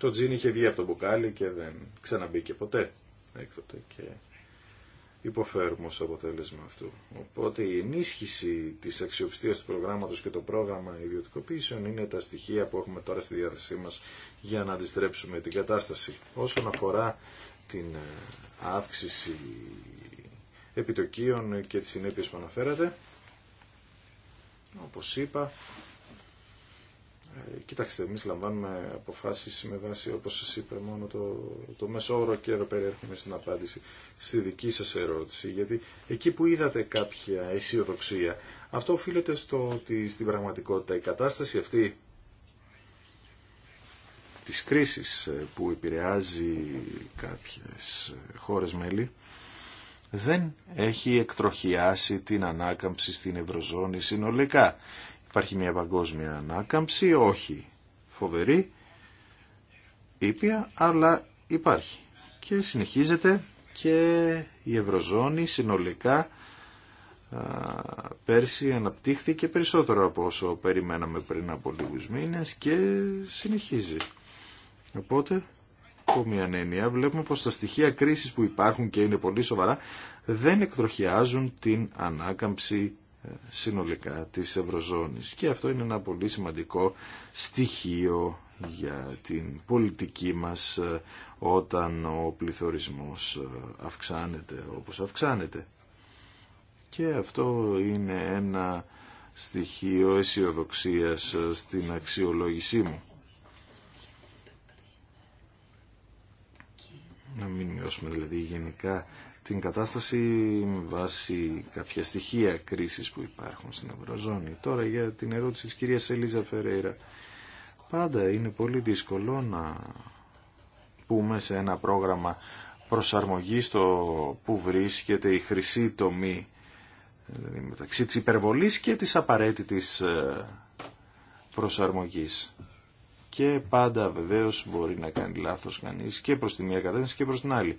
το τζιν είχε βγει από το μπουκάλι και δεν ξαναμπήκε ποτέ έκτοτε και υποφέρουμε ως αποτέλεσμα αυτού. Οπότε η ενίσχυση της αξιοπιστίας του προγράμματος και το πρόγραμμα ιδιωτικοποίησεων είναι τα στοιχεία που έχουμε τώρα στη διάθεσή μας για να αντιστρέψουμε την κατάσταση. Όσον αφορά την ε, αύξηση επιτοκίων και τις συνέπειες που αναφέρατε, όπως είπα, ε, Κοιτάξτε, εμεί λαμβάνουμε αποφάσει με βάση, όπω σα είπα, μόνο το, το μέσο όρο και εδώ περιέρχομαι στην απάντηση στη δική σα ερώτηση. Γιατί εκεί που είδατε κάποια αισιοδοξία, αυτό οφείλεται στο ότι στην πραγματικότητα η κατάσταση αυτή της κρίσης ε, που επηρεάζει κάποιες ε, χώρες μέλη δεν έχει εκτροχιάσει την ανάκαμψη στην Ευρωζώνη συνολικά. Υπάρχει μια παγκόσμια ανάκαμψη, όχι φοβερή, ήπια, αλλά υπάρχει. Και συνεχίζεται και η Ευρωζώνη συνολικά πέρσι αναπτύχθηκε περισσότερο από όσο περιμέναμε πριν από λίγους μήνες και συνεχίζει. Οπότε, από μια έννοια, βλέπουμε πως τα στοιχεία κρίσης που υπάρχουν και είναι πολύ σοβαρά δεν εκτροχιάζουν την ανάκαμψη συνολικά της Ευρωζώνης. Και αυτό είναι ένα πολύ σημαντικό στοιχείο για την πολιτική μας ε, όταν ο πληθωρισμός ε, αυξάνεται όπως αυξάνεται. Και αυτό είναι ένα στοιχείο αισιοδοξία ε, στην αξιολόγησή μου. Να μην μειώσουμε δηλαδή γενικά την κατάσταση με βάση κάποια στοιχεία κρίσης που υπάρχουν στην Ευρωζώνη. Τώρα για την ερώτηση της κυρίας Ελίζα Φερέιρα. Πάντα είναι πολύ δύσκολο να πούμε σε ένα πρόγραμμα προσαρμογή το που βρίσκεται η χρυσή τομή δηλαδή μεταξύ της υπερβολής και της απαραίτητης ε, προσαρμογής. Και πάντα βεβαίως μπορεί να κάνει λάθος κανείς και προς τη μία κατεύθυνση και προς την άλλη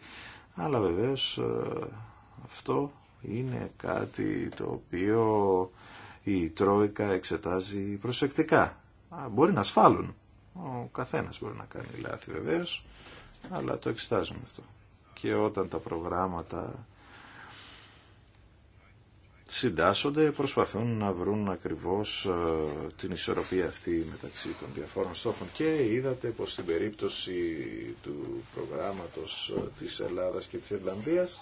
αλλά βεβαίως ε, αυτό είναι κάτι το οποίο η Τρόικα εξετάζει προσεκτικά. Μπορεί να σφάλουν Ο καθένας μπορεί να κάνει λάθη βεβαίως, αλλά το εξετάζουμε αυτό. Και όταν τα προγράμματα συντάσσονται, προσπαθούν να βρουν ακριβώς ε, την ισορροπία αυτή μεταξύ των διαφόρων στόχων και είδατε πως στην περίπτωση του προγράμματος ε, της Ελλάδας και της Ιρλανδίας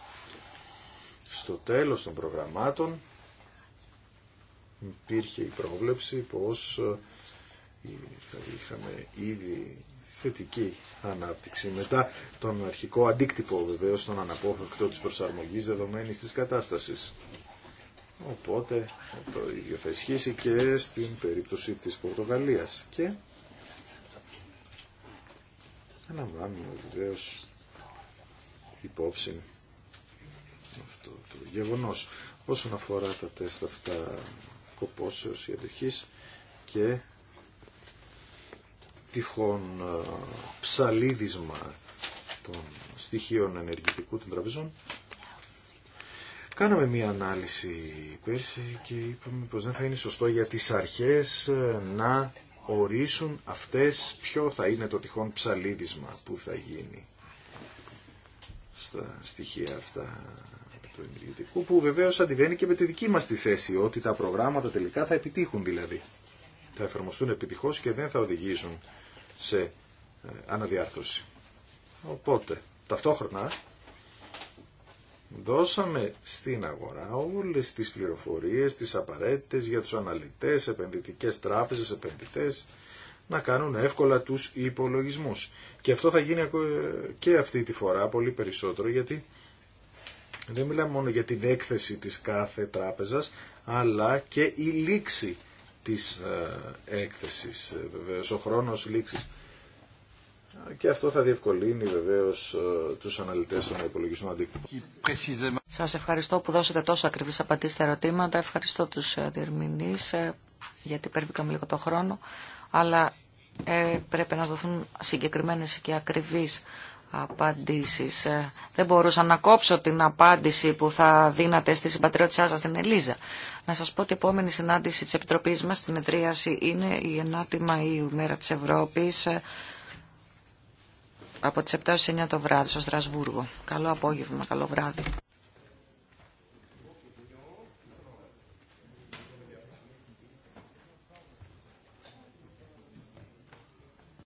στο τέλος των προγραμμάτων υπήρχε η πρόβλεψη πως ε, θα είχαμε ήδη θετική ανάπτυξη μετά τον αρχικό αντίκτυπο βεβαίως τον αναπόφευκτο της προσαρμογής δεδομένης της κατάστασης. Οπότε το ίδιο θα ισχύσει και στην περίπτωση της Πορτογαλίας. Και αναλαμβάνουμε βεβαίω υπόψη αυτό το γεγονός. Όσον αφορά τα τεστ αυτά κοπόσεως ή και τυχόν ε, ψαλίδισμα των στοιχείων ενεργητικού των τραπεζών, Κάναμε μία ανάλυση πέρσι και είπαμε πως δεν θα είναι σωστό για τις αρχές ε, να ορίσουν αυτές ποιο θα είναι το τυχόν ψαλίδισμα που θα γίνει στα στοιχεία αυτά του ενεργητικού που βεβαίως αντιβαίνει και με τη δική μας τη θέση ότι τα προγράμματα τελικά θα επιτύχουν δηλαδή. Θα εφαρμοστούν επιτυχώς και δεν θα οδηγήσουν σε ε, αναδιάρθρωση. Οπότε, ταυτόχρονα Δώσαμε στην αγορά όλες τις πληροφορίες, τις απαραίτητες για τους αναλυτές, επενδυτικές τράπεζες, επενδυτές, να κάνουν εύκολα τους υπολογισμούς. Και αυτό θα γίνει και αυτή τη φορά πολύ περισσότερο, γιατί δεν μιλάμε μόνο για την έκθεση της κάθε τράπεζας, αλλά και η λήξη της ε, έκθεσης. Ε, ο χρόνος λήξη και αυτό θα διευκολύνει βεβαίω ε, του αναλυτέ να υπολογιστούν αντίκτυπο. Σα ευχαριστώ που δώσατε τόσο ακριβείς απαντήσει στα ερωτήματα. Ευχαριστώ του ε, διερμηνεί, ε, γιατί υπέρβηκαμε λίγο το χρόνο. Αλλά ε, πρέπει να δοθούν συγκεκριμένε και ακριβείς απαντήσει. δεν μπορούσα να κόψω την απάντηση που θα δίνατε στη συμπατριώτησά σα την Ελίζα. Να σα πω ότι η επόμενη συνάντηση τη Επιτροπή μα στην Εδρίαση είναι η 9η Μαΐου, μέρα τη Ευρώπη από τις 7 ως 9 το βράδυ στο Στρασβούργο. Καλό απόγευμα, καλό βράδυ.